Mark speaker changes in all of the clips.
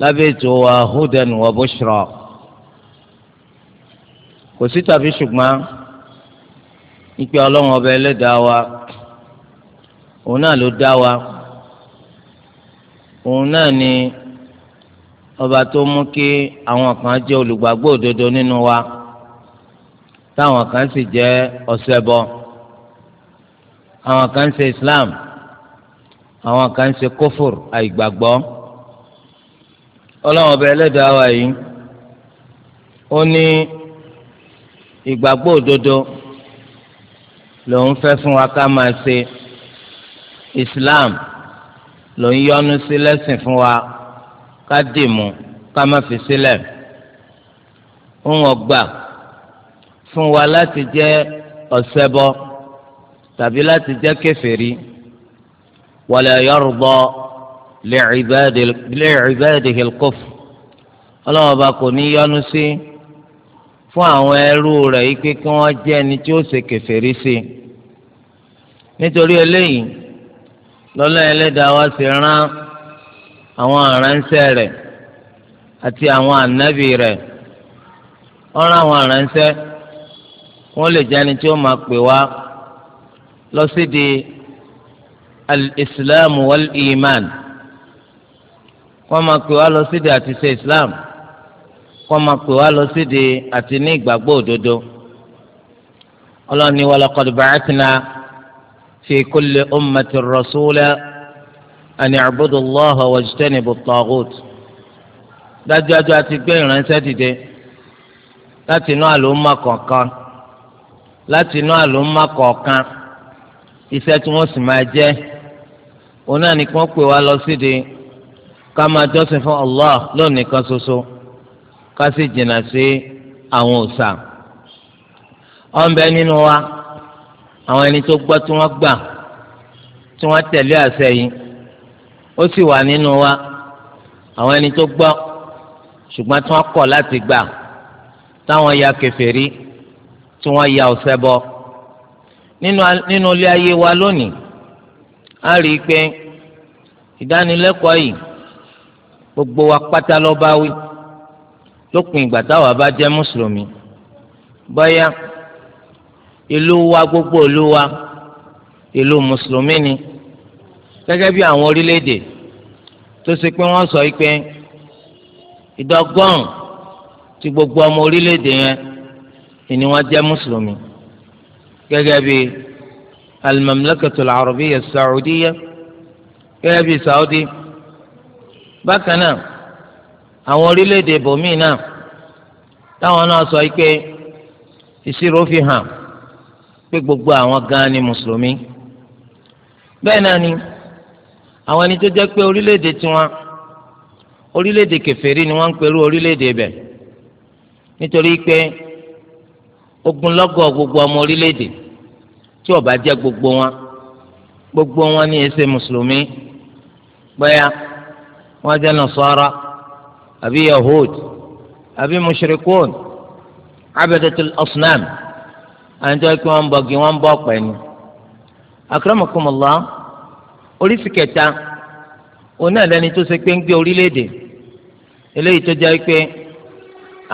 Speaker 1: lábẹ́ ètò wa hudan wa bushra kò sí tàbí ṣùgbọ́n ìpè ọlọ́run ọba ẹlẹ́dàá wa òun náà ló dá wa òun náà ni ọba tó mú kí àwọn kan jẹ́ olùgbàgbọ́ òdodo nínú wa táwọn kan sì jẹ́ ọ̀ṣẹbọ àwọn kan ń ṣe Islam àwọn kan ń ṣe kófòr àìgbàgbọ́ ọlọ́run ọba ẹlẹ́dàá wa yìí ó ní ìgbàgbọ́ òdodo lòun fẹ́ fún wa ká máa ṣe Islam lòun yọ́nú sí lẹ́sìn fún wa ká dìmú ká má fi sílẹ̀ ń gbà fún wa láti jẹ́ ọ̀sẹ́bọ tàbí láti jẹ́ kèfèrí wala yarda. لعباده al-kufr ọlọ́wọ́ bá kò ní yọ́nú sí fún àwọn ẹrú rẹ̀ yìí pé kí wọ́n jẹ́ ẹni tí ó ṣe kèfèrí sí i nítorí eléyìí lọ́lọ́ ẹlẹ́dàá wa sì rán àwọn àránṣẹ́ rẹ̀ àti àwọn ànábì rẹ̀ wọ́n rán àwọn àránṣẹ́ wọ́n lè jẹ́ ẹni tí ó máa pè wá lọ sí di al-islam wal-iman. islam wal iman al kọ́ máa pè wá lọ sídìí àti ṣe islam kọ́ máa pè wá lọ sídìí àti ní ìgbàgbọ́ òdodo ọlọ́ni wa laqad ba'athna fi kulli ummati rasula an i'budu allaha wajtanibu at-taghut dájúdájú àti gbé ìránṣẹ́ dìde láti inú àlùmọ́ kọ̀ọ̀kan láti inú àlùmọ́ kọ̀ọ̀kan iṣẹ́ tí wọ́n sì máa jẹ́ òun náà ni kí wọ́n pè wá lọ sídìí ká máa jọ́sìn fún Allah lónìkan ṣoṣo ká sì jìnnà sí àwọn òòṣà ọ̀nbẹ nínú wa àwọn ẹni tó gbọ́ tí wọ́n gbà tí wọ́n tẹ̀lé àṣẹ yìí ó sì wà nínú wa àwọn ẹni tó gbọ́ ṣùgbọ́n tí wọ́n kọ̀ láti gbà táwọn ya kèfèrí tí wọ́n ya ọ̀sẹ̀ bọ́ nínú ilé ayé wa lónìí a rí i pé ìdánilẹ́kọ̀ọ́ yìí gbogbo wa pátá lọ bá wí lópin ìgbà táwa bá jẹ́ mùsùlùmí bóyá ìlú wa gbogbo ìlú wa ìlú mùsùlùmí ni gẹ́gẹ́ bí àwọn orílẹ̀-èdè tó ṣe pé wọ́n sọ pé ìdọ́gọ́rùn ti gbogbo ọmọ orílẹ̀ yẹn ni wọ́n jẹ́ mùsùlùmí gẹ́gẹ́ bí al-Mamlakatul Arabiyyah as-Saudiyyah gẹ́gẹ́ bí Saudi. bákan náà àwọn orílẹ̀-èdè bòmíì náà táwọn náà sọ pé ìṣirò fi hàn gbogbo àwọn gan ni mùsùlùmí bẹ́ẹ̀ náà ni àwọn ẹni tó jẹ́ pé orílẹ̀-èdè tiwọn orílẹ̀-èdè kèfèrí ni wọ́n ń pẹ̀lú orílẹ̀-èdè bẹ̀ nítorí pé ogunlọ́gọ̀ gbogbo ọmọ orílẹ̀-èdè tí gbogbo wọn gbogbo wọn ẹsẹ̀ mùsùlùmí wọ́n jẹ́ nasara àbí yahood àbí mushrikun abadatul asnam àyànjọ́ kí wọ́n ń bọ̀gì wọ́n ń bọ̀ pẹ̀lú. akramakumullah oríṣi kẹta òun náà lẹni tó ṣe pé ń gbé orílẹ̀-èdè eléyìí tó jẹ́ pé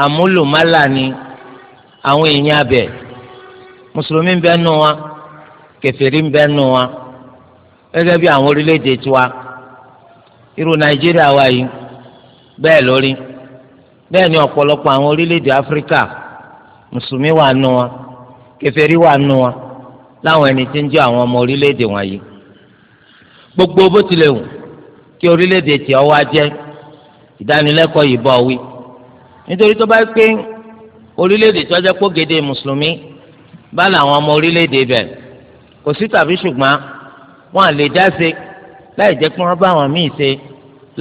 Speaker 1: àmúlùmálà ni àwọn èèyàn abẹ mùsùlùmí ń bẹ nù wa kèfèrí ń bẹ nù wa gẹ́gẹ́ bí àwọn orílẹ̀-èdè tiwa irú nàìjíríà wa yìí bẹ́ẹ̀ lórí bẹ́ẹ̀ ni ọ̀pọ̀lọpọ̀ àwọn orílẹ̀-èdè áfíríkà mùsùlùmí wà nù wọn kèfèrí wà nù wọn láwọn ẹni tí ń jẹ́ àwọn ọmọ orílẹ̀-èdè wọn yìí gbogbo bó tilẹ̀ wù kí orílẹ̀-èdè tí ọ wá jẹ́ ìdánilẹ́kọ̀ọ́ yìí bọ̀ wí nítorí tó bá pé orílẹ̀-èdè tó jẹ́ kógede mùsùlùmí bá làwọn ọmọ orílẹ̀-èdè bẹ̀ kò sí tàbí ṣùgbọ́n wọn à lè dá ṣe láì jẹ́ pé wọ́n bá àwọn míì ṣe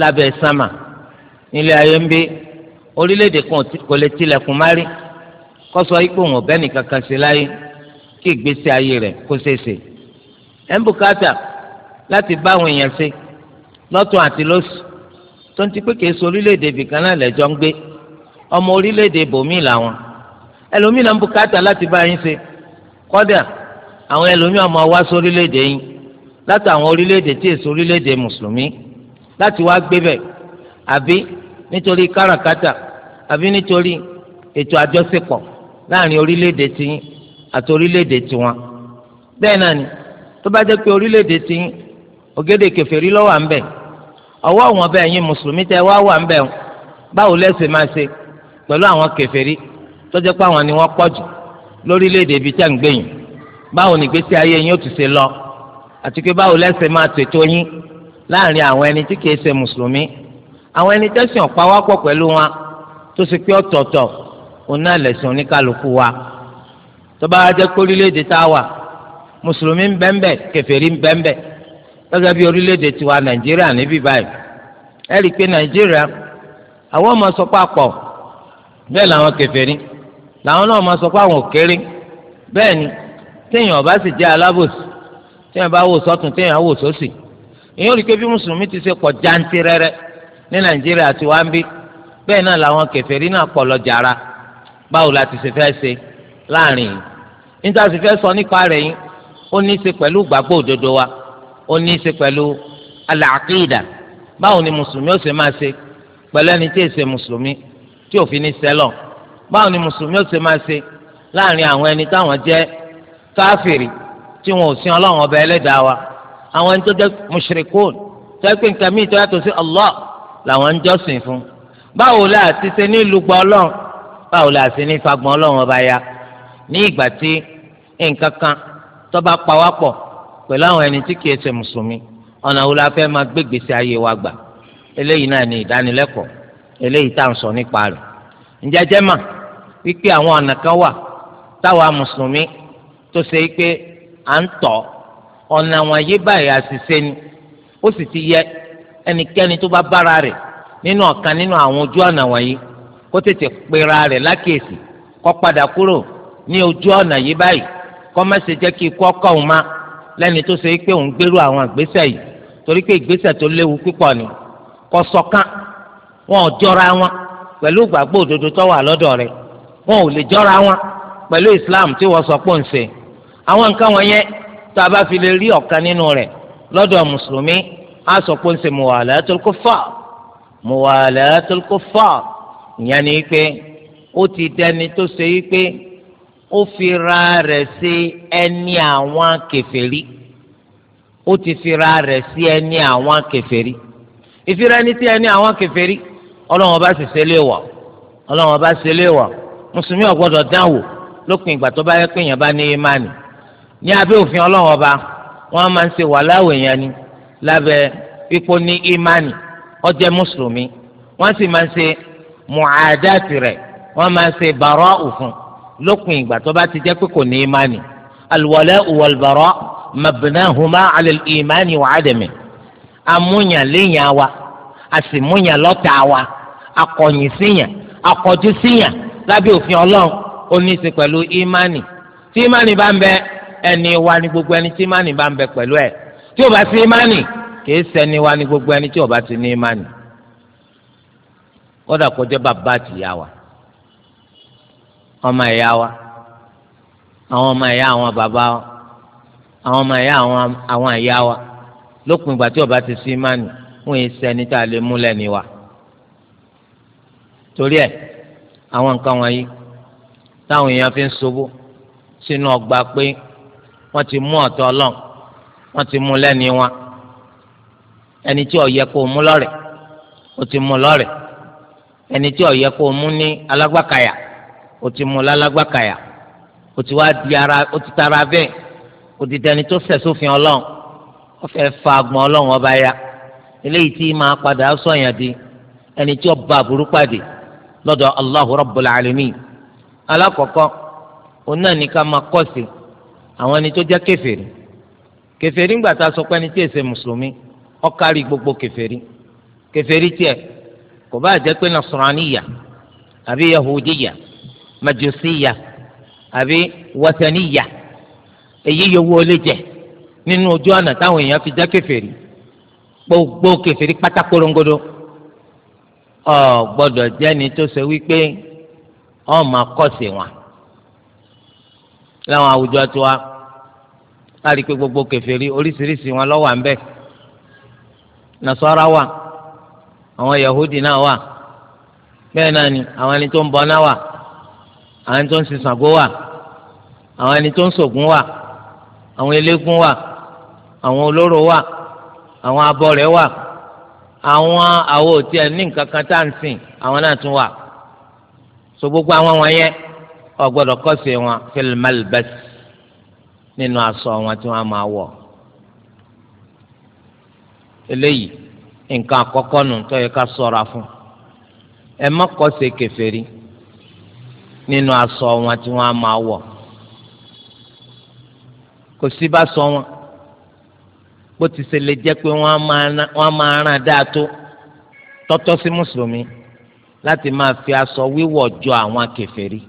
Speaker 1: lábẹ́ sámà nílé ayé ń bí orílẹ̀-èdè kan kò lè tilẹ̀kùn márí kó sọ ipò wọn ọ̀bẹ́ nìkan kan ṣe láyé kí ìgbésí ayé rẹ̀ kó ṣeé ṣe. ẹ̀ ń bùkátà láti bá àwọn èèyàn ṣe lọ́tún àti lóṣù tó ń ti pé kìí ṣe orílẹ̀-èdè ibìkan náà lẹ́jọ́ ń gbé ọmọ orílẹ̀-èdè bòmíì làwọn ẹlòmíì ń bùkátà láti bá yín ṣe kọ́dà àwọn ẹlòmíì ọmọ wá sórílẹ̀-èdè yín láti àwọn orílẹ̀-èdè tí èso orílẹ̀-èdè mùsùlùmí láti wá gbébẹ̀ àbí nítorí káràkátà àbí nítorí ètò àjọṣepọ̀ láàrin orílẹ̀-èdè tiyín àti orílẹ̀-èdè tiwọn bẹ́ẹ̀ náà ni tó bá jẹ́ pé orílẹ̀-èdè tiyín ògèdè kèfèrí ló wà ń bẹ̀ ọwọ́ àwọn ọbẹ̀ yín mùsùlùmí tẹ́ wá wà ń bẹ̀ báwo lẹ́sẹ̀ máa ṣe pẹ̀lú àwọn kèfèrí tó jẹ́ pé àwọn ni wọ́n pọ̀ jù lórílẹ̀-èdè ibi tẹ́ ń gbẹ̀yìn báwo nìgbésí ayé yín ó ti ṣe lọ àti pé báwo lẹ́sẹ̀ máa tètò yín láàrin àwọn ẹni tí kìí ṣe mùsùlùmí àwọn ẹni tẹ́sán pawápọ̀ pẹ̀lú wọn tó ṣe pé ọ̀tọ̀ọ̀tọ̀ òun náà lẹ̀sìn oníkàlùkù wa tó bá jẹ́ pé orílẹ̀-èdè tá a wà mùsùlùmí ń bẹ́ńbẹ́ kèfèrí ń bẹ́ńbẹ́ gẹ́gẹ́ bí orílẹ̀-èdè tiwa nàìjíríà níbí báyìí ẹ pé nàìjíríà àwọn ọmọ sọ pé àpọ̀ bẹ́ẹ̀ làwọn kèfèrí làwọn náà ọmọ sọ pé àwọn òkèrè bẹ́ẹ̀ ni téèyàn ọba sì jẹ́ alábòsí téèyàn bá wò sọ́tún téèyàn wò sósì ìyẹn ò rí pé bí mùsùlùmí ti ṣe pọ̀ jàǹtìrẹrẹ ní nàìjíríà àti wáńbí bẹ́ẹ̀ náà làwọn kèfèrí náà pọ̀ lọ báwo la ti ṣe fẹ́ ṣe láàrin yìí níta sì fẹ́ sọ nípa rẹ̀ yìí ó ní í ṣe pẹ̀lú ìgbàgbọ́ òdodo wa ó ní í ṣe pẹ̀lú alàkídà báwo ni mùsùlùmí ó ṣe máa ṣe pẹ̀lú ẹni tí èsè mùsùlùmí tí òfin ní sẹ́lọ̀ báwo ni mùsùlùmí ó ṣe máa ṣe láàrin àwọn ẹni táwọn jẹ́ káfìrì tí wọn ò sin ọlọ́run ọba ẹlẹ́dàá wa àwọn ẹni tó jẹ́ mushrikun tó yẹ pé nǹkan míì tó yàtọ̀ sí Allah làwọn ń jọ́sìn fún báwo la ti ṣe ní lùgbọ́ ọlọ́run báwo la ṣe ní fagbọ́n ọlọ́run ọba ya ní ìgbà tí nǹkan kan tó bá pa wá pọ̀ pẹ̀lú àwọn ẹni tí kìí ṣe mùsùlùmí ọ̀nà wo la fẹ́ máa gbégbèsè ayé wa gbà eléyìí náà ni ìdánilẹ́kọ̀ọ́ eléyìí tá à ń sọ nípa rẹ̀ ǹjẹ́ jẹ́ mà wípé àwọn ọ̀nà kan wà táwa mùsùlùmí tó ṣe pé à ń tọ̀ ọ̀nà àwọn ayé báyìí àṣìṣe ni ó sì ti yẹ ẹnikẹ́ni tó bá bára rẹ̀ nínú ọ̀kan nínú àwọn ojú ọ̀nà wọ̀nyí kó tètè pera rẹ̀ lákèsì kó padà kúrò ní ojú ọ̀nà yìí báyìí kó má ṣe jẹ́ kí ikú ọkọ̀ òun má lẹ́ni tó ṣe pé òun gbèrú àwọn ìgbésẹ̀ yìí torí pé ìgbésẹ̀ tó léwu púpọ̀ ni kó ṣọ̀kan wọn ò jọra wọn pẹ̀lú ìgbàgbọ́ òdodo tó wà lọ́dọ̀ rẹ̀ wọn ò lè jọra wọn pẹ̀lú Islam tí wọ́n sọ pé ń ṣe àwọn nǹkan wọ̀nyẹn tá a bá fi lè rí ọ̀kan nínú rẹ̀ lọ́dọ̀ mùsùlùmí á sọ pé ń ṣe muwalatul kuffar muwalatul kuffar ìyẹn ni pé ó ti dẹni tó ṣe wípé ó fi ra rẹ̀ sí ẹni àwọn kèfèrí ó ti fi ra rẹ̀ sí ẹni àwọn kèfèrí ìfira ẹni tí ẹni àwọn kèfèrí ọlọ́run ọba sì ṣe léèwọ̀ ọlọ́run ọba ṣe léèwọ̀ mùsùlùmí ò gbọ́dọ̀ lópin ìgbà tó bá yẹ pé èèyàn bá ní ìmánì ní abẹ́ òfin ọlọ́run ọba wọ́n máa ń ṣe wàláwò èèyàn ni lábẹ́ pípọ́ ní ìmánì ó jẹ́ mùsùlùmí wọ́n sì máa ń ṣe mùhàdáàtì rẹ̀ wọ́n máa ń ṣe bàrọ́ òfun lópin ìgbà tó bá ti jẹ́ pé kò ní ìmánì al-wala'u wal-bara'u mabnahuma imani wa 'adami amúnyàn léyìn wa akọ̀yìn síyàn akọ̀jú síyàn lábẹ́ òfin ọlọ́run ó ní í ṣe pẹ̀lú ìmánì tí ìmánì bá ń bẹ́ẹ̀ ẹni wa ni gbogbo ẹni tí ìmánì bá ń bẹ pẹ̀lú ẹ̀ tí ò bá sí ìmánì kì í ṣẹni wa ni gbogbo ẹni tí ò bá sí ní ìmánì kódà kó jẹ́ bàbá àtìyá wa ọmọ ẹ̀yà wa àwọn ọmọ ẹ̀yà àwọn bàbá wa àwọn ọmọ ẹ̀yà àwọn ẹ̀yà wa lópin ìgbà tí ò bá ti sí ìmánì wọn yìí ṣẹni tá a lè mú lẹ́ni wa torí ẹ̀ àwọn nǹkan wọ̀nyí táwọn èèyàn fi ń ṣubú sínú ọgbà pé wọ́n ti mú ọ̀tọ̀ ọlọ́run wọ́n ti mú lẹ́ni wọn ẹni tí ó yẹ kó mú lọ́rẹ̀ ó ti mú lọ́rẹ̀ ẹni tí ó yẹ kó mú ní alágbàkàyà ó ti mú lálágbàkàyà ó ti wá di ara ó ti tara bẹ́ẹ̀ ó ti dẹni tó ṣẹ̀ sófin ọlọ́run ó fẹ́ fa agbọ̀n ọlọ́run ọba ya eléyìí tí máa padà sọ̀yàn di ẹni tí ó àbúrú pàdé lọ́dọ̀ Allahu Rabbul Alamin alákọ̀ọ́kọ́ òun náà ní ká máa kọ́ sí i. àwọn ẹni tó jẹ́ kèfèrí kèfèrí ńgbà tá a sọ pé ẹni tí èsè mùsùlùmí ó kárí gbogbo kèfèrí kèfèrí tiẹ̀ kò bá jẹ́ pé nasraniya àbí yahudiya majusiya àbí wataniya èyí yòówó lè jẹ́ nínú ojú ọ̀nà táwọn èèyàn fi jẹ́ kèfèrí gbogbo kèfèrí pátákórongodo ọ gbọ́dọ̀ jẹ́ni tó ṣe wípé ọ máa kọ́ sí wọn láwọn àwùjọ tiwa. a rí i pé gbogbo kèfèrí oríṣiríṣi wọn ló wà ń bẹ nasara wà àwọn yahudi náà wa, bẹ́ẹ̀ náà ni àwọn ẹni tó ń bọ náà wà àwọn ẹni tó ń sisango wà àwọn ẹni tó ń sògùn wà àwọn eléégún wà àwọn olóró wà àwọn abọrẹ wà àwọn àwo tí ẹ ní nǹkan kan tá à ń sìn àwọn náà tún wà so gbogbo àwọn wọn yẹn ọgbọ́dọ̀ kọsẹ̀ wọn fil malbas nínú aṣọ wọn tí wọ́n máa wọ̀ eléyìí nǹkan àkọ́kọ́ nù tó yẹ ká ṣọ́ra fún ẹ má kọ́ṣe kèfèrí nínú aṣọ wọn tí wọ́n máa wọ̀ kò sí bá sọ wọn bó ti ṣe lè jẹ́ pé wọ́n máa rán dáa tó tọ́tọ́ sí mùsùlùmí láti máa fi aṣọ wíwọ̀ jọ àwọn kèfèrí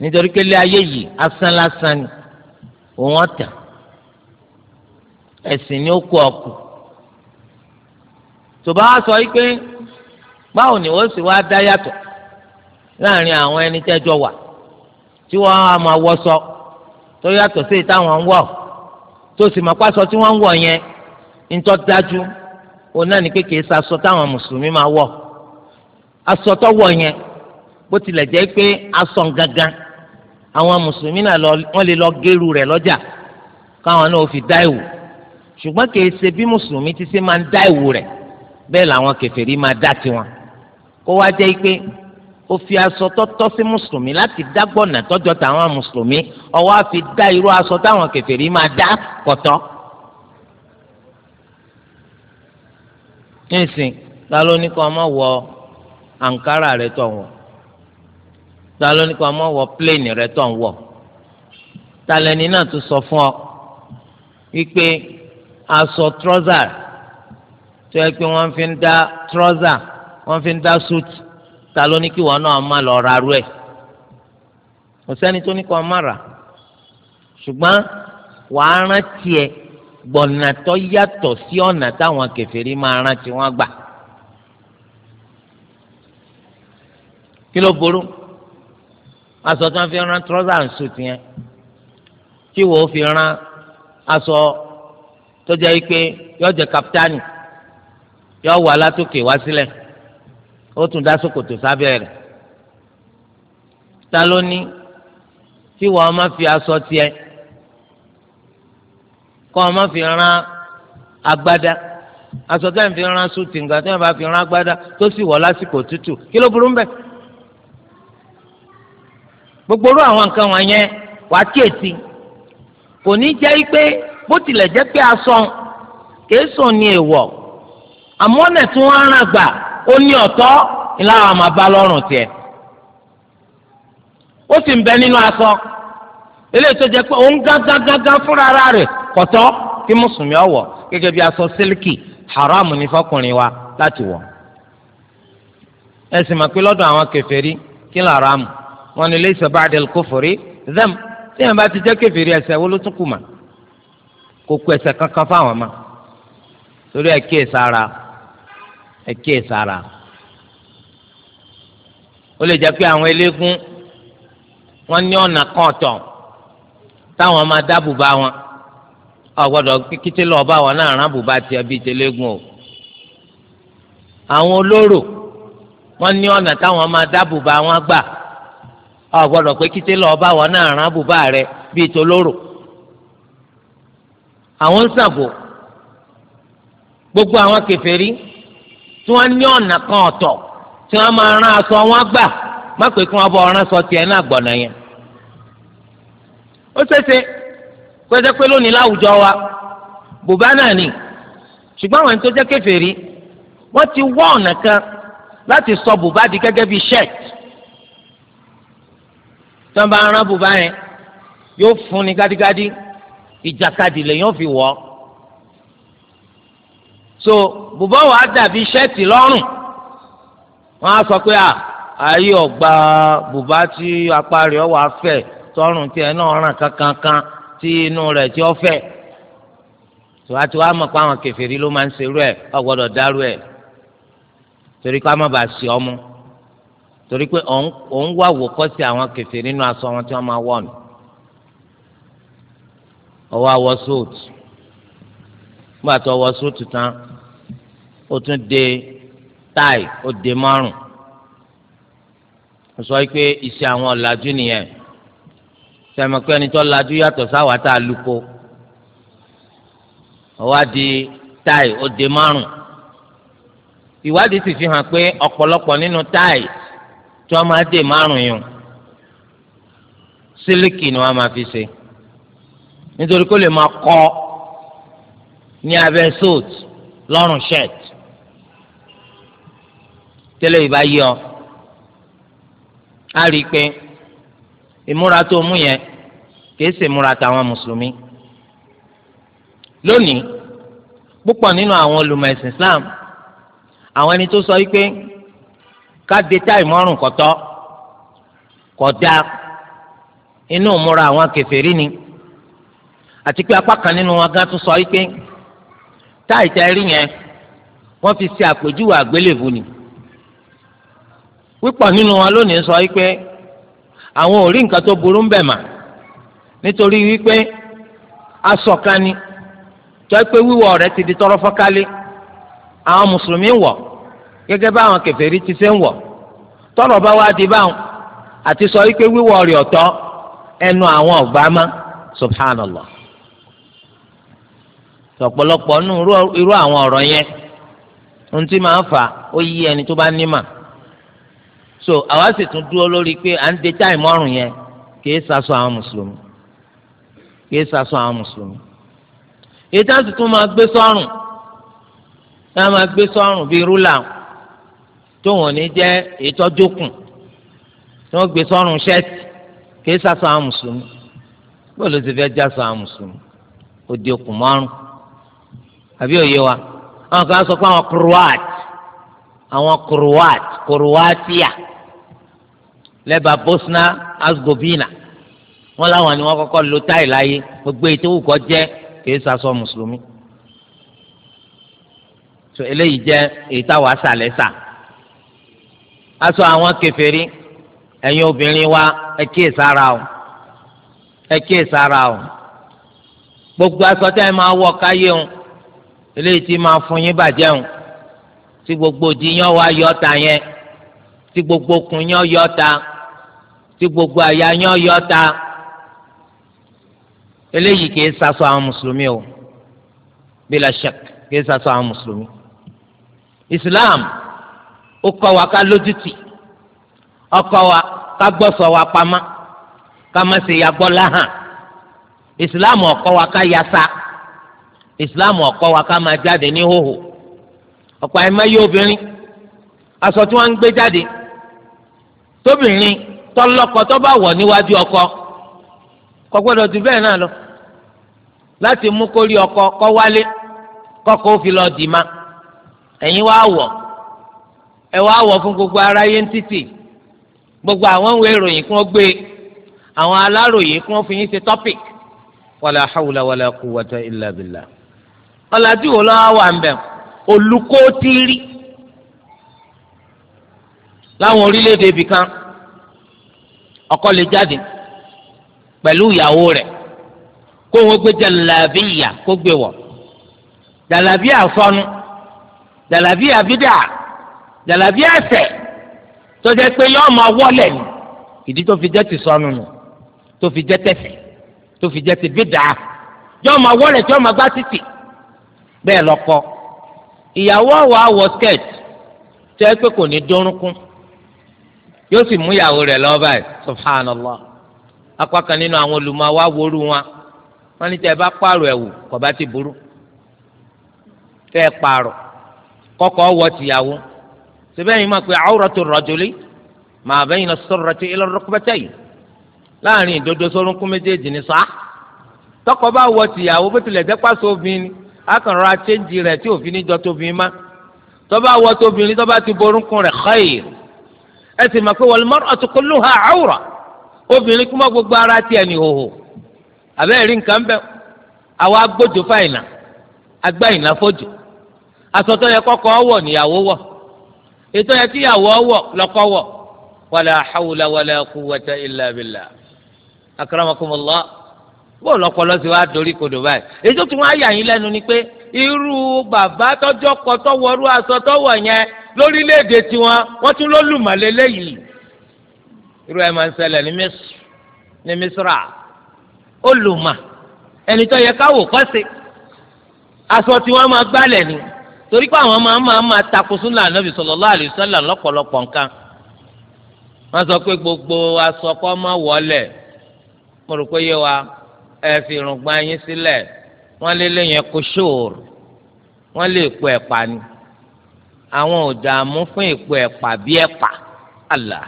Speaker 1: nítorí pé ayé yìí asán lásán ni òun ọ̀tà ẹ̀sìn ni ó kó ọkù tòbá wa sọ yìí pé báwo ni wọ́n sì wá dá yàtọ̀ láàrin àwọn ẹni tẹ́jọ wà tí wọ́n á máa wọṣọ tó yàtọ̀ sí ìtàwọn ń wọ̀ tó sì máa pàṣọ tí wọ́n ń wọ̀ yẹn ńtọ́ dájú òun náà ní pé kìí sa táwọn mùsùlùmí máa wọ̀ aṣọ tó yẹn bó tilẹ̀ jẹ́ pé aṣọ gangan àwọn mùsùlùmí náà wọ́n lè lọ gẹ́rù rẹ̀ lọ́jà káwọn náà fi dá ìwò ṣùgbọ́n kì í ṣe bí mùsùlùmí ti ṣe máa ń dá ìwò rẹ̀ bẹ́ẹ̀ làwọn kèfèrí máa dá tiwọn kó wá jẹ́ pé ó fi aṣọ tọ́tọ́ sí mùsùlùmí láti dágbọ̀nà tọ́jọ́ táwọn mùsùlùmí ọwọ́ á dá irú aṣọ táwọn kèfèrí máa dá kọ̀tọ́. nísìn ta ló ní kó ọmọ wọ àǹkárá rẹ̀ tọ̀ wọ̀n ta ló ní kó ọmọ wọ pléènì rẹ tó ń wọ ta lẹni náà tún sọ fún ọ wípé aṣọ trọ́zà tó yẹ pé wọ́n fi ń dá trọ́zà wọ́n fi ń dá suit ta ló ní kí wọ́n náà má lọ ra rú ẹ̀ kò sẹ́ni tó ní kó ọmọ rà ṣùgbọ́n wàá rántí ẹ gbọ̀nà tó sí ọ̀nà táwọn kèfèrí máa rántí wọn gbà kí ló burú aṣọ tí wọ́n fi rán trọ́sà ń sùn tiẹ̀ tí wò ó fi rán aṣọ tó jẹ́ pé yọ jẹ́ kapitani yọ wà látòkè wá sílẹ̀ ó tún dá ṣòkòtò sábẹ́ rẹ̀ ta ló ní tí wọ́n máa fi aṣọ tiẹ̀ kọ́ ọ máa fi rán agbádá aṣọ tí wọ́n fi rán sùn tìǹgà tí wọ́n bá fi rán agbádá tó sì wọ̀ lásìkò tútù kí ló burú ń bẹ́ẹ̀. gbogbo irú àwọn nǹkan wọn yẹn wà á kíyèsí kò ní jẹ́ pé bó tilẹ̀ jẹ́ pé aṣọ kéésùn ní èèwọ̀ àmọ́ ọ̀nà tí wọ́n á ràn gbà ó ní ọ̀tọ̀ ńlá àwọn máa bá lọ́rùn tiẹ̀ ó sì ń bẹ nínú aṣọ eléyìí tó jẹ pé òun gángan gángan fúnra ara rẹ̀ kọ̀tọ́ kí mùsùlùmí ọ̀wọ̀ gẹ́gẹ́ bí aṣọ sílíkì haram ní fọkùnrin wa láti wọ̀ ẹ sì mọ̀ pé lọ́dọ̀ àwọn kí wọn ni laysa ba'da al-kufri dhanb tí yẹn bá ti jẹ́ kèfèrí ẹ̀ṣẹ̀ wo ló tún kù mà kò kù ẹ̀ṣẹ̀ kankan fáwọn ma torí ẹ kíyè sára ẹ kíyè sára ó lè jẹ́ pé àwọn eléégún wọ́n ní ọ̀nà kan ọ̀tọ̀ táwọn máa dá bùbá wọn ọ̀gbọ́dọ̀ kíkítí lọ́ọ́ bá wọn náà rán bùbá tiẹ̀ bíi tẹ́lẹ́gùn o àwọn olóró wọ́n ní ọ̀nà táwọn máa dá bùbá wọn gbà. ọ pé kíté lọ bá wọn náà rán bùbá rẹ bíi tolóró àwọn ń sàbò gbogbo àwọn kèfèrí tí wọ́n ní ọ̀nà kan ọ̀tọ̀ tí wọ́n máa rán aṣọ wọn gbà má pé kí wọ́n bọ sọ tiẹ̀ náà gbọ̀nà yẹn ó ṣeéṣe lónìí wọ́n ti wá ọ̀nà kan láti sọ bùbá di gẹ́gẹ́ bíi ṣẹ́ẹ̀tì tí wọ́n bá rán bùbá yẹn yóò fún ni gádígádí ìjàkadì lèyàn fi wọ̀ ọ́ so bùbá wa dàbí ṣẹ́ẹ̀tì lọ́rùn wọ́n á sọ pé à ayé ọ̀gbà bùbá tí apá rẹ̀ wà fẹ̀ tọrùn tiẹ̀ náà ràn kankankan tí inú rẹ̀ tí ó fẹ̀ tòwátò wa mọ̀ pé àwọn kèfèrí ló máa ń ṣerú ẹ̀ ọ̀gbọ́dọ̀ dárú ẹ̀ torí ká má bàa sí ọmú torí pé òun wá wòkọ́sí àwọn kẹfẹ́ nínú aṣọ wọn tí wọ́n máa wọ̀ nù ọwọ́ awọ sóòtù nígbà tó ọwọ́ sóòtù tán ó tún de táì ó de márùn ó sọ pé iṣẹ́ àwọn ọ̀làjú nìyẹn sẹ́mi pé ẹni tó làjú yàtọ̀ sáwà tá a luko ọwọ́ adi táì ó de márùn ìwádìí sì fi hàn pé ọ̀pọ̀lọpọ̀ nínú táì wọ́n máa dè márùn yùn sílíkì ni wọ́n máa fi ṣe nítorí kó lè máa kọ́ ní abẹ́ sóòt lọ́rùn ṣẹ́ẹ̀t tẹ́lẹ̀ ìbá yí ọ á rí i pé ìmúra tó mú yẹn kìí ṣe ìmúra tàwọn mùsùlùmí lónìí púpọ̀ nínú àwọn olùmọ̀ ẹ̀sìn Islam àwọn ẹni tó sọ yìí pé káde táì mọ́rùn kọ́tọ́ kọ́dá inú ìmúra àwọn kèfèrí ni àti pé apá kan nínú wọn gán tún sọ yìí pé táì tẹ rí yẹn wọ́n fi ṣe àpèjúwe àgbélébù ni pípọ̀ nínú wọn lónìí sọ yìí pé àwọn ò rí nǹkan tó burú ń bẹ̀ mà nítorí wípé aṣọ kan ni tọ́ pé wíwọ̀ rẹ̀ ti di tọrọ fọ́kálé àwọn mùsùlùmí wọ̀ gẹ́gẹ́ báwọn kèfèrí ti ṣe ń wọ̀ tọ́rọ̀ bá wá di báwọn àti sọ wípé wíwọ̀ rẹ̀ ọ̀tọ̀ ẹnu àwọn ọ̀gbá má subhanallah ọ̀pọ̀lọpọ̀ nù irú àwọn ọ̀rọ̀ yẹn ohun tí máa ń fà ó yí ẹni tó bá ní mà so àwa sì tún dúró lórí pé à ń de táìmù ọ̀rùn yẹn kìí sasọ àwọn mùsùlùmí kìí sasọ àwọn mùsùlùmí èyí sì tún máa gbé sọ́rùn tá máa gbé sọ́rùn bíi rúlà tóun ò ní jẹ́ ìtọ́jú kùn tí wọ́n gbé sọ́run ṣẹ́ẹ̀tì kìí sàṣọ àwọn mùsùlùmí bó ló ti fẹ́ jásọ àwọn mùsùlùmí òdi okùn márùn àbí òye wa àwọn kan sọ pé àwọn kuruwaat àwọn kuruwaat kuruwaatia lẹ́bà Bosna Herzegovina wọ́n láwọn ni wọ́n kọ́kọ́ lo táì láyé gbogbo ètò òkò jẹ́ kìí sàṣọ mùsùlùmí so eléyìí jẹ́ èyí táwa sàlẹ̀ sà aṣọ àwọn kèfèrí ẹ̀yin obìnrin wa ẹ kíyè sára o ẹ kíyè sára o gbogbo aṣọ tẹ́ ẹ máa wọ káyé o eléyìí tí máa fún yín bàjẹ́ o tí gbogbo òdìyàn wa yọ ọ́ta yẹn tí gbogbo okùn yẹn yọ ọ́ta tí gbogbo àyà yẹn yọ ọ́ta eléyìí kìí ṣaṣọ àwọn mùsùlùmí o bila shak kìí ṣaṣọ àwọn mùsùlùmí Islam. ó kọ́ wa ká lójútì ó kọ́ wa ká gbọ́sọ̀ wa pamọ́ ká má ṣe yagbọ́ láhàn ìsìláàmù ó wa ká yasa ìsìláàmù ó kọ́ wa ká máa jáde ní hòhò ọ̀pọ̀ àìmọye obìnrin aṣọ tí wọ́n ń gbé jáde tóbìnrin tọ́lọ́kọ tó wọ̀ níwájú ọkọ kò gbọdọ ju bẹ́ẹ̀ náà lọ láti mú kórí ọkọ kọ́ wálé kọ́kọ́ ó fi lọ dì ma ẹ̀yin wá wọ̀ ẹ wá wọ fún gbogbo aráyé ń títì gbogbo àwọn ìwé ìròyìn kún gbé àwọn aláròyìn kún fi yín ṣe topic wàlà hàwùlà wàlà quwwata illa billah ọ̀làjú wo lọ́wọ́ wà ń bẹ̀ olùkó tí rí láwọn orílẹ̀-èdè ibì kan ọkọ lè jáde pẹ̀lú ìyàwó rẹ̀ kó wọn gbé jalabiya kó gbé wọ̀ jalabiya sọnù jalabiya bídà jàlábí ẹsẹ̀ tó jẹ́ pé yọọ máa wọlé ni ìdí tó fi jẹ́ ti sọnù nù tó fi jẹ́ tẹ̀sẹ̀ tó fi jẹ́ ti bídà yọọ máa wọlé tí yọọ máa gbá títì bẹ́ẹ̀ lọ́kọ ìyàwó wa wọ skirt tó yẹ pé kò ní dórúnkún yóò sì mú ìyàwó rẹ̀ lọ báyìí subhanallah apá kan nínú àwọn olùmọ̀ wa wóoru wọn wọn ní tẹ ẹ bá pààrọ̀ ẹ̀wù kò bá ti burú tẹ ẹ pààrọ̀ kọ́kọ́ wọ tìyàwó sibẹ́yìn máa pe awratu rajuli ma bayna as-surrati ila ar-rukbatayn láàrin ìdodo sórúnkún méjèèjì ni sá tọkọ bá wọ tìyàwó bó tilẹ̀ jẹ́ pàṣẹ obìnrin akànrọ̀ àchẹ́ǹjì rẹ̀ tí òfin níjọ tóbi má tọ́ba wọ tóbìnrin tọ́ba ti borúnkún rẹ̀ khayr ẹ sì máa pe wal-mar'atu kulluha awra obìnrin kúmọ́ gbogbo ara tiẹ̀ ní hòhò àbẹ́ rí nǹkan bẹ́ẹ̀ àwọn agbójò fáìnà agbáyìnà fòjò asọ̀tọ̀ yẹ kọ́kọ́ wọ̀ níyàwó wọ̀ ètò yẹ kí ìyàwó wọ̀ lọ́kọ wọ̀ wàlà hawla wàlà quwwata illa billah akramakumullah bóò lọ́pọ̀lọ́ ti wá dorí kodò báyìí èyí tó tún wá yà yín lẹ́nu ni pé irú bàbá tọ́jọ́ kọ tọ́wọ́rú aṣọ tọ́wọ́ yẹn lórílẹ̀‐èdè tiwọn wọ́n tún ló lù màlẹ́ lẹ́yìn irú ẹ̀ máa ń ṣẹlẹ̀ ní Misra ó lù mà ẹni tó yẹ káwò kọ́ aṣọ tiwọn máa gbálẹ̀ ni torí pé àwọn máa máa máa takò súnà ànábì sallallahu alaihi wasallam lọ́pọ̀lọpọ̀ nǹkan wọ́n sọ pé gbogbo aṣọ kó má wọlé mo rò pé yé wa ẹ fi irùngbọ̀n yín sílẹ̀ wọ́n lé lẹ́yìn ẹ̀kọ́ ṣòòrò wọ́n lè pọ̀ ẹ̀pà ni àwọn ò dààmú fún ìpò ẹ̀pà bí ẹ̀pà àlà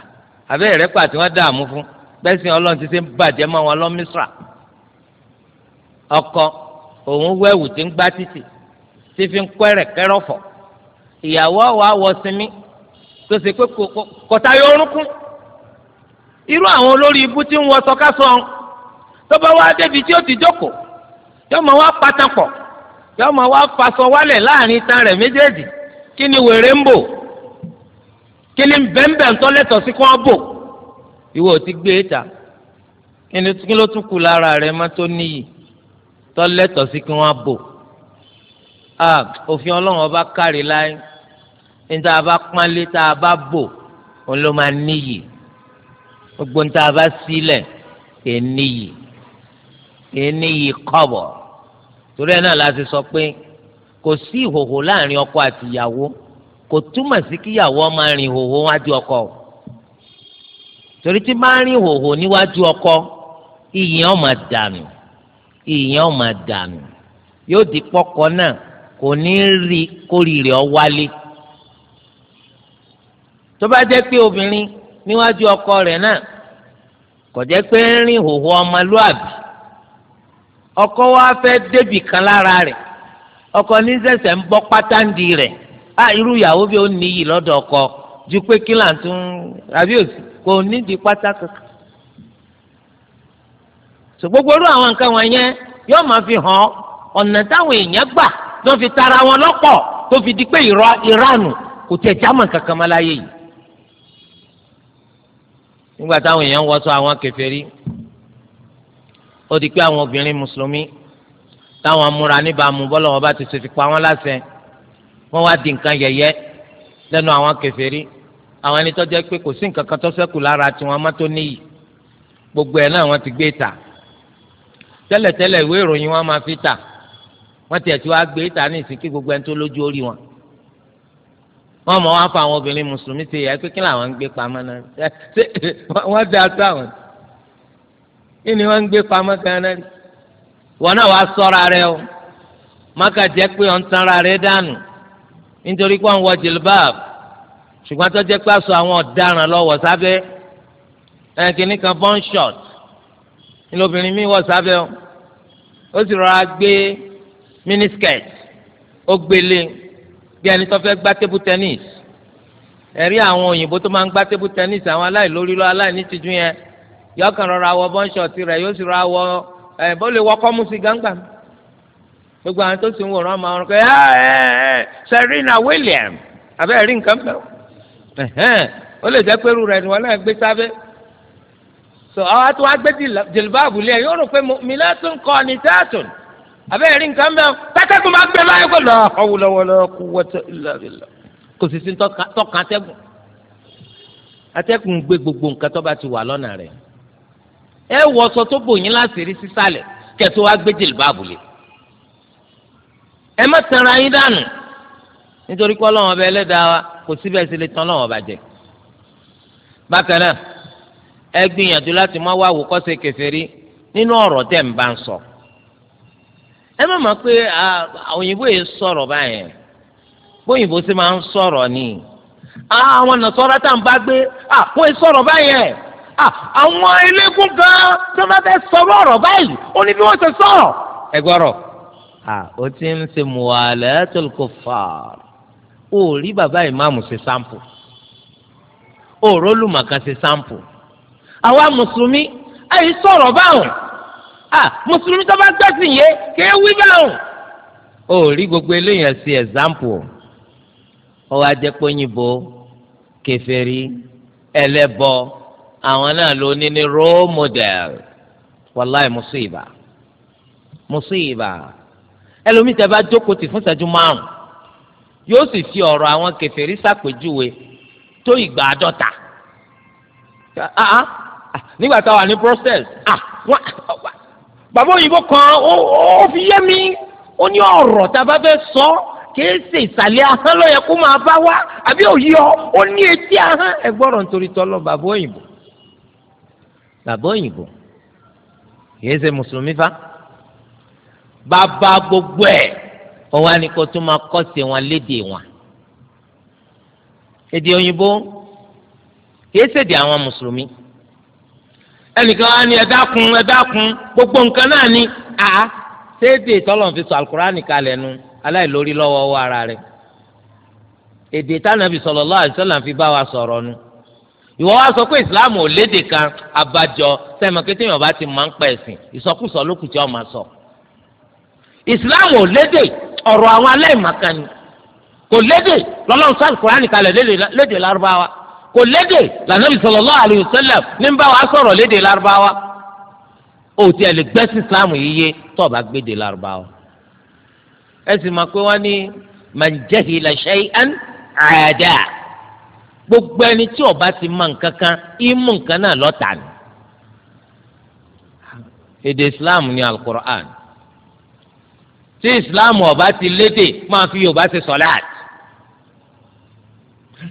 Speaker 1: àbẹ́ ìrẹ́pà tí wọ́n dààmú fún bẹ́sìn ọlọ́run ti ṣe ń bàjẹ́ mọ́ wọn lọ́mísra ọkọ òun wẹ́wù ti ń gbá títì tí fi ń kọ́rẹ̀ kẹ́rọ̀fọ̀ ìyàwó wa wọ sinmi tó ṣe pé kọ̀tà yóò rúnkún irú àwọn olórí ibú tí ń wọ sọkásọ tọ́ba wa débi tí ó ti jókòó yóò máa wá pátápọ̀ yóò máa wá faṣọ wálẹ̀ láàrin itan rẹ̀ méjèèjì kí ni wèrè ń bò kí ni bẹ́ńbẹ́ tọ́lẹ̀tọ̀ sí kí wọ́n bò ìwọ ò ti gbé e ta kí ló tún kù lára rẹ̀ má tó níyì tọ́lẹ̀tọ̀ sí kí wọ́n bò òfin ọlọ́run ọba kárí láyé níta bá pánlé tá a bá bò òun ló máa níyì gbogbo níta bá sílẹ̀ kì í níyì kì í níyì kọ́bọ̀ torí ẹ̀ náà la ti sọ pé kò sí ìhòhò láàrin ọkọ àtìyàwó kò túmọ̀ sí kíyàwó máa rìn ìhòhò wájú ọkọ o torí tí bá rìn ìhòhò níwájú ọkọ ìyẹn ó máa dànù ìyẹn ó máa dànù yóò di pọkọ náà kò ní rí kórìíre ọ wálé tó bá jẹ́ pé obìnrin níwájú ọkọ rẹ̀ náà kò jẹ́ pé ń rin hòhò ọmọlúàbí ọkọ wa fẹ́ débì kan lára rẹ̀ ọkọ ní sẹ̀sẹ̀ ń bọ́ pátáǹdì rẹ̀ a irú ìyàwó bí ó níyì lọ́dọ̀ ọkọ ju pé kí là ń tún àbí òsì kò nídìí pátá kankan so gbogbo irú àwọn nǹkan wọn yẹn yóò máa fi hàn ọ̀nà táwọn èèyàn gbà tó fi tara wọn lọ́pọ̀ tó fi di pé ìrọ ìranù kò tẹ̀ jámọ̀ kankan mọ́ láyé yìí. nígbà táwọn èèyàn ń wọṣọ àwọn kèfèrí ó di pé àwọn obìnrin mùsùlùmí táwọn amúra níbàámu bọ́lá wọn bá ti ṣe fi pa wọn láṣẹ wọn wá di nǹkan yẹ̀yẹ́ lẹ́nu àwọn kèfèrí àwọn ẹni tó jẹ́ pé kò sí nǹkan kan tó ṣẹ́kù lára tiwọn má níyì gbogbo ẹ̀ náà wọ́n ti gbé ta tẹ́lẹ̀tẹ́lẹ̀ ìwé ìròyìn wọn máa fi ta wọ́n tiẹ̀ tí wàá gbé ìta ní ìsìnkí gbogbo ẹni tó lójú orí wọn wọ́n mọ̀ wọ́n fa àwọn obìnrin mùsùlùmí ti yẹ pé kí làwọn ń gbé pamọ́ náà ṣe wọ́n da sáwọn kí ni wọ́n ń gbé pamọ́ kan náà wọ́n náà wàá sọ́ra rẹ o máka jẹ́ pé ọ̀n tanra rẹ dànù nítorí pé wọ́n wọ jìlbáàb ṣùgbọ́n tó jẹ́ pé aṣọ àwọn ọ̀daràn lọ sábẹ́ ẹ̀ kan bọ́ńṣọ̀t ni obìnrin mi wọ̀ sábẹ́ o ó sì rọra gbé miniskirt ó gbélé bí ẹni tó fẹ́ gbá tébù tennis ẹ̀rí àwọn òyìnbó tó máa ń gbá tébù tennis àwọn aláìlórí lọ aláìní tìjú yẹn yóò kàn rọra wọ bọ́ńṣọ̀tì rẹ̀ yóò sì rọra wọ ẹ̀ bó lè sí gángba gbogbo àwọn tó sì ń wòran máa ń rọ ẹ ẹ Serena Williams àbẹ́ ẹ̀rí nǹkan bẹ́ẹ̀ ó lè jẹ́ pé irú ni wọ́n náà gbé sábẹ́ so àwọn tó wá gbé jìlbáàbù lé ẹ̀ yóò rò pé mi látún kọ́ ni tẹ́àtùn abẹ́rẹ́ rí nǹkan bẹ́ẹ̀ tátẹ́gùn máa gbẹ láyé pé lọ́wọ́lọ́wọ́ kú wọ́tẹ́ ìlàlẹ́ kò sì sí tọ́ka atẹ́gùn atẹ́gùn gbé gbogbo nǹkan tó bá ti wà lọ́nà rẹ̀ ẹ wọ sọ tó bò yín láti rí sísàlẹ̀ kẹtó wá gbé jìlbáàbù lé ẹ má tẹ̀ra yín dànù nítorí pé ọlọ́wọ́n ọba ẹlẹ́dàá wa kò síbẹ̀ sí lè tán ọlọ́wọ́n ọba bákan náà ẹ gbìyànjú láti má wá àwòkọ́ṣe kèfèrí nínú ọ̀rọ̀ tẹ̀ ń bá ń sọ ẹ má mọ̀ pé òyìnbó yìí sọ̀rọ̀ báyẹn bóyìnbó sì máa ń sọ̀rọ̀ ni àwọn nàṣọ́ra tá à ń bá gbé àpò ìsọ̀rọ̀ báyẹn àwọn eléégún gan tó bá fẹ́ sọ̀rọ̀ ọ̀rọ̀ báyìí ó ní bí wọ́n ṣe sọ̀rọ̀ ẹ gbọ́rọ̀ ó ti ń ṣe muwalatul kuffar ó rí bàbá ìmáàmù ṣe sampo ó rólùmọ̀kan ṣe sampo àwa mùsùlùmí àyè sọ̀rọ̀ báwọn ah mùsùlùmí tó bá gbẹ̀sìn yé kéé wí báwọn. ó rí gbogbo eléyàn sí ẹ̀zámpù ó wá jẹ́ pé òyìnbó kèfèrí ẹlẹ́bọ àwọn náà ló ní ní role model wàláì mùsíbà mùsíbà ẹlòmíì tẹ bá jókòó tì fún ìṣẹ́jú márùn yóò sì fi ọ̀rọ̀ àwọn kèfèrí ṣàpèjúwe tó ìgbà àádọ́ta ah, ah, ah, nígbà táwa ní Brussels bàbá òyìnbó kan ó fi yé mi ó ní ọ̀rọ̀ tá a bá fẹ́ sọ kìí ṣe ìsàlẹ̀ ahọ́n ló yẹ kó máa bá wá àbí òyì ọ ó ní etí ahọ́n ẹ gbọ́dọ̀ nítorí tọ́lọ́ bàbá òyìnbó bàbá òyìnbó kìí ṣe mùsùlùmí fa bàbá gbogbo ẹ̀ ọwọ́ àníkó tó máa kọ́ sí wọn léde wọn èdè òyìnbó kìí ṣèdè àwọn mùsùlùmí. ẹnìkan á ní ẹ̀dá kun gbogbo nǹkan náà ni à sédè tọ́lọ̀ fi sọ alukurani kalẹ̀ nu aláìlórí lọ́wọ́ ọwọ́ ara rẹ̀ èdè tánàbì sọlọ alaihi wasallam fi bá wa sọ̀rọ̀ nu ìwọ wa sọ pé islam ò léde kan abajọ sẹ́mi kété yàn bá ti máa ń pẹ̀ sìn ìsọkúsọ máa sọ islam ò léde ọrọ àwọn ni kò léde sọ alukurani léde kò lédè lànàbì sallallahu alayhi wa sallam ní bá wa sọ̀rọ̀ lédè lárúbáwá ó ti ẹ̀ lè gbẹ́sí islam yìí yé tó o bá gbédè lárúbáwá ẹ sì máa pé wọ́n ní man jahila shay'an àdá gbogbo ẹni tí ó bá ti mọ nǹkan kan ìmú nǹkan náà lọ́tà ni èdè islam ní alukur'an tí islam ó ti lédè máa fi Yorùbá ṣe sọláàtì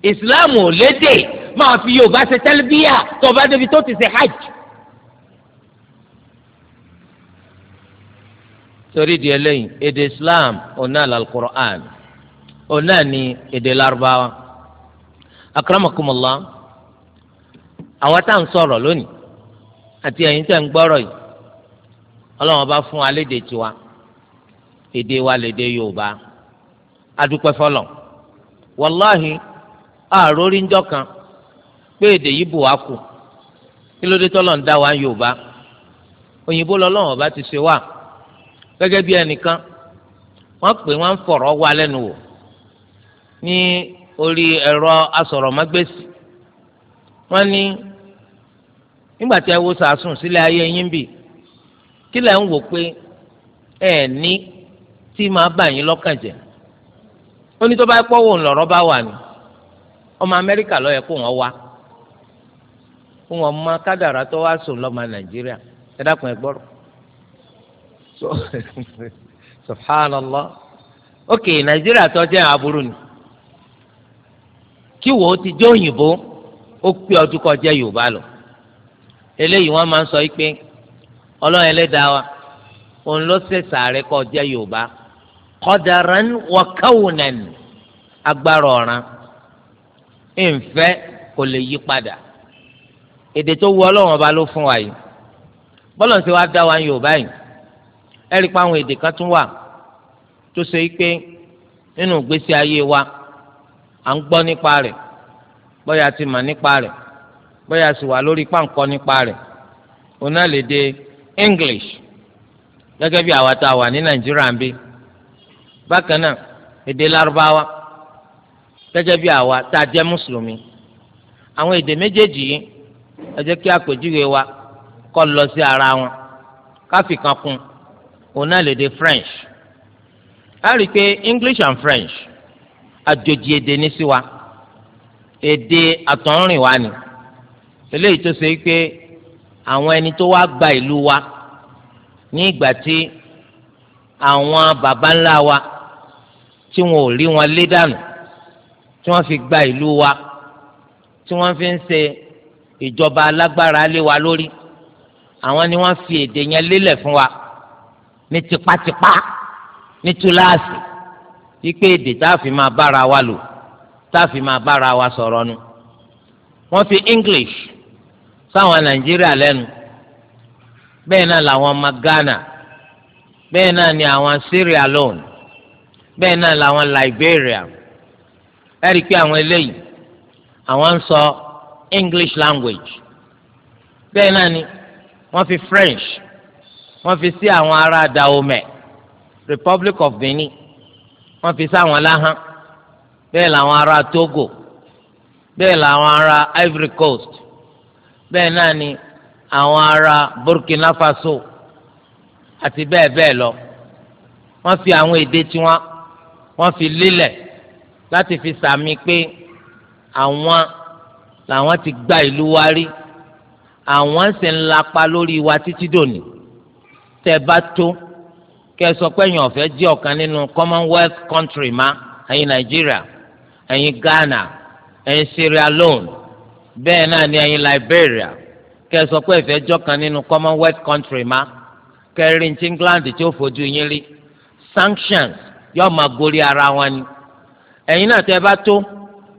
Speaker 1: Islam ò lédè máa fi yorùbá ṣe tẹ́lifíà tó bá débi tó ti ṣe hajj. torí di eléyìí èdè islam ọ̀nà alukur'an ọ̀nà ni èdè larubawa akramakumullah àwọn tá à ń sọ̀rọ̀ lónìí àti ẹ̀yin tẹ̀ ń gbọ́rọ̀ yìí ọlọ́run bá fún wa léde tiwa èdè wa léde yorùbá adúpẹ́ fọlọ́ wàláhìí àròrí ńjọ́ kan pé èdè yìí bù wá kù kí ló dé tọ́lọ̀ ń dá wa Yorùbá òyìnbó lọ́lọ́run ọba ti ṣe wá gẹ́gẹ́ bí ẹnìkan wọ́n pè wọ́n ń fọ̀rọ̀ wá lẹ́nu wò ní orí ẹ̀rọ asọ̀rọ̀mágbèsì wọ́n ní nígbà tí ẹ wo sàásùn sílẹ̀ ayé yín bì kí lẹ̀ ń wò pé ẹ ní tí máa bà yín lọ́kàn jẹ́ ó ní tó bá pọ́wọ́ ńlọrọ́ bá wà ní ọmọ amẹ́ríkà ló yẹ kó wọ́n wá kó wọ́n mọ kádàrá tó wá sùn lọ́mọ nàìjíríà ẹ dákun ẹ gbọ́rọ̀ so subhanallah ok nàìjíríà tó jẹ́ aburú ni kí wo ti jẹ́ òyìnbó ó pé ọdún kọjá yorùbá lọ eléyìí wọ́n máa ń sọ pé ọlọ́run ẹlẹ́dàá wa òun ló ṣẹ̀ṣà rẹ̀ kọjá yorùbá qadaran wa agbára ọ̀ràn ìǹfẹ́ kò lè yí padà èdè tó wu ọlọ́run ọba ló fún wa yìí bọ́lọ̀ tí wàá dá wa Yorùbá yìí ẹ̀rí pa àwọn èdè kan tún wà tó ṣe pé nínú ìgbésí ayé wa à ń gbọ́ nípa rẹ̀ bóyá ti mà nípa rẹ̀ bóyá sì wà lórí pàǹkọ́ nípa rẹ̀ òun lè de English gẹ́gẹ́ bí àwa tá a wà ní Nàìjíríà ń bí bákan náà èdè Lárúbáwá gẹ́gẹ́ bí àwa tá a jẹ́ mùsùlùmí àwọn èdè méjèèjì yìí ẹ jẹ́ kí àpèjúwe wa kó lọ sí ara wọn káfíkan kún òun náà lédè French a rí i pé English and French àjòjì èdè ní sí wa èdè àtọ̀rìn wa ni eléyìí tó ṣe pé àwọn ẹni tó wá gba ìlú wa ní ìgbà tí àwọn baba ńlá wa tí wọn ò rí wọn lé dànù tí wọ́n fi gba ìlú wa tí wọ́n fi ń ṣe ìjọba alágbára lé wa lórí àwọn ni wọ́n fi èdè yẹn lélẹ̀ fún wa ní tipátipá ní túláàsì wípé èdè tá a fi máa bára wa lò tá a fi máa bára wa sọ̀rọ̀ nu wọ́n fi English sáwọn Nàìjíríà lẹ́nu bẹ́ẹ̀ náà làwọn ọmọ Ghana bẹ́ẹ̀ náà ni àwọn Syria Leone bẹ́ẹ̀ náà làwọn Liberia ẹ rí i pé àwọn eléyìí àwọn ń sọ English language bẹ́ẹ̀ náà ni wọ́n fi French wọ́n fi sí àwọn ará Dahomey Republic of Benin wọ́n fi sáwọn láhán bẹ́ẹ̀ làwọn ará Togo bẹ́ẹ̀ làwọn ará Ivory Coast bẹ́ẹ̀ náà ni àwọn ará Burkina Faso àti bẹ́ẹ̀ bẹ́ẹ̀ lọ wọ́n fi àwọn èdè tiwọn wọ́n fi lílẹ̀ láti fi sàmì pé àwọn làwọn ti gba ìlú wa rí àwọn sì ń lapa lórí wa títí dòní tẹ bá tó kẹ sọ pé ẹ̀yin ọ̀fẹ́ jẹ́ ọ̀kan nínú commonwealth country ma ẹ̀yin Nàìjíríà ẹ̀yin Ghana ẹ̀yin Sierra Leone bẹ́ẹ̀ náà ni ẹ̀yin Liberia kẹ sọ pé ẹ̀fẹ́ jọ́kan nínú commonwealth country ma kẹrin ti England tí ó fojú yín rí sanctions yóò máa gorí ara wọn ni ẹ̀yin náà tẹ́ bá tó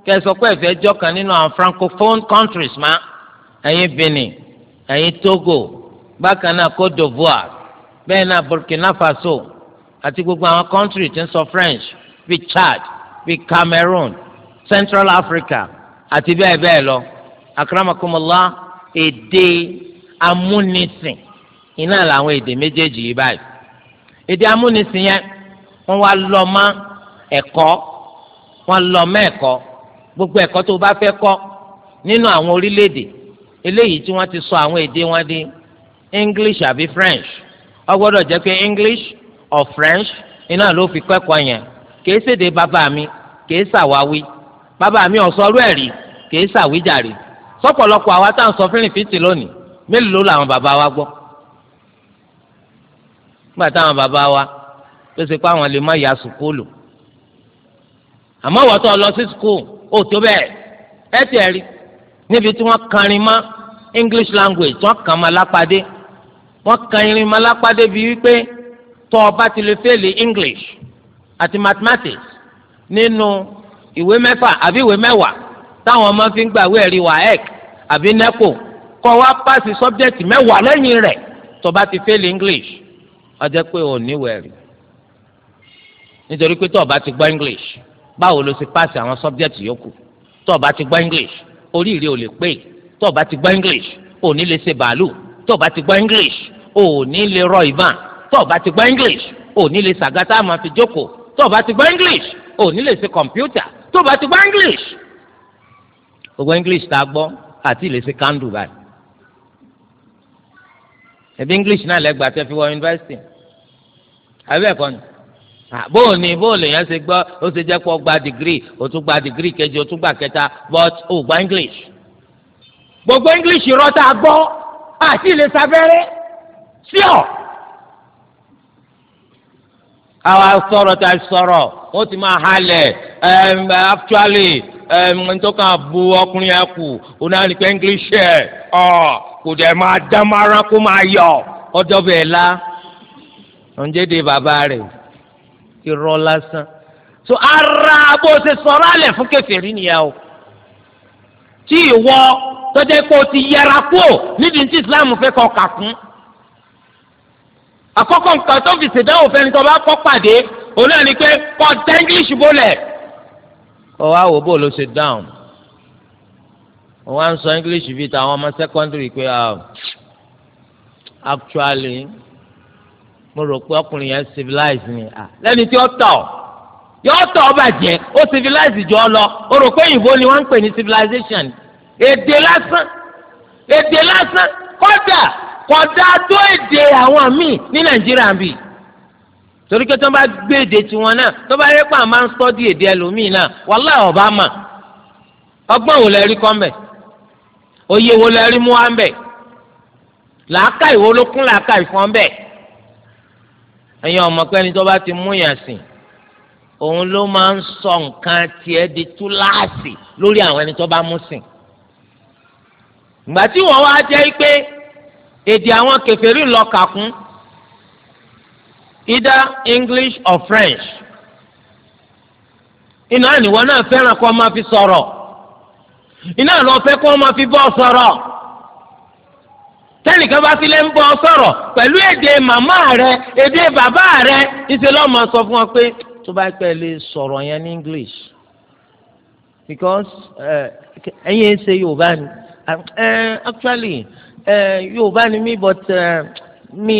Speaker 1: kẹ́ ẹ sọ pé ẹ̀fẹ́ jọ́kan nínú àwọn francophone countries ma ẹ̀yin Benin ẹ̀yin Togo bákan náà Côte d'Ivoire bẹ́ẹ̀ náà Burkina Faso àti gbogbo àwọn country tí ń sọ French bíi Chad bíi Cameroon Central Africa àti bẹ́ẹ̀ bẹ́ẹ̀ lọ akramakumullah èdè amúnisìn iná làwọn èdè méjèèjì yìí báyìí èdè amúnisìn yẹn wọ́n wá lọ mọ́ ẹ̀kọ́ wọ́n lọ mẹ́ẹ̀kọ́ gbogbo ẹ̀kọ́ tó bá fẹ́ kọ́ nínú àwọn orílẹ̀-èdè eléyìí tí wọ́n ti sọ àwọn èdè wọn di English àbí French ó gbọ́dọ̀ jẹ́ pé English or French iná ló fi kẹ́kọ̀ọ́ yẹn kìí ṣèdè bàbá mi kìí ṣàwáwí bàbá mi ò sọrú ẹ̀ rí kìí ṣàwíjàre sọ́pọ̀lọpọ̀ àwa tá à ń sọ fírìnfìtì lónìí mélòó làwọn bàbá wa gbọ́ nígbà táwọn bàbá wa tó pé àwọn lè má yà sùkúlù àmọ́ wọ́n tó lọ sí skul ó tó bẹ́ẹ̀ ẹ tẹ̀ rí níbi tí wọ́n kanrin mọ́ english language tí wọ́n kàn máa lápàdé wọ́n kanrin máa lápàdé bí wípé tó o ti lè fẹ́ẹ̀lì english àti mathematics nínú ìwé mẹ́fà àbí ìwé mẹ́wàá táwọn ọmọ fi ń gbàwé ẹ̀rí waec àbí neco kọ́ wá pàṣẹ subject mẹ́wàá lẹ́yìn rẹ̀ tó o bá ti fẹ́ẹ̀lì english ọjọ́ pé ò níwèé rí nítorí pé tó o ti gbọ́ english báwo ló ṣe pàṣẹ àwọn sọ́bjẹ́tì yòókù tó o bá ti gbọ́ english oríire ò lè pè tó o bá ti gbọ́ english ò ní lè ṣe bàálù tó o bá ti gbọ́ english ò ní lè rọ ìbọn tó o bá ti gbọ́ english ò ní lè ṣàgátá àmọ́ fi jókòó tó o bá ti gbọ́ english ò ní lè ṣe kọ̀mpútà tó o bá ti gbọ́ english. gbogbo english tá a gbọ́ àti lè ṣe candle báyìí ẹbí english náà lẹ́gbàá tẹ́ fi wọ yunifásitì àbí ẹ̀kọ́ ni Ah, bóò ni bóò lèèyàn ṣe gbọ́ ó ṣe jẹ́ pé ó gba degree ó tún gba degree kejì ó tún gba kẹta but ó gba english gbogbo english rọ́tà gbọ́ àti ilé sábẹ́rẹ́ sí ọ̀ àwa sọ̀rọ̀ tá a sọ̀rọ̀ ó ti máa halẹ̀ um, actually ntọ́ka bu ọkùnrin yẹn kù ó náà ní pé english ẹ̀ ọ̀ kò dẹ̀ máa dá mara kó máa yọ ọjọ́ bẹ́ẹ̀ la ọ̀njẹ́ de bàbá rẹ̀ irọ́ lásán so ara bó ṣe sọ̀rọ̀ alẹ̀ fún kèfèrí nìyẹn o tí ìwọ tọ́jà pé o ti yẹra kúò nídìí tí Islam fẹ́ kọ́ kà fún àkọ́kọ́ nǹkan tó fi ṣèdánwò fẹ́ni tó bá kọ́ pàdé òun náà ni pé kọ́ tẹ́ English bólẹ̀ kọ́ wá wò bó ló ṣe dáhùn wọ́n á ń sọ English bíi tàwọn ọmọ secondary pé ah, actually mo rò pé ọkùnrin yẹn civilize ni lẹ́ni tí ó tọ̀ yọ tọ̀ ọ bàjẹ́ ó civilize jọ lọ o rò pé òyìnbó ni wọ́n ń pè ní civilization èdè lásán èdè lásán kọ́dà kọ́dà tó èdè àwọn míì ní nàìjíríà bì torí pé tó bá gbé èdè tiwọn náà tó bá yẹ pé àwọn máa ń sọ́dí èdè ẹlòmíì náà wàhálà ọ̀bá mà ọgbọ́n wò lẹ rí kọ́ńbẹ̀ òye wo lẹ mú wa ń bẹ̀ làákàyè wo ló kún ẹ̀yin ọmọ pẹ́ni tó bá ti mú yàn sìn òun ló máa ń sọ nǹkan tiẹ̀ di túláàsì lórí àwọn ẹni tó bá mú sìn ìgbà tí wọ́n wá jẹ́ pé èdè àwọn kèfèrí lọ kàkún either English or French iná ìwọ náà fẹ́ràn kó máa fi sọ̀rọ̀ iná ìlọ fẹ́ kó máa fi bọ́ sọ̀rọ̀ tẹnìkan bá fi lè ń bọ sọ̀rọ̀ pẹ̀lú èdè màmá rẹ èdè bàbá rẹ ìṣe lọ́mọ sọ fún ọ pé tó bá pẹ́ lè sọ̀rọ̀ yẹn ní English because eh, ẹ̀yin ṣe Yorùbá ni eh, actually eh, Yorùbá ni mi but mi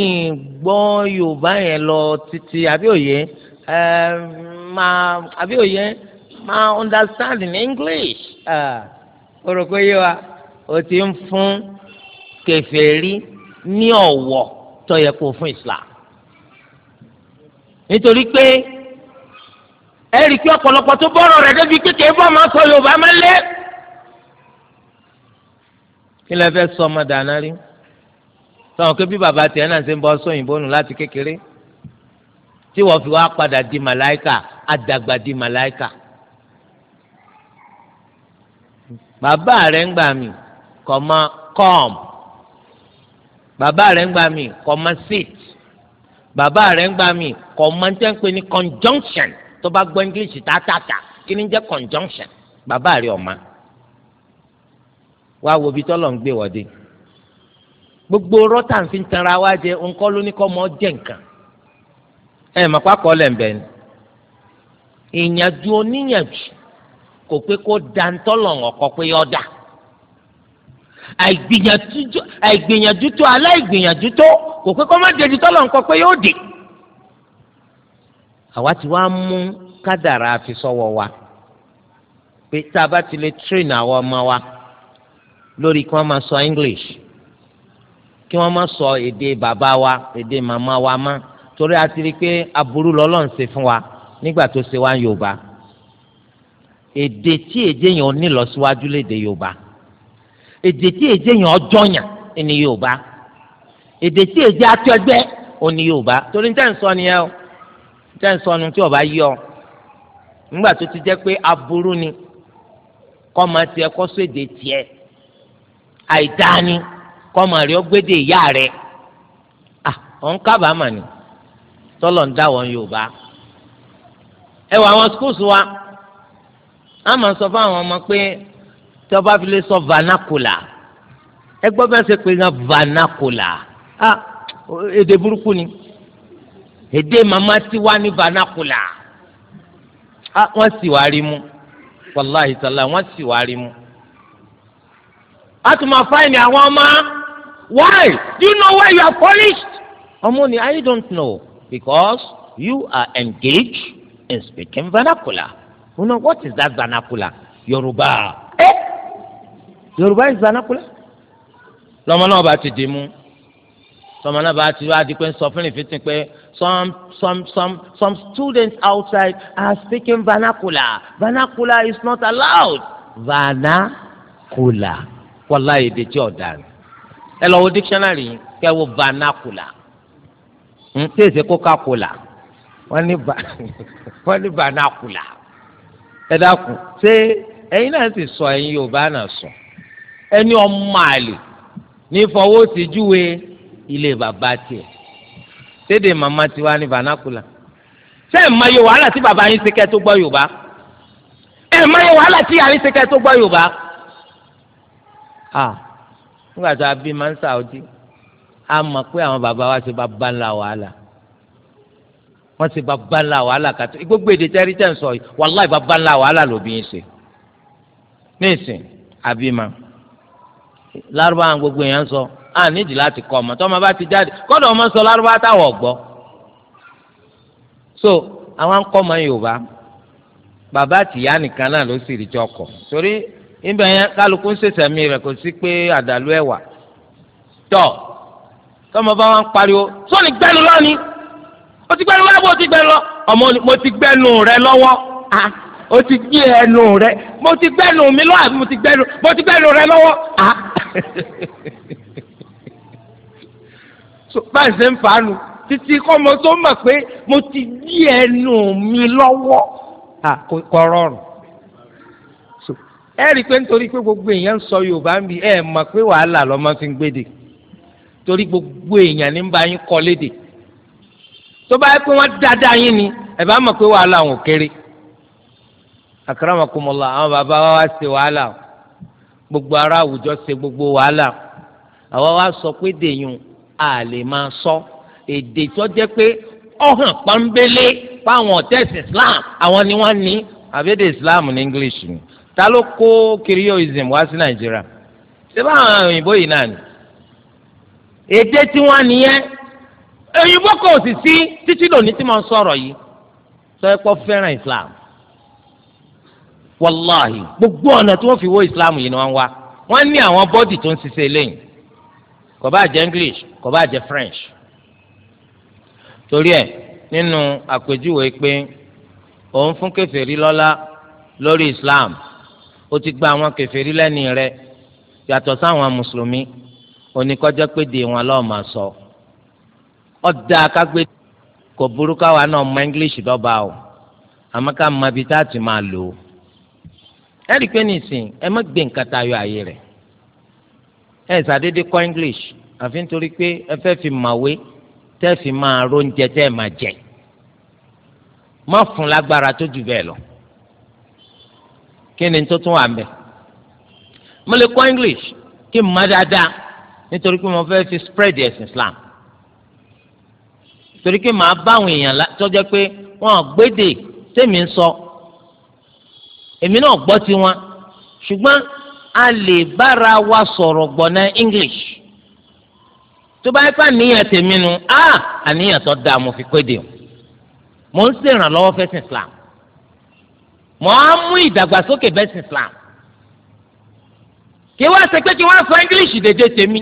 Speaker 1: gbọ́ Yorùbá yẹn lọ títí àbí òye máa àbí òye máa understand in English. Uh, ah, orúkọ yìí wa o ti ń fún kèfèrí ní ọ̀wọ̀ tó yẹ kó fún islam nítorí pé ẹ̀rí kí ọ̀pọ̀lọpọ̀ tó bọ́rọ̀ rẹ̀ débi kékeré bọ́ máa sọ yorùbá máa lé kí lẹ fẹ́ sọ ọmọ dáná rí sọ̀rọ̀ pé bí bàbá tiẹ̀ náà ṣe ń bọ́ sóyìnbó nù láti kékeré tí wọ́n fi wá padà di màláìkà àdàgbà di màláìkà. bàbá rẹ̀ ń gbà mí kọ́ mọ́ kọ́ọ̀mù bàbá rẹ̀ ń gbà mí commasate bàbá rẹ̀ ń gbà mí commasate ní conjunction tó bá gbọ́ english tààtàtà kí ni jẹ́ conjunction bàbá rẹ̀ ọ̀ma wá wo ibi tọ́lọ̀ ń gbé wọ́dé gbogbo rọ́tà ń fi tanra wá jẹ nǹkan ló ní kọ́ mọ́ jẹ́ nǹkan ẹ̀ mọ̀ pákọ́ lẹ̀ ń bẹ̀ ni ìyànjú oníyànjú kò pé kó dantọ́lọ̀ ọ̀kọ́ pé yọ̀ dáa àìgbìyànjú tó aláìgbìyànjú tó kò pé kó má débi tọ́lọ̀ ń kọ pé yóò dé. àwa ti wá mú kádàrá fi sọ́wọ́ wa pé tá a bá ti lè train àwọn ọmọ wa lórí kí wọ́n máa sọ English kí wọ́n máa sọ èdè bàbá wa èdè màmá wa má torí a ti rí i pé aburú lọ́lọ́ ń ṣe fún wa nígbà tó ṣe wá Yorùbá èdè tí èdè yẹn ò ní lọ síwájú léde Yorùbá. èdè tí èjé yẹn ọjọ́yàn ni Yorùbá èdè tí èjé atọ́ ẹgbẹ́ ni Yorùbá torí níta ni ẹ o níta tí ọba yọ ọ nígbà tó ti jẹ́ pé aburú ni kọ́ máa kọ́ sọ èdè àìdáni kọ́ máa ni tọ́lọ̀ ń wọn ẹ wọ àwọn wa a máa sọ fún àwọn ọmọ pé. tó bá fi lè sọ vernacular ẹ gbọ́ bẹ́ẹ̀ ṣe pé ń vernacular ah èdè burúkú ni èdè màmá tiwa ní vernacular ah wọ́n sì wá rí mu wàláhi sàlá wọ́n sì wá rí mu. a tún máa fáìní àwọn ọmọ why do you know where you are polished. ọmọ ni i don't know because you are engaged in speaking vernacular you know what is that vernacular Yoruba. Eh? yorùbá ìzànàkulẹ̀ lọ́mọ náà bá ti dì mú tọmọ náà bá ti wá di pé ń sọ fún ìfitì pé some some some some students outside are speaking vernacular vernacular is not allowed vernacular wàlá èdè tí ọ̀dà rẹ̀ ẹ lọ wo dictionary yìí kẹ́ wo vernacular ń hmm? tẹ̀sẹ̀ coca-cola wọ́n ní ba wọ́n ní vernacular ẹ dákun ṣé ẹ̀yin náà ti sọ ẹ̀yin yorùbá náà sùn ẹni ọmọ àlè ní fọwọ́ sí júwe ilé bàbá tiẹ̀ sédè màmá tiwa ní vernacular ṣé ẹ̀ máa yọ wàhálà tí bàbá yín ṣe kẹ́ tó gbọ́ yorùbá ẹ̀ máa yọ wàhálà tí yàrá yín ṣe kẹ́ tó gbọ́ yorùbá ah nígbà tá a bí máa ń sàwọ́dí a mọ̀ pé àwọn bàbá wa ṣe bàbá ńlá wàhálà wọ́n ṣe bàbá ńlá wàhálà kàtó gbogbo èdè tẹ́rí tẹ́ ń sọ yìí wàláì bàbá ńlá wàhálà lòbí yín ṣe ní ìsìn àbí máa. lárúbá àwọn gbogbo èèyàn sọ á nídìí láti ọmọ bá ti jáde kọ́dọ̀ ọmọ sọ lárúbá táwọn gbọ́ so àwọn akọ́ yorùbá bàbá àtìyá nìkan náà ló sì rí jọ kọ torí níbẹ̀ yẹn kálukú ń mi rẹ̀ kò sí pé àdàlú tọ̀ o ti gbé ẹnu rẹ mo ti gbẹnu mi lọ àbí mo ti gbẹnu mo ti gbẹnu rẹ lọ́wọ́ a so báyìí ṣe ń fàánu títí kọ́mọ tó mọ̀ pé mo ti gbé ẹnu mi lọ́wọ́ a kò rọrùn so ẹ rí i pé nítorí pé gbogbo èèyàn ń sọ Yorùbá ń bi ẹ mọ̀ pé wàhálà lọ́mọ fi ń gbéde torí gbogbo èèyàn ní bá yín kọ́ léde tó bá pé wọ́n dáadáa yín ni ẹ bá mọ̀ pé wàhálà wọn ò kéré akaramakumọlá àwọn bàbá wa ṣe wàhálà gbogbo ara àwùjọ ṣe gbogbo wàhálà àwa wa sọ pé dèyùn a lè máa sọ èdè tó jẹ́ pé ọ̀hàn pọ́nbélé fáwọn ọ̀tẹ́sì islam àwọn ni wọ́n ní àbédè islam ní english ni ta ló kó kirioism wá sí nàìjíríà ṣé báwọn òyìnbó yìí náà ni èdè tí wọ́n nìyẹn òyìnbó kò sì sí títí lónìí tí mo ń yìí sọ ẹ kó fẹ́ràn islam wàláhì gbogbo ọ̀nà tí wọ́n fi wó ìsìláàmù yìí ni wọ́n wá wọ́n ní àwọn bọ́dì tó ń ṣiṣẹ́ lẹ́yìn kò bá jẹ́ english kò bá jẹ́ french torí ẹ̀ nínú àpèjúwe pé òun fún kèfèrí lọ́lá lórí islam ó ti gba àwọn kèfèrí lẹ́ni rẹ̀ yàtọ̀ sáwọn mùsùlùmí oníkọ́jọ́ pé dè wọn lọ́ọ́ sọ ọ̀dà kágbé kò burúkú àwa náà mọ english dọ́ba o àmọ́ ká mọ ibi tá a ti máa lò ó ẹ rí i pé nìsín ẹ má gbé nǹkan tayọ ààyè rẹ̀ ẹ ṣàdédé kọ́ English àfi nítorí pé ẹ fẹ́ fi màwé tẹ́ fi máa róúnjẹ tẹ́ ẹ máa jẹ má fún lágbára tó jù bẹ́ẹ̀ lọ kí ni tó tún wà mẹ́ mo lè kọ́ English kí n má dáadáa nítorí pé mo fẹ́ fi spread ẹ̀sìn Islam torí pé màá bá àwọn èèyàn tọ́jọ́ pé wọ́n gbédè tèmi ń sọ èmi náà gbọ́ tiwọn ṣùgbọ́n a lè bára wa sọ̀rọ̀ gbọ̀nà English tó bá yẹ fún àníyàn tèmi nu a àníyàn tó dáa mo fi kéde o mo ń ṣèrànlọ́wọ́ fẹ́sìn Islam mo á mú ìdàgbàsókè fẹ́sìn Islam kí wọ́n ṣe pé kí wọ́n sọ English dédé tèmi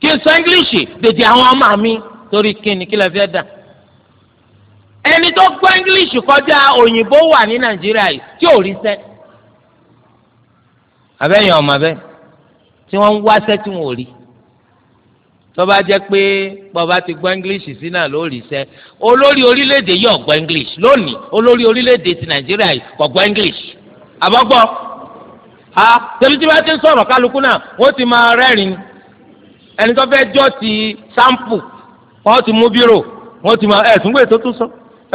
Speaker 1: kí n sọ English dédé àwọn ọmọ mi torí kí ni kí lè fẹ́ dà. ẹni tó gbọ́ english kọjá òyìnbó wà ní nàìjíríà yìí tí ò rí sẹ́ abẹ́yẹn ọmọ abẹ́ tí wọ́n ń wáṣẹ́ tí wọ́n ò rí tó bá jẹ́ pé bọ́ba ti gbọ́ english sí náà ló rí sẹ́ olórí orílẹ̀-èdè yìí ò english lónìí olórí orílẹ̀-èdè ti nàìjíríà yìí english àbọ̀gbọ́ a tẹ̀lé tí wọ́n ti ti máa rẹ́rìn ẹni tó fẹ́ jọ́ ti sampo wọ́n ti mú bírò wọ́n ti máa ẹ̀ gbé tó tún sọ.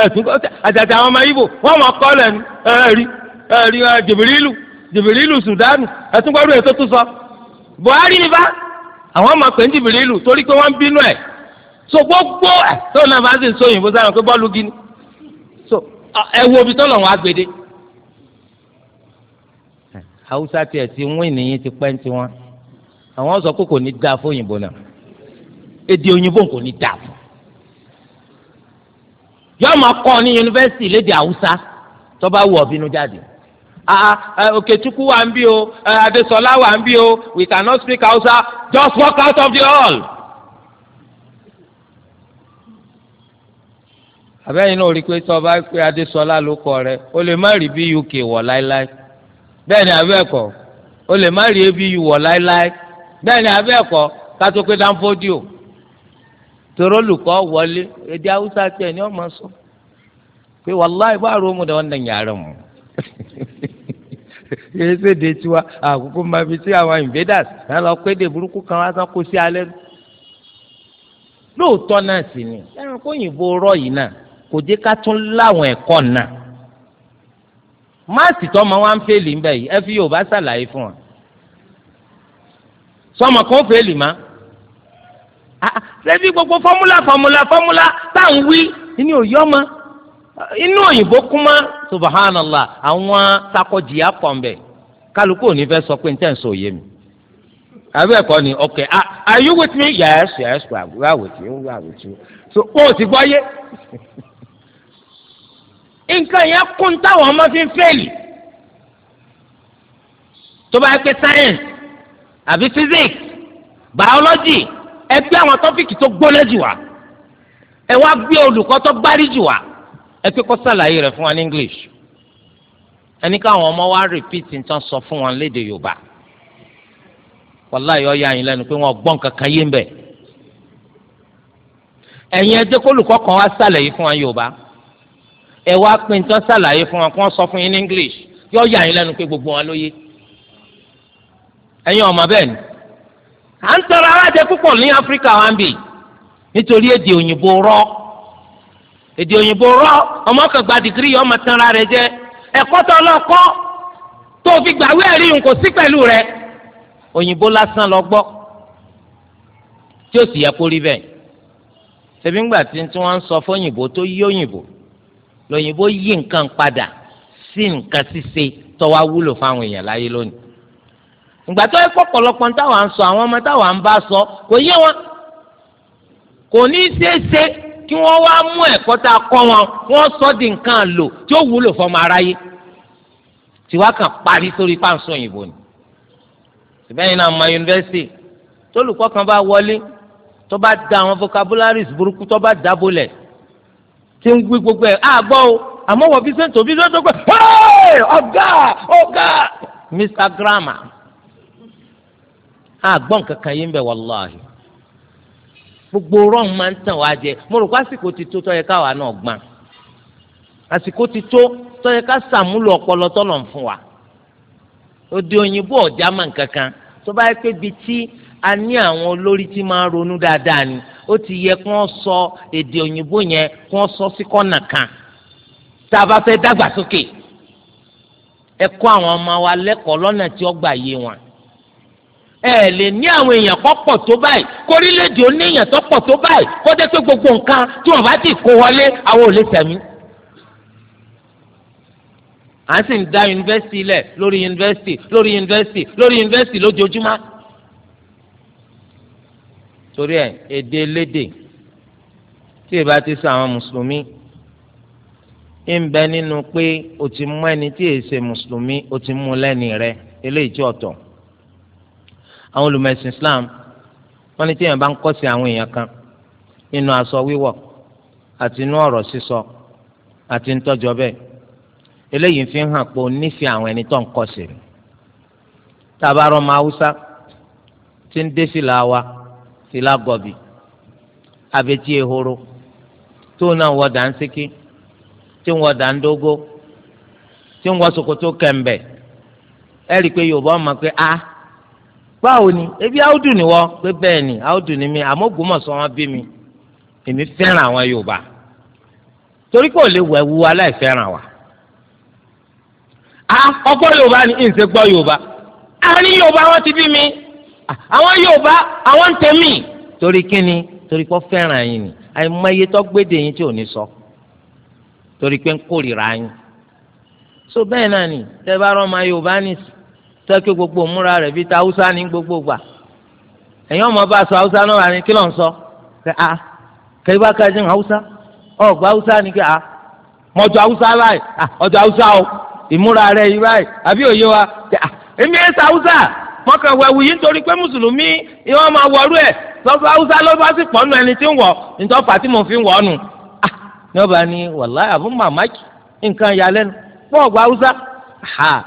Speaker 1: ẹ̀sìn àtàtà àwọn ọmọ ibo wọ́n mọ̀ kọ́ lẹ́nu ẹ̀rí ẹ̀rí jìbìrìlù jìbìrìlù sùdánù ẹ̀sìn gbọ́dọ̀ èso tó sọ Buhari ni bá àwọn ọmọ pè ń jìbìrìlù torí pé wọ́n ń bínú ẹ̀ so gbogbo ẹ̀ tó náà bá sì ń sọ òyìnbó sára pé bọ́ọ̀lù gíní so ẹ wo ibi tó lọ́wọ́ agbede. Haúsá tiẹ̀ ti wín nìyí ti pẹ́ ń tiwọn àwọn sọ pé kò ní dáa fún òyìnbó náà èdè òyìnbó kò ní dáa fún yóò máa kọ́ ní yunifásitì lédè haúsá tó bá wù ọ́ jáde òkètukú ah, ah, eh, wà ń bí o eh, adésọlá wà ń bí o we cannot speak haúsá just walk out of the hall. àbẹ́yìn náà rí pé tó o bá pe ló kọ rẹ o lè má rí bí uk wọ̀ láéláé bẹ́ẹ̀ abẹ́ẹ̀kọ́ o lè má rí bí wọ̀ láéláé bẹ́ẹ̀ ni abẹ́ẹ̀kọ́ kátó pé dáńfódì toro olùkọ́ wọlé èdè haúsá tiẹ̀ ni wọ́n máa sọ pé wàláì bá àrò mu dà wọ́n dàn yàrá mu yìí ṣe de tiwa àkókò máa fi sí àwọn invaders náà lọ pé de burúkú kan wá sọ kó sí alẹ́ náà sì ni ẹranko òyìnbó rọ̀ yìí náà kò jẹ́ ká tún láwọn ẹ̀kọ́ náà máàsì tó ọmọ wa ń fèlì ń bẹ̀ yìí ẹ fi Yorùbá ṣàlàyé fún wa sọmọ kan fèlì máa ṣebí gbogbo fọ́múlà fọ́múlà fọ́múlà tá à ń wí ní òye ọmọ inú òyìnbó kún mọ́ subhanallah àwọn sakọjìyà pọ̀ mbẹ́ kálukú ò ní fẹ́ sọ pé n tẹ́ ń sọ òye mi àbẹ́ ẹ̀kọ́ ni okay are you with me yes yes we are with you we are with you so o ti gbọ́ yé nǹkan yẹn kún táwọn ọmọ fi ń fẹ́ẹ̀lì tó bá yẹ pé science àbí physics biology ẹ gbé àwọn tọ́fíìkì tó gbóná jù wá ẹ wá gbé olùkọ́ tó gbárí jù wá ẹ pé kó sàlàyé rẹ̀ fún wa ní English ẹni káwọn ọmọ wa repeat nǹkan sọ fún wọn léde Yorùbá wàláyé ọ̀ya yín lẹ́nu pé wọ́n gbọ́n kankan yé ń bẹ̀ ẹ̀yin ẹ jẹ́ kó olùkọ́ kan wá sàlàyé fún wa Yorùbá ẹ wá pé nǹkan sàlàyé fún wa kó wọ́n sọ fún yín ní English yọ̀ọ́ yà yín lẹ́nu pé gbogbo wọn ló ẹ̀yin ọmọ bẹ́ẹ̀ ni à ń tọrọ alájẹ púpọ̀ ní áfíríkà wa ń bì nítorí èdè òyìnbó rọ èdè òyìnbó rọ ọmọ kan gba dìgírì yọ ọmọ tanra rẹ jẹ ẹ̀kọ́ tó ọlọkọ tó fi gbàwé ẹ̀rí nǹkó sí pẹ̀lú rẹ òyìnbó lásán lọ gbọ́ tí ó sì yẹ kó rí bẹ́ẹ̀ ṣebí ńgbà tí wọ́n ń sọ fóyìnbó tó yí òyìnbó lòyìnbó yí nǹkan padà sí nǹkan ṣíṣe tó wúlò fáwọn èèyàn láyé lónìí ìgbà tó yẹ kó pọ̀lọpọ̀ táwa ń sọ àwọn ọmọ táwa ń bá sọ kò yé wọn kò ní í ṣeé ṣe kí wọ́n wá mú ẹ̀kọ́ tá a kọ́ wọn wọ́n sọ di nǹkan lò tí ó wúlò fọmọ aráyé tiwa parí sórí páńsọ òyìnbó ni ṣùgbọ́n náà ma yunifásitì tólùkọ́ kan bá wọlé tó bá da àwọn vocabularies burúkú tó bá dábòlẹ̀ tí ń gbé gbogbo ẹ̀ àgbọ̀ o àmọ́ wọ́n fi sẹ́ńtò bí lọ́dọ̀ pé ọ̀gá ọ̀gá Mr. Grammar àgbọ̀n kankan yìí ń bẹ̀ wàláhì gbogbo rọ́ọ̀n máa ń tàn wá jẹ mo rò pé àsìkò ti tó tọ́yẹ káwa náà gbọ́n àsìkò ti tó tọ́yẹ ká sàmúlò ọpọlọ tọ́lọ̀ ń fún wa òde òyìnbó ọ̀já máa ń kankan tó bá yẹ pé bi tí a ní àwọn olórí tí máa ń ronú dáadáa ni ó ti yẹ kí wọ́n sọ èdè òyìnbó yẹn kí wọ́n sọ sí kọ́nà kan tá a bá fẹ́ dàgbàsókè ẹ kọ́ àwọn ọmọ wa lẹ́kọ̀ọ́ lọ́nà tí ó yé wọn ẹ lè ní àwọn èèyàn kọ́ pọ̀ tó báyìí kórílẹ̀èdè ó ní èèyàn tó pọ̀ tó báyìí kọ́jẹ́ pé gbogbo nǹkan tí wọ́n bá ti kó wọlé àwọn ò lè tẹ̀mí. à ń sì ń da yunifásitì lẹ̀ lórí yunifásitì lórí yunifásitì lórí yunifásitì lójoojúmọ́. torí ẹ èdè lédè tí ìbá ti sọ àwọn mùsùlùmí ń bẹ nínú pé o ti mú ẹni tí èsè mùsùlùmí o ti mú lẹ́ni rẹ eléyìí tí ọ̀tọ̀ àwọn olùmọ̀ẹ̀sìn Islam wọ́n ní téèyàn bá ń kọ́sí àwọn èèyàn kan nínú aṣọ wíwọ̀ àti inú ọ̀rọ̀ sísọ àti ntọ́jọ bẹ́ẹ̀ eléyìí fi hàn pé o nífẹ̀ẹ́ àwọn ẹni tó ń kọ́sí rẹ̀ tabarọ́ ma Haúsá tí ń dé fìlà wa fìlà gọ̀bì abẹ́tí ehoro tó náà wọ dàńsíkí tí ń wọ dàńdógó tí ń wọ ṣòkòtò kẹ̀m̀bẹ̀ ẹ̀rí pé Yorùbá ọmọ pé a. Ah, báwo ni ebi áódù ni wọ pé bẹ́ẹ̀ ni áódù ni mi àmọ́ Ògbómọ̀ṣọ́ wọn bí mi èmi fẹ́ràn àwọn Yorùbá torí kò lè wẹ̀ wu aláìfẹ́ràn wa a ọgbọ́ Yorùbá ni ìǹsẹ̀ gbọ́ Yorùbá a ní Yorùbá wọn ti bí mi àwọn Yorùbá àwọn ń tẹ̀mí torí kíni torí kò fẹ́ràn yín ni àìmọye tó gbédè yín tí ò ní sọ torí pé ń so bẹ́ẹ̀ náà ni tẹ́ bá rọ́ ọmọ Yorùbá tẹ́kẹ́ gbogbo múra rẹ̀ bíi ta ní gbogbo gbà ẹ̀yin ọmọ bá sọ hausa náà ní kí ló ń sọ kẹ a kẹ bá kájí hausa haúsá ọgbà haúsá ní kẹ a o ìmúra yìí àbí òye wa kẹ a èmi hausa nítorí pé mùsùlùmí máa ẹ̀ hausa ló bá sì ẹni tí ń ọgbà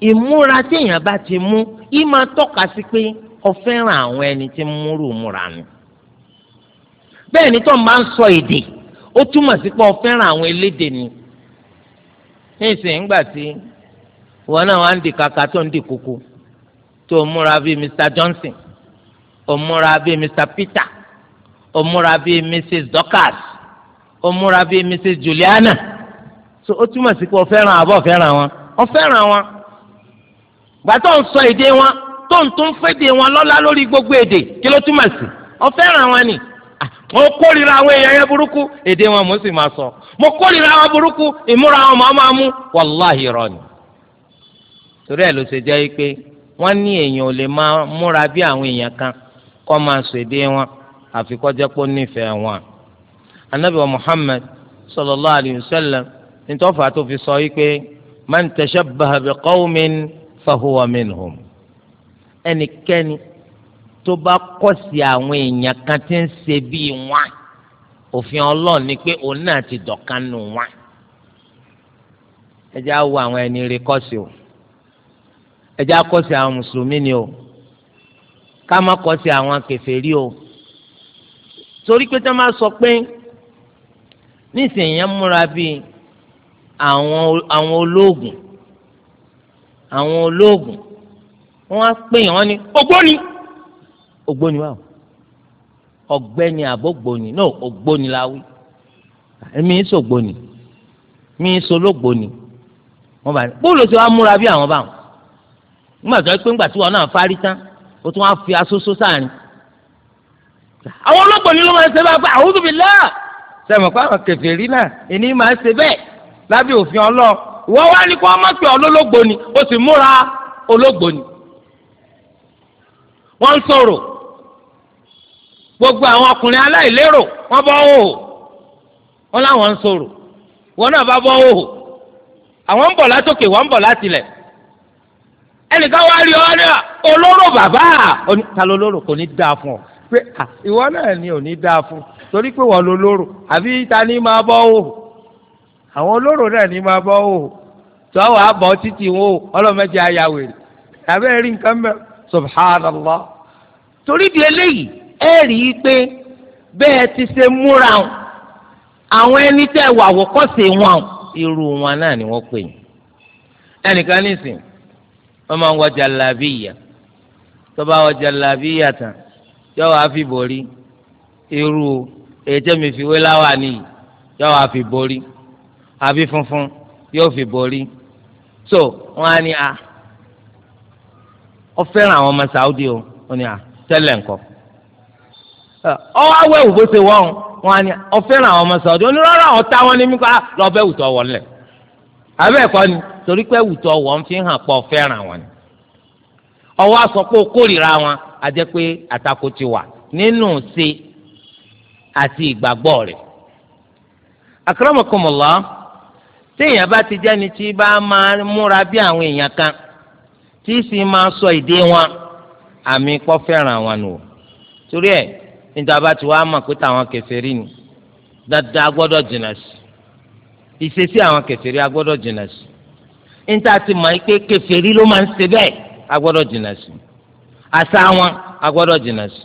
Speaker 1: ìmúra tí èèyàn bá ti mú í máa tọ́ka sí pé ó fẹ́ràn àwọn ẹni tí ń múrù múra nù bẹ́ẹ̀ ni tó máa ń sọ èdè ó túmọ̀ sí pé ó fẹ́ràn àwọn elédè ni nísìnyí ńgbà tí wọn náà wá ń di kàkà tó ń di koko tó o múra bíi Mr Johnson o múra bíi Mr Peter o múra bíi Mrs Dorcas o múra bíi Mrs Juliana so ó túmọ̀ sí pé ó fẹ́ràn àbọ̀ fẹ́ràn wọn ó fẹ́ràn wọn gbà tó ń sọ èdè wọn tó ń tún fèdè wọn lọ́lá lórí gbogbo èdè kí ló túmọ̀ sí ó fẹ́ràn wọn ni mo kórìíra àwọn èèyàn yẹn burúkú èdè wọn mo sì máa sọ mo kórìíra wọn burúkú ìmúra wọn máa máa mú wàláhì rọ ni. torí ẹ̀ ló ṣe jẹ́ pé wọ́n ní èèyàn ò lè máa múra bí àwọn èèyàn kan kọ́ máa sọ èdè wọn àfi nífẹ̀ẹ́ wọn. anabi wa muhammad sallallahu alayhi wa sallam ní tọ́fà tó fi sọ yìí pé man tashabbaha bi qawmin. fahuwa minhum ẹnikẹ́ni tó bá kọ̀sí àwọn èèyàn kan tí ń ṣe bíi wọn òfin ọlọ́run ni pé òun náà ti dọ̀kan nù wọn. ẹ jẹ́ wo àwọn ẹni rí kọ̀sí o ẹ jẹ́ á kọ̀sí àwọn mùsùlùmí ni o ká má kọ̀sí àwọn kèfèrí o torí pé tá a máa sọ pé nísìnyí múra bíi àwọn ológun. àwọn olóògùn wọ́n á pèèyàn wọ́n ní ògbóni ògbóni wa ọ̀gbẹ́ni àbógbóni no ògbóni la wí èmi ń sògbóni mi ń sológbóni wọ́n bá ní bóòlù tí wàá múra bí àwọn bá wọn nígbà tó pé ńgbà tí wọn náà fárí tán ó tún wá fi asoso sáàrin àwọn ọlọ́gbọ̀nì ló máa ń ṣe bá a pé àwùjọ bìí láà sẹ́mi pa àwọn kẹfẹ́ rí náà èyí máa ń ṣe bẹ́ẹ̀ lábẹ́ òfin ọlọ́ọ̀ ìwọ wá ní kó ọmọ pé ọlọ́lọ́gbò ni ó sì múra ológbò ni wọ́n ń sọ̀rọ̀ gbogbo àwọn ọkùnrin aláìlérò wọ́n bọ́ hòhò wọ́n láwọn ń sọ̀rọ̀ wọ́n náà bá bọ́ hòhò àwọn ń bọ̀ látòkè wọ́n ń bọ̀ látilẹ̀ ẹnìkan wá rí ọ ní olóró bàbá ta ló kò ní dáa fún ọ pé ìwọ náà ni ò ní dáa fún torí pé wọ́n lo lóró àbí ta ni máa bọ́ hòhò àwọn olóró náà ni máa bọ́ hòhò tọ́wọ́ àbọ̀ títì wo ọlọ́mọdé ayáwèrè àbẹ́ rí nǹkan mẹ́ subhanallah torí di eléyìí ẹ rí i pé bẹ́ẹ̀ ti ṣe múra o àwọn ẹni tẹ́ wà wọ́kọ́sẹ̀ wọn o irú wọn náà ni wọ́n pè yín ẹnìkan nísìn wọ́n máa ń wọ jalabiya tó bá wọ jalabiya tán yọ̀wọ́ àfi borí irú ètò mi fi wé láwa nìyí yọ̀wọ́ àfi borí àbí funfun yóò fi borí so wọn á a ah, ọ àwọn ọmọ Saudi o wọn ni a ah, tẹ́lẹ̀ nǹkan ah, ọ wá wẹ̀wù bó ṣe wọn àwọn ọmọ Saudi o ní rárá àwọn mípa lọ́ọ́ bẹ́ẹ̀ wùtọ́ wọ̀ abẹ́ ẹ̀kọ́ ni torí pé wùtọ́ wọ̀ fi hàn pọ̀ fẹ́ràn wọn ni ọwọ́ aṣọ kórìíra wọn a pé àtakò ti wà nínú ṣe àti téèyàn bá ti jẹ́ni tí bá máa múra bí àwọn èèyàn kan tí sì máa sọ ìdí wọn àmì kọ́ fẹ́ràn àwọn nù. torí ẹ̀ níta bá ti wá mọ̀ pé táwọn kèfèrí ni dáadáa gbọ́dọ̀ jìnnà sí ìṣesí àwọn kèfèrí a gbọ́dọ̀ jìnnà sí níta ti mọ̀ pé kèfèrí ló máa ń ṣe bẹ́ẹ̀ a gbọ́dọ̀ jìnnà sí àṣà wọn a gbọ́dọ̀ jìnnà sí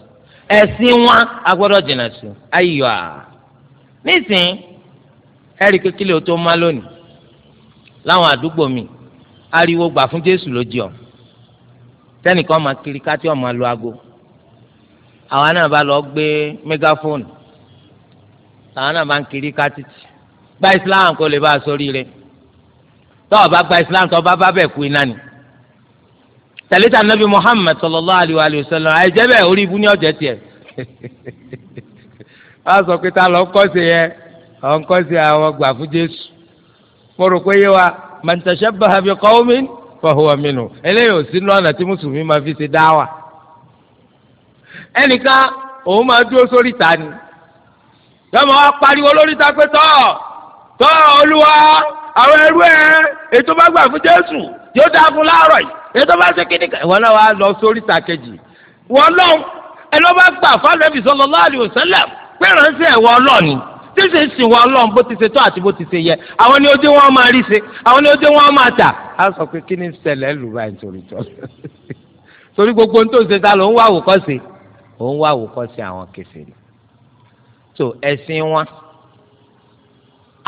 Speaker 1: ẹ̀sìn wọn a gbọ́dọ̀ jìnnà sí ayọ̀ nísìnyí ẹ̀rí kékeré o tó má lónìí láwọn àdúgbò mi ariwo gbà fún jésù ló jẹ ọ tẹnìkan máa kiri kátí ọmọ lu aago àwa náà bá lọ gbé megaphone àwa náà bá ń kiri kátí gba islam kó lè bá a sórí rẹ tọ́wọ́ bá gba islam tọ́wọ́ bá bá bẹ̀ kú iná ni tẹ̀lẹ́tà nàbí muhammed sallallahu alayhi wa sallam àìjẹ́ bẹ́ẹ̀ orí ibú ní ọ̀jẹ̀ tiẹ̀ wọ́n sọ pé ta lọ ń kọ́ sí yẹ ọ̀ ń kọ́ sí àwọn gbà fún jésù mo rò pé yé wa man tashabbaha bi qawmin fa huwa minhum eléyìí ò sí lọ́nà tí mùsùlùmí máa fi ṣe dáwà ẹnìkan òun máa dúró sórí ta ni yọmọ wa pariwo lórí ta pé tọ́ tọ́ olúwa àwọn ẹrú ẹ ètò bá gbà fún jésù yóò dáa fún láàárọ̀ yìí ètò bá ṣe kíni kan ìwọ náà wàá lọ sórí ta kejì wọn lọ ẹ lọ bá gbà fún ànábì sallallahu alaihi wasallam pé ránṣẹ́ ẹ̀wọ̀ ọlọ́ọ̀ni tí ṣe ń sìn wá ọlọ́run bó ti ṣe tó àti bó ti ṣe yẹ àwọn ni ojú wọn máa rí ṣe àwọn ni ojú wọn máa tà á sọ pé kí ni ṣẹlẹ̀ lù báyìí nítorí tọ́ torí gbogbo ohun tó ń ṣe ta ló ń wá àwòkọ́ṣe ó ń wá àwòkọ́ṣe àwọn kèfèrí tó ẹ̀sìn wọn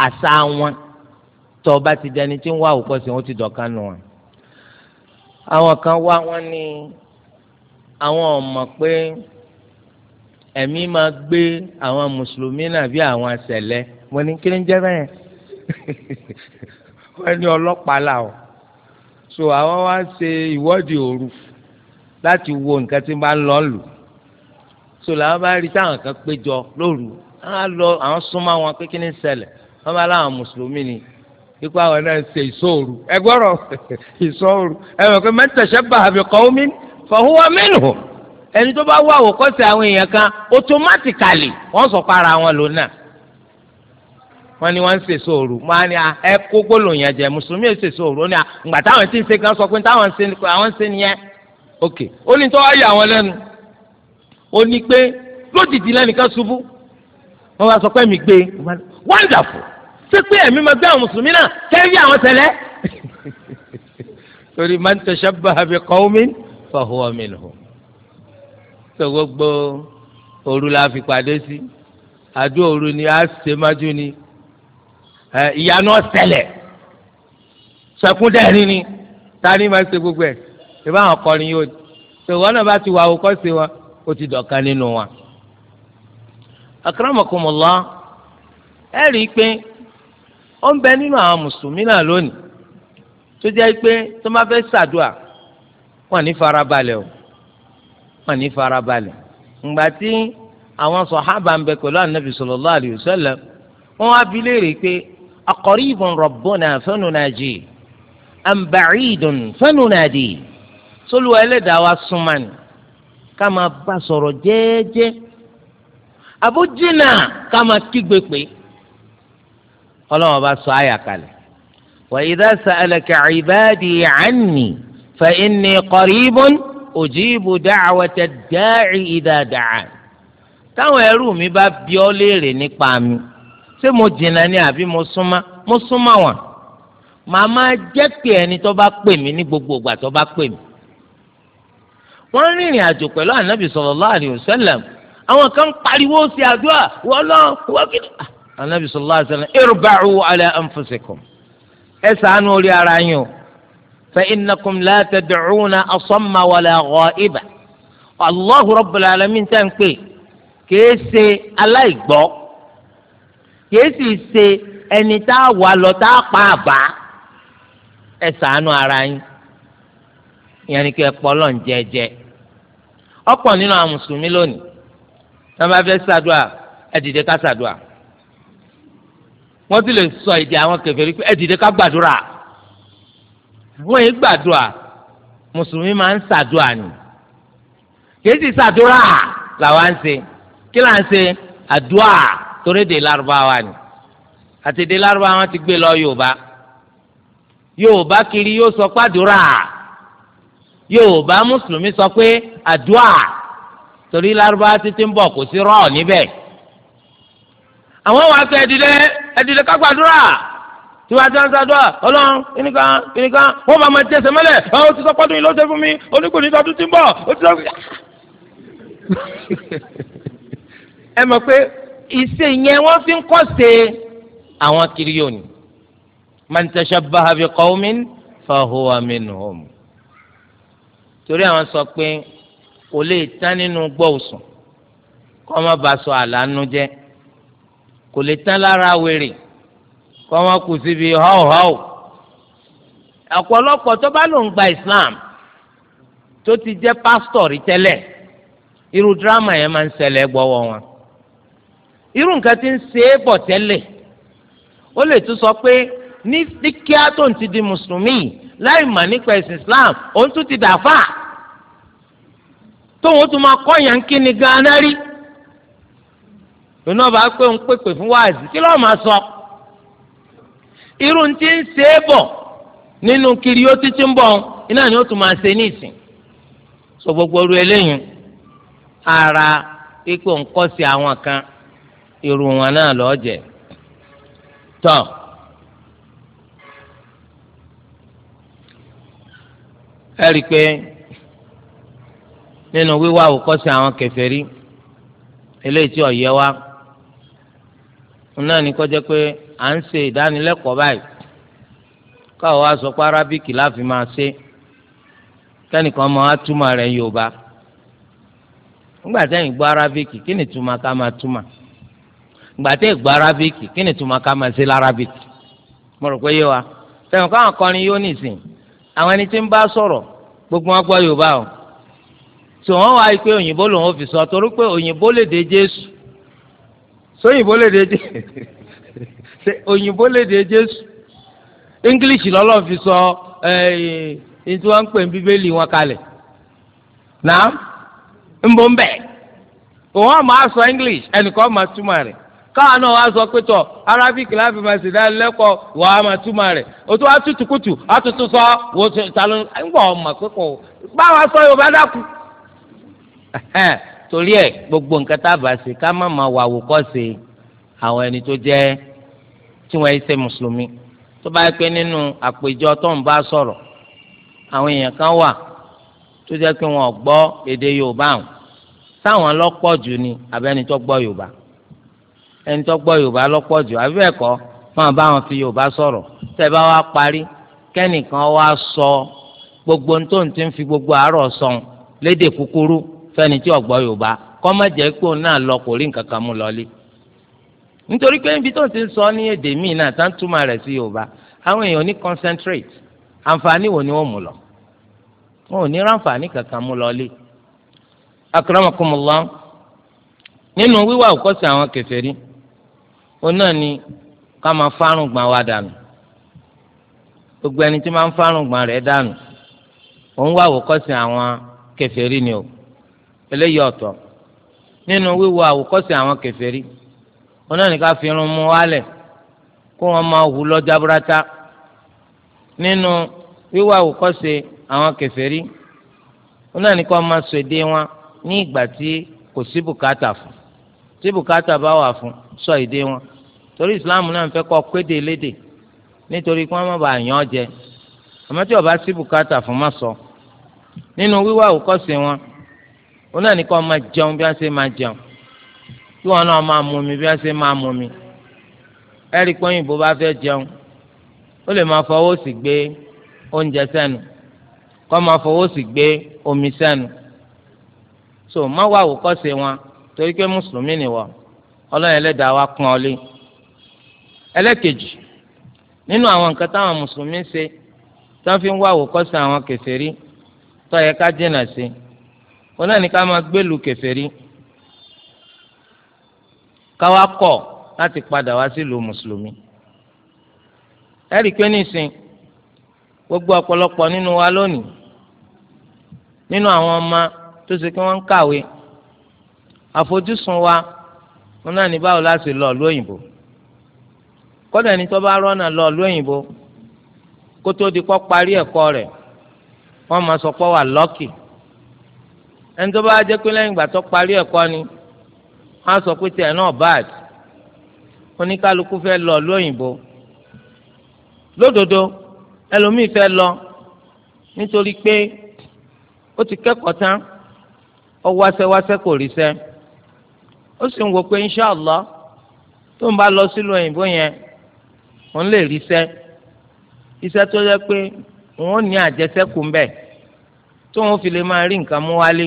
Speaker 1: àṣà wọn tó ọba ti dẹni tí ń wá àwòkọ́ṣe wọn ti dọ̀kan nù wọn àwọn kan wá wọn ní àwọn ọmọ pé ẹ̀mí máa gbé àwọn mùsùlùmí náà bí àwọn àṣẹlẹ̀ mo ní kí ni jẹ́ bẹ́ẹ̀ wọ́n ní ọlọ́pàá là ọ́ so àwọn wá ṣe ìwọ́de òru láti wo nǹkan tí bá ń lọ lù so làwọn bá rí táwọn kan péjọ lóru àwọn lọ àwọn súnmọ́ àwọn pé kí ni ṣẹlẹ̀ wọ́n bá láwọn mùsùlùmí ni ikú àwọn náà ṣe ìṣòro ẹgbọ́rọ̀ ìṣòro ẹ mọ̀ pé mẹ́tẹ̀ṣẹ́ bàbí qawmin fahuwa minhum ẹni tó bá wá àwòkọ́sí àwọn èèyàn kan automatically wọ́n sọ pé ara wọn lò náà wọ́n ní wọ́n ń sèso òru wọ́n á ní ẹ kó gbólóhùn yẹn jẹ mùsùlùmí ẹ sèso òru ó ní àgbà táwọn ti ń ṣe kan sọ pé táwọn ń ṣe nìyẹn ok ó ní tó wáyé àwọn lẹ́nu ó ní pé lójijì lẹ́nìkan ṣubú wọ́n wá sọ pé mi gbé wonderful ṣé pé ẹ̀mí máa gbé àwọn mùsùlùmí náà kẹ́rí àwọn tẹ̀lẹ́ torí man tashabbaha bi qawmin fahuwa minhum sọ gbogbo òru la fi pàdé sí àdó òru ni a ṣe májú ni ìyanu ọ̀sẹ̀lẹ̀ sẹkúndẹ̀rin ni ta ni máa ṣe gbogbo ẹ̀ ìbá àwọn akọrin yóò ṣe wọn náà bá ti wà òkọ́ sí wọn ó ti dọ̀kan nínú wọn. akramakumullah ẹ rí i pé ó ń bẹ nínú àwọn mùsùlùmí náà lónìí tó jẹ́ pé tó máa fẹ́ ṣàdúà wọn ní farabalẹ̀ o wọn ní farabalẹ̀ ǹgbà tí àwọn sọ̀hábà ń bẹ pẹ̀lú anabi sallallahu alayhi wa sallam wọn wá bi léèrè pé aqaribun rabbuna fanunaji am ba'idun fanunadi sólùwà ẹlẹ́dàá wa súnmọ́ ni ká máa bá sọ̀rọ̀ jẹ́ẹ́jẹ́ àbójínà ká máa kígbe pé ọlọ́wọ́n bá sọ àyà kalẹ̀ wa idha sa'alaka ibadi anni fa inni qaribun. òjìbù da'wata da'a táwọn ẹrú mi bá bi mi ṣé mo jìnnà ni àbí mo mo súnmọ́ wọn màmá jẹ́ pé ẹni tó bá pè mí ní gbogbo ìgbà tó bá pè wọ́n rìnrìn àjò pẹ̀lú kan pariwo sí àdúrà wọ́n lọ wọ́n kí ni. ànábì sallallahu alaihi wasallam irba'u ẹ فإنكم لا تدعون أصم ولا غائبا الله رب العالمين تنقي كيسي عليك بو كيسي سي ẹni tá a wà lọ tá a pa àbá ẹ ṣàánú ara yín ìyẹn ni kí ẹ pọ lọ́n jẹ́jẹ́ ọ̀pọ̀ nínú àwọn mùsùlùmí lónìí tí wọ́n bá fẹ́ ṣàdúà ẹ dìde ká ṣàdúà wọ́n ti lè sọ èdè àwọn kèfèrí pé ẹ dìde ká gbàdúrà wọ́n yìí gbàdúrà mùsùlùmí máa ń ṣàdúrà ni kèésì ṣàdúrà làwa ń ṣe kí là ń ṣe àdúrà torí de lárúbáwá ni àti de lárúbáwá ti gbé lọ yorùbá yorùbá kiri yóò sọ pé àdúrà yorùbá mùsùlùmí sọ pé àdúrà torí lárúbáwá títí ń bọ̀ kò sí rọ́ọ̀ níbẹ̀ àwọn wàá fẹ́ ẹdílé ẹdílé ká tí wàá ti ń sàdúrà ọlọ́run kìnìkan kìnìkan wọ́n máa ma jẹ́ sẹ́mẹ́lẹ̀ ó ti sọ pọ́dún yìí ló ṣe fún mi oníkùn ní tọdún tí ń bọ̀ ó ti sọ fún mi. ẹ mọ̀ pé ìṣe yẹn wọ́n fi ń kọ́ ṣe àwọn kiri yóò ní man tashabbaha bi qawmin fahuwa minhum torí àwọn sọ pé kò lè tán nínú gbọ́ọ̀sùn kọ́ ọ má ba sọ àlànà jẹ́ kò lè tán lára wèrè. kọ́ wọn kù síbi Ọpọlọpọ ọ̀pọ̀lọpọ̀ tó bá gba Islam tó ti jẹ́ pásítọ̀ rí tẹ́lẹ̀ irú dírámà yẹn máa ń ṣẹlẹ̀ gbọ́wọ́ wọn irú nǹkan ti ń ṣe é bọ̀ tẹ́lẹ̀ ó lè sọ pé ní kíá tó ń ti di mùsùlùmí láì mà Islam òun tún ti dafa. tóun tún máa kọ ń kíni gan rí lónà bá pé òun fún wáàzì kí máa sọ. irú ti ń se é bọ̀ nínú kiri ó ti ti ń bọ̀ iná ni ó tún máa se ní ìsìn sọ gbogbo oru eléyìí ara ipò ńkọ́ sí àwọn kan irú wọn náà lọ́ọ́ jẹ tọ ẹ rí i pé nínú wíwá àwòkọ́sí àwọn kèfèrí eléyìí tí ó wá náà ní kó jẹ́ pé. à ń ṣe ìdánilẹ́kọ̀ọ́ báyìí káwọn wá sọ pé arábíkì láfi máa ṣe kẹ́nìkan máa túmọ̀ rẹ̀ yorùbá ńgbà tẹ́yìn gbọ́ arábíkì kí ni túmọ̀ ká máa túmọ̀ ńgbà tẹ́yìn gbọ́ kí ni túmọ̀ ká máa ṣe lárábíkì mo rò pé yé wa sẹ́yìn káwọn kọrin yóò nìsín àwọn ẹni tí ń bá sọ̀rọ̀ gbogbo wọn gbọ́ yorùbá o tí wọ́n wá pé òyìnbó lòun fi sọ torí pé òyìnbó lè dé jésù sóyìnbó lè dé jésù. òyìnbó lédè jésù english lọlọ fi sọ ẹ̀ẹ́n eh, tí wọ́n pè ní bíbélì wọn kalẹ̀ náà ń òun sọ english ẹnìkan máa túmọ̀ rẹ̀ káwọn sọ arabic láti máa ṣe dánilẹ́kọ̀ọ́ wà á máa túmọ̀ rẹ̀ òtú wá tútùkùtù sọ wò ó ta ló ń ọmọ báwa sọ yorùbá dákú torí gbogbo nǹkan tá a bá ṣe ká má máa wà wò kọ́ ṣe àwọn ẹni tí wọ́n ṣe mùsùlùmí tó bá yẹ pé nínú àpèjọ tó ń bá sọ̀rọ̀ àwọn èèyàn kan wà tó jẹ́ pé wọ́n gbọ́ èdè Yorùbá àwọn táwọn lọ́pọ̀ jù ni àbẹ́ni tó gbọ́ Yorùbá ẹni tó gbọ́ Yorùbá lọ́pọ̀ jù àbí bẹ́ẹ̀ kọ́ máa bá wọn fi Yorùbá sọ̀rọ̀ tẹ́ bá wá parí kẹ́nìkan wá sọ gbogbo tó ń ti fi gbogbo àárọ̀ sọ̀n lédè kúkúrú fẹ́ni tí ò Yorùbá kọ́ má jẹ́ pé òun náà lọ kò rí nǹkan kan mú lọ́lé nítorí pé ibi tó ti ń sọ ní èdè míì náà tá túmọ̀ rẹ̀ sí yorùbá àwọn èèyàn ní concentrate àǹfààní wo ni wọ́n mú lọ wọn ò ní ráǹfààní kankan mú lọ lé akramakumullah nínú wíwá òkọ́sí àwọn kèfèrí ó náà ni ká máa fárùngbọ̀n wa dànù gbogbo ẹni tí máa ń fárùngbọ̀n rẹ̀ dànù òun wá òkọ́sí àwọn kèfèrí ni o eléyìí ọ̀tọ̀ nínú wíwá òkọ́sí àwọn kèfèrí wọn náà ní ká fi irun mú wálẹ̀ kó wọn máa hù lọ jaburata nínú wíwá àwòkọ́ṣe àwọn kèfèrí wọn náà ní ká máa sọ èdè wọn ní ìgbà tí kò sí bùkátà fún tí bùkátà bá wà fún sọ èdè wọn torí ìsìláàmù náà ń fẹ́ kọ́ kéde léde nítorí kí wọ́n má bàa yàn ọ́ jẹ àmọ́ tí ọba sí bùkátà fún má sọ nínú wíwá àwòkọ́ṣe wọn wọn náà ní ká máa jẹun bí wọ́n ṣe máa jẹun kí wọn náà máa mú mi bí wọn ṣe máa mú mi ẹrí pé òyìnbó bá fẹ́ jẹun ó lè máa fọwọ́ sí gbé oúnjẹ sẹ́nu kọ́ máa fọwọ́ sí gbé omi sẹ́nu so má wà àwòkọ́ṣe wọn torí pé mùsùlùmí nìwọ ọlọ́run ẹlẹ́dàá wa pọ́n ọ lé ẹlẹ́kejì nínú àwọn nǹkan táwọn mùsùlùmí ṣe tí wọ́n fi ń wá àwòkọ́ṣe àwọn kèfèrí tó yẹ ká jìnnà sí wọn náà ní ká máa gbélùú kèfèrí káwa kọ̀ láti padà wá sílùú mùsùlùmí ẹ rí i pé nísìn gbogbo ọ̀pọ̀lọpọ̀ nínú wa lónìí nínú àwọn ọmọ tó ṣe kí wọ́n ń kàwé àfojúsùn wa wọn náà ní báwo láti lọ ìlú òyìnbó kódà ní tó bá rọ́nà lọ ìlú òyìnbó kó tó di kọ́ parí ẹ̀kọ́ rẹ̀ wọ́n máa sọ wà lọ́kì ẹni tó bá jẹ́ pé lẹ́yìn ìgbà tó parí ẹ̀kọ́ ni á sọ pé tiẹ̀ náà bad oníkálukú fẹ́ lọ lóyìnbó lódodo ẹlòmíì fẹ́ lọ nítorí pé ó ti kẹ́kọ̀ọ́ tán ó wáṣẹ́wáṣẹ́ kò ríṣẹ́ ó sì ń wò pé inṣàlá tó ń bá lọ sílùú òyìnbó yẹn òun lè ríṣẹ́ iṣẹ́ tó yẹ pé òun ò ní àjẹsẹ́kù ń bẹ̀ tóun fi lè máa rí nǹkan mú wálé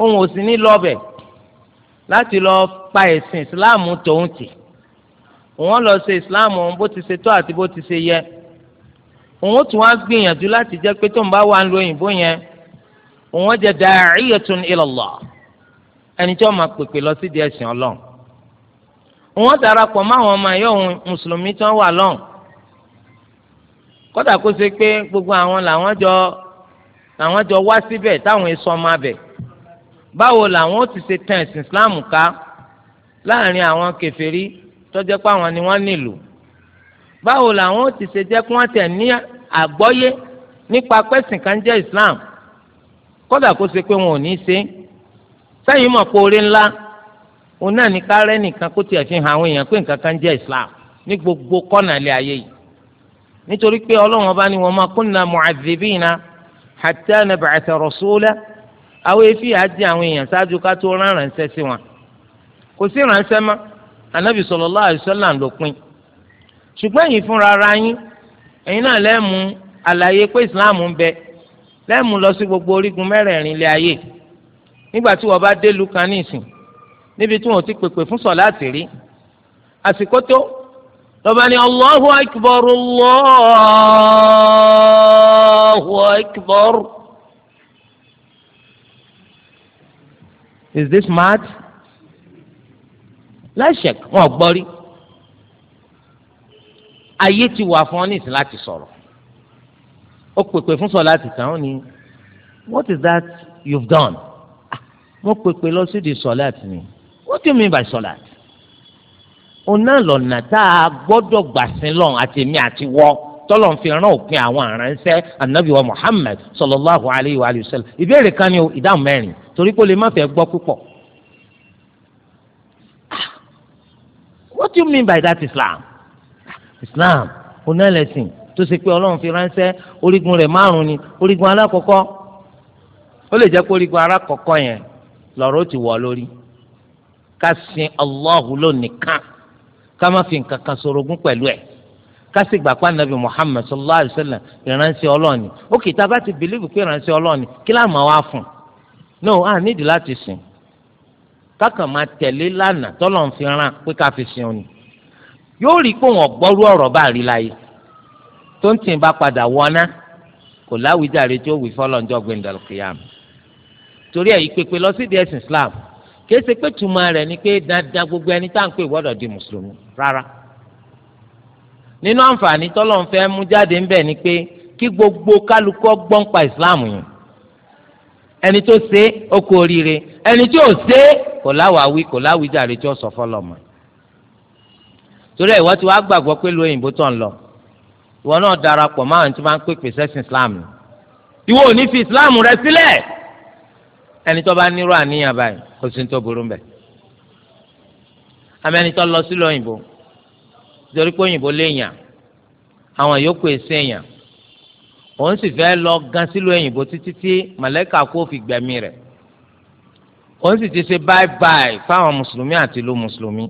Speaker 1: òun ò sì ní lọ́bẹ̀ẹ́ láti lọ pa ẹ̀sìn ìsìláàmù tòun tì wọ́n lọ ṣe ìsìláàmù bó ti ṣe tó àti bó ti ṣe yẹ òun tún wá gbìyànjú láti jẹ́ pé tó ń bá wà ń lo òyìnbó yẹn òun jẹ́ da'iyatun ila Allah ẹni tí wọ́n máa pèpè lọ sídìí ẹ̀sìn Ọlọ́run òun darapọ̀ máwọn ọmọ ẹ̀yọ́ òun mùsùlùmí tí wọ́n wà lọ́hùn kódà kó ṣe pé gbogbo àwọn làwọn jọ làwọn jọ wá síbẹ̀ táwọn èso ọmọ abẹ̀ báwo làwọn ti ṣe tàn ẹ̀sìn islam ká láàrin àwọn kèfèrí tó pé àwọn ni wọ́n nílò báwo làwọn ti ṣe jẹ́ kí wọ́n tẹ̀ ní nípa pẹ́sìn kan jẹ́ islam kódà kó ṣe pé wọn ò ní ṣe sẹ́yìn mọ̀ pé ńlá òun náà ní kárẹ́ nìkan kó islam ní gbogbo kọ́nà ilé ayé yìí nítorí pé ọlọ́run ọba ni àwọn efi di àwọn èèyàn ṣáájú ká tó rán ránṣẹ́ sí wọn kò sí ránṣẹ́ mọ́ anabi sallallahu alaihi wasallam ló pin ṣùgbọ́n ẹ̀yin fúnra ara yín ẹ̀yin náà lẹ́ẹ̀mú àlàyé pé ìsìláàmù ń bẹ lẹ́ẹ̀mú lọ sí gbogbo orígun mẹ́rẹ̀ẹ̀rin ilé ayé nígbà tí wọ́n bá dé ìlú ní ìsìn níbi tí wọ́n ti pèpè fún láti rí àsìkò tó lọ́ba ni Allahu akbar Allahu akbar. is this mad láṣẹ wọn gbọ́ rí ayé ti wà fún ọ nísìnyí láti sọ̀rọ̀ ó pèpè fún sọ láti tàn án ni what is that you've done ah, mo pèpè lọ sí di sọláàtì ni what do you mean by sọláàtì ọ̀nà lọ́nà tá a gbọ́dọ̀ gbà sí lọ́n àti èmi àti wọ́ tọ́lọ̀ ń fi rán òpin àwọn àránṣẹ́ anabi wa muhammed sallallahu alayhi wa sallam ìbéèrè kan ní ìdáhùn mẹ́rin torí pé lè má fẹ́ gbọ́ púpọ̀. Ah, what do you mean by that islam ah, islam onẹ́lẹ̀sìn tó ṣe pé ọlọ́run fi ránṣẹ́ orígun rẹ̀ márùn-ún ni orígun alákọ̀ọ́kọ́ ó lè jẹ́ pé orígun alákọ̀ọ́kọ́ yẹn lọ́rọ̀ ti wọ̀ lórí ká sin Allahu lónìí kan ká má fi nǹkan kan sorogún pẹ̀lú ẹ̀ kásì gbà pa nàbì Muhammad sallallahu alayhi wa sallam ìránṣẹ́ ọlọ́ọ̀ni ó kì í ta bá ti bìlíìfù pé ìránṣẹ́ ọlọ́ọ̀ni kí láà máa wá fún un no a nídìí láti sìn kákan máa tẹ̀lé lánàá tọ́lọ̀ ń fi rán pé ká fi sìn òní yóò rí i pé wọn gbọ́rú ọ̀rọ̀ bá rí láyé tó ń tì bá padà wọná kò láwùjáre tí ó wì fọlọ́njọ́ gbẹ̀ndàlùkìyàm torí ẹ̀ yí pépé lọ sí díẹ̀ sìn Islam kì í ṣe pé tùmọ̀ rẹ̀ ni pé dandan gbogbo ẹni tá à ń pè wọ́dọ̀ di mùsùlùmí rárá nínú àǹfààní tọ́lọ̀ ń fẹ́ mú jáde ń bẹ̀ ni pé kí gbogbo kálukọ́ gbọ́n pa ìsìláàmù yìí ẹni tó ṣe ó kú oríire ẹni tí ò ṣe kò láwàáwí kò láwíjàre tí ó sọ fọlọ́mọ torí ẹ̀ wọ́n ti wá gbàgbọ́ pé lu òyìnbó tó lọ ìwọ náà darapọ̀ mọ́ tí wọ́n ń pèpè sẹ́sìn islam ni ìwọ ò ní fi islam rẹ sílẹ̀ ẹni tó bá nírú àníyàn báyìí kò sí ní tó burú bẹ́ẹ̀ àmẹ́ni tó lọ sílùú òyìnbó torí pé òyìnbó léèyàn àwọn yòókù èsì èèyàn òun sì fẹ́ lọ gan sílùú òyìnbó títí tí màlẹ́kà kó fi gbẹ̀mí rẹ̀ òun sì ti ṣe báìbáì fáwọn mùsùlùmí àti ìlú mùsùlùmí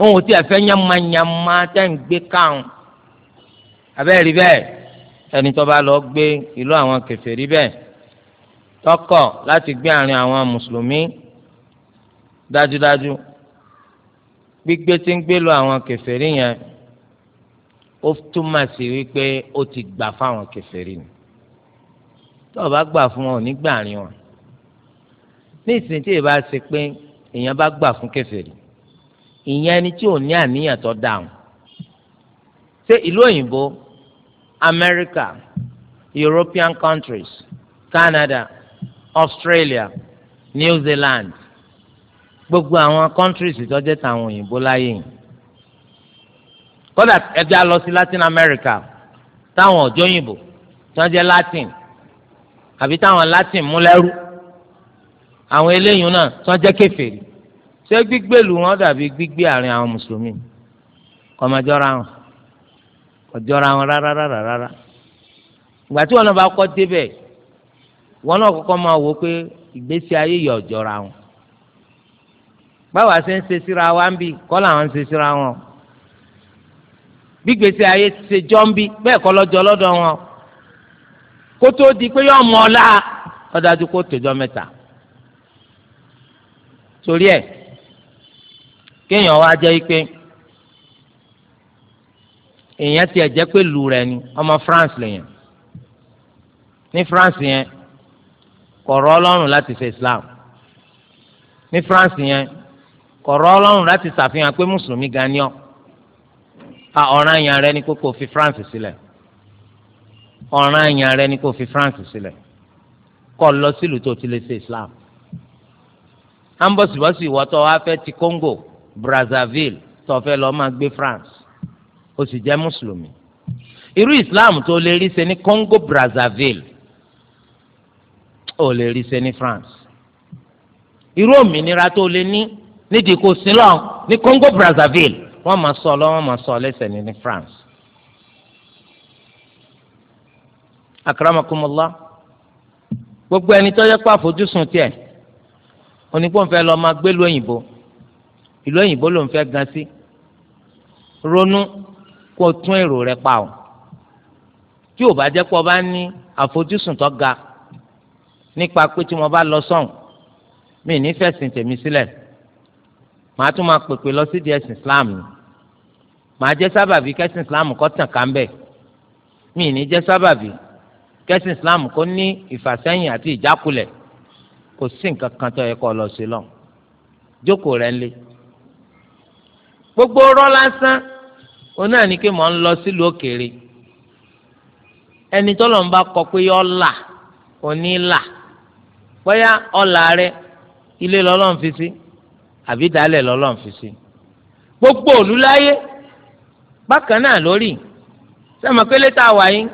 Speaker 1: òun ò tí a fẹ́ yamayama tẹ́ ń gbé káwọn abẹ́rẹ́ rí bẹ́ẹ̀ ẹni tó bá lọ gbé ìlú àwọn kèfèrí bẹ́ẹ̀ tọkọ̀ láti gbé àárín àwọn mùsùlùmí dájúdájú. Dájú gbígbé tí ń gbé lọ àwọn kèfèrí yẹn ó túmọ̀ sí wípé ó ti gbà fáwọn kèfèrí ni tó o bá gbà fún wọn ò ní gbà rin wọn ní ìsìn tí ìbá ṣe pé èèyàn bá gbà fún kèfèrí ìyẹn ẹni tí ò ní àníyàn tó dáhùn ṣé ìlú òyìnbó America European countries Canada Australia New Zealand gbogbo àwọn countries tó jẹ́ tàwọn òyìnbó láyé yìí kódà ẹja lọ sí Latin America táwọn ọ̀jọ́ òyìnbó tó jẹ́ Latin àbí táwọn Latin mú lẹ́rú àwọn eléyìí náà tó jẹ́ kèfèrí ṣé gbígbèlú wọn dàbí gbígbé àárín àwọn mùsùlùmí kọmọjọra wọn kọjọra wọn rárá rárá rárá ìgbà tí wọn náà bá kọ́ débẹ̀ wọn náà kọ́kọ́ máa wò ó pé ìgbésí ayé yọ ọ̀jọra wọn báwa ṣe ń ṣe síra wa ń bì kọ́ làwọn ń ṣe síra wọn bí gbèsè ayé ṣe jọ ń bì bẹ́ẹ̀ kọ́ lọ́jọ́ lọ́dọ̀ wọn kó tó di pé yọ mọ́ ọ́lá ọ̀dájú kó tòjọ́ mẹ́ta torí ẹ̀ kéèyàn wá jẹ́ pé èèyàn tiẹ̀ jẹ́ pé lù rẹ̀ ni ọmọ France lèèyàn ní France yẹn kọ̀rọ̀ ọlọ́run láti fẹ́ Islam ní France yẹn kọ̀rọ̀ ọlọ́run láti ṣàfihàn pé mùsùlùmí gan ni ọ́ a ọ̀ranyàn rẹ ni kó kó fi France sílẹ̀ ọ̀ranyàn rẹ ni kó fi France sílẹ̀ kó lọ sílùú tó ti lè ṣe Islam ambosibosi ìwọ́tọ̀ wa fẹ́ ti Congo Brazzaville tó fẹ́ lọ́ọ́ máa gbé France ó sì jẹ́ mùsùlùmí irú Islam tó lè rí ṣe ní Congo Brazzaville ó lè rí ṣe ní France irú òmìnira tó lè ní nídìí kò sí lọ ní Congo Brazzaville wọ́n máa sọ lọ wọ́n máa sọ lẹ́sẹ̀ ní France. akramakumullah gbogbo ẹni tó yẹ pé àfojúsùn tiẹ̀ onígbọ̀nfẹ́ lọ máa gbélú òyìnbó ìlú òyìnbó ló ń fẹ́ gan sí ronú kó o tún èrò rẹ pa o tí ò bá jẹ́ pé o bá ní àfojúsùn tó ga nípa pé tí mo bá lọ sọ́hùn mi ní fẹ̀sìn tèmi sílẹ̀. Si màá tún máa pèpè lọ sí díẹ̀ ẹ̀sìn islam ni màá jẹ́ sábàbí kẹ́sìn islam kó tàn ká ń bẹ̀ mí ní jẹ́ sábàbí kẹ́sìn islam kó ní ìfàsẹ́yìn àti ìjákulẹ̀ kò sí nǹkan kan tó yẹ kó lọ sí lọ jókòó rẹ̀ ń lé gbogbo rọ́ lásán òun náà ní kí mò ń lọ sílùú òkèèrè ẹni tọ́lọ̀ ń bá kọ pé yọ là òní là bóyá ọ̀là rẹ ilé lọ́lọ́run fi sí. Si àbí dálẹ̀ lọ́lọ́run fi sí gbogbo òlu láyé bákan náà lórí sẹ́mi pélé tá a wà yín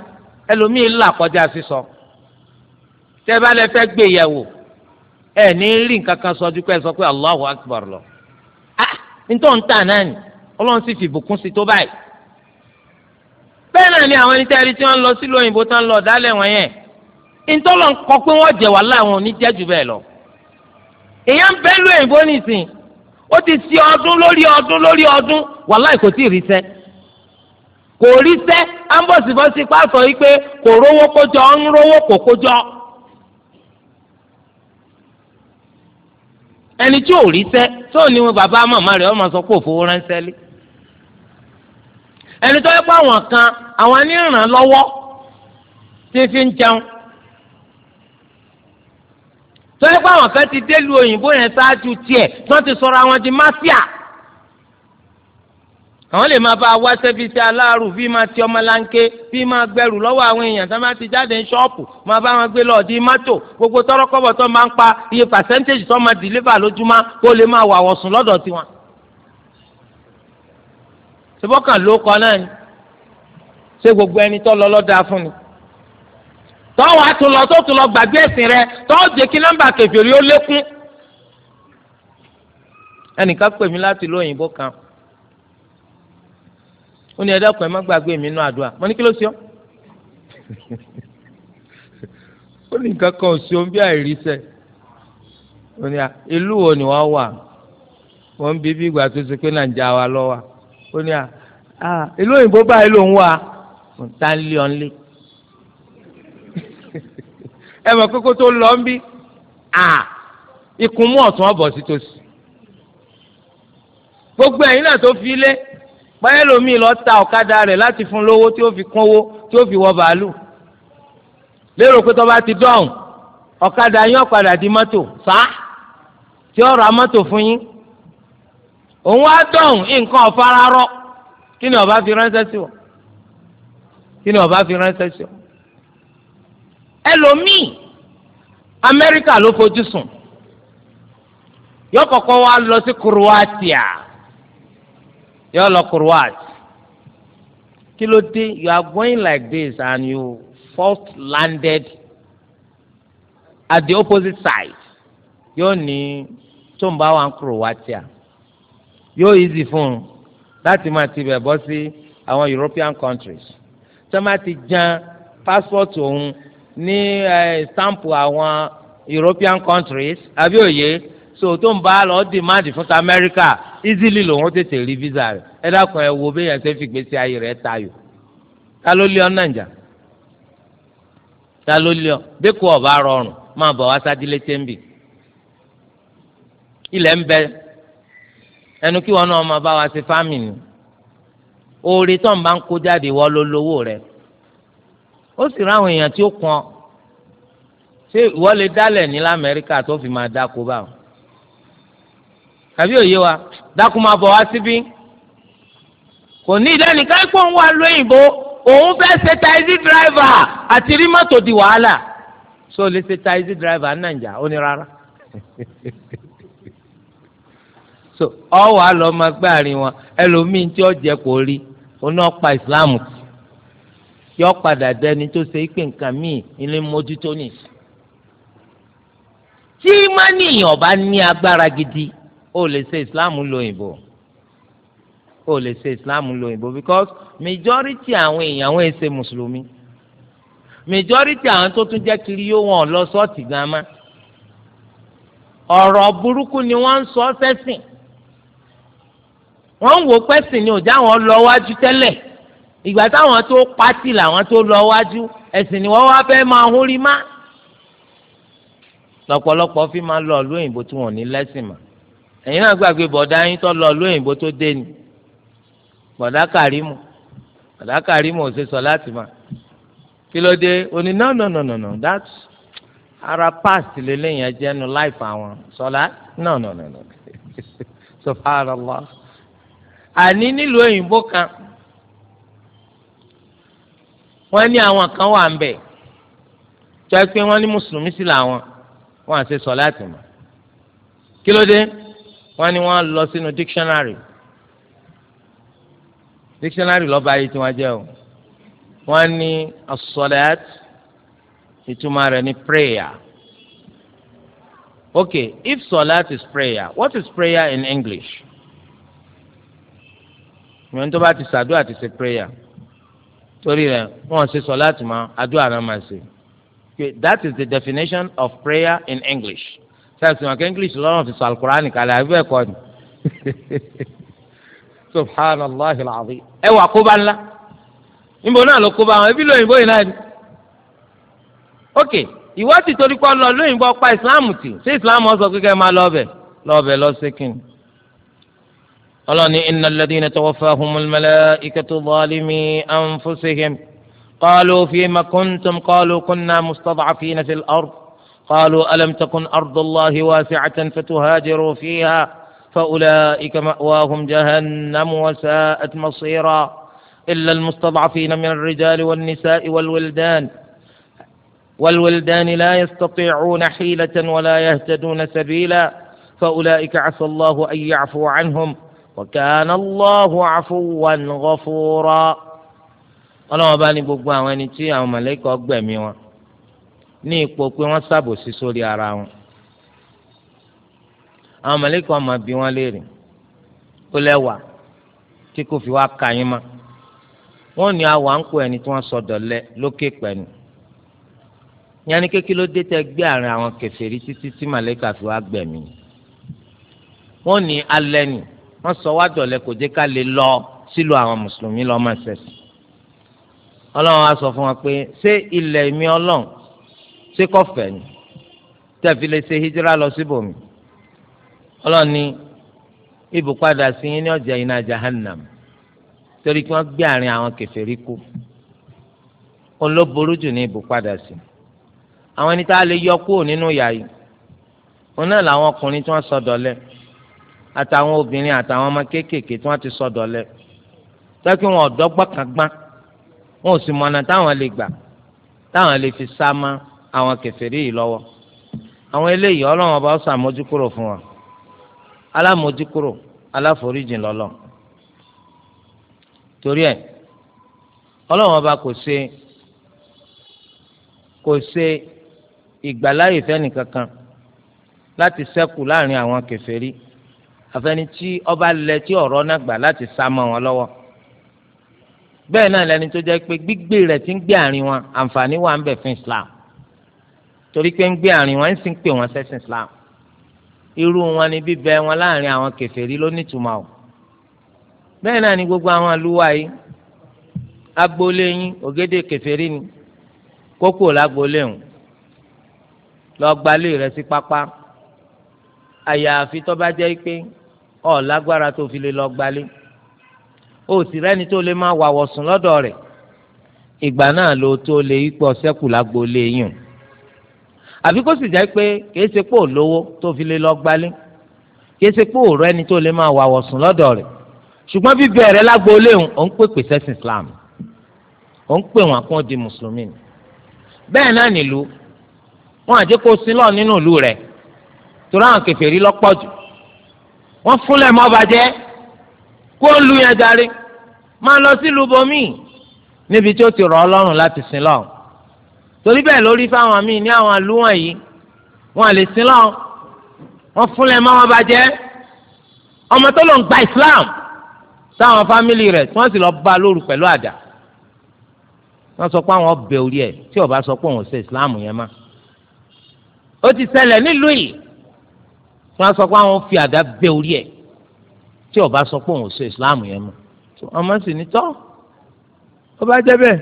Speaker 1: ẹlòmíì là kọjá sísọ tẹ́ bá lẹ fẹ́ gbé yẹ̀wò ẹ ní rí nǹkan kan sọ ju sọ pé Allahu Akbar lọ ah nítorí ń tà náà ni ọlọ́run sì fi ìbùkún sí tó báyìí bẹ́ẹ̀ náà ni àwọn ẹni tẹ́rí tí wọ́n lọ sílùú òyìnbó tán lọ dálẹ̀ wọn yẹn ìtọ́lọ̀ ń kọ pé wọ́n jẹ̀ wàhálà wọn ò ní jẹ́ jù bẹ́ẹ̀ lọ èèyàn bẹ́ẹ̀ lóyìnbó nìsín ó ti si ọdún lórí ọdún lórí ọdún wàláì kò tí ì rí sẹ́ kò rí sẹ́ ambọ̀sibọ́sí pàṣọ yìí pé kò rówó kójọ ń rówó kò kójọ. ẹni tí ò rí sẹ́ tó ní bàbá màmá sọ kan àwọn aníràn lọ́wọ́ fi ń tọ́jú pé àwọn kan ti délùú òyìnbó yẹn ṣáájú tiẹ̀ tí wọ́n ti sọ̀rọ̀ àwọn di máfíà àwọn lè máa bá a wá sẹ́fíìsì aláàrù bí máa ti ọmọláńké bí máa gbẹrù lọ́wọ́ àwọn èèyàn tó máa ti jáde ní ṣọ́ọ̀pù máa bá wọn gbé lọ di mọ́tò gbogbo tọ́rọ́kọ́bọ̀ tó máa ń pa iye pàṣẹ́ntéèjì tó máa dìlíbà lójúmọ́ kó lè máa wà wọ̀sùn lọ́dọ̀ tiwọn. ṣùgbọ́n kan ló kọ náà ni ṣé gbogbo ẹni tó lọ lọ́dà fún ni tọ́wọ́ àtúnlọ tó tún lọ gbàgbé ẹ̀sìn rẹ tọ́wọ́ jẹ́ kí nọ́mbà kẹfìrí ó lékún. ẹnìkan pè mí láti ìlú òyìnbó kan ó ní ẹ̀dá kan ẹ má gbàgbé mi nínú àdúrà mo ní kí ló ṣe ọ́ ó ní nǹkan kan ò sí ohun bí àìríṣẹ́ ó ní ìlú wo ni wọ́n wà wọ́n ń bí bí ìgbà tó ṣe pé nàìjíríà wa lọ́wọ́ ó ní à ìlú òyìnbó báyìí ló ń wà tá ń lé ọ́n lé ẹ mọ̀ kókó tó lọ ń bí à ikùn mú ọ̀tún ọ̀bọ̀ sí tòsí gbogbo ẹ̀yin náà tó fi lé báyẹ̀ lómi lọ ta ọ̀kadà rẹ̀ láti fún lówó tí ó fi kówó tí ó fi wọ bàálù lérò pé tó bá ti dọ̀hùn ọ̀kadà yín ọ̀kadà di mọ́tò sá tí ó ra mọ́tò fún yín òun á dọ̀hùn nǹkan ọ̀fararọ́ kí ni ọba fi ránṣẹ́ sí ọ kí ni ọba fi ránṣẹ́ sí ọ ẹlòmíì amẹ́ríkà ló fojú sùn yọ kọ́kọ́ wá lọ sí Croatia yọ lọ Croatia kí ló dé you are going like this and you first landed at the opposite side yóò ní tó ń bá wa ń Croatia yóò easy fún un láti máa ti bẹ̀ bọ́ sí àwọn European countries tó máa ti jan passport òun ní eh, stamp àwọn European countries àbí òye so tó ń bá lọ demand fún America easily lòun tètè rí visa rẹ ẹ dákun ẹ wo bẹ́ẹ̀ yẹn ṣe fi gbèsè ayé rẹ tayò ta ló lé ọ nàìjà ta ló lé ọ bẹ́ẹ̀ kó ọba rọrùn máa bọ̀ wá sádílé tẹ́ḿbì ilẹ̀ ń bẹ ẹnu kí wọn náà máa bá wa ṣe fámìlì oore tó ń bá ń kó jáde wọ́ ló lówó rẹ̀ ó sì ráwọn èèyàn tí ó kàn ṣé ìwọ lè dálẹ̀ ní lamẹ́ríkà tó fi máa dáko báwọn tàbí òye wa dáko máa bọ̀ wá síbí kò ní ìdánìkan pọ̀ ń wá lóyìnbó òun fẹ́ ṣe taxi driver àti rí mọ́tò di wàhálà so lè ṣe taxi driver nàìjà ó ní rárá so ọ wà lọ́ọ́ máa gbáàrin wọn ẹlòmíín tí ó jẹ kò rí oná pa islam. yọ padà dẹni tó ṣe pé nǹkan míì ilé mójútó nì. tí mání èèyàn bá ní agbára gidi ó lè ṣe islam lo ó lè ṣe islam lo because majority àwọn èèyàn àwọn èsè mùsùlùmí majority àwọn tó tún jẹ́ kiri yóò wọ́n lọ sọ́ọ̀tì gan ma burúkú ni wọ́n ń sọ sẹ́sìn wọ́n ń wò pẹ́sìn ni ò já wọn lọ wájú tẹ́lẹ̀ ìgbà táwọn tó pátì làwọn tó lọ wájú ẹ̀sìn ni wọ́n wá fẹ́ máa hún rí má. lọ́pọ̀lọpọ̀ fi máa lọ ìlú òyìnbó tí wọ́n ní lẹ́sìn mà ẹ̀yin náà gbàgbé bọ̀dá yín tó lọ ìlú òyìnbó tó dé ni bọ̀dá kàrímù bọ̀dá kàrímù ò ṣe sọ láti mà kí ló dé òní no no no no no that's ara past lélẹ́yìn ẹ̀jẹ̀ nu life àwọn sọlá no no no no subhanallah àní nílùú òyìnbó kan wọ́n ní àwọn kan wà ń bẹ̀ tó ẹ pé wọ́n ní mùsùlùmí sí làwọn wọ́n á ṣe sọ̀láàtì mọ́ kí ló dé wọ́n ní wọ́n lọ sínú dictionary dictionary lọ́ba ayé tí wọ́n jẹ́ o wọ́n ní asọ̀láàt ìtumọ̀ rẹ̀ ní prayer okay if sọ̀láàt is prayer what is prayer in English? ìwọ̀n tó bá ti ṣàdúrà ti ṣe prayer torí rẹ̀ wọ́n ṣe sọ láti máa àdúrà náà máa ṣe that is the definition of prayer in English sẹ́ẹ̀sì wọn kí English lọ́rùn fi sọ alukur'an kalẹ̀ àbí bẹ́ẹ̀ kọ́ ni subhanallah alazim ẹ wà kóbá ńlá níbo náà ló kóbá wọn ebi lóyìnbó yìí náà ni ok ìwádìí torí kọ́ lọ lóyìnbó pa ìsìláàmù tì ṣé ìsìláàmù ọ̀sọ̀ kíkẹ́ máa lọ́ọ̀bẹ̀ lọ́ọ̀bẹ̀ lọ́sẹ̀kìn قال إن الذين توفاهم الملائكة ظالمي أنفسهم قالوا فيما كنتم قالوا كنا مستضعفين في الأرض قالوا ألم تكن أرض الله واسعة فتهاجروا فيها فأولئك مأواهم جهنم وساءت مصيرا إلا المستضعفين من الرجال والنساء والولدان والولدان لا يستطيعون حيلة ولا يهتدون سبيلا فأولئك عسى الله أن يعفو عنهم وكان الله عفوا غفورا ọlọ́wọ́n bá ní gbogbo àwọn ẹni tí àwọn mọ̀lẹ́kọ̀ gbẹ̀mí wọn ní ipò pé wọ́n ṣàbòsí sórí ara wọn àwọn mọ̀lẹ́kọ̀ máa bi wọ́n léèrè ó lẹ́wà tí kò fi wá ka yín mọ́ wọ́n ní àwọn àǹkó ẹni tí wọ́n sọ̀dọ̀ lẹ lókè pẹ̀lú yanni kékeré ló dé tẹ gbé àárín àwọn kèfèrí títí tí mọ̀lẹ́kọ̀ fi wá gbẹ̀mí wọ́n ní alẹ́ nìí wọ́n sọ wá dọ̀lẹ́ kò jẹ́ ká lè lọ sílùú àwọn mùsùlùmí lọ́ọ́ máa ṣẹ̀sìn ọlọ́run á sọ fún wa pé ṣé ilẹ̀ mi ọlọ́run ṣé kọfẹ́ ni tẹ̀fi lè ṣe hijira lọ síbòmí ọlọ́run ní ibùpadà sí yín ní ọjà iná jahannam torí kí wọ́n gbé àárín àwọn kèfèrí kú olóboró jù ní ibùpadà sí àwọn ẹni tá a lè yọ kúrò nínú ìyà yìí òun náà làwọn ọkùnrin tí wọ́n sọ dọ̀lẹ́ àtàwọn obìnrin àtàwọn ọmọ kéékèèké tí wọ́n ti sọ dọ̀lẹ tọ́kí wọn ọ̀dọ́ gbọ́kàngbá wọn ò sì mọ̀nà táwọn lè gbà táwọn lè fi sá mọ́ àwọn kèfèrí yìí lọ́wọ́ àwọn eléyìí ọlọ́run ọba ọ̀sán àmójúkúrò fún wa alámójúkúrò aláforíjìn lọ́lọ́ torí ẹ̀ ọlọ́run ọba kò ṣe kò ṣe ìgbàláyè fẹ́nìkankan láti ṣẹ́kù láàrin àwọn kèfèrí àfẹni tí ọba lẹ tí ọ̀rọ̀ náà gbà láti sá mọ́ wọn lọ́wọ́ bẹ́ẹ̀ náà lẹni tó jẹ́ pé gbígbé rẹ̀ ti ń gbé àárín wọn àǹfààní wà ń bẹ fún Islam torí pé ń gbé àárín wọn ń sì ń pè wọn sẹ́sìn Islam irú wọn ni bíbẹ wọn láàrin àwọn kèfèrí ló nítumọ̀ o bẹ́ẹ̀ náà ni gbogbo àwọn àlùwà yìí agboolé ògèdè kèfèrí ni kókò lágboolé ń lọ sí pápá àyàfi tó bá jẹ́ pé ọ lágbára tó fi lè lọ gbalé o sì rẹ́ni tó lè máa wàwọ̀ sùn lọ́dọ̀ rẹ̀ ìgbà náà ló tó lè ipò sẹ́kù lágbo lè yùn àbí kó sì jẹ́ pé kìí ṣe pé òlówó tó fi lè lọ gbalé kìí ṣe pé òrò ẹni tó lè máa wàwọ̀ sùn lọ́dọ̀ rẹ̀ ṣùgbọ́n bíbẹ̀ rẹ̀ lágbo léhùn ò ń pèpè sẹ́sìn Islam ò ń pè wọ́n kó di mùsùlùmí bẹ́ẹ̀ náà nílùú wọn àjẹkọ́ sílọ̀ nínú ìlú rẹ̀ torí àwọn kèfèrí lọ́pọ̀ jù wọ́n fúnlẹ̀ mọ́ bàjẹ́ kó ń lu yẹn darí máa lọ sílùú bòmíì níbi tí ó ti rọ̀ ọ́ lọ́rùn láti sin lọ́hùn torí bẹ́ẹ̀ lórí fáwọn míì ní àwọn ìlú wọ̀nyí wọn à lè sin lọ́hùn wọ́n fúnlẹ̀ mọ́ wọn bàjẹ́ ọmọ tó lọ ń gba Islam sáwọn fámìlì rẹ̀ tí wọ́n sì lọ bá lóru pẹ̀lú àdá wọ́n sọ pé àwọn ọbẹ̀ orí ẹ̀ tí ó sọ pé òun ṣe Islam yẹn má ó ti ṣẹlẹ̀ nílùú yìí wọ́n á sọ pé àwọn fi àdá bẹ orí ẹ̀ tí ọba sọ pé òun ò ṣe ìsìláàmù yẹn mọ́ ọmọ sì ní tọ́ ó bá jẹ́ bẹ́ẹ̀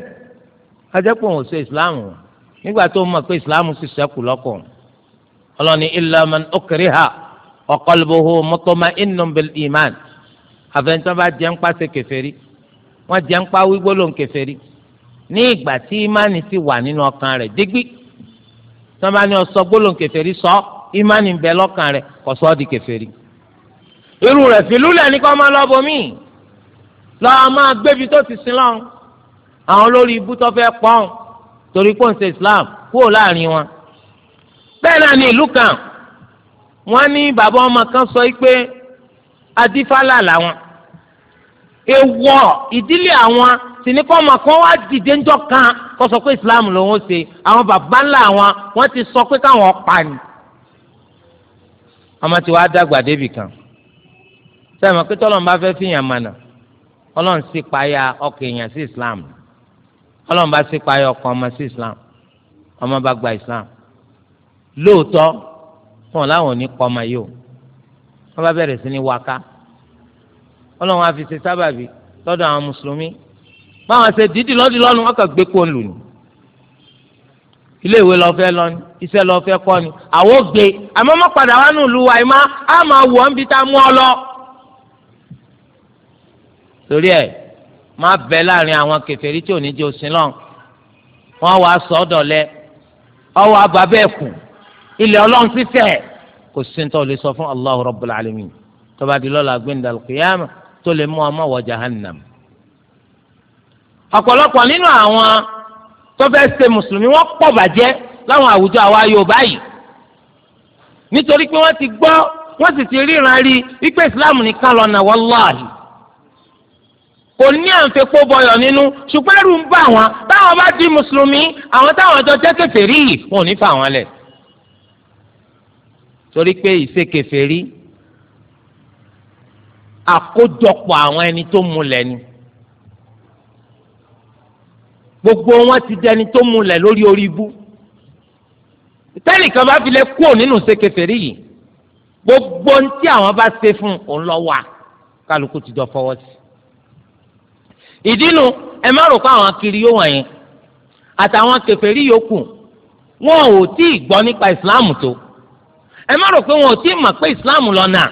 Speaker 1: ajẹ́pọ̀ òun ò ṣe ìsìláàmù nígbà tó mọ̀ pé ìsìláàmù sì ṣẹ́kù lọ́kàn ọlọ́ni illa man ukriha wa qalbuhu mutma'innun bil iman bá jẹ́ ń pàṣẹ kèfèrí wọ́n jẹ́ ń pa wígbólóhùn kèfèrí ní ìgbà tí ìmánì ti wà nínú ọkàn rẹ̀ dégbí tí wọ́n bá ní ó sọ gbólóhùn Imani ń bẹ lọ́kàn rẹ̀ kò sọ ọ́ di kèfèrí irú rẹ̀ fìlúlẹ̀ ní kọ́ máa lọ bomi lọ́ọ́ máa gbébi tó ti sin lọ́n àwọn olórí ibú tó fẹ́ pọ́n torí pé ṣe Islam kúrò láàrin wọn bẹ́ẹ̀ náà ní ìlú kan wọ́n ní bàbá ọmọ kan sọ pé adífálà làwọn èèwọ̀ ìdílé àwọn tìníkọ́ ọmọ kan wá dìde ńjọ́ kan kó pé Islam lòun ó ṣe àwọn bàbá ńlá àwọn wọ́n ti sọ pé káwọn pa ni ọmọ tí wàá dàgbà débì kan sẹ́mi pé tọ́lọ́n bá fẹ́ fìyàn mànà ọlọ́run sì payá ọkọ̀ èèyàn sí islam ọlọ́run bá sì payá ọkọ̀ ọmọ sí islam ọmọ bá gba islam lóòótọ́ fún ọ̀làwọn òní kọ́ ọmọ yìí o wọ́n bá bẹ̀rẹ̀ sí ní waka ọlọ́run á fi ṣe sábàbí lọ́dọ̀ àwọn mùsùlùmí báwọn ṣe dídì lọ́dí lọ́nu wọ́n kàn gbé kó lù ní iléèwé lọ fẹ́ lọ ni iṣẹ́ lọ fẹ́ kọ́ ni àwọ gbé àmọ́ má padà wá nù lù wá ẹ má á máa wọ ọ́n bí tá a mú ọ lọ. torí ẹ má bẹ láàrin àwọn kèfèrí tí ò ní jẹ òsín lọ wọn wàá sọ ọdọ lẹ ọwọ àbá bẹ́ẹ̀ kù ilẹ̀ Ọlọ́run sísẹ kò sí ní tó lè sọ fún Allahu Rabbul Alamin tó bá di lọ́la gbẹndà kìyàmà tó lè mú ọmọ wọ jahannam. ọ̀pọ̀lọpọ̀ nínú àwọn tọ́fẹ́ ṣe mùsùlùmí wọ́n pọ̀ bàjẹ́ láwọn àwùjọ àwa Yorùbá yìí nítorí pé wọ́n ti gbọ́ wọ́n sì ti ríran rí wípé Islam nìkan lọ́nà wàláhì kò ní àǹfẹ̀kọ́ bọyọ̀ nínú ṣùgbọ́n ẹ̀rù ń bà wọ́n táwọn bá di mùsùlùmí àwọn táwọn ọjọ́ jẹ́ kèfèrí yìí wọn ò ní fà wọ́n lẹ̀ torí pé ìṣe kèfèrí àkójọpọ̀ àwọn ẹni tó múlẹ̀ ni gbogbo wọn ti dẹni tó múlẹ̀ lórí orí ibú tẹ́nìkan bá fi lè kú nínú sekefèrè yìí gbogbo ohun tí àwọn bá ṣe fún òun lọ wà kálukú ti jọ fọwọ́ sí. ìdínú ẹ má rò pé àwọn akiri yóò wọ̀nyẹn àtàwọn kèfèrí yòókù wọn ò tí ì gbọ́ nípa ìsìláàmù tó ẹ má rò pé wọn ò tí ì mọ̀ pé ìsìláàmù lọ́nà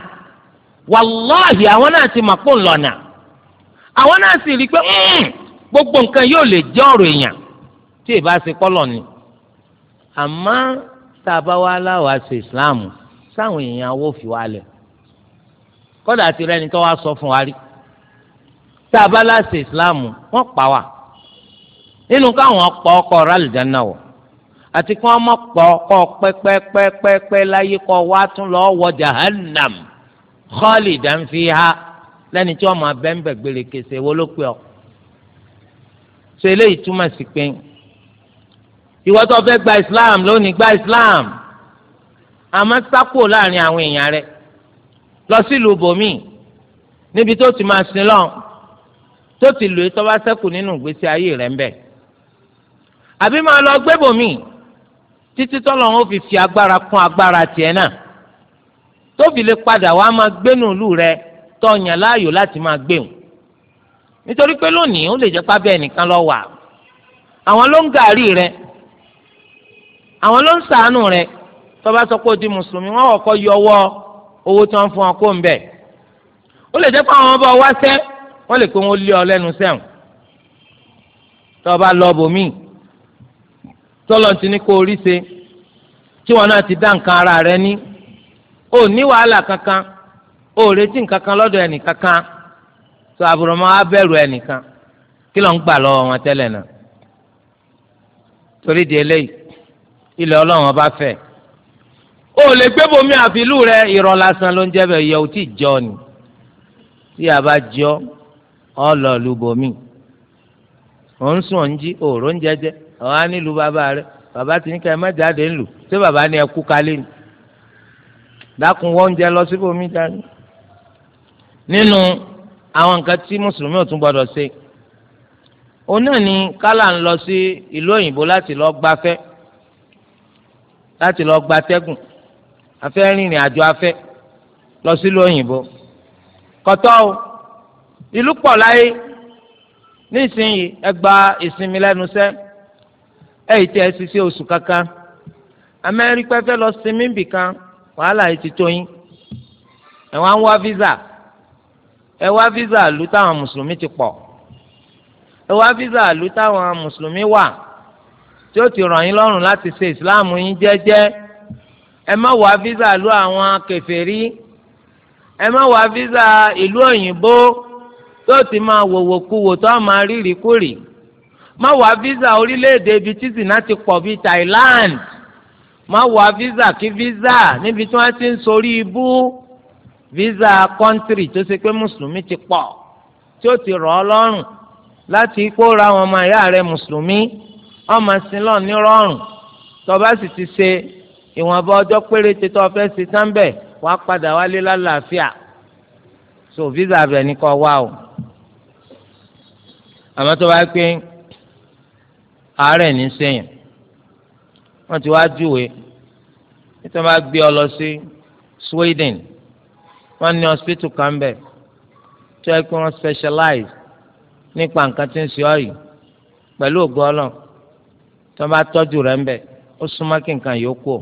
Speaker 1: wàláhì àwọn náà ti mọ̀ pé òun lọ́nà àwọn náà sì rí i pé hmm, gbogbo nǹkan yóò lè jẹ́ ọ̀rọ̀ èèyàn tí ì bá ṣe kọ́lọ̀ ni àmọ́ tá a bá wá aláwọ̀ àṣẹ islam sáwọn èèyàn awó fi wá lẹ̀ kọ́dà ti rẹ́ni tó wá sọ fún wa rí tá a bá láṣẹ islam wọ́n pa wá nínú káwọn pọ̀ ọkọ̀ rálìdáná wọ̀ àti kí wọ́n mọ̀ pọ̀ ọkọ̀ pẹ́pẹ́pẹ́pẹ́ láyé kọ́ wá tún lọ́ọ́ wọ jahannam khalidan fiha lẹ́ni tí wọ́n máa bẹ́ńbẹ̀ gbére kése wọ́n ló so eléyìí túmọ̀ sí pé ìwọ tó fẹ́ gba islam lónìí gba islam àmọ́ sákò láàrin àwọn èèyàn rẹ lọ sílùú bòmí níbi tó ti máa sin lọ tó ti lò é tó bá ṣẹ́kù nínú ìgbésí ayé rẹ ń bẹ àbí máa lọ gbé bòmí títí tọ́lọ̀ ń fi fi agbára kún agbára tiẹ̀ náà tó fi lè padà wá máa gbénu ìlú rẹ tó láàyò láti máa gbéhùn nítorí pé lónìí ó lè jẹ́ pábẹ́ ẹnìkan lọ wà àwọn ló ń gàárì rẹ àwọn ló ń sàánù rẹ tó bá sọ pé o di mùsùlùmí wọn kọ́kọ́ yọ ọwọ́ owó tí wọ́n fún ọ kó ń bẹ̀ ó lè jẹ́ pé àwọn ọba wá sẹ́ wọ́n lè pé wọ́n lé ọ lẹ́nu sẹ́wọ̀n tó lọ bòmíì tọ́lọ̀ ti ní kó orí ṣe tí wọn náà ti dá nǹkan ara rẹ ní ò ní wàhálà kankan ò retí nǹkan kan lọ́dọ̀ ẹnì kankan so àbùrọ̀mọ́ á bẹ̀rù ẹnìkan kí ló ń gbà lọ́wọ́ wọn tẹ́lẹ̀ náà torí di eléyìí ilẹ̀ ọlọ́run ọba fẹ̀ ó lè gbé bomi àfìlú rẹ irọ́ lásán ló ń jẹ́ bẹ́ẹ̀ yẹ ò tí ì jọ ni tí a bá jọ ọ lọ lu bomi ò ń sùn ò ń jí òòrò ń jẹjẹ ọ̀hán nílùú bàbá rẹ bàbá ti ní ká ẹ má jáde ńlù ṣé bàbá ni ẹ kú kálẹ̀ ni dákun wọ́n ń jẹ lọ síbòmí dání nínú àwọn nǹkan tí mùsùlùmí ò tún gbọdọ̀ ṣe òun náà ni kálá ń lọ sí ìlú òyìnbó láti lọ gbafẹ́ láti lọ gbatẹ́gùn afẹ́ rìnrìn àjò afẹ́ lọ sílùú òyìnbó kọ̀tọ́ o ìlú pọ̀ láyé nísìnyí ẹ gba ìsinmi lẹ́nu sẹ́ ẹ̀yìn tí ẹ sì ṣe oṣù kankan amẹ́ríkà fẹ́ lọ sinmi bìkan wàhálà yìí ti tó yín ẹ̀wọ̀n á ń wá fíìsà ẹ wá físà ìlú táwọn mùsùlùmí ti pọ̀ ẹ wá físà ìlú táwọn mùsùlùmí wà tí ó ti ràn yín lọ́rùn láti ṣe ìsìláàmù yín jẹ́jẹ́ ẹ má wá físà ìlú àwọn kèfèrí ẹ má wá físà ìlú òyìnbó tí ó ti máa wòwò kuwò tó a máa rírì kúrì má wá físà orílẹ̀-èdè ibi tí sìnà ti pọ̀ bíi Thailand má wá físà kí físà níbi tí wọ́n ti ń sorí ibú visa kọ́ńtírì tó ṣe pé mùsùlùmí ti pọ̀ tí ó ti rọ̀ ọ́ lọ́rùn láti kóra àwọn ọmọ ìyá rẹ̀ mùsùlùmí ọmọ sílọ̀ ní rọrùn tó bá sì ti ṣe ìwọ̀nba ọjọ́ péréte tó fẹ́ ṣe tán bẹ̀ wá padà wálé lálàáfíà so visa abẹ ní kọ́ wá o àmọ́ tó bá pé àárẹ̀ ní sẹ́yìn wọ́n ti wá júwe nítorí wọ́n bá gbé ọ lọ sí Sweden wọ́n ní hospital kan bẹ̀ tó yẹ kí wọ́n specialize nípa nǹkan tí ń ṣe ọ́ yìí pẹ̀lú ògo Ọlọ́run tí wọ́n bá tọ́jú rẹ̀ ń bẹ̀ ó súnmọ́ kí nǹkan yìí ó kú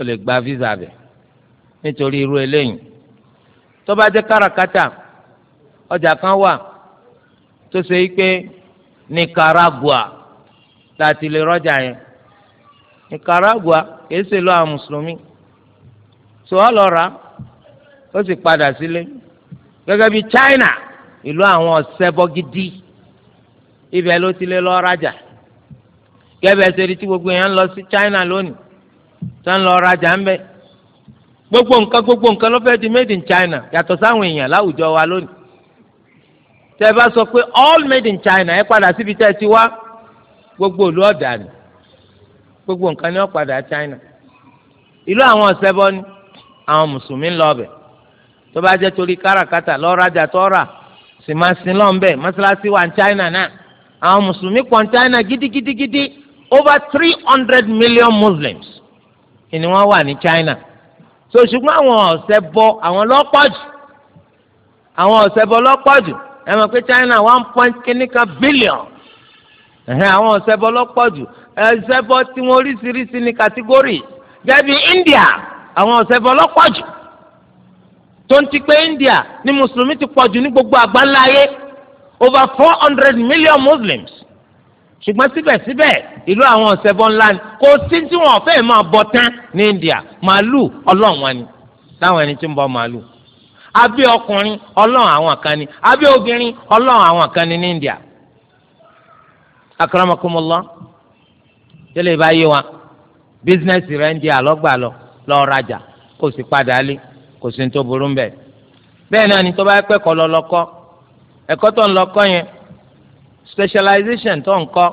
Speaker 1: ó lè gba visa bẹ̀ nítorí irú eléyìí tó bá jẹ́ káràkátà ọjà kan wà tó ṣe yí pé Nicaragua láti lè rọ́jà yẹn Nicaragua kìí ṣe lọ́wọ́ mùsùlùmí tó ọ lọ rà á ó sì padà sílé gẹ́gẹ́ bí China ìlú àwọn ọ̀sẹ́bọ gidi ibẹ̀ ló ti lé lọ́ọ́ rajà gẹ́gẹ́ ṣe tí gbogbo yẹn ń lọ sí China lónìí tó ń lọ rajà ń bẹ gbogbo nǹkan gbogbo nǹkan ló fẹ́ẹ́ di made in China yàtọ̀ sáwọn èèyàn láwùjọ wa lónìí tẹ́ ẹ bá sọ pé all made in China ẹ padà síbi tẹ́ ẹ ti wá gbogbo ìlú ọ̀dà ni gbogbo nǹkan ni wọ́n padà China ìlú àwọn ọ̀sẹ́bọ ni àwọn mùsùlùmí ń lọ ọbẹ̀ tó bá jẹ́ torí káràkátà lọ́ọ́rajà tọ́ra sì máa sin lọ́nbẹ̀ mọ́sálásí wa ní China náà àwọn mùsùlùmí pọ̀ ní China gidigidigidi over three hundred million Muslims ni wọ́n wà ní China so ṣùgbọ́n àwọn ọ̀sẹ̀ bọ àwọn lọ́pọ̀jù àwọn ọ̀sẹ̀ bọ lọ́pọ̀jù ẹ mọ̀ pé China one point kìnnìkan billion ẹ̀hẹ́n àwọn ọ̀sẹ̀ bọ lọ́pọ̀jù ẹ̀sẹ̀ bọ tiwọn oríṣiríṣi ní kàtígórì gẹ́gẹ́ India àwọn ọ̀sẹ̀ bọ lọ́pọ̀jù tó ń ti pé India ni mùsùlùmí ti pọ̀ jù ní gbogbo àgbáńlá ayé over four hundred million muslims ṣùgbọ́n síbẹ̀síbẹ̀ ìlú àwọn ọ̀sẹ̀bọ̀ ńlá ni kò sí tí wọ́n fẹ́ máa bọ̀ tán ní India màálù ọlọ́run wa ni táwọn ẹni tí ń bọ màálù àbí ọkùnrin ọlọ́run àwọn kan ni àbí obìnrin ọlọ́run àwọn kan ni ní India akramakumullah tẹ́lẹ̀ bá yé wa bísínẹ́sì rẹ̀ ń di àlọ́gbà lọ lọ́ọ́ rajà kó sì padà lé kò sí ní tó burú mbẹ bẹ́ẹ̀ náà ni tó bá pẹ́ kọ́ lọ lọ́kọ́ ẹ̀kọ́ tó ń lọ́kọ́ yẹn specialization tó ń kọ́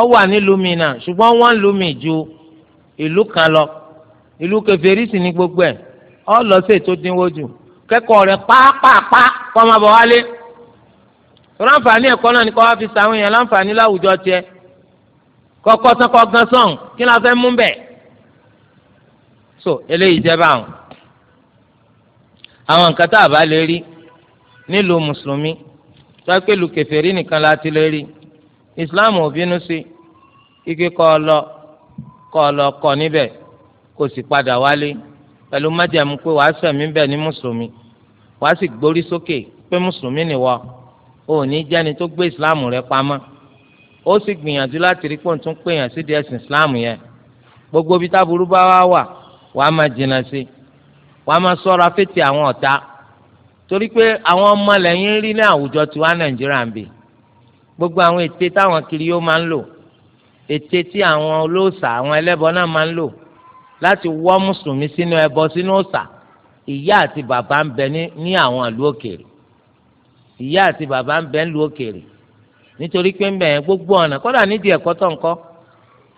Speaker 1: ọ wà nílùú mi náà ṣùgbọ́n wọ́n ń lù mí ju ìlú kan lọ ìlú kẹfẹ́rì sì ní gbogbo ẹ̀ ọ lọ sí ètò dínwó jù kẹ́kọ̀ọ́ rẹ̀ pàápàá kọ́ máa bọ̀ wálé láǹfààní ẹ̀kọ́ náà ni kọ́ wá fi sàwọn èèyàn láǹfààní láwùjọ tiẹ̀ kọ́kọ́ sọ́kọ́ gan sọ̀n kí ni a fẹ́ mú bẹ̀ so eléyìí jẹ́ báwọn àwọn nǹkan tá a bá lè rí nílùú mùsùlùmí sápẹ́lú kèfèrí nìkan la ti lè rí islam ò bínú sí kíkẹ́ kọ́ ọ lọ kọ́ ọ lọ kọ́ níbẹ̀ kó sì padà wálé pẹ̀lú májàmú pé wàá sẹ̀mí bẹ̀ ní mùsùlùmí wàá sì gbórí sókè pé mùsùlùmí nìwọ ò ní jẹ́ni tó gbé islam rẹ pamọ́ ó sì gbìyànjú láti rí pòun tún pèèyàn sídìí ẹ̀sìn islam yẹn gbogbo bí táburú bá wà wà máa jìnnà sí i wàá máa sọ́ra fètè àwọn ọ̀tá torí pé àwọn ọmọ lẹ́yìn rí ní àwùjọ tiwa nàìjíríà ń bì gbogbo àwọn ète táwọn kiri yóò máa ń lò ète tí àwọn olóòṣà àwọn ẹlẹ́bọ náà máa ń lò láti wọ́ mùsùlùmí sínú ẹbọ sínú òòṣà ìyá àti bàbá ń bẹ ní àwọn ìlú òkèèrè ìyá àti bàbá ń bẹ ń lu òkèèrè nítorí pé ń bẹ̀yẹn gbogbo ọ̀nà kọ́dà nídìí ẹ̀kọ́ tó ń kọ́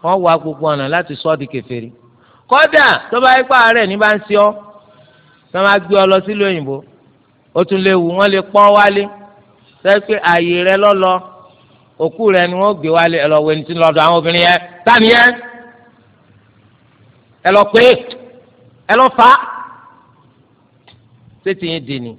Speaker 1: wọ́n wá gbogbo ọ̀nà láti sọ di kèfèrí kọ́dà tó bá yẹ pé ní bá ń ṣe ọ́ tí wọ́n bá gbé ọ lọ sílùú òyìnbó ó tún lè wù wọ́n lè pọ́n wálé sẹ́yìn ààyè rẹ lọ́lọ́ òkú rẹ ni wọ́n gbé wálé ẹ lọ wẹ̀ ní ti lọ́dọ̀ àwọn obìnrin yẹn tani yẹn ẹ lọ pé ẹ lọ fà á sétí yín dì ní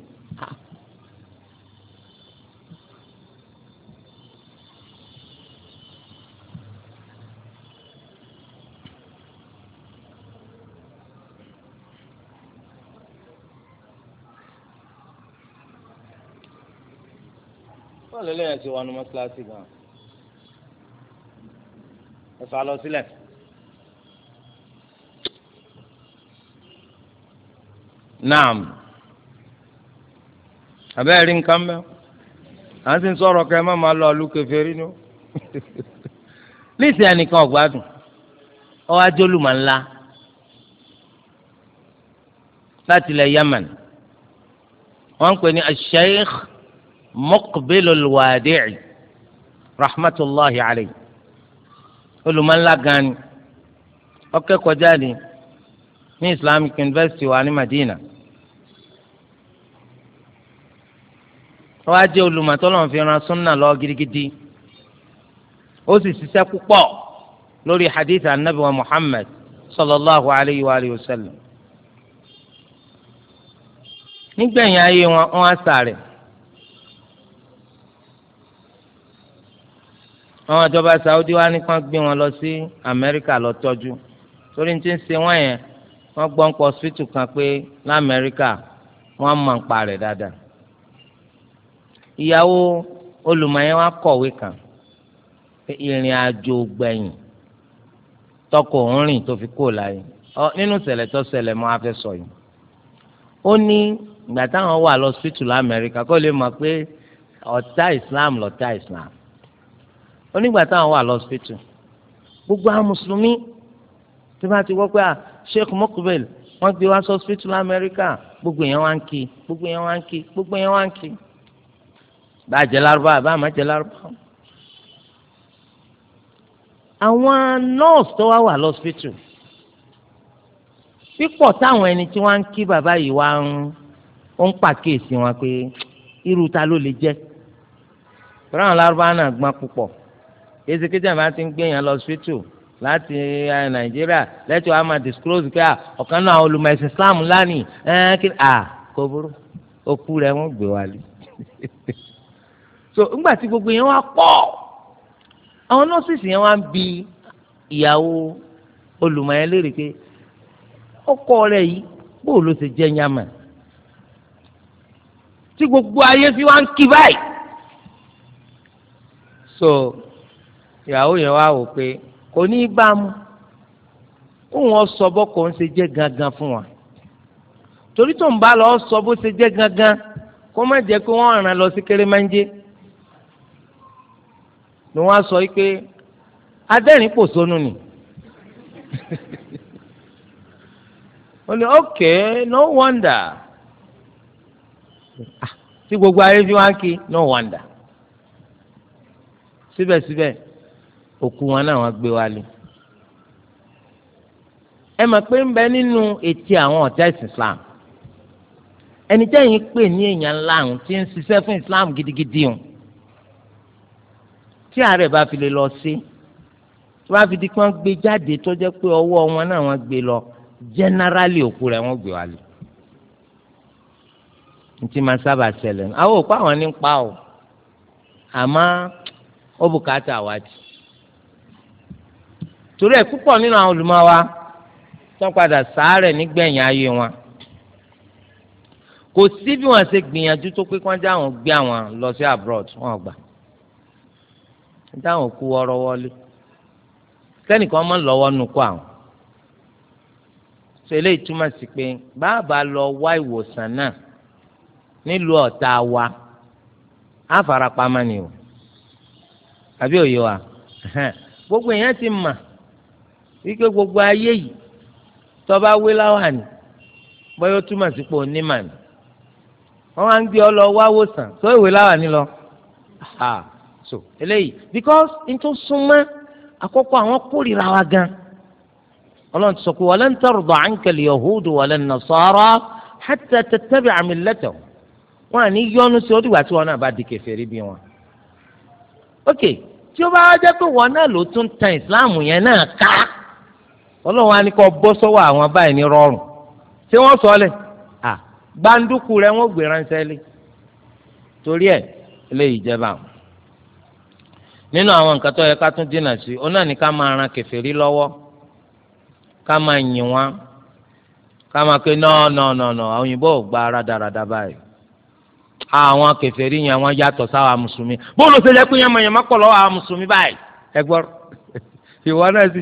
Speaker 1: wọ́n lè lẹ́yìn tí wọ́n nu mọ́sálásí gan. ẹ fà lọ sílẹ̀. naam abẹ́rẹ́ rí nǹkan mẹ́ à ń sìn sọ̀rọ̀ kẹ́ ẹ má máa lọ ọ̀lú kẹfẹ́rí ni ó níìsín ẹnìkan ọ̀gbádùn ọwọ́ ajólùmọ̀ ńlá láti ilẹ̀ Yemen wọ́n ń pè ní asheikh muqbilul wadi'i rahmatulahi alayhi olùmọ̀nlá gan ni ọkẹ́kọ̀ọ́ jáde ní islamic university wa ní madina wọ́n á jẹ́ olùmọ̀ tọ́lọ́run fi ran súnà lọ gidigidi ó sì ṣiṣẹ́ púpọ̀ lórí hadith anabi wa muhammad sallallahu alayhi wa alihi wa sallam nígbẹ̀yìn ayé wọn wọ́n sàrẹ̀ àwọn ìjọba Saudi wa nìkan gbé wọn lọ sí Amẹ́ríkà lọ tọ́jú torí ní ti ń ṣe wọ́n yẹn wọ́n gbọ́ ń pọ̀ síìtù kan pé lamẹ́ríkà wọ́n mọ̀ ń pa rẹ̀ dáadáa. ìyàwó olùmọ̀yẹn wa kọ̀wé kan ìrìn àjò gbẹ̀yìn tọkọ òun rìn tó fi kó láyé nínú ìṣẹ̀lẹ̀ tó ṣẹlẹ̀ mọ́ afẹ́ sọ yìí. ó ní ìgbà táwọn wà lọ síìtù lamẹ́ríkà kó lè mọ̀ pé ọ̀tá Islam lọ̀tá Islam onígbà táwọn wà lọ́sítítù gbogbo àwọn mùsùlùmí tí wọ́n ti wọ́ pé Sheikh Mokbel wọ́n gbé wá sọ́sítítù lamẹ́ríkà gbogbo èèyàn wá ń kí gbogbo èèyàn wá ń kí gbogbo èèyàn wá ń kí bá a jẹ lárúbáwá bá a má jẹ lárúbáwá. àwọn nọ́ọ̀sì tó wá wà lọ́sítítù pípọ̀ táwọn ẹni tí wọ́n ń kí bàbá yìí wá ń ń pàkíyèsí wọn pé irú ta ló lè jẹ́. ìrọ̀ àwọn lárúbáwá náà gbọ́n púpọ̀ èsì kí jàmbá ti ń gbé yàn lọ sípítù láti eh, nàìjíríà lẹ́tọ̀ á máa disclose pé ọ̀kan náà àwọn olùmọ̀ ẹ̀sìn islam lánìí ẹ̀ eh, kí à kò burú okú rẹ̀ wọ́n gbé wa lé so ńgbà tí gbogbo yẹn wá pọ̀ àwọn nọ́ọ̀sìsì yẹn wá ń bi ìyàwó olùmọ̀ yẹn léèrè pé ọkọ rẹ̀ yìí bóò ló ṣe jẹ́ yàmà tí gbogbo ayé fi wá ń kí báyìí so ìyàwó yẹn wá wò pé kò ní í bá mu òun sọ bọ́kọ̀ ń ṣe jẹ́ gangan fún wa torí tó ń bá lọ ọsọ bó ṣe jẹ́ gangan kó má jẹ́ pé wọ́n ràn lọ sí kérémánjé ni wọ́n á sọ yìí pé adẹ́rìn pò sónú ni ó ní okay no wonder ah, tí gbogbo ayé fi wá kí no wonder síbẹ̀síbẹ̀ òkú wọn náà wọ́n gbé wálé ẹ mọ̀ pé ń bẹ nínú ètí àwọn ọ̀tá ìsìn Islam ẹni tẹ́yìn pè ní èèyàn ńlá àwọn tí ń ṣiṣẹ́ fún Islam gidigidi o tí ààrẹ bá fi lè lọ sí tó bá fi di pé wọ́n gbé jáde tó jẹ́ pé ọwọ́ wọn náà wọ́n gbé lọ jẹ́nẹ́rálì òkú rẹ̀ wọ́n gbé wálé ntí máa sábà ṣẹlẹ̀ àwọn òkú àwọn ní ń pa o àmọ́ ó bùkátà wájú torí ẹ̀ púpọ̀ nínú àwọn olùmọ̀ wa tó padà sàárẹ̀ nígbẹ̀yìn ayé wọn kò sí bí wọn ṣe gbìyànjú tó pé kọjá àwọn gbé àwọn lọ sí abroad wọ́n gbà dáhùn kú ọ̀rọ̀ wọlé kẹ́nìkan mọ́ lọ́wọ́ nu kó àwọn ṣe eléyìí túmọ̀ sí pé bàbá lọ wá ìwòsàn náà nílùú ọ̀tá wa á farapamọ́ ni o àbí òye wa gbogbo èèyàn ti mà wípé gbogbo ayé yìí tọ́ba wé láwàní bọ́yọ́ túmọ̀ sí pé onímọ̀ ni wọ́n máa ń gbé ọ lọ wáwó sàn tó ìwé láwàní lọ ha so eléyìí because n tó súnmọ́ àkọ́kọ́ àwọn kórìíra wa gan ọlọ́run ti sọ pé walan tarda anka al-yahudu walan nasara hatta tattabi'a millatahum wọn à ní yọ́nú sí ọdún ìgbà tí wọn náà bá di kèfèrí bí wọn. ok tí ó bá wá jẹ́ pé wọn náà ló tún tan ìsìláàmù yẹn náà ká. ọlọ́run ni kò bọ́ sọ́wọ́ àwọn báyìí ní rọrùn ṣé wọ́n sọ lẹ̀ à gbàǹdùkú rẹ wọ́n gbé ránṣẹ́ lé torí ẹ̀ eléyìí jẹba nínú àwọn nǹkan tó yẹ ká tún dínà sí i náà ní ká máa ran kèfèrí lọ́wọ́ ká máa yìn ká máa nọ́ọ̀ nọ́ọ̀ nọ́ọ̀ àwọn òyìnbó ò gba báyìí àwọn yẹn yàtọ̀ mùsùlùmí ṣe jẹ́ pé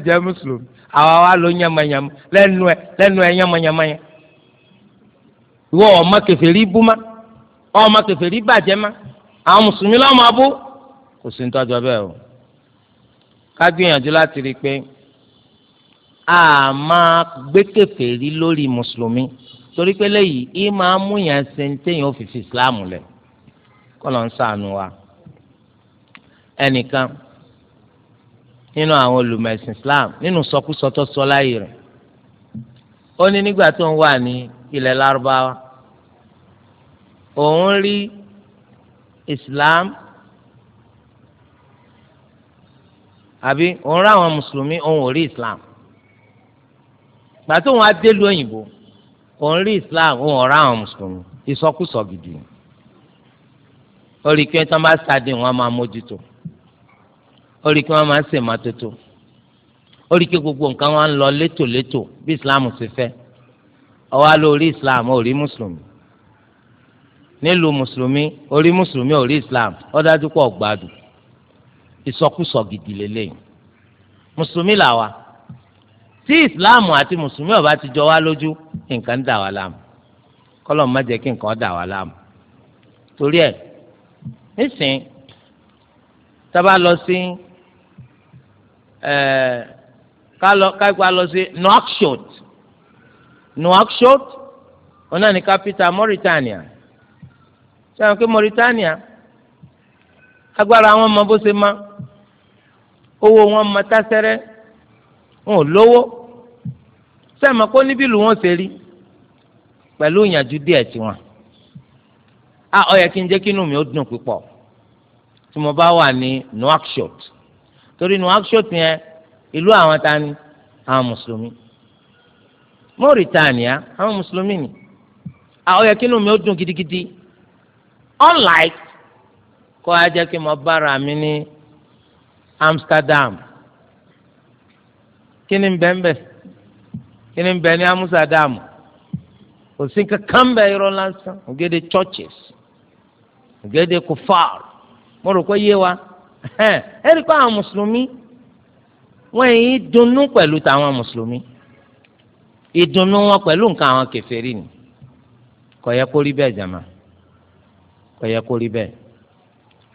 Speaker 1: yẹn mọ̀ àwa wa ló yamayama lẹ́nu ẹ lẹ́nu ẹ yamayama yẹn ìwọ ọmọ kèfèrí bú ma ọmọ kèfèrí bàjẹ́ ma àwọn mùsùlùmí lọ́mọ abú kò sí nítọ́jọ́ bẹ́ẹ̀ o ká gbìyànjú láti rí i pé a máa gbé kèfèrí lórí mùsùlùmí torí pé léyìí í máa mú yàn sèǹtéyàn òfìfì islam lẹ kọ́ ló ń sànù wa ẹnìkan. E nínú àwọn olùmọ̀ẹ̀sìn Islam nínú sọkúsọ tó sọ láyé rẹ̀ ó ní nígbà tó ń wà ní ilẹ̀ lárúbáwá òun rí Islam àbí òun rí àwọn mùsùlùmí òun ò rí Islam gbàtó òun á délùú òyìnbó òun rí Islam òun ò rí àwọn mùsùlùmí ìsọkúsọ gidi ó rí i pé tí wọ́n bá sáde wọn máa mójútó ó rí i kí wọ́n máa ń ṣe màtótó ó rí i kí gbogbo nǹkan wọn lọ létòlétò bí islam ṣe fẹ́ ọwọ́ á lọ orí islam ó mùsùlùmí nílùú mùsùlùmí orí mùsùlùmí orí islam ó dájú pọ̀ gbádùn ìsọkúsọ gidi lélẹ́yìn mùsùlùmí làwa tí islam àti mùsùlùmí ọba ti jọ wá lójú nǹkan dà wá láàmú kọlọ̀ má jẹ́ kí nǹkan dà wá láàmú torí ẹ̀ nísìnyí tá a bá lọ sí. Si, Eh, kágbá lọ sí Nouakchott Nouakchott ọ̀nà ní kápítà Mauritania sẹ́wọ̀n pé Mauritania agbára wọn mọ bó ṣe má owó wọn mọ tásẹ́rẹ́ wọn ò lówó sẹ́wọ̀n kó níbí lù wọ́n ṣe rí pẹ̀lú ìyànjú díẹ̀ tiwọn a ah, ó yẹ kí n jẹ́ kí inú mi ó dùn púpọ̀ tí mo bá wà ní Nouakchott torí Nouakchott yẹn ìlú àwọn ta ni àwọn mùsùlùmí Mauritania àwọn mùsùlùmí ni àwọn yẹ kí inú mi ó dùn gidigidi unlike kọ́ ẹ jẹ́ kí mo bára mi ní Amsterdam kí ni bẹ́ẹ̀ bẹ́ẹ̀ kí ni bẹ́ẹ̀ ní Amsterdam kankan bẹ́ẹ̀ churches mo rò pé ẹ̀rí kọ́ àwọn mùsùlùmí wọ́n yìí dunnú pẹ̀lú tàwọn mùsùlùmí ìdùnnú wọn pẹ̀lú nǹkan àwọn kèfèrí ni kò yẹ kó rí bẹ́ẹ̀ jàmá kò yẹ kó rí bẹ́ẹ̀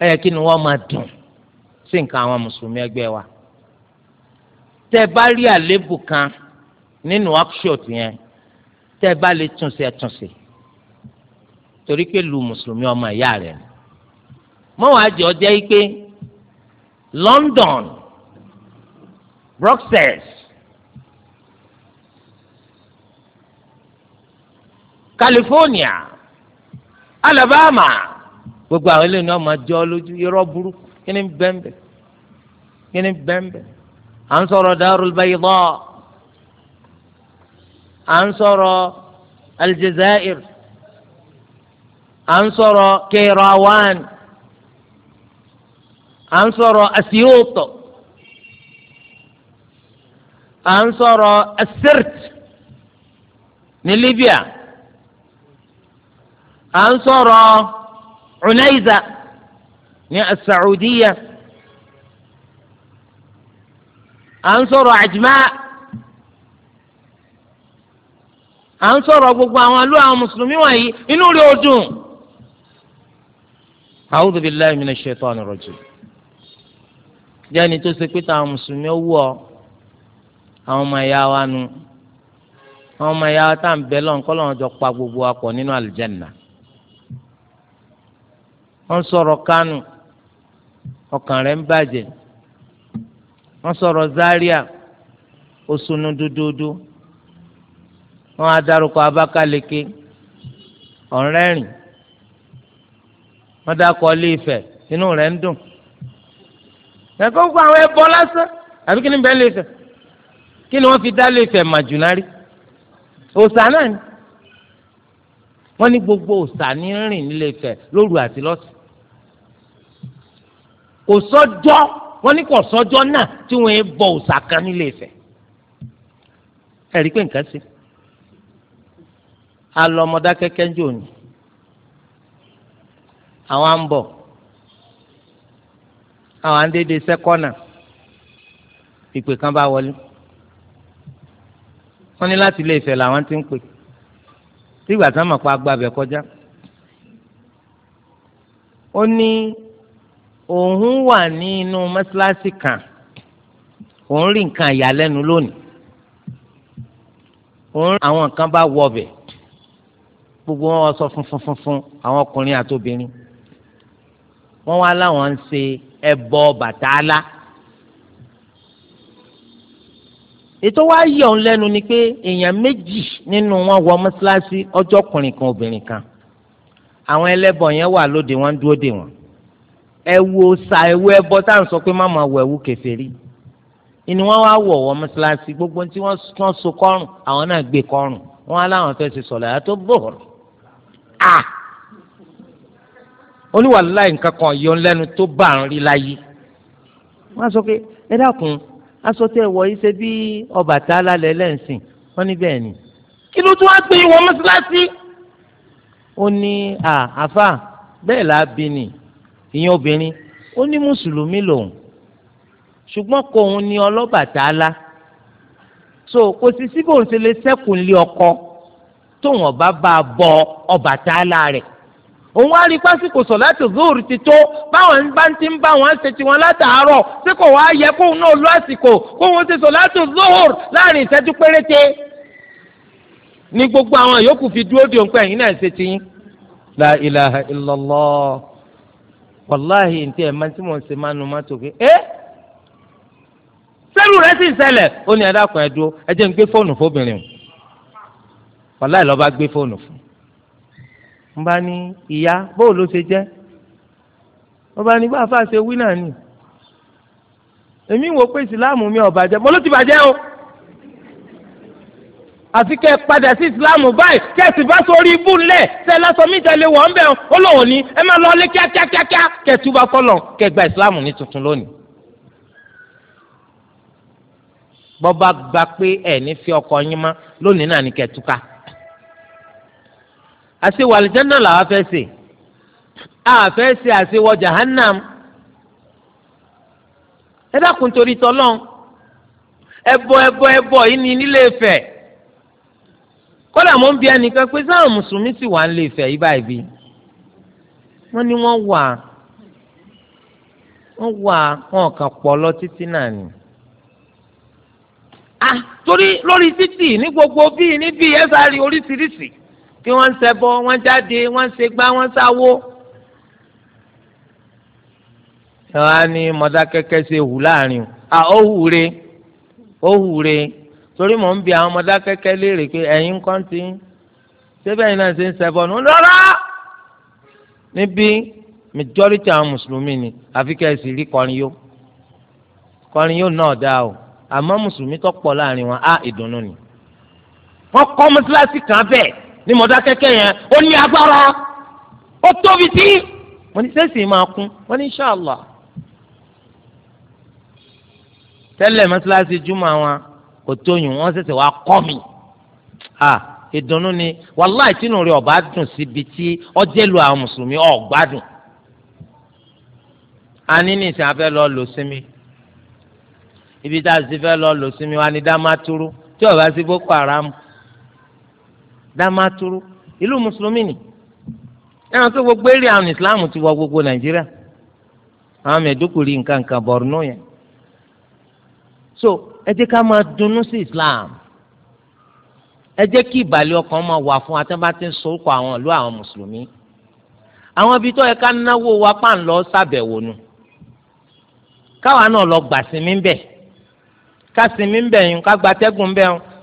Speaker 1: ẹ yẹ kí ni wọ́n máa dùn sí nǹkan àwọn mùsùlùmí ẹgbẹ́ wa tẹ́ bá rí àléébù kan nínú upshot yẹn tẹ́ bá lè túnṣe túnṣe torí pé lu mùsùlùmí ọmọ ìyá rẹ̀ mọ́wàá jẹ́ ọjẹ́ yìí pé London Brussels California Alabama gbogbo àwọn eléyìí náà máa jọ ọ lójú irọ́ burúkú kí ni bẹ́ńbẹ́ kí ni bẹ́ńbẹ́ à ń sọ̀rọ̀ Darul Bayda à ń sọ̀rọ̀ Aljazair à ń sọ̀rọ̀ Kairouan à ń sọ̀rọ̀ àsìyóòtọ̀ à ń sọ̀rọ̀ asirt ní Libya à ń sọ̀rọ̀ Unaiza ní asaudiya à ń sọ̀rọ̀ àjùmá à ń sọ̀rọ̀ gbogbo àwọn ìlú àwọn mùsùlùmí wọ̀nyí inú rí o dùn. A'udhu billahi minash shaitani rajim jẹ́ ẹni tó ṣe pé táwọn mùsùlùmí ó wù ọ́ àwọn ọmọ ẹ̀yà wa nu àwọn ọmọ ẹ̀yà wa tá à ń bẹ lọ́n kọ́ lọ́n jọ pa gbogbo wa pọ̀ nínú àlùjànnà wọ́n sọ̀rọ̀ kánù ọkàn rẹ̀ ń bàjẹ́ wọ́n sọ̀rọ̀ zaria ó sunu dúdúdú wọ́n á dárúkọ ọ̀rẹ́rìn wọ́n dákọ̀ ilé Ifẹ̀ inú rẹ̀ ń dùn ẹ̀kọ́ gbogbo àwọn ẹbọ lásán àbí kí ni bẹ́ẹ̀ lè fẹ́ kí ni wọ́n fi dá lè fẹ́ màjùlárí òòsà náà ni wọ́n ní gbogbo òòsà ní rìn nílé Ifẹ̀ lóru àti lọ́sàn kò sọ́jọ́ wọ́n ní kò sọ́jọ́ náà tí wọ́n ń bọ òòsà kan nílé Ifẹ̀ ẹ̀rí pé nǹkan sí alọ́mọdá kẹ́kẹ́ ń jò ní àwọn à ń bọ̀ àwọn àndéédé sẹ́kọ́nà ìpè kan bá wọlé wọ́n ní láti ilé Ifẹ̀ làwọn ti ń pè sígbà tí wọ́n mọ̀ pa agbábẹ́ kọjá ó ní òun wà nínú mọ́ṣáláṣí kan òun rí nǹkan ìyàlẹ́nu lónìí òun àwọn kan bá wọ gbogbo wọn sọ funfun àwọn ọkùnrin àtobìnrin wọ́n wá láwọn ń ṣe ẹbọ bàtálá ètò wa yọ̀ ń lẹ́nu ni pé èèyàn méjì nínú wọn wọ mọ́ṣáláṣí ọjọ́ ọkùnrin kan obìnrin kan àwọn ẹlẹ́bọ yẹn wà lóde wọn dúró dè wọn ẹ wo sa ẹwú ẹbọ tá à ń sọ pé má máa wọ ẹwú kèfèrí ìní wọn wá wọ wọ mọ́ṣáláṣí gbogbo tí wọ́n tán so àwọn náà gbé kọ́rùn wọn aláwọn fẹ́ ṣe sọ̀lá yàtọ̀ bọ̀ọ̀rọ̀ ah oníwàláì nǹkan kan yọ lẹ́nu tó bá àrùn rí láyé. wọ́n á sọ pé ẹ dákun aṣọ tẹ wọ̀ yìí ṣe bí Ọbàtálá lẹ́lẹ́sìn wọ́n ní bẹ́ẹ̀ ni. kí ló tún wá gbé wọn mọ́ṣáláṣí. ó ní àáfà bẹ́ẹ̀ là bí ni ìyẹn obìnrin ó ní mùsùlùmí lòun ṣùgbọ́n kòun ni ọlọ́bàtálá so kò sì síbò ń ṣe lè sẹ́kùn lé ọkọ tóun ọba bá a bọ Ọbàtálá rẹ̀ òun wá rí pásítọ̀ sọ̀láàtì zuhur ti tó báwọn bá ń ti ń bá wọn ṣe tiwọn látàárọ̀ tí kò wá yẹ kóun náà lọ àsìkò kóun ti sọ̀láàtì zuhur láàrin ìṣẹ́jú péréte ní gbogbo àwọn yòókù fi dúró di òǹkọ ẹ̀yìn náà ṣe tiyín. la ilaha illallah wàláhì ntí ẹ̀ máa tí mò ń ṣe máa nu mọ́tò pé ẹ́ sẹ́rù rẹ̀ sì ṣẹlẹ̀ ó ní ẹ̀dá kan ẹ̀ dúró ẹ jẹ́ ń gbé fóònù fóbìnrin o wàláhì lọ́ọ́ bá n bá ní ìyá bóò ló ṣe jẹ́ wọ́n bá ní bá àfa ṣe wí náà nì èmi wò pé ìsìláàmù mi ò bàjẹ́ mo ló ti bàjẹ́ o àfi kẹ́ ẹ padà sí ìsìláàmù báyìí kẹ́ ẹ sì bá sórí ibú ńlẹ̀ ṣe é lásán mí tẹ̀lé wọ́n ń bẹ̀ ó lòun ní ẹ máa lọ ilé kíákíákíá kẹ́ ẹ túbọ̀ fọlọ̀ kẹ́ ẹ gba ìsìláàmù ní tuntun lónìí. bọ́ bá gba pé ẹ̀ ní fi ọkọ yín mọ́ lónìí náà ní kẹ́ túká àṣewọ àlìjáná làwa fẹ́ ṣe a fẹ́ ṣe àṣewọ jahannam ẹ dákun torí tọ́lọ́n ẹbọ ẹbọ ẹbọ yìí ni nílé Ifẹ̀ kódà mo ń bi ẹnìkan pé sáwọn mùsùlùmí sì wà nílé Ifẹ̀ yìí báyìí bí wọ́n ní wọ́n wà wọ́n wà wọn kàn pọ̀ lọ títí náà ni ah torí lórí títì ní gbogbo bíi níbi ẹ sáré oríṣiríṣi kí wọ́n ń ṣẹbọ wọ́n jáde wọ́n ń ṣègbà wọ́n ń sáwó. ẹ wá ní mọdákẹ́kẹ́ ṣe hù láàrin à ó hù re ó hù re torí mò ń bi àwọn mọdákẹ́kẹ́ léèrè pé ẹ̀yin kan ti ń sẹ́bẹ̀ yìí náà ṣe ń ṣẹbọ nù lọ́rọ́ níbí majority àwọn mùsùlùmí ni àfi kẹ́sì rí kọrin yó kọrin yó náà dá o àmọ́ mùsùlùmí tó pọ̀ láàrin wọn á ìdùnnú ni wọ́n kọ́ mọ́sálásí kan bẹ́ẹ̀ ní mọ̀dákẹ́kẹ́ yẹn ó ní agbára ó tóbi tí wọ́n ní sẹ́sì máa kún wọ́n ní inṣàlá. tẹ́lẹ̀ mọ́sálásí júmọ̀ àwọn òtóyún wọ́n ṣẹ̀ṣẹ̀ wá kọ́ mi ìdùnnú ni wàláì tínú rẹ ọba dùn síbi tí ọjẹ́ lu àwọn mùsùlùmí ọ̀gbádùn. a ní ní ìsìn afẹ́ lọ lò sí mi ibi tá a sì fẹ́ lọ lò sí mi wá ní dá má túrú tí ọba sí boko haram Damaturu ìlú mùsùlùmí ni ẹ̀rọ tó gbogbo eré àwọn ìsìláàmù ti wọ gbogbo Nàìjíríà àwọn mẹ̀dókòrí nǹkan kan Borno yẹn so ẹ jẹ́ ká máa dunnú sí Islam ẹ jẹ́ kí ìbàlẹ̀ ọkàn máa wà fún atẹ́bá tí ń sọ́kọ̀ àwọn ìlú àwọn mùsùlùmí àwọn ibi tó yẹ ká náwó wa pa ń lọ ṣàbẹ̀wò nu káwa náà lọ gbà sinmi ń bẹ̀ ká sinmi ń bẹ̀ yín ká gbatẹ́gùn bẹ̀ yín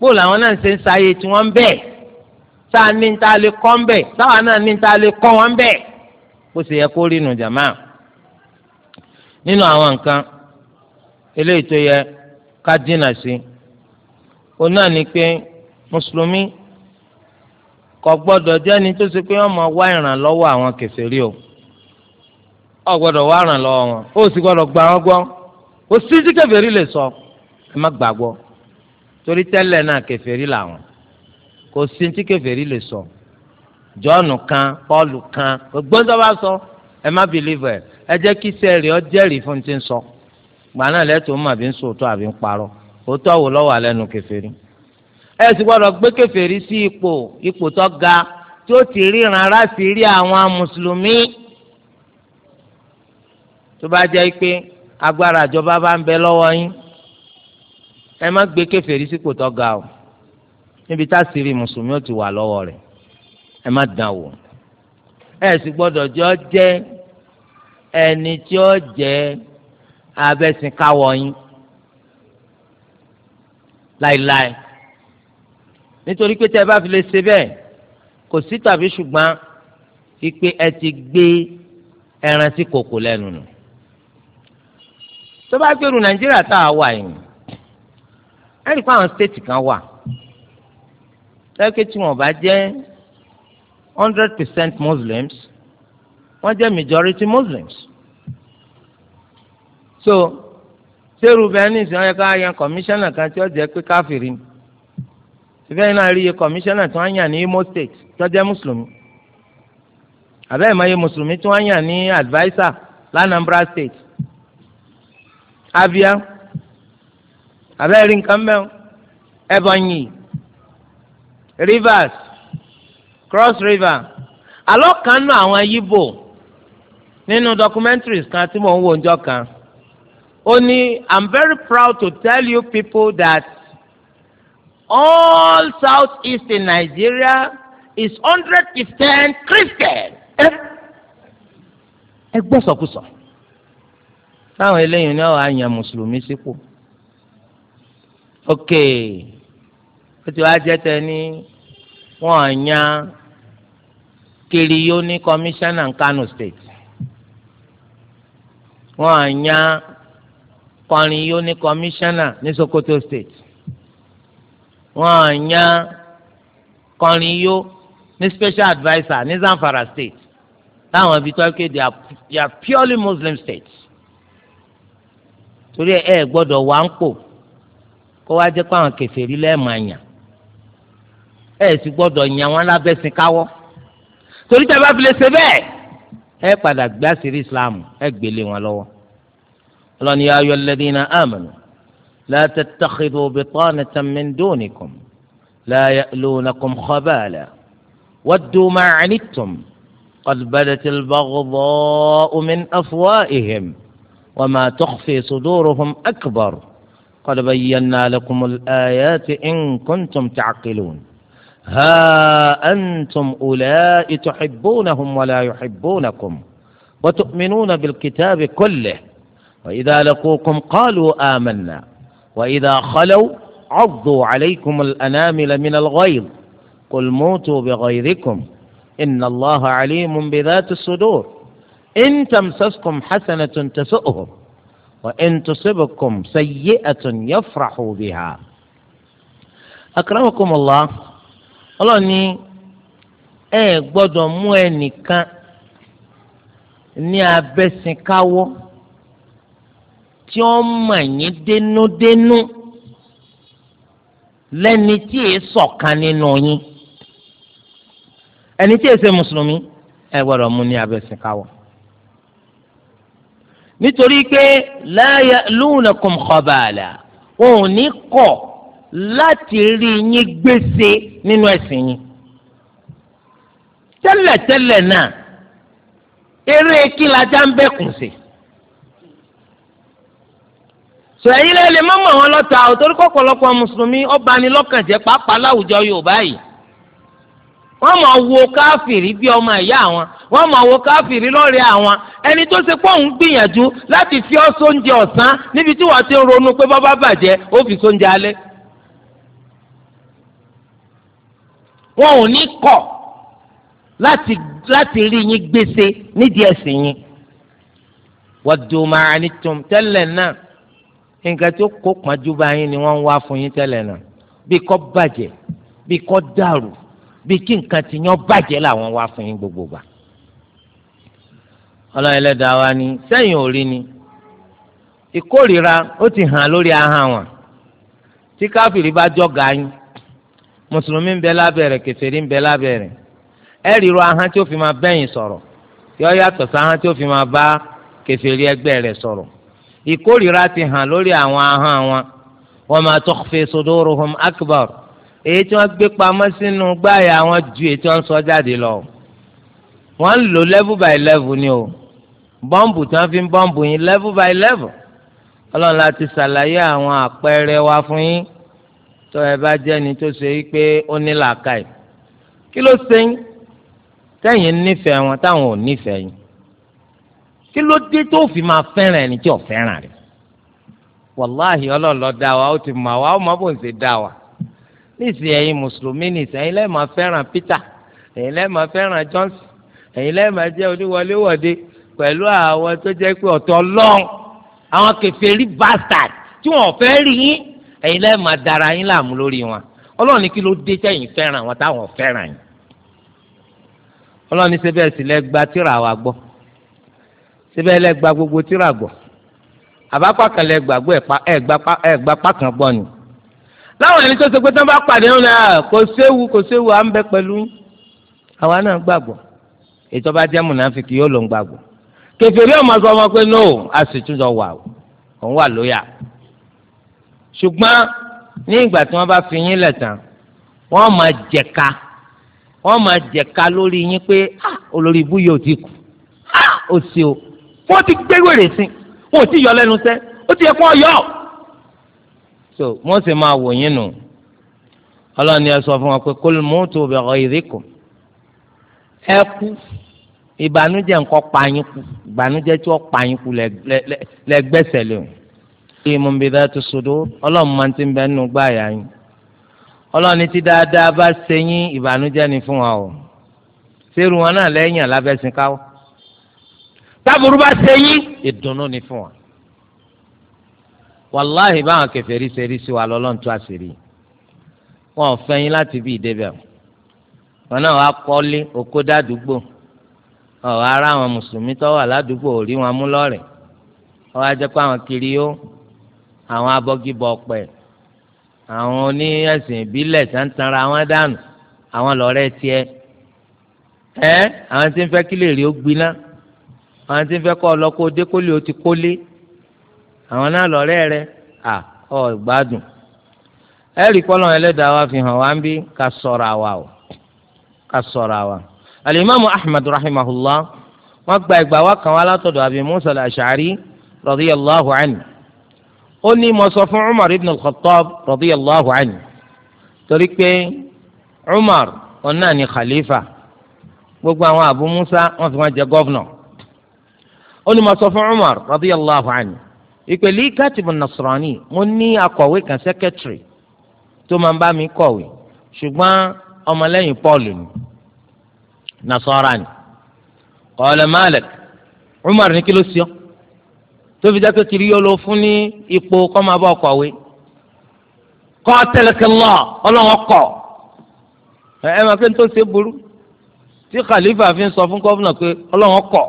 Speaker 1: bóòlù àwọn náà ṣe ń ayé tí wọ́n ń bẹ̀ sáà ní níta lè kọ́ bẹ̀ sáà náà ní lè wọn bẹ̀ yẹ kó rí nu jàmá nínú àwọn nǹkan eléyìí tó yẹ ká dínà sí náà ni pé mùsùlùmí kò gbọ́dọ̀ jẹ́ni tó ṣe pé wọ́n wá ìrànlọ́wọ́ àwọn o ọ gbọ́dọ̀ wá ìrànlọ́wọ́ wọn ó sì gbọ́dọ̀ gbà wọ́n gbọ́ sì lè sọ ẹ má gbàgbọ́. torí tẹ́lẹ̀ náà kèfèrí làwọn kò sí ní tí lè sọ jọ́ọ̀nù kan pọ́ọ̀lù kan gbọ́n tó bá sọ ẹ má bìlíìfù ẹ ẹ jẹ́ kí sẹ́ẹ̀rì ọ jẹ́rìí fún ti ń sọ gbà náà lẹ́tọ̀ọ́ mọ̀ àbí ń sòótọ́ àbí ń parọ́ òótọ́ wò lọ́wọ́ àlẹ́nu kèfèrí ẹ sì gbọ́dọ̀ gbé kèfèrí sí ipò ipò tó ga tí ó ti ríran láti rí àwọn mùsùlùmí tó bá jẹ́ pé agbára ìjọba bá ń bẹ lọ́wọ́ yín ẹ má gbé kèfèrí sípò tó ga o níbi tá a sì rí mùsùlùmí ó ti wà lọ́wọ́ rẹ̀ ẹ má dán wò ẹ sì gbọ́dọ̀ jọ jẹ́ ẹni tí ó jẹ́ abẹ́sìnkáwọ́ yín láìláì nítorí pé tẹ́ bá fi lè ṣe bẹ́ẹ̀ kò sí tàbí ṣùgbọ́n ipe ẹ ti gbé ẹran sí kòkò lẹ́nu nù tó bá gbèrú Nàìjíríà tá a wà yìí ẹ rí i pé àwọn stéètì kan wà lẹ́kẹ́ tí wọ́n bá jẹ́ hundred percent muslims wọ́n jẹ́ majority muslims so sẹ́rù bẹ́ẹ̀ ní ìsìn ọ̀yẹ́ ká yan kọmíṣánná kan tí ó jẹ́ pé káfíìrì ìfẹ́ náà rí iye kọmíṣánná tí wọ́n yàn ní Imo state tó jẹ́ mùsùlùmí àbẹ́ẹ̀ mọ iye mùsùlùmí tí wọ́n yàn ní adviser l'Anambra state Abia abẹ́rẹ́ nǹkan mẹ́wọ́n Ebonyi Rivers Cross River alọ́kànnú àwọn Yíbò nínú documentaries kan tí mò ń wo ọjọ́ kan ó ní I'm very proud to tell you people that all south east in Nigeria is hundred percent Christian. Eh? ẹ gbọ́sọ̀kúsọ táwọn eléyìí ni ọ̀ á yan mùsùlùmí sípò. Si ok ó ti wá jẹ́ tẹ́ni wọ́n á kiri yóò ní kọmíṣánná Kano state wọ́n á yan kọrin yóò ní kọmíṣánná ní Sokoto state wọ́n á yan kọrin yóò ní special adviser ní Zamfara state táwọn ibi tó ké are purely Muslim states torí ẹ ẹ gbọ́dọ̀ wà ń pò. kó wá jẹ́ pé àwọn kẹfẹ́ kèfèrí lẹ́ẹ̀mọ̀ àyàn ẹ̀ sì gbọ́dọ̀ yàn wọ́n lábẹ́sìn káwọ́ torí tẹ́ bá fi lè ṣe bẹ́ẹ̀ ẹ padà gbé àṣírí islam ẹ gbélé wọn lọ́wọ́ ọlọ́ni yà ayọ̀ alladhina amanu la tattakhidhu bitanatan min dunikum la ya'lunakum khabala waddu ma anittum qad badatil baghdha'u min afwa'ihim wa ma tukhfi suduruhum akbar. قد بينا لكم الآيات إن كنتم تعقلون ها أنتم أولئك تحبونهم ولا يحبونكم وتؤمنون بالكتاب كله وإذا لقوكم قالوا آمنا وإذا خلوا عضوا عليكم الأنامل من الغيظ قل موتوا بغيظكم إن الله عليم بذات الصدور إن تمسسكم حسنة تسؤهم wa in tusibukum sayyi'atun yafrahu biha. akramakumullah ọlọ́ni ẹ gbọ́dọ̀ mú ẹnìkan ní abẹ́sìnkáwọ́ tí ó mọ̀ yín dénúdénú lẹ́ni tí èé ṣọ̀kan nínú yín ẹni tí èé ṣe mùsùlùmí ẹ gbọ́dọ̀ mú ní abẹ́sìnkáwọ́ nítorí pé la ya'lunakum khabala wọn ò ní kọ̀ láti rí yín gbèsè nínú ẹ̀sìn yín. tẹ́lẹ̀tẹ́lẹ̀ náà eré kílájà ń bẹ̀kùn sí. sọ èyí lẹ́lẹ̀ mọ́mọ́ wọn lọ́ta òtórí kọ́kọ́lọ́kọ́ mùsùlùmí ọba ni lọ́kànjẹ́ pàápàá láwùjọ Yorùbá yìí wọ́n máa wo káfìrí bí ọmọ ìyá wọn wọ́n máa wo káfìrí lọ́rẹ̀ẹ́ àwọn ẹni tó ṣe pé òun gbìyànjú láti fi ọ́ sóúnjẹ ọ̀sán níbi tí wọ́n ti ń ronú pé bọ́bá bàjẹ́ ó fi sóúnjẹ alẹ́. wọn ò ní kọ̀ láti láti rí yín gbèsè nídìí ẹ̀sìn yín. wàdùn màá ní tòun tẹ́lẹ̀ náà nǹkan tó kó pọ́njú bá yín ni wọ́n ń wá fún yín tẹ́lẹ̀ náà bí kò bàjẹ́ bí kò dàrú bí kí nǹkan ti yàn bàjẹ́ làwọn wá fún yín gbogbo gbà. ọlọ́run ẹlẹ́dàá wa ni sẹ́yìn ò rí ni ìkórìíra ó ti hàn lórí ahọ́n wọn tí káfíìrì bá jọ̀gá yín mùsùlùmí ń bẹ lábẹ́rẹ̀ kèfèrí ń bẹ lábẹ́rẹ̀ ẹ ríro ahọ́n tí ó fi máa bẹ́yìn sọ̀rọ̀ yọ yàtọ̀ sáhọ́n tí ó fi máa bá kèfèrí ẹgbẹ́ rẹ̀ sọ̀rọ̀ ìkórìíra ti hàn lórí àwọn ahọ́n wọn wa ma tukhfi suduruhum akbar èyí tí wọ́n gbé pamọ́ sínú gbáyà wọn ju èyí tí wọ́n sọ jáde lọ wọ́n ń lò level by level ni o bọ́ǹbù tí wọ́n fi ń bọ́ǹbù yín level by level ọlọ́run la ti ṣàlàyé àwọn àpẹẹrẹ wa fún yín tó ẹ bá jẹ́ ẹni tó ṣe yí pé ó ní làákàyè kí ló ṣe yín tẹ́yìn nífẹ̀ẹ́ wọn táwọn ò nífẹ̀ẹ́ yín kí ló dé tó fi máa fẹ́ràn ẹni tí ò fẹ́ràn rẹ̀ wàláhì ọlọ́run ló dá wa ó ti mọ̀ wá ó mọ̀ bó ń ṣe dá wa nísìnyí ẹ̀yin mùsùlùmí nìsín ẹ̀yin lẹ́ẹ̀ máa fẹ́ràn Peter ẹ̀yin lẹ́ẹ̀ máa fẹ́ràn Johnson ẹ̀yin lẹ́ẹ̀ máa jẹ́ oníwọléwọ̀de pẹ̀lú àwọn tó jẹ́ pé ọ̀tọ̀ lọ́n àwọn kèfèrí bastard tí wọ́n fẹ́ rí yín ẹ̀yin lẹ́ẹ̀ máa dara yín láàmú lórí wọn ọlọ́ọ̀ni kí ló dé tẹ̀yìn fẹ́ràn wọn táwọn fẹ́ràn yín ọlọ́ọ̀ni síbẹ̀ sì lẹ́ gba tíra wa gbọ́ síbẹ̀ lẹ́ gba gbogbo tíra gbọ́ àbápá kan lẹ́ gbàgbọ́ ẹ̀ gba pákan gbọ́ ni láwọn ẹni tó ṣe pé tí wọ́n bá pàdé wọn náà ah, kò séwu kò séwu à ń bẹ pẹ̀lú àwa náà gbàgbọ́ ètò bá jẹ́ mùnàfíkì yóò ló ń gbàgbọ́ kẹfẹ́rí ọmọ sọ wọn pé no a sì tún jọ wà òun wà lóyà ṣùgbọ́n ní ìgbà tí wọ́n bá fi yín lẹ̀ wọ́n máa jẹ̀ka wọ́n máa jẹ̀ka lórí yín pé ah, olórí ibú yóò ti kù ah, ó sì o wọ́n ti gbé sí wọ́n ò tí yọ lẹ́nu sẹ́ ó ti yẹ kó yọ ọ́ so wọ́n sì máa wò yín nù ọlọ́ni ẹ sọ fún wọn pé kul mutu bi ghayrikum ẹ kú ìbànújẹ́ nǹkan pààyàn kú ìbànújẹ́ tí wọ́n pààyàn kú lẹ́gbẹ́sẹ̀ lé o. ṣé mo ń bi dá tó sodó ọlọ́run máa ti ń bẹ nínú gbáàyà yín ọlọ́run ti dáadáa bá ṣe yín ìbànújẹ́ ni fún wa o ṣerú wọn náà lẹ́yìn alábẹ́sìn táburú bá ṣe yín ìdùnnú ni fún wa wàláhì báwọn kèfèrí ṣerí sí wa lọ́lọ́run tó àṣírí wọn ò fẹ́yìn láti bí ìdébẹ̀ wọn náà wá kọ́lé okó dádúgbò ọ̀rọ̀ ara àwọn mùsùlùmí tó wà ládùúgbò ò rí wọn mú lọ́rẹ̀ wọ́n á jẹ́ pé àwọn kiri ó àwọn abọ́gibọ̀ ọ̀pẹ̀ àwọn oní ẹ̀sìn ìbílẹ̀ tantanra wọn dànù àwọn lọ́rẹ́ tiẹ̀ ẹ́ àwọn tí ń fẹ́ kí lè rí ó gbiná àwọn tí ń fẹ́ kọ́ ọ lọ kó dé kólé ó ti kólé àwọn náà lọ́rẹ́ rẹ à ọ gbádùn ẹ̀rí kọ́lọ́ ẹlẹ́dàá wa fi hàn wá ń bí ká sọ̀rọ̀ àwa o ká sọ̀rọ̀ àwa. alimami ahmed rahimahullah wọ́n gba ìgbà wa kan wá látọ̀dọ̀ abi musa al-ashari radiyallahu anhu ó ní mo sọ fún umar ibn al-khattab radiyallahu anhu torí pé umar ọ̀nà ni khalifa gbogbo àwọn abu musa wọ́n fi wọ́n jẹ gọ́vnọ̀ ó ní mo sọ fún umar radiyallahu anhu ìpèlè kátìbù nasrani mo ní akọ̀wé kan sẹ́kẹ́tìrì tó máa ń bá mi kọ̀wé ṣùgbọ́n ọmọlẹ́yìn paul ni nasara ni qala malik umar ní kí ló sọ tó fi dákẹ́ kiri yóò lọ fún ní ipò kọ́ máa bá kọ̀wé qatalakillah ọlọ́wọ́ kọ̀ ẹ ẹ máa fi ń tó ṣe burú tí khalifa fi ń sọ fún gọ́vùnà pé ọlọ́wọ́ kọ̀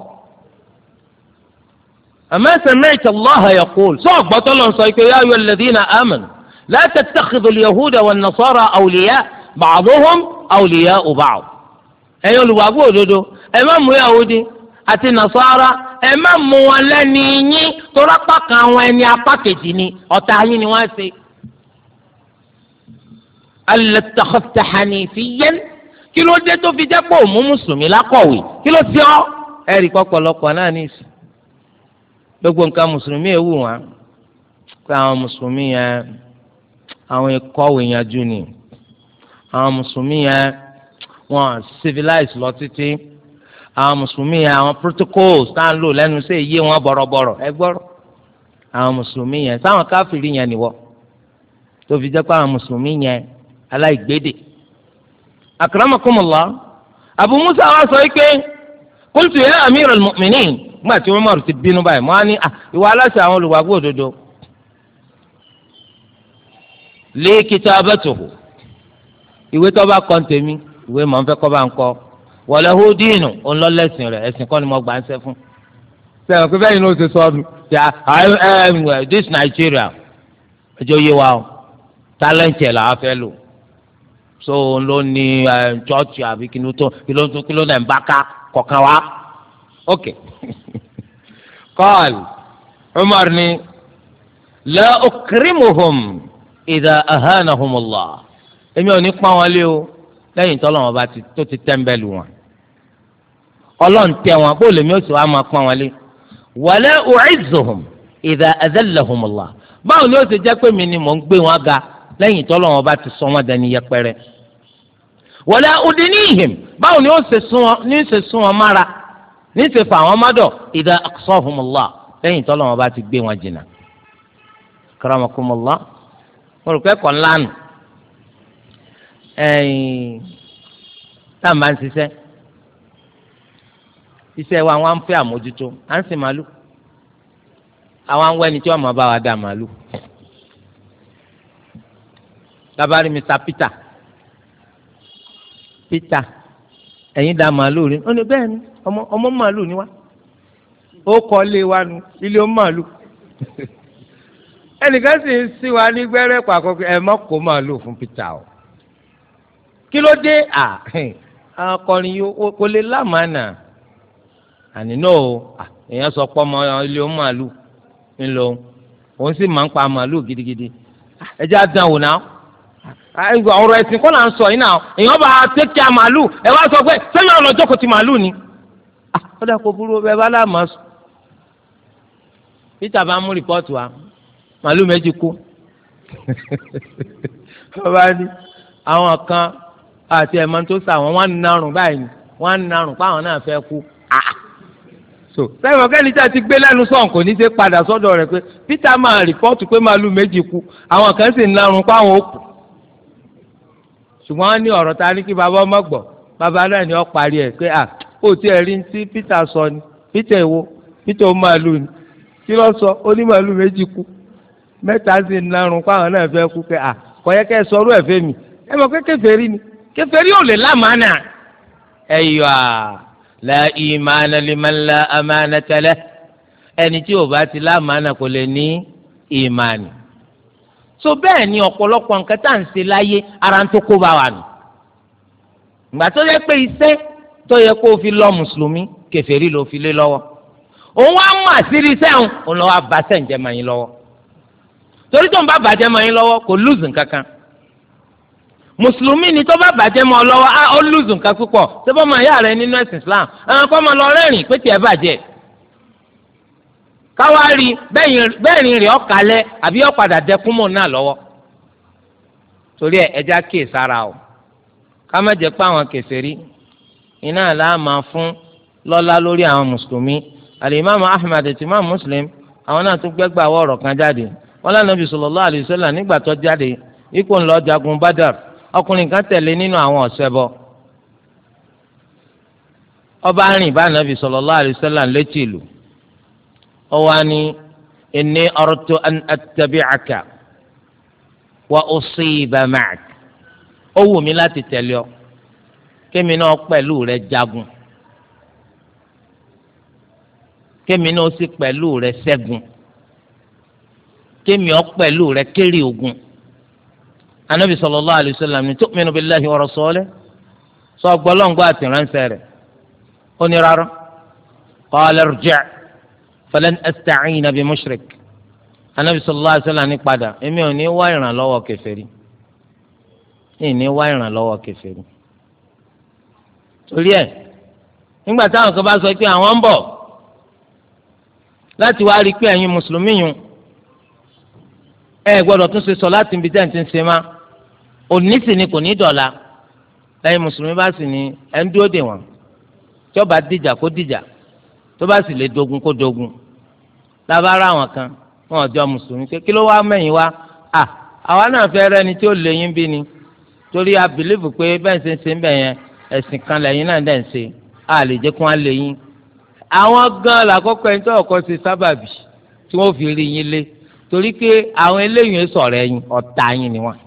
Speaker 1: أما سمعت الله يقول صعب بطل صحيح يا أيها الذين آمنوا لا تتخذوا اليهود والنصارى أولياء بعضهم أولياء بعض ẹ̀yin olùwàgbọ́ òdodo ẹ má mú yahudi àti nasara ẹ má mú wọn lẹ́ni yín torí apá kan àwọn ẹni apá kejì ni ọ̀tá yín ni wọ́n ṣe. alẹ́tàkọ́tà hànífíyẹ́n kí ló dé tó fi jẹ́ pé òmù mùsùlùmí lákọ̀wé kí ló ṣe ọ́ ẹ̀rí pọ̀pọ̀lọpọ̀ náà ní ìsìn gbogbo nǹkan mùsùlùmí ewu wọn pé àwọn mùsùlùmí yẹn àwọn ìkọ̀wé yẹn jù ni àwọn mùsùlùmí yẹn wọn civilize lọ títí àwọn mùsùlùmí yẹn àwọn protocols tá à ń lò lẹ́nu sí iye wọn bọ̀rọ̀bọ̀rọ̀ ẹ gbọ́rọ̀ àwọn mùsùlùmí yẹn sáwọn káfíìrì yẹn nìwọ tó fi jẹ́ pé àwọn mùsùlùmí yẹn aláìgbédè akramakumullah Abu Musa wa sọ pé qultu ya amir al nígbà tí Umar ti bínú báyìí mo á ní ìwà aláṣẹ àwọn olùwàgbọ́ òdodo lé kitabatuhu ìwé tó bá kọ́ tèmi ìwé mọ̀ ń fẹ́ kọ́ bá ń kọ́ walahu dinu òun lọ lẹ́sìn rẹ̀ ẹ̀sìn kọ́ ni mo gbà ń sẹ́ fún. sẹ́wọ̀n pé bẹ́ẹ̀ ni ó ti sọ ọ́nù ya this Nigeria ẹjọ́ yé wa o talent ẹ̀ là á fẹ́ lò so òun ló ní church àbí kí ló tó kí ló ń bá ká kọ̀ọ̀kan wa. اوكي قال عمر ني لا اكرمهم اذا اهانهم الله èmi ò ní pọ́n wọn lé o lẹ́yìn tó Ọlọ́run bá tó ti tẹ́ńbẹ́lú wọn Ọlọ́run tẹ wọn bó lèmi ó sì wá máa pọ́n wọn lé wala u'izzuhum idha adhallahum Allah báwo ni ó ti jẹ́ pé mi ni mò ń gbé wọn ga lẹ́yìn tó Ọlọ́run bá ti sọ wọn dání yẹpẹrẹ wala udinihim báwo ni ó ṣe sún wọn mára níṣẹ́ fà wọ́n mọ́dọ̀ ìdá aqsahumullah lẹ́yìn tọ́lọ́ wọn bá ti gbé wọn jìnnà karamakumullah mo rò pé kàn lánà ẹ̀yìn tá a ń ṣiṣẹ́ iṣẹ́ wa wọ́n fẹ́ àmójútó à ń sìn màálù àwọn àwọn ẹni tí máa wa dá màálù Mr. Peter Peter ẹ̀yin dá màálù rí ó ní bẹ́ẹ̀ ọmọ ọmọ màálù ni wá ó kọ́ lé wa nu ilé ó màálù ẹnìkan sì ń sí wa ní gbẹ́rẹ́ pàkọ́ ẹ má kó màálù fún Peter o kí ló dé à akọrin yìí kò lè lámàánà àní náà o èèyàn sọ pé ọmọ ilé ó màálù ńlọ òun sì máa ń pa màálù gidigidi ẹ jẹ́ àdánwò náà ọ̀rọ̀ ẹ̀sìn kọ́ là ń sọ yìí náà èèyàn bá tẹ́kí a màálù ẹ wá sọ pé sẹ́yìn ọ̀nà ọjọ́ kò ti màálù ni ó dà kó burú bẹ́ẹ̀ bá láàmú sùn peter bá mú rìpọ́tù wa màálù méjì kú bàbá ní àwọn kan àti ẹ̀mọ́ tó sà wọ́n wá ń báyìí wọ́n á páwọn náà fẹ́ kú ah! so sẹ́yìn ọ̀gá ẹni tí a ti gbé lẹ́nu sọ̀n kò ní í ṣe padà sọ́dọ̀ rẹ̀ pé peter máa rìpọ́tù pé màálù méjì kú àwọn kan sì ń páwọn ó kù ṣùgbọ́n ní ọ̀rọ̀ ta ní kí bàbá ọmọ gbọ́ bàbá náà ni ó parí ẹ̀ pé à ó tiẹ̀ rí ti Peter sọ ni Peter wo Peter ó máa lù ni kí ló sọ onímọ̀lù méjì kú mẹ́ta sì ń narun fáwọn náà fẹ́ kú pé à kọ́yẹ́kẹ́ sọ̀rọ̀ ẹ̀ fẹ́ mi ẹ mọ̀ pé kèfèrí ni kèfèrí ò lè lámàánà ẹ yọ à la ìmàánà liman la àmàánà tẹ́lẹ̀ ẹni tí ò bá ti lámàánà kò lè ní ìmàánì so bẹ́ẹ̀ ni ọ̀pọ̀lọpọ̀ nǹkan tá à ń ṣe láyé ara ń tó kó bá wa nù ìgbà tó yẹ pé iṣẹ́ tó yẹ kó o fi lọ mùsùlùmí kèfèrí ló fi lé lọ́wọ́ òun wá mú àṣírí sẹ́hùn òun lọ́wọ́ abàṣẹ́ ǹjẹ́ máa yín lọ́wọ́ torí tó ń bá bàjẹ́ máa yín lọ́wọ́ kò lùzù kankan mùsùlùmí ni tó bá bàjẹ́ máa lọ́wọ́ á ó lùzù nǹkan púpọ̀ tó bá máa yá rẹ nínú ẹ̀sìn Islam àwọn kan máa lọ rẹ́rìn pé tiẹ̀ bàjẹ́ káwá rí bẹ́ẹ̀rin rẹ̀ ọ̀kalẹ̀ àbí ọ̀padà dẹkùn mọ́ náà lọ́wọ́ torí ẹ̀ ẹja kíyè sára o ká má jẹ́ àwọn kèfèrí iná àlá máa fún lọ́la lórí àwọn mùsùlùmí alimami ahmed ti muslim àwọn náà tún gbẹ́gbà wọ ọ̀rọ̀ kan jáde wọn lánàá bí sallallahu alaihi nígbà jáde ńlọ jagun badar ọkùnrin kan tẹ̀lé nínú àwọn ọba bá nàbì létí ìlú ni ó wù mí láti tẹ̀lé ọ kémi náà pẹ̀lú rẹ jagun kémi náà sì pẹ̀lú rẹ ṣẹ́gun kémi ọ pẹ̀lú rẹ kéré ogun anabi sallallahu alayhi wa sallam ni tu'minu billahi wa rasulihi sọ gbọlọǹgbọ àti ránṣẹ́ rẹ̀ ó ní rárá qala irji' falan asta'ina bi mushrik anabi sallallahu alayhi ní padà èmi ò ní wá ìrànlọ́wọ́ kèfèrí ìní wá ìrànlọ́wọ́ kèfèrí torí ẹ̀ nígbà táwọn kan bá sọ pé àwọn ń bọ̀ láti wá rí i pé ẹ̀yin mùsùlùmí yun ẹ gbọ́dọ̀ tún ṣe sọ láti ibi tẹ́ ẹ̀ ti ń ṣe má òní sì ni kò ní dọ̀la lẹ́yìn mùsùlùmí bá sì ní ẹ̀ ń dúró dè wọ́n tí dìjà kó dìjà tó bá sì lè dogun kó dogun lábára àwọn kan wọn ò jọ mùsùlùmí pé kí ló wá mẹ́yìn wá à àwa náà fẹ́ rẹ́ni tí ó lè yín bí ni torí a bìlíìfù pé bẹ́ẹ̀ ṣe ń ṣe ń bẹ̀ yẹn ẹ̀sìn kan lẹ́yìn náà dẹ̀ ń ṣe a lè jẹ́ kó wọ́n lé yín. àwọn gan làkọ́kọ́ ẹni tó ọkọ ṣe sábàbí tí wọ́n fi rí yín lé torí pé àwọn eléyìí sọ̀rọ̀ ẹ̀yìn ọ̀tá yín ni wọ́n.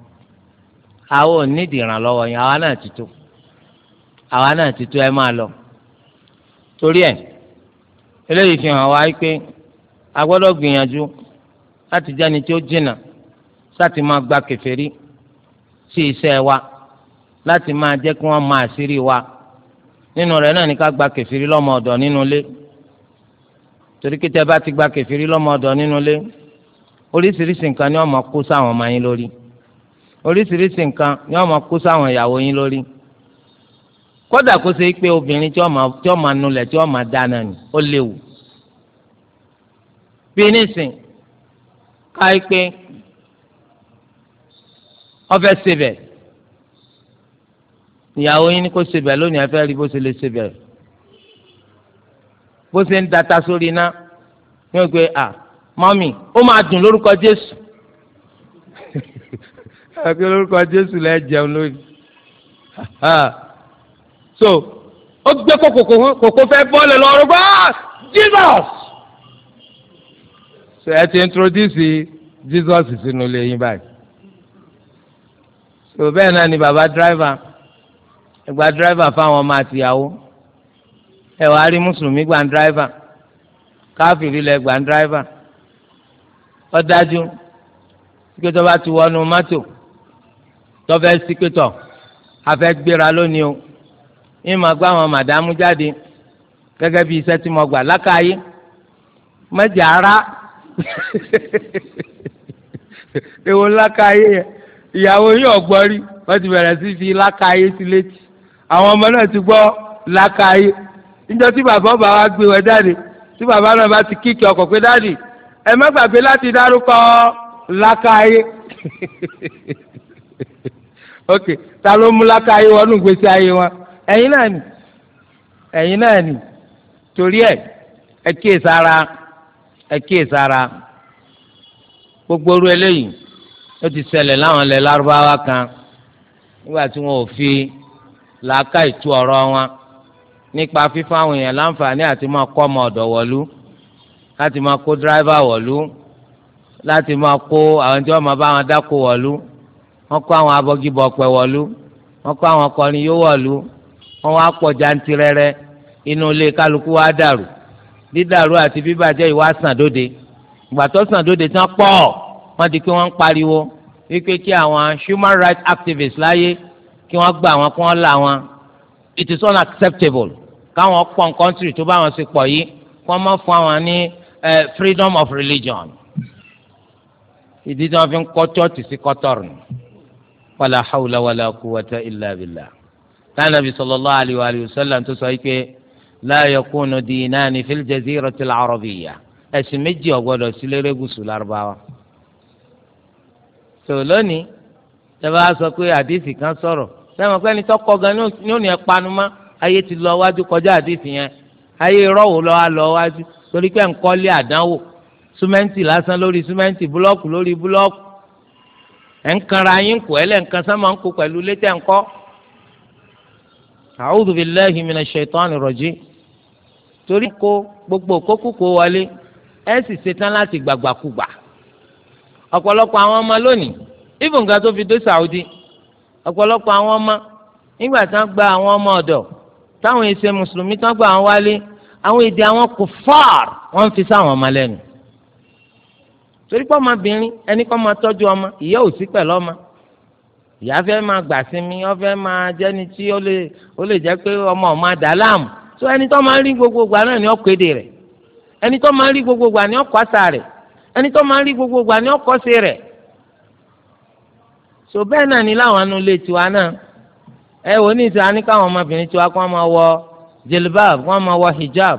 Speaker 1: àwọn ò nídìí ìrànlọ́wọ́ yín àwa náà ti tó àwa náà ti tó ẹ máa lọ. torí ẹ̀ eléyìí fi hàn wá pé a gbọ́dọ̀ gbìyànjú láti jẹ́ni tí ó jìnnà sáti máa gba kèfèrí sí iṣẹ́ wa láti máa jẹ́ kí wọ́n máa ṣírí wa nínú rẹ̀ náà ní ká gba kẹfìrí lọ́mọ ọ̀dọ̀ nínú ilé torí kí tẹ́ bá ti gba kẹfìrí lọ́mọ ọ̀dọ̀ nínú ilé oríṣiríṣi nǹkan ni wọ́n máa kó sáwọn ọmọ yín lórí oríṣiríṣi nǹkan ni wọ́n máa kó sáwọn ìyàwó yín lórí kódà kó ṣe pé obìnrin tí wọ́n máa nulẹ̀ tí wọ́n máa dáná ni ó léwu bí nísìn ká pé ọfẹ sebẹ ìyàwó yín ni kò sebẹ lónìí afẹ rí bó ṣe lè sebẹ bó ṣe ń data sórí iná ní o gbé a mọ́mì ó máa dùn lórúkọ jésù àti lórúkọ jésù lẹ́ jẹun lónìí so ó gbé kòkó fẹ́ bọ́ọ̀lù lọ́rùn bá jesus so ẹ ti introduce jesus sínú ilé yín báyìí so bẹ́ẹ̀ náà ni bàbá dírẹ́fà ẹgbà dírẹ́fà fáwọn ọmọ àtìyàwó ẹ wàá rí mùsùlùmí gbà ń dírẹ́fà káfíìrì lẹ gbà ń dírẹ́fà ó dájú síkẹ́tọ̀ bá ti wọnú mọ́tò tọ́fẹ́ síkẹ́tọ̀ afẹ́ gbéra lónìí o yín gbọ́ àwọn màdámù jáde gẹ́gẹ́ bí iṣẹ́ tí mo gbà lákàáyé mẹ́jà ara ewo lákàáyé yẹn ìyàwó yín ọ̀gbọ́n rí wọ́n ti bẹ̀rẹ̀ sí fi lákàáyé sí létí àwọn ọmọ náà ti gbọ́ lákàáyé níjọ́ tí bàbá ọba wa gbé wọn jáde tí bàbá náà bá ti kíkì ọkọ̀ pé dáàdì ẹ má gbàgbé láti dárúkọ lákàáyé ok ta ló mú lákàáyé wọnú gbèsè ayé wọn ẹ̀yin náà nì ẹ̀yin náà nì torí ẹ̀ ẹ kíyèsára ẹ kíyèsára gbogbo oru eléyìí ó ti ṣẹlẹ̀ láwọn ilẹ̀ lárúbáwá kan nígbà tí wọn ò fi làákà ìtú ọ̀rọ̀ wọn nípa fífún àwọn èèyàn láǹfààní àti máa kọ́ ọmọ ọ̀dọ̀ wọ̀lú láti máa kó dírẹ́fà wọ̀lú láti máa kó àwọn tí wọ́n máa bá wọn dáko wọ̀lú wọ́n kó àwọn abọ́gibọ̀pẹ̀ wọ̀lú wọ́n kó àwọn akọrin yó wọ̀lú wọ́n wá pọ̀ jantirẹrẹ inú ilé kálukú wá dàrú dídàrú àti bíbàjẹ́ ìwà sàn dóde ìgbà sàn dóde tán pọ̀ wọ́n di pé wọ́n ń pariwo wípé kí àwọn human rights activists láyé kí wọ́n gbà wọn kí wọ́n là wọn it is unacceptable káwọn pọ̀ kọ́ńtìrì tó bá wọn ṣe pọ̀ yìí kí wọ́n má fún àwọn ní freedom of religion ìdí tí wọ́n fi ń kọ́ chọ́ọ̀tì sí kọ́tọ́rù wàlà hàwùlà wàlà kúwàtà ìlà bìlà tánàbí sallallahu alayhi wa sallam tó sọ wípé la yakunu dinani fil jaziratil arabiyya ẹ̀sìn méjì ò gbọdọ̀ sí lérégùsù lárúbáwá tò lónìí tẹ́lẹ̀ sọ pé àdìsí kan sọ̀rọ̀ sẹ́wọ̀n pé ẹni tó kọ gan ní òní ẹ̀ panu mọ́ ayé ti lọ wájú kọjá àdìsí yẹn ayé rọ́wọ́ lọ́ wa lọ wájú torí pé ńkọ́lé àdánwò súmẹ́ǹtì lásán lórí súmẹ́ǹtì búlọ́ọ̀kù lórí búlọ́ọ̀kù ẹ̀ ń kanra yín kù ẹ̀ lẹ́ ń kan sánmà ń kú pẹ̀lú létẹ̀ ńkọ́. A'udhu billahi minash ọ̀pọ̀lọpọ̀ àwọn ọmọ lónìí ibùngàn tó fi dé Saudi ọ̀pọ̀lọpọ̀ àwọn ọmọ nígbà tí wọ́n gba àwọn ọmọ ọ̀dọ̀ táwọn èsè mùsùlùmí tí wọ́n gba àwọn wálé àwọn èdè àwọn kùfàr wọ́n fi sáwọn ọmọ lẹ́nu torí pé ọmọbìnrin ẹni kọ́ máa tọ́jú ọmọ ìyá ò sí pẹ̀lú ọmọ ìyá fẹ́ máa gbà sí mi ọ fẹ́ máa jẹ́ni tí ó lè ó jẹ́ pé ọmọ ọ̀ máa láàmú tó ẹni tó máa ń rí gbogbo ìgbà náà ni ọkọ̀ èdè rẹ̀ ẹni tó máa ń rí gbogbo ìgbà ni ọkọ̀ àṣà rẹ̀ ẹni máa ń rí gbogbo ni ọkọ rẹ̀ so bẹ́ẹ̀ náà ni láwọn anú ilé tiwa náà ẹ wò ní ìsìn àní káwọn ọmọbìnrin tiwa kó wọn máa wọ jelibab kó wọn máa wọ hijab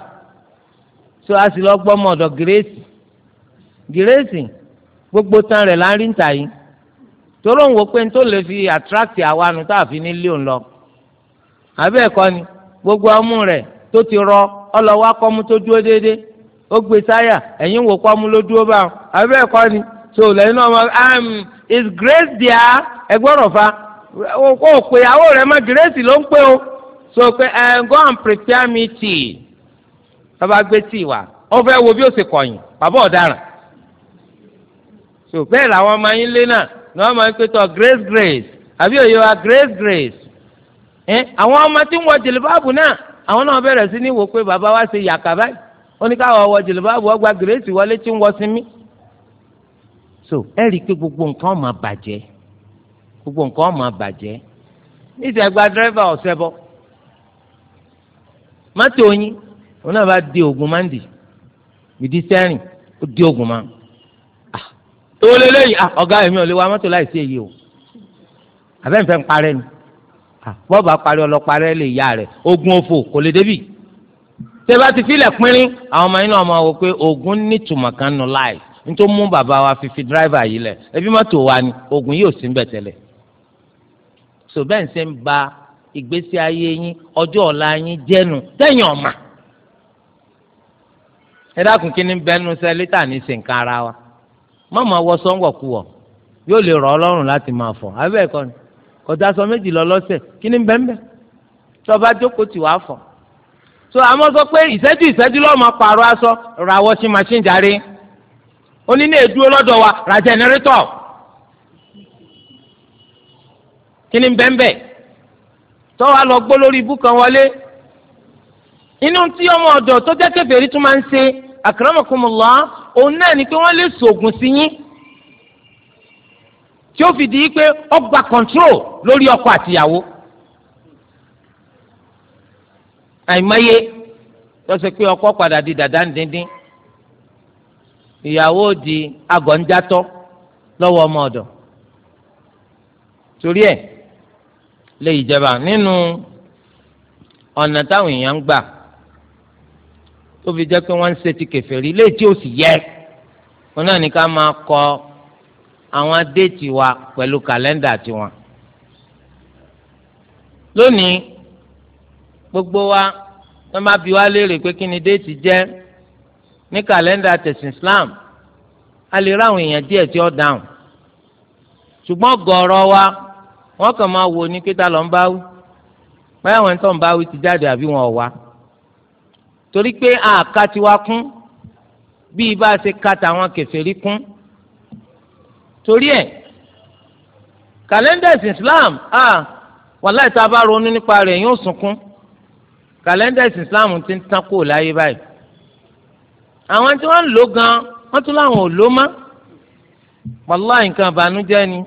Speaker 1: so a sì lọ gbọ́ mọ̀dọ̀ gírèsì gbogbo tán rẹ̀ là ń rí níta yìí torí òun wò pé fi attract àwa nu fi ní lọ àbẹ́ ni gbogbo ọmú rẹ̀ tó ti rọ ọlọ́wọ́ akọ́mú tó dúró ó gbé táyà ẹ̀yìn wò kọ́ mú ló dúró bá wọn abẹ́ ẹ̀kọ́ ni so lẹ́yìn náà wọn am um, is grace there ẹgbọ́rọ̀ fa o pè àwọn rẹ̀ mọ́ grace ló ń pè o so pé ẹ go and prepare me tea bàbá gbé tea wá ó fẹ́ wo bí ó ṣe kọ̀yìn bàbá ọ̀daràn so bẹ́ẹ̀ làwọn ọmọ yín lé náà ni wọ́n máa ń pè tọ́ grace grace àbí òye wa grace grace ẹ àwọn ọmọ tí ń wọ jìlìbáàbù náà àwọn náà bẹ̀rẹ̀ sí ní wò pé bàbá wa ṣe yàkà báyìí ó ní káwọn ọwọ́ jìlìbáàbù ọgbà gírèsì wọlé tí ń wọ sí mí. so ẹ rí i pé gbogbo nǹkan ọmọ bàjẹ́ gbogbo nǹkan ọmọ bàjẹ́ níṣẹ́gba dírẹ́fà ọ̀sẹ̀ bọ́ mọ́tò yín òun náà bá di oògùn mándì ìdí sẹ́rìn ó di oògùn máa owó ah, lélẹ́yìn ah, ọ̀gá èmi ò lè wa mọ́tò láì sí èyí o àbẹ́ǹfẹ́ ń parẹ́ ni ah, bọ́ọ̀bù àparẹ́ ọlọ́parẹ́ lè yá rẹ̀ ogun òfò kò lè débì. tẹ́lá ti filẹ̀ pínrín àwọn ọmọ yín ọmọ pé oògùn nítumọ̀ kan nù láì nítorí bàbá wa fífi dírìvà yìí lẹ̀ ẹbí mọ́tò wa ni ogun yóò sí bẹ̀ tẹ́lẹ̀ so bẹ́ẹ̀ ìgbésí ayé yín ọjọ́ ọ̀la yín jẹ́nu tẹ́yìn ọ̀ma ẹ dákun kí ni sẹ́lítà ní ara wa mọ́mọ́ wọ yóò lè ọlọ́run láti máa fọ̀ so àmọ́ sọ pé ìṣẹ́jú ìṣẹ́jú lọ́ọ́ máa pààrọ̀ aṣọ ra washing machine jàre onílé dúró lọ́dọ̀ wa ra jẹnẹrétọ̀ kíni bẹ́ńbẹ́ tọ́wọ́ lọ gbó lórí ibú kan wọlé inú tí ọmọ ọ̀dọ̀ tó jẹ́ kèfèrí tún máa ń ṣe akramakumullah òun náà ni pé wọ́n lè sògùn sí yín tí ó fi pé ọgbà control lórí ọkọ àtìyàwó. àìmọye lọ́sẹ̀ pé ọkọ padà di dàda ń díndín ìyàwó di agọ̀njátọ́ lọ́wọ́ ọmọ ọ̀dọ̀ torí ẹ̀ lè ìjẹba nínú ọ̀nà táwọn èèyàn ń gbà tó fi jẹ́ pé wọ́n ń ṣe ti kèfèrí léè tí ó sì yẹ wọn náà ní ká máa kọ àwọn déètì wa pẹ̀lú kàlẹ́ndà tiwọn lónìí gbogbo wa wọ́n máa bi wá léèrè pé kí ni déètì jẹ́ ní kàlẹ́ndà tẹ̀sìn Islam a lè ráwọn èèyàn díẹ̀ tí ó dáhùn ṣùgbọ́n gọ̀ọ̀rọ̀ wa wọ́n kàn máa wò ní pété lọ́n bá wí báyà wọn tó ń bá wí ti jáde àbí wọn ò wá torí pé àká tiwa kún bí ibà ṣe ka tàwọn kèfèrí kún torí ẹ̀ kàlẹ́ndà ìsìn Islam ah wàláì a bá ronú nípa rẹ̀ yóò sunkún kàlẹ́ndà ìsìn islam ti ń tán kó láyé báyìí àwọn tí wọ́n ń lò gan wọ́n tún láwọn ò lò mọ́ wàlá nǹkan àbànújẹ́ ni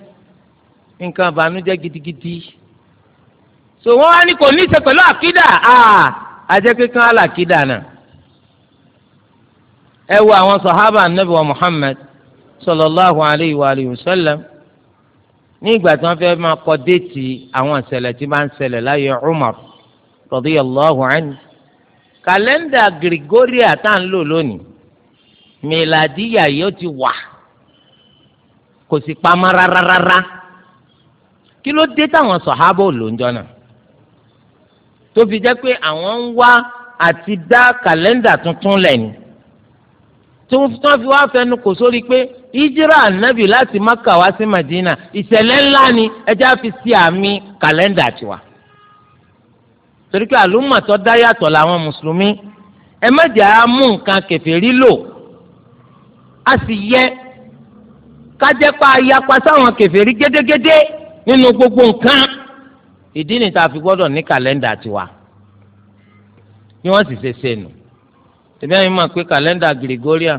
Speaker 1: nǹkan àbànújẹ́ gidigidi so wọ́n wá ní kò ní í ṣe pẹ̀lú àkídà àjẹ́ ah, kíkan náà ẹ wo àwọn sọ̀hábà ànábì wa Muhammad sallallahu alayhi wa alihi wa sallam ní ìgbà tí wọ́n fẹ́ máa kọ déètì àwọn ìṣẹ̀lẹ̀ tí máa ń ṣẹlẹ̀ láyé Umar radiyallahu anhu kàlẹ́ndà Gregoria tá à ń lò lónìí mìlàdíyà yóò ti wà kò sì pamọ́ rárára kí ló dé táwọn sọ̀hábà ò lò ń jọ náà tó fi jẹ́ pé àwọn ń wá àti dá kàlẹ́ndà tuntun lẹ́nu tí wọ́n fi wá fẹnu kò sórí pé ìjírà ànábì láti Mákà wá sí Madina ìṣẹ̀lẹ̀ ńlá ni ẹjẹ́ á fi sí àmì kàlẹ́ndà tiwa torí pé àlùmọ̀tọ́ dá yàtọ̀ làwọn mùsùlùmí ẹ má jẹ́ á mú nǹkan kèfèrí lò a sì yẹ kájẹ́pá ayapa sáwọn kèfèrí gédégédé nínú gbogbo nǹkan ìdí ni tá a fi gbọ́dọ̀ ní kàlẹ́ndà tiwa ni wọ́n sì ṣe ṣe nù tẹ̀bí àyìn máa pé kàlẹ́ndà Gregorian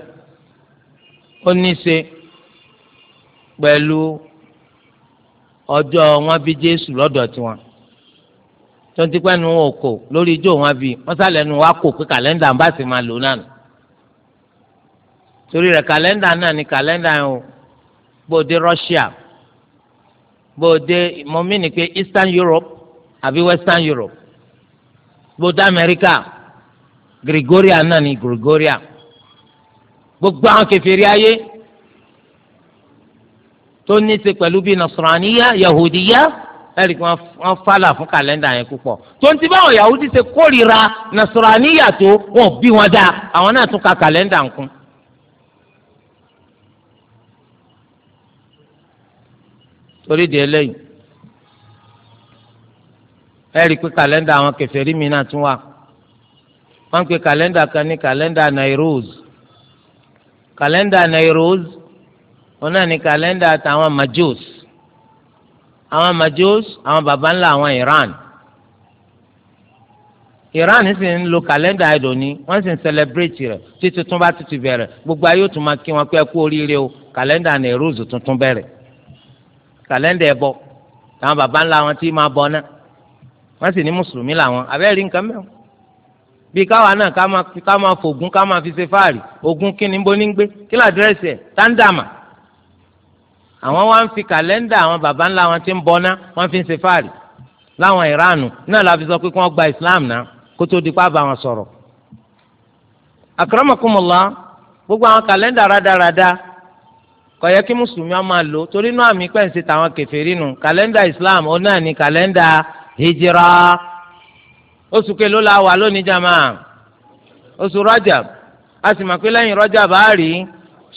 Speaker 1: ó ní ṣe pẹ̀lú ọjọ́ wọn bí Jésù lọ́dọ̀ tiwọn tontigbẹ́ nu wọn kò lórí ijó wọn bí wọ́n sálẹ̀ nu wọn kò pé kàlẹ́ndà ń bá sì máa lò náà torí rẹ̀ kàlẹ́ndà náà ni kàlẹ́ndà yẹn o bó o dé Russia bó o mo mí ni pé Eastern Europe àbí Western Europe bó o dé America Gregorian náà ni Gregorian gbogbo àwọn kèfèrí ayé tó ní í ṣe pẹ̀lú bíi nasaraniya yahudiya ẹ̀rí kí wọ́n fálà fún kàlẹ́ndà yẹn púpọ̀ tó ń ti báwọn Yahudi ṣe kórìíra Nasraniya tó wọn ò bí wọn dá àwọn náà tún ka kàlẹ́ndà ń kún. torí di eléyìí ẹ̀rí pé kàlẹ́ndà àwọn kèfèrí mi náà tún wà wọ́n pe kàlẹ́ndà kan ní kàlẹ́ndà Nairuz kàlẹ́ndà Nairuz wọn náà ní kàlẹ́ndà àtàwọn Majus àwọn majus àwọn baba ńlá àwọn Iran Iran sì ń lo kàlẹ́ndà idol ni wọ́n sì ń celebrate rẹ̀ tí tuntun bá tutù bẹ̀rẹ̀ gbogbo ayé ó tún máa kí wọn pé ẹ kú oríire o kàlẹ́ndà Nẹ̀rúzù tuntun bẹ̀rẹ̀ kàlẹ́ndà ẹ̀bọ àwọn baba ńlá wọn tí máa bọ náà wọ́n sì ní mùsùlùmí làwọn abẹ́rẹ́ nǹkan mẹ́wọ́n bí káwa náà ká máa fògùn ká máa fi ṣe fáàrí ogun kí ni bó ní gbé kí ládírẹ́sì ẹ̀ tándàmà àwọn wá ń fi kàlẹ́ndà àwọn baba ńlá wọn ti ń bọ́ná wọ́n fi ń ṣe fáàrí láwọn ìránù náà la fi sọ pé kí wọ́n gba islam náà kó tó di pa bá wọn sọ̀rọ̀. àkàràmọ̀kùmọ̀lá gbogbo àwọn kàlẹ́ndà rádaràda kò yẹ kí mùsùlùmí ọmọ àlò torí náà àmì pẹ̀ǹsì tàwọn kẹfẹ́rì nù kàlẹ́ndà islam ó náà ní kàlẹ́ndà hijira oṣù kelo la wà lónìí jama oṣù rajab a sì mọ̀ pé lẹ́yìn rajab bá rí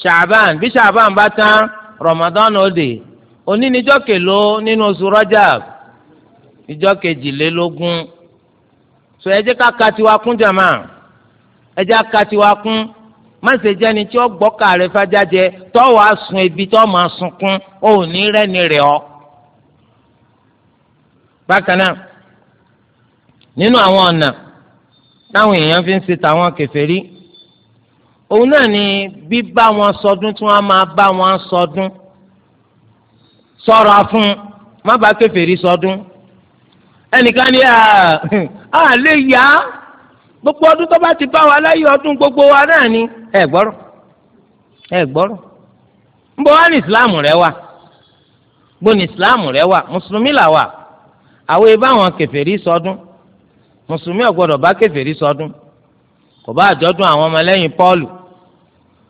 Speaker 1: ṣàbàn bí ṣàbàn bá tán ramadan òde òní níjọ́ kèló nínú oṣù rajab ìjọ́ kejìlélógún sọ ẹ jẹ́ ká ka tiwa kún jàmá ẹ jẹ́ ká tiwa kún má ṣe jẹ́ ni tí ó gbọ́kà rẹ fàjájẹ tọ́wọ́ àsun ebi tọ́ máa sunkún ó ní rẹ́ni rẹ̀ ọ́. bákan náà nínú àwọn ọ̀nà táwọn èèyàn fi ń ṣe tàwọn kèfèrí òun náà ni bíbá wọn sọdún tí wọ́n máa bá wọn sọdún ṣọ́ra fún má bá kèfèrí sọdún ẹnìkan ní à lè yá gbogbo ọdún tó bá ti bá wa láyé ọdún gbogbo wa náà ni ẹ gbọ́rọ̀ ẹ gbọ́rọ̀ nbọ wá ní ìsìláàmù rẹ wà gbọ ní ìsìláàmù rẹ wà mùsùlùmí là wà àwọn ibà wọn kèfèrí sọdún mùsùlùmí ò bá kèfèrí sọdún kò bá àjọdún àwọn ọmọlẹ́yìn Pọ́ọ̀lù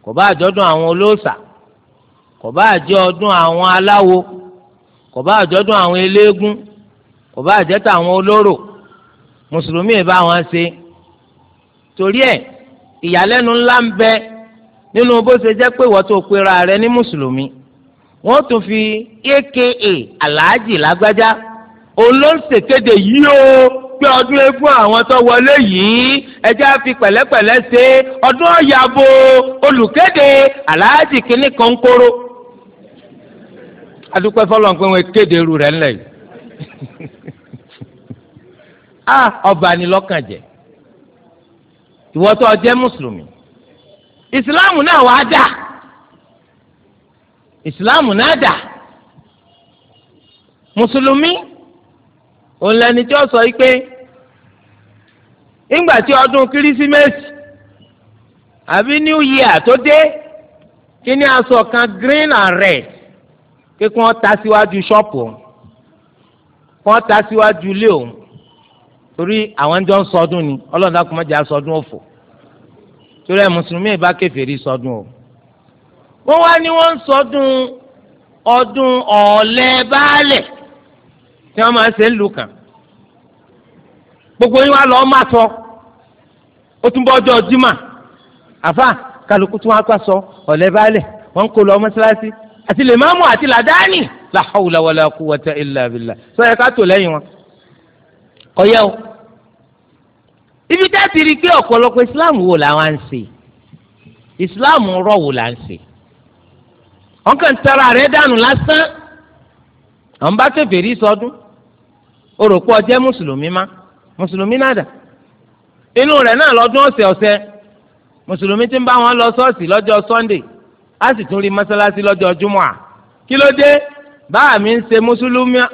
Speaker 1: kò bá àjọdún àwọn olóòṣà kò bá àjẹ ọdún àwọn aláwo kò bá àjọdún àwọn eléégún kò bá àjẹta àwọn olóró mùsùlùmí ì bá wọn ṣe torí ẹ̀ ìyàlẹ́nu ńlá ń bẹ nínú bó ṣe jẹ́ pé wọ́n tó pera rẹ̀ ní mùsùlùmí wọ́n tún fi aka alhaji lágbájá olóńṣèkéde yìí o pé ọdún eégún àwọn tó wọlé yìí ẹjẹ́ fi pẹ̀lẹ́pẹ̀lẹ́ ṣe ọdún ọ̀yàbò olùkéde aláàjì kínní kan kóró. adúpẹ́ fọlọ́n pé wọ́n kéde irú rẹ̀ ńlẹ̀ yìí. a ah, ọba ni lọ́kàn jẹ́ ìwọ jẹ́ mùsùlùmí ìsìláàmù náà wàá dà ìsìláàmù náà dà mùsùlùmí òun lẹni tí nígbà tí ọdún kérésìmesì àbí new year tó dé kí ni aṣọ kan green and red kí wọ́n ta síwájú ṣọ́ọ̀pù òun kí wọ́n ta síwájú ilé òun torí àwọn jọ ń sọdún ni ọlọ́run dákun má jẹ́ àsọdún òfò torí ẹ̀ mùsùlùmí bá kèfèrí sọdún o. wọ́n wá ní wọ́n ń sọdún ọdún ọ̀ọ́lẹ́ baálẹ̀ tí wọ́n máa ṣe ń lù kàn. gbogbo yín wá lọ́ọ́ má sọ ó tún bọ́ ọjọ́ jimá àfa kálukú tún wá sọ ọ̀lẹ́ baálẹ̀ wọ́n kó lọ mọ́ṣáláṣí àti lè máàmù àti làdáni la hawla wala quwwata illa billah sọ yẹ ká tò lẹ́yìn wọn kọyẹ o ibi tá a ti rí i pé ọ̀pọ̀lọpọ̀ islam wo làwọn à ń ṣe islam rọ̀ wo là ń ṣe wọn kàn tara rẹ dànù lásán àwọn bá kẹfẹ́ rí sọdún o rò pé ọjẹ́ mùsùlùmí má mùsùlùmí náà dà inú rẹ náà lọ́dún ọ̀sẹ̀ ọ̀sẹ̀ mùsùlùmí ti ń bá wọn lọ ṣọ́ọ̀ṣì lọjọ sunday á sì tún rí mọ́sálásí lọ́jọ́ júmọ́ à kí ló dé báà mi ń ṣe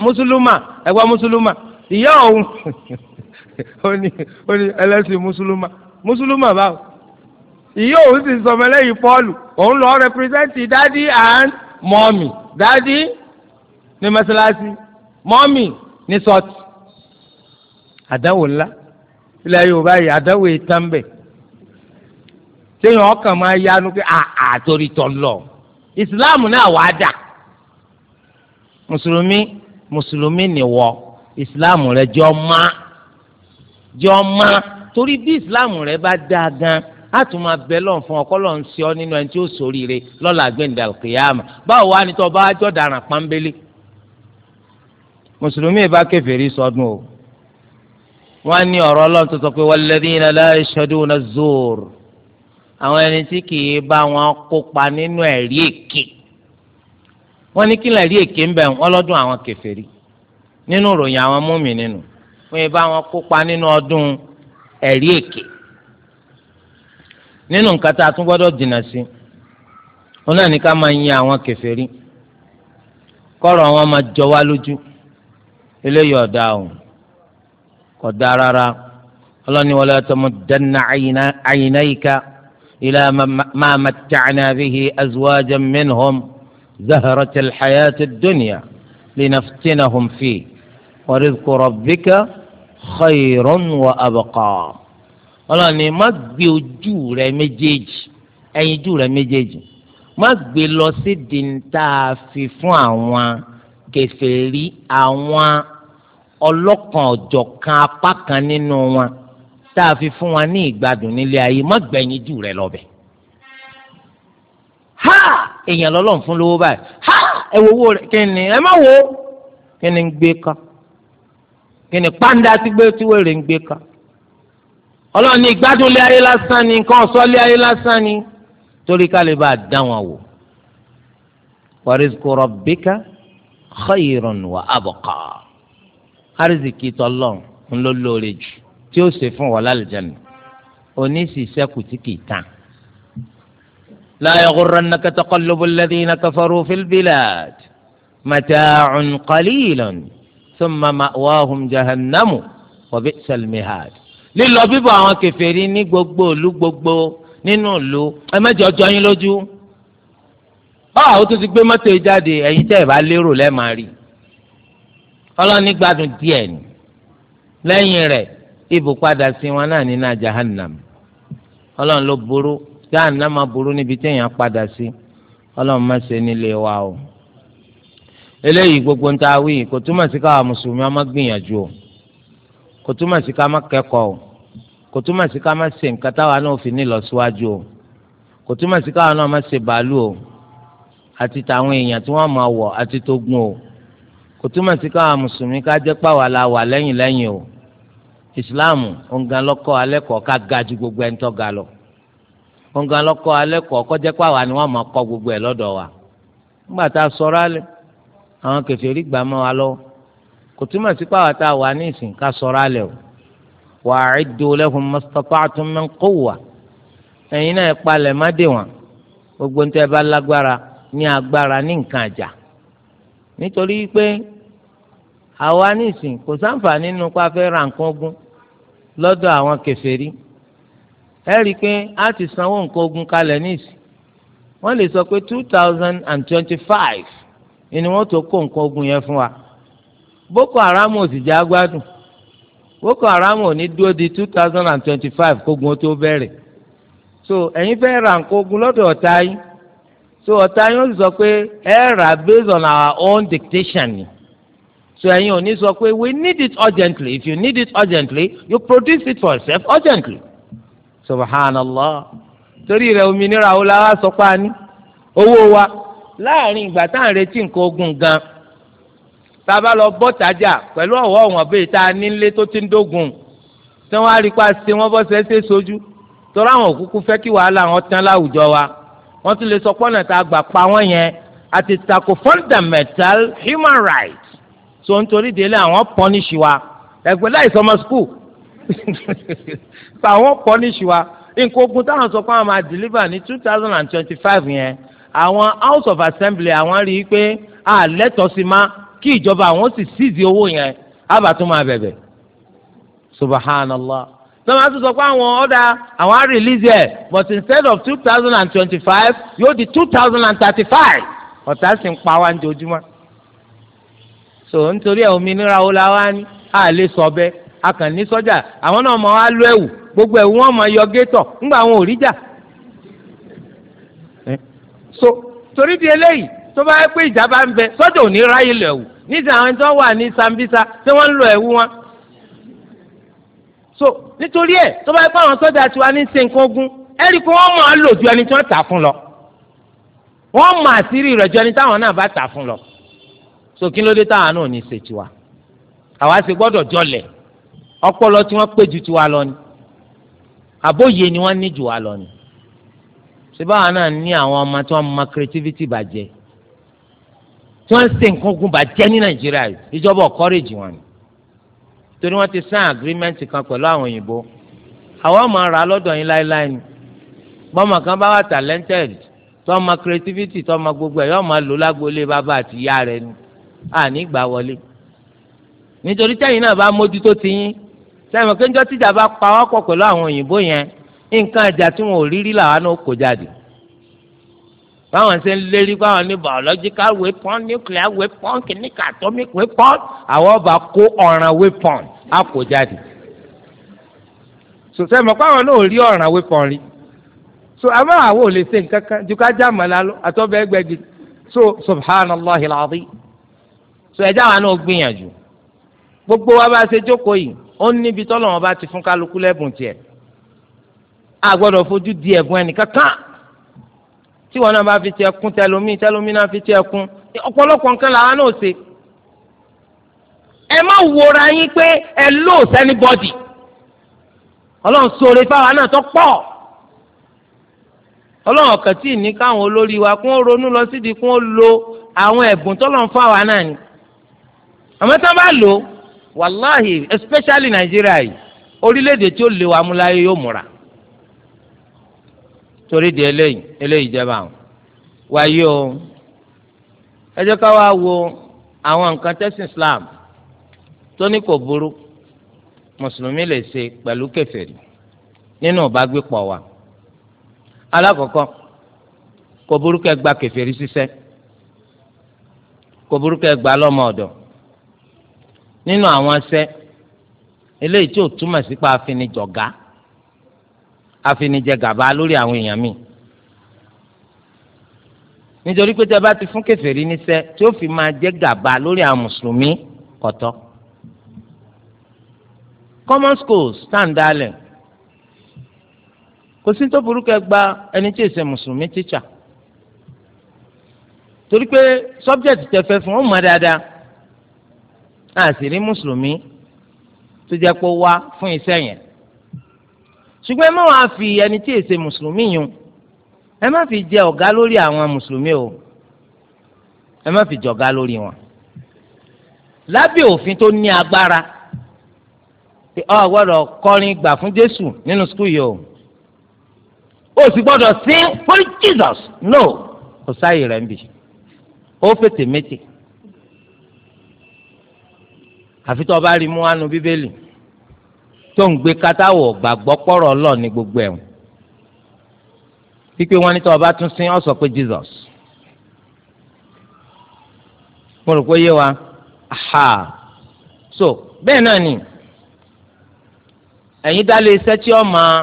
Speaker 1: mùsùlùmá ẹ̀gbọ́n mùsùlùmá ìyá òun ó ní ó ní ẹlẹ́sìn mùsùlùmá mùsùlùmá báwo ìyá òun sì sọmọ òun lọ and mọmi dadi ní mọ́sálásí mọ́mì ní sọ́ọ̀tì àdáwò ńlá ilẹ̀ yorùbá yìí àdánwò ìtàn bẹ̀ sẹ́yìn ọkàn máa yanu pé àtòrí ah, ah, tọ̀ lọ ìsìláàmù náà wàá dà mùsùlùmí mùsùlùmí nìwọ ìsìláàmù rẹ jọ má jọ má torí bí ìsìláàmù rẹ bá dáa gan a tún máa bẹ lọ́n fún ọkọ lọ́n sí ọ nínú ẹni tí ó ṣoríire lọ́la gbẹ̀ndà kìyàmà báwo wá ní tọ́ bá jọ̀ dàrán pọ́nbélé mùsùlùmí bá kèfèrí sọdún o wọ́n á ní ọ̀rọ̀ ọlọ́run tó sọ pé walladhina la yashhaduna az-zur àwọn ẹni tí kì í bá wọn kópa nínú ẹ̀rí èké wọ́n ní kí lẹ́rí èké ń bẹ̀ wọ́n lọ́dún àwọn kèfèrí nínú ìròyìn àwọn múmi nínú wọ́n yìí wọn kópa nínú ọdún ẹ̀rí èké nínú nǹkan tá a tún gbọ́dọ̀ dìnnà sí wọn náà ní ká máa yin àwọn kèfèrí kọ́rọ̀ wọn máa jọ wá lójú eléyìí ọ̀dà ọ̀hún kò dáa rárá ọlọ́ni wala tamuddanna aynayka ila ma matta'na bihi azwajan minhum zahrata alhayati ad-dunya linaftinahum fi wa rizqu rabbika khayrun wa abqa ọlọ́ni má gbé ojú rẹ méjèèjì ẹyinjú rẹ méjèèjì má gbé lọ sí dìńtà fi fún àwọn kèfèrí àwọn ọlọ́kan ọ̀jọ̀kan apá kan nínú wọn tá a fi fún wọn ní ìgbádùn nílé ayé má gbẹ̀yìn jù rẹ̀ lọ́bẹ̀. ha èèyàn lọ́lọ́run fún lówó báyìí ha ẹ wo owó rẹ̀ kí ni ẹ má wo kí ni ń gbé ká kí ni pàǹdà ti gbé tí wèrè ń gbé ká
Speaker 2: ọlọ́run ní ìgbádùn lé ayé lásán ni nǹkan ọ̀sọ́ lé ayé
Speaker 1: lásán ni torí ká bá a dá wọn wò. wa rizqu rabbika khayrun wa abqa arzikì tọlọ́run ń lọ lóore jù tí ó ṣe fún wa lálùjáde òní sì sẹ́kù tí kì í tán. la yaghurrannaka taqallubu alladhina kafaru fil bilad mata'un qalilan thumma ma'wahum jahannamu wa bi'sal mihad. lílọ bíbọ̀ àwọn kèfèrí ní gbogbo ìlú gbogbo nínú ìlú ẹ má lójú. báwo tó ti gbé mọ́tò jáde ẹ̀yin tẹ́ ẹ̀ bá lérò lẹ́ẹ̀ máa rí i. ọlọ́ni gbádùn díẹ̀ ni lẹ́yìn rẹ̀ ibùpadà sí wọn náà nínú jahannam ọlọ́run ló burú jahannam ma burú níbi téèyàn padà sí ọlọ́run má ṣe nílé wa o eléyìí gbogbo ń ta wí kò túmọ̀ sí káwa mùsùlùmí ọmọ gbìyànjú o kò túmọ̀ sí má kẹ́kọ̀ọ́ o kò túmọ̀ sí ká má ṣe nǹkan náà fi o kò túmọ̀ sí káwa má ṣe bàálù o kò túmọ̀ sí káwọn mùsùlùmí ká jẹ́ pàwọ́ la wà lẹ́yìn lẹ́yìn o islam ongan lọ́kọ́ alẹ́ kọ́ ká ga ju ga lọ ongan lọ́kọ́ alẹ́ kọ́ jẹ́ pàwọ́ ni wọ́n máa kọ́ gbogbo ẹ̀ lọ́dọ̀ wa nígbà tá a sọ̀rọ̀ alẹ́ àwọn wa kò túmọ̀ sí pàwọ́ tá a wà o nítorí pé àwa nísìn kò sáǹfààní nínú pa fẹ́ ra nǹkan ogun lọ́dọ̀ àwọn kèfèrí ẹ rí i pé a ti sanwó nǹkan ogun kalẹ̀ nísìn wọ́n lè sọ pé two thousand and twenty-five ni wọ́n tó kó nǹkan ogun yẹn fún wa Boko Haram ò sì jẹ́ agbádùn Boko Haram ò ní dúró di two thousand and twenty-five kógun ó tó bẹ̀rẹ̀ so ẹ̀yin fẹ́ ra nǹkan ogun lọ́dọ̀ ọ̀tá yìí so ọ̀tá yín ó sì sọ pé ẹ rà based on our own dictation ni so ẹ̀yin ò ní sọ pé we need it urgently if you need it urgently you produce it for yourself urgently subhanallah torí rẹ̀ òmìnira wo la wá sọ pé a ní owó wa láàrin ìgbà tá à ń retí nǹkan ogun gan tá a bá lọ bọ́ tajà pẹ̀lú ọ̀wọ́ ọ̀wọ́n bíi tá a nílé tó ti ń dógun tí wọ́n á rí pa ṣe wọ́n bọ́ sẹ́sẹ́ sojú tọ́lá àwọn òkúkú fẹ́ kí wàhálà wọn tán láwùjọ wa wọ́n tún lè sọ pọ́nà tá a gbà pa wọ́n yẹn àti tako fundamental human rights so nítorí délé àwọn pọ́nìṣì wa ẹgbẹ́ láì sọmọ skul àwọn pọ́nìṣì wa nǹkan ogun táwọn sọ pé àwọn máa deliver ní two thousand and twenty-five yẹn àwọn house of assembly àwọn rí i pé a lẹ́tọ̀ọ́ sí ma kí ìjọba àwọn sì síìdì owó yẹn á bàtún máa bẹ̀bẹ̀ subhanallah tọ́wọ́n á tún sọ pé àwọn ọ̀dà àwọn á release ẹ̀ but instead of two thousand and twenty-five yóò di two thousand and thirty-five ọ̀tá sì ń pa wá ní ojoojúmọ́. so nítorí ẹ̀ òmìnira wo la wá ní a lè sọ bẹ́ẹ̀ a kàn ní sọ́jà àwọn náà máa wá lọ ẹ̀wù gbogbo ẹ̀wù wọn máa yọ gétọ̀ ńgbà àwọn ò rí jà. so torí di eléyìí tó bá yẹ pé ìjà bá ń bẹ sọ́jà ò ní ráyè lọ níta àwọn tó wà ní Sambisa tí wọ́n ń lo ẹ̀wù wọn so nítorí ẹ̀ tó bá yẹ kó àwọn sọ́jà tiwa ní ṣe nǹkan ogun ẹ rí i pé wọ́n máa lò ju ẹni tí wọ́n tà fún lọ wọ́n mọ àṣírí rẹ̀ ju ẹni táwọn náà bá tà fún lọ so kí ló dé táwọn náà ní ṣe tiwa àwa ṣe gbọ́dọ̀ jọlẹ̀ ọpọlọ tí wọ́n pé ju tiwa lọ ni àbóyè ni wọ́n ní ju wa lọ ni síbáwọn náà ní àwọn ọmọ tí wọ́n mọ creativity bàjẹ́ tí wọ́n ń ṣe nǹkan ogun bàjẹ́ ní nàìjíríà ìjọba ọ̀kọ́rẹ́jì wọn ni torí wọ́n ti sign agreement kan pẹ̀lú àwọn òyìnbó àwọn ọmọ ara lọ́dọ̀ yín láéláé ni bọ́mọ kan bá wà talented tọ́mọ creativity tọ́mọ gbogbo ẹ̀ yọ́ máa lò lágboolé bàbá àti ìyá rẹ̀ ni àní gbà wọlé nítorí tẹ́yìn náà bá mójútó ti yín sẹ́yìn kéńjọ́ tíjà bá pawọ́pọ̀ pẹ̀lú àwọn òyìnbó yẹn nǹkan ẹ̀jà tí wọn ò rí làwọn náà kó jáde báwọn ṣe ń lérí báwọn ní biological weapon nuclear weapon kìnnìkan atomic weapon àwọn ọba kó ọ̀ràn weapon á kó jáde sòtẹ́ mọ̀ báwọn náà rí ọ̀ràn weapon rí so àmọ́ àwọn ò lè ṣe nǹkan kan ju ká já màlá lọ àtọ́bẹ̀ ẹgbẹ́gi so subhanallah alazim so ẹ̀dá wa náà gbìyànjú gbogbo wa bá ṣe jókòó yìí ó níbi tọ́lọ́wọ́n bá ti fún kálukú lẹ́bùn tiẹ̀ a gbọ́dọ̀ fojú di ẹ̀bùn ẹnìkan kan tí wọn náà bá fi ti kún tẹlómi tẹlómi náà fi ti kún ọ̀pọ̀lọpọ̀ nǹkan làwọn náà ṣe. ẹ má wòra yín pé ẹ lò sẹ́ni bọ́dì ọlọ́run sọ̀rọ̀ fáwọn náà tó pọ̀ ọlọ́run ọ̀kàn tí ì ní káwọn olórí wa kún ó ronú lọ sídìí kún ó lo àwọn ẹ̀bùn tọ́lọ́run fáwọn náà ni àmọ́ tá a bá lò wàláhì especially nàìjíríà yìí orílẹ̀-èdè tí ó lè wà múláyé yóò múra. torí di eléyìí eléyìí jẹba àwọn wáyé o ẹ jẹ́ ká wá wo àwọn nǹkan tẹ́sí Islam tó ní kò burú mùsùlùmí lè ṣe pẹ̀lú kèfèrí nínú ìbágbépọ̀ wa alákọ̀ọ́kọ́ kò burú kẹ́ gba kèfèrí ṣiṣẹ́ kò burú kẹ́ gba lọ́mọ ọ̀dọ̀ nínú àwọn ṣẹ́ eléyìí tí ò túmọ̀ sí pa afinijọ̀gá. Si afinijẹ gàba lórí àwọn èèyàn mi nítorí pé tẹ́ bá ti fún kèfèrí níṣẹ́ tí ó fi máa jẹ gàba lórí àwọn mùsùlùmí kọtọ common schools standalẹ kò sí tó burúkú ẹ gba ẹni tí èsè mùsùlùmí tíṣà torí pé subject tẹ́ fẹ́ fún ó mọ̀ dáadáa àṣírí mùsùlùmí tó jẹ́ pé wá fún iṣẹ́ yẹn ṣùgbọ́n ẹ má wàá fi ẹni tí èsè mùsùlùmí yun ẹ má fi jẹ ọ̀gá lórí àwọn mùsùlùmí o ẹ má fi jẹ ọ̀gá lórí wọn lábẹ́ òfin tó ní agbára ọ gbọ́dọ̀ kọrin gbà fún Jésù nínú skul yìí o o sì gbọ́dọ̀ sí holy Jesus no kò sáyè rẹ̀ ń bì ó fètè mété àfi tó o bá rí mú wánu bíbélì. tó ń gbé kátàwọ̀ gbàgbọ́ pọ̀rọ̀ lọ ní gbogbo ẹ̀wọ̀n pípé wọn ní tí tún sin ọ sọ pé Jesus mo rò pé yé wa so bẹ́ẹ̀ náà ni ẹ̀yin dá lé iṣẹ́ tí ó máa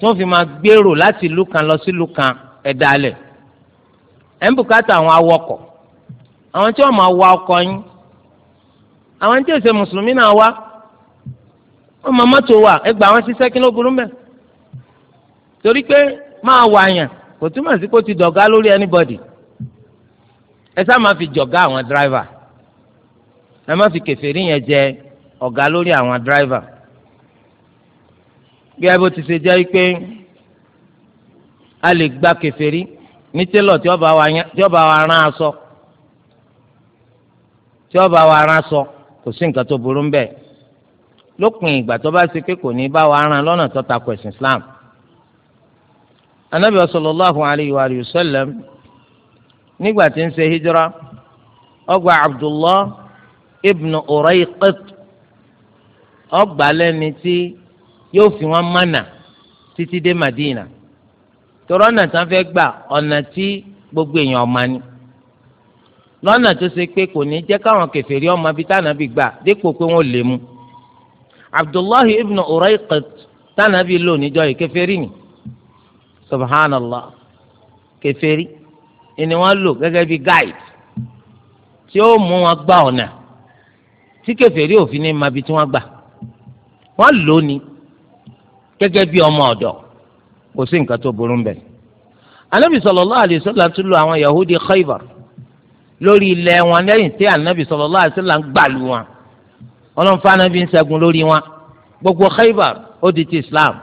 Speaker 1: tó fi máa gbèrò láti ìlú kan lọ sí ìlú kan ẹ̀ dálẹ̀ ẹ̀ ń bùkátà àwọn awọkọ̀ àwọn tí máa wa ọkọ̀ yín àwọn tí mùsùlùmí náà wá. wọ́n máa mọ́tò wà ẹ gbà wọ́n ṣiṣẹ́ kí ló burú mbẹ́ torí pé máa wà yàn kò túmọ̀ sí kó ti dọ̀gá lórí anybody ẹ sá máa fi jọ̀gá àwọn dráìvà ẹ má fi kèfèrí yẹn jẹ ọ̀gá lórí àwọn dráìvà bí ẹ bó ti ṣe jẹ́ pé a lè gba kèfèrí ní télọ̀ tí ọba wa rán aṣọ tí ọba wa rán aṣọ kò sí nǹkan tó burú mbẹ́ lópin ìgbà tó bá ṣe pé kò ní bá wa ràn lọ́nà tó ta kwẹ̀sìn islam anabi sallallahu alayhi wa sallam nígbà tí ń ṣe hijira ọgbà abdullah ibn urayqit ọgbà lẹ́ni tí yóò fi wọn mánà títí dé madina tọrọ náà tán fẹ́ gbà ọ̀nà tí gbogbo èèyàn ọ̀ma ni lọ́nà tó ṣe pé kò ní jẹ́ káwọn kèfèrí ọmọ bíi tánàbí gbà dépò pé wọ́n lè mú. abdullahi ibn urayqat tánàbí lò níjọ́ yìí kèfèrí ni subhanallah kèfèrí ni wọ́n lò gẹ́gẹ́ bí guide tí ó mú wọn gba ọ̀nà tí kèfèrí òfin ní ma bi tí wọ́n gbà wọ́n lò ní gẹ́gẹ́ bí ọmọ ọ̀dọ̀ kò sí nǹkan tó burú bẹ́ẹ̀. anabi sallallahu alaihi wasallam tún lo àwọn yahudi khaybar lórí ilẹ̀ wọn lẹ́yìn tí anabi sallallahu alaihi wasallam gbàlú wọn ọlọ́run fanabi ń ṣẹ́gun lórí wọn gbogbo Khaybar ó di ti Islam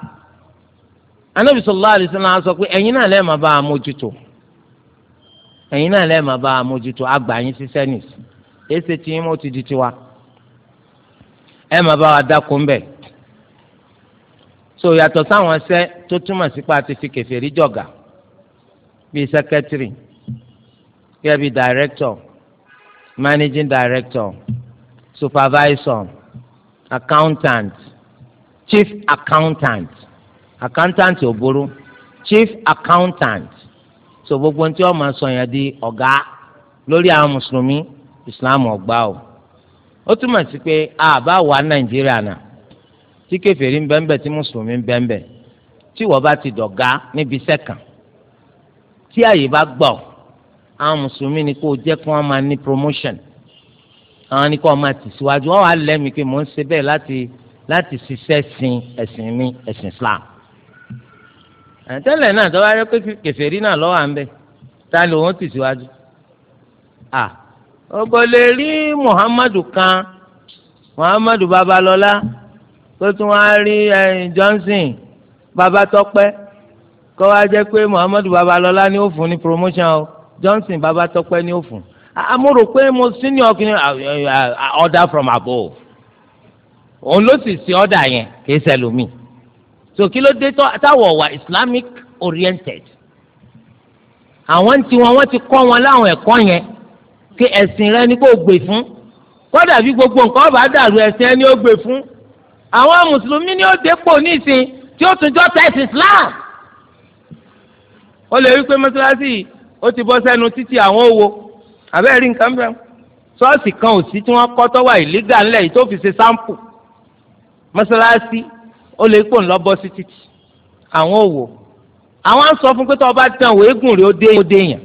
Speaker 1: anabi sallallahu alaihi wasallam sọ pé ẹ̀yin náà lẹ́ẹ̀ máa bá a mójútó ẹ̀yin náà lẹ́ẹ̀ máa bá a mójútó àgbà yín sí sẹ́nìs èsì tí mo ti di tiwa ẹ̀ máa bá wa dákun bẹ̀ so yàtọ̀ sáwọn ẹsẹ́ tó túmọ̀ sí pa àti fi kèfèrí jọ̀gà bíi sẹ́kẹ́tìrì gẹ́gẹ́ bíi dàrẹ́kítọ̀ managing director supervisor accountant chief accountant accountant ò burú chief accountant so gbogbo ntí wọn máa sọ yẹn di ọ̀gá lórí àwọn mùsùlùmí islam ọgbà o ó túmọ̀ sí pé a bá wà nàìjíríà náà tí kèfèrí ń bẹ́ńbẹ́ tí mùsùlùmí ń bẹ́ńbẹ́ tí wọ́n bá ti dọ̀gá níbi iṣẹ́ tí àyè bá gbọ́ àwọn mùsùlùmí ni kó jẹ́ kí wọ́n máa ní promotion àwọn ni kò ọmọ àti síwájú wọn wà lẹ́mìí pé mò ń ṣe bẹ́ẹ̀ láti láti ṣiṣẹ́ sin ẹ̀sìn mi ẹ̀sìn Islam àtẹ́lẹ̀ náà tọ́wọ́ ayọ́ pé kèfèrí náà lọ́wọ́ à ń bẹ̀ ta ló wọ́n ti síwájú lè rí Muhammadu kan Muhammadu Babalọlá tó tún wá rí Johnson Babatọ́pẹ́ kọ́ wá jẹ́ pé Muhammadu Babalọlá ni ó fún ní promotion o Johnson Babatọ́pẹ́ ni ó fún un amúrò ah, ah, pé mo senior kìíní ah, order from above òun ló sì sí order yẹn kìí sẹlómi so kí ló dé táwọ̀ wà islamic oriented àwọn tí wọn wọn ti kọ́ wọn láwọn ẹ̀kọ́ yẹn kí ẹ̀sìn rẹ ní kó gbè fún kódà bí gbogbo nǹkan ọba dàrú ẹ̀sìn ẹni ó gbè fún àwọn mùsùlùmí ni ó dépò nísìn tí ó tún jọ tẹ̀sí islam ó lè rí i pé mọ́sálásí ó ti bọ́ sẹ́nu títí àwọn owó abẹ́rẹ́ rí nǹkan bẹ́ẹ̀ ṣọ́ọ̀ṣì kan ò sí tí wọ́n kọ́ tọ́wà ìlígà ńlẹ̀ yìí tó fi ṣe sáǹpù mọ́ṣáláṣí ó lè pò ń lọ bọ́ sí títì àwọn ò wò àwọn á sọ fún pé tó o bá tẹ àwọn eégún rẹ̀ ó dé ó dé yàn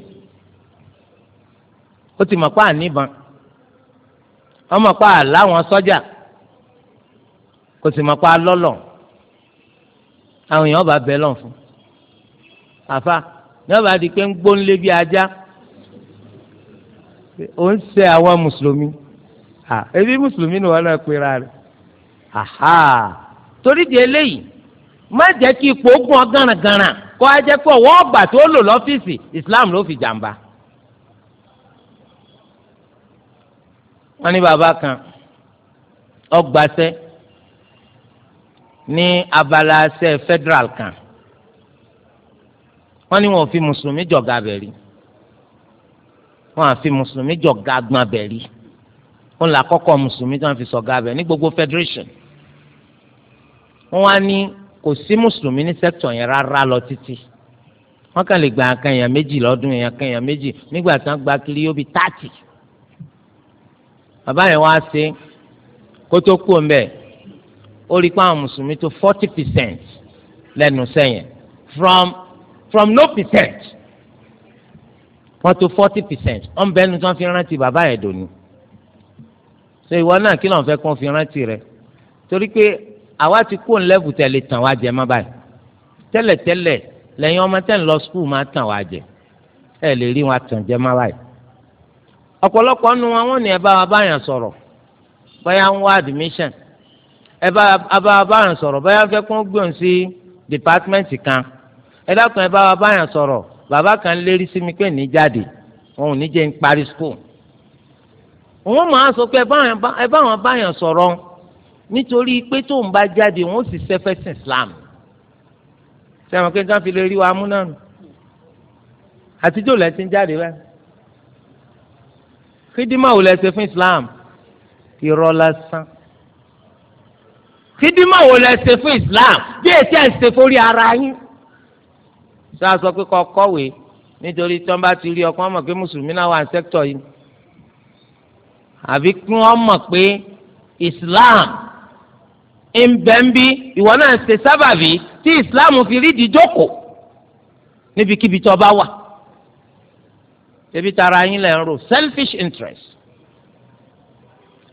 Speaker 1: ó ti mọ̀ pé àníbọn wọ́n mọ̀ pé àláwọn sọ́jà kò sì mọ̀ pé alọ́lọ̀ àwọn èèyàn bá bẹ́ẹ̀ lọ́n fún àfa ní ọba di pé ń gbóńlé bí ajá ó ń ṣe àwa mùsùlùmí ẹbí mùsùlùmí ni wọn náà pera rẹ̀ aha torí di eléyìí má jẹ́ kí ipò gún ọ gánragánra kọ́ ẹ jẹ́ pé ọwọ́ ọgbà tó lò lọ́fíìsì Islam ló fi jàǹbá. wọ́n ní bàbá kan ọgbàṣẹ́ ní abala ṣẹ́ federal kan wọ́n ní wọn ò fi mùsùlùmí jọ̀gá bẹ̀ rí wọn àfi mùsùlùmí jọ gàgbọn abẹ rí wọn là kọ́kọ́ mùsùlùmí tí wọn fi sọgá abẹ ní gbogbo federation wọn wá ní kò sí mùsùlùmí ní sẹ́kítọ̀ yẹn rárá lọ títí wọn kàn lè gba àkàn èèyàn méjì lọ́dún èèyàn kan èèyàn méjì nígbà tí wọn gba kiri yóò bi tààtì bàbá yẹn wá sí kótó kú ọ̀nbẹ ó rí pé àwọn mùsùlùmí tó forty percent lẹ́nu sẹ́yìn from from no percent wọ́n tó forty percent wọ́n bẹ́ẹ̀ ni tí wọ́n fi rántí bàbá yẹn dòní. ṣé ìwọ náà kí lóun fẹ́ kó fi rántí rẹ torí pé àwa ti kó ńlẹ́bù tẹ̀lé tàn wá jẹ má báyìí tẹ́lẹ̀tẹ́lẹ̀ lẹ́yìn ọmọ tẹ́ ń lọ skul máa tàn wá jẹ ẹ lè rí wọn tàn jẹ má báyìí. ọ̀pọ̀lọpọ̀ nu wọn wọ́n ní ẹ bá wa báyàn sọ̀rọ̀ bóyá ń wá admission ẹ bá wa báyàn sọ̀rọ̀ bóyá fẹ́ kó gbọ̀n sí department kan ẹ dákun ẹ bá wa báyàn sọ̀rọ̀ bàbá kan lérí sí mi pé ní jáde òun ní jẹ́ ń parí school òun máa sọ pé ẹ báwọn báyàn sọ̀rọ̀ nítorí pé tóun bá jáde òun ó sì sẹ́fẹ́ sí Islam sẹ́wọ̀n kí n kan fi lè rí wa mú náà nù àtijọ́ lẹ́ ti ń jáde wá kídímà wò lẹ́ ṣe fún Islam irọ́ lásán kídímà wò lẹ́ ṣe fún Islam bí èsì àìsè forí ara yín sọ àsọ pé kọ́ kọ́wé nítorí tí wọ́n bá ti rí ọkàn mọ̀ pé mùsùlùmí náà wà ní sẹ́kítọ̀ yìí àbí kí wọ́n mọ̀ pé Islam ń bẹ ń bí ìwọ náà ṣe sábàbí tí Islam fi rí ìdíjókò níbikíbi tó bá wà ṣebí tara yín lẹ́ ń selfish interest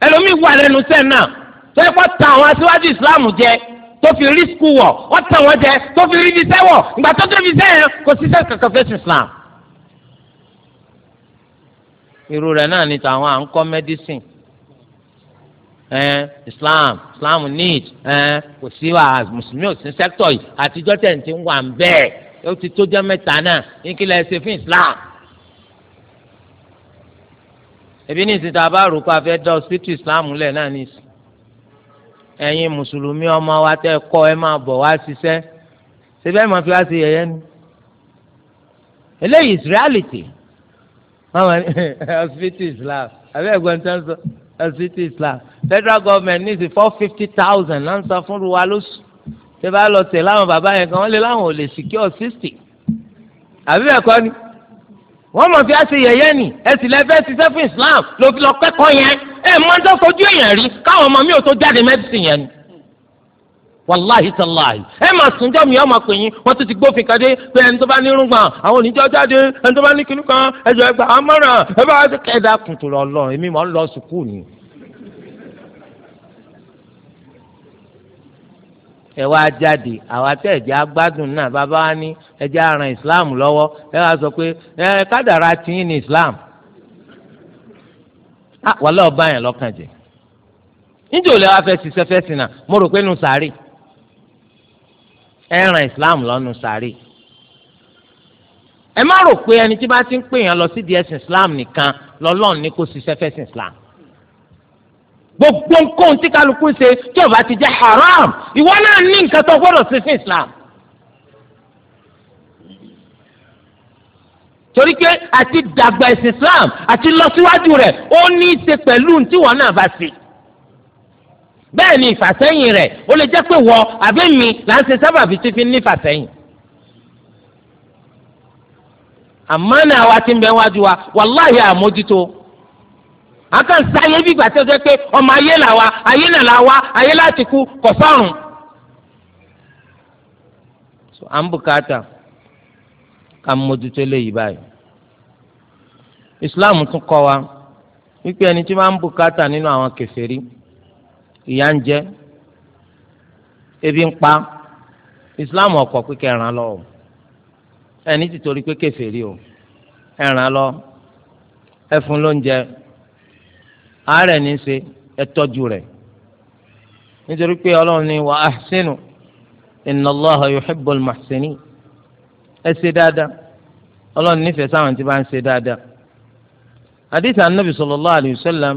Speaker 1: ẹlòmíì wà lẹ́nu sẹ́ẹ̀ náà tẹ́kọ̀ ta àwọn aṣíwájú Islam jẹ́ tó fi rí skul wọ̀ wọ́n tàn wọ́n jẹ tó fi rí fisẹ́ wọ̀ ìgbà tó tó fisẹ́ yẹn kò síṣẹ́ kankan fẹ́sùn Islam. irú rẹ̀ náà ni tàwọn à ń kọ́ medicine ẹn Islam Islam need ẹn kò sí wa mùsùlùmí ò sí sẹ́kítọ̀ yìí àtijọ́ tẹ̀ ń ti wà ń bẹ́ẹ̀ ó ti tó jẹ́ mẹ́ta náà ní kí lè ṣe fún Islam ebi ní ìsìn tá a bá rò pé a fẹ́ dá hospital islam lẹ̀ náà ní ìsìn ẹ̀yin mùsùlùmí ọmọ wa tẹ́ kọ́ ẹ máa bọ̀ wá ṣiṣẹ́ síbẹ̀ ẹ̀ máa fi wá sí yẹ̀yẹ́ ni eléyìí is reality mama hospital islam àbí ẹ̀gbọ́n tó ń sọ hospital islam federal government needs sí four fifty thousand náà ń sọ fún ruwa lóṣù tẹ́ bá lọ tẹ̀ láwọn bàbá yẹn kan wọ́n lé láwọn ò lè secure sixty àbí ẹ̀kọ́ ni wọ́n mọ̀ fi á ṣe yẹ̀yẹ́ ni ẹ̀sìn lẹ́fẹ̀ẹ́ ṣiṣẹ́ fún islam ló yẹn. ẹ máa ń tán fojú èèyàn rí káwọn ọmọ mi ò tó jáde mẹ́dísìn yẹn ni wàláhi sàláhi ẹ máa sùnjọ́ mi ọmọ pè yín wọ́n ti ti gbófin kadé pé ẹni tó bá ní irúgbọ̀n àwọn oníjọ́ jáde ẹni tó bá ní kinní kan ẹjọ́ ẹgbà amọ̀ràn ẹ bá ẹ̀dá kùtù lọ èmi mọ̀ ń lọ sùkúù ni. ẹ wá jáde àwa tẹ ẹjẹ agbádùn náà bàbá wa ní ẹjẹ aràn islam lọ́wọ́ ẹ wá sọ pé ẹ kádàrá tiyín ní islam Ah, wàhálà ọba yẹn lọ́kàn jẹ níjẹ́ ò lè wá fẹ́ ṣiṣẹ́ fẹ́ mo rò pé nu sàárì ẹ ràn Islam lọ́nu sàárì ẹ má rò pé ẹni tí bá ti ń pè yàn lọ sí di ẹ̀sìn Islam nìkan lọ́lọ́run ni kó ṣiṣẹ́ fẹ́ sìn Islam gbogbo nǹkan tí kálukú ṣe tí ó bá ti jẹ́ haram ìwọ náà ní nǹkan tó gbọ́dọ̀ ṣe fún Islam torí pé àti dàgbà ẹ̀sìn Islam àti lọ síwájú rẹ̀ ó ní í ṣe pẹ̀lú tí wọ́n náà bá ṣe bẹ́ẹ̀ ni ìfàsẹ́yìn rẹ̀ ó lè jẹ́ pé wọ àbí mi là ń ṣe sábàbí tí fi ní ìfàsẹ́yìn. àmọ́ náà wa ti ń bẹ wájú wa wàláhì àmójútó àkàn sáyé bí gbàtẹ́ jẹ́ pé ọmọ ayé là wa ayé náà là wa ayé láti kú kọ̀ sọ́run. à ń So, ka mójútó báyìí islam tún kọ́ wa wípé ẹni tí máa ń bùkátà nínú àwọn ebi ń pa islam ọkọ pé kẹràn lọ o ẹni tí torí pé o ẹràn lọ ẹfun ló ń jẹ àárẹ̀ ní í ṣe ẹ rẹ̀ nítorí pé wa ẹ ṣe dáadáa ọlọ́run nífẹ̀ẹ́ sáwọn tí bá ń ṣe dáadáa. hadith anabi sallallahu alayhi sallam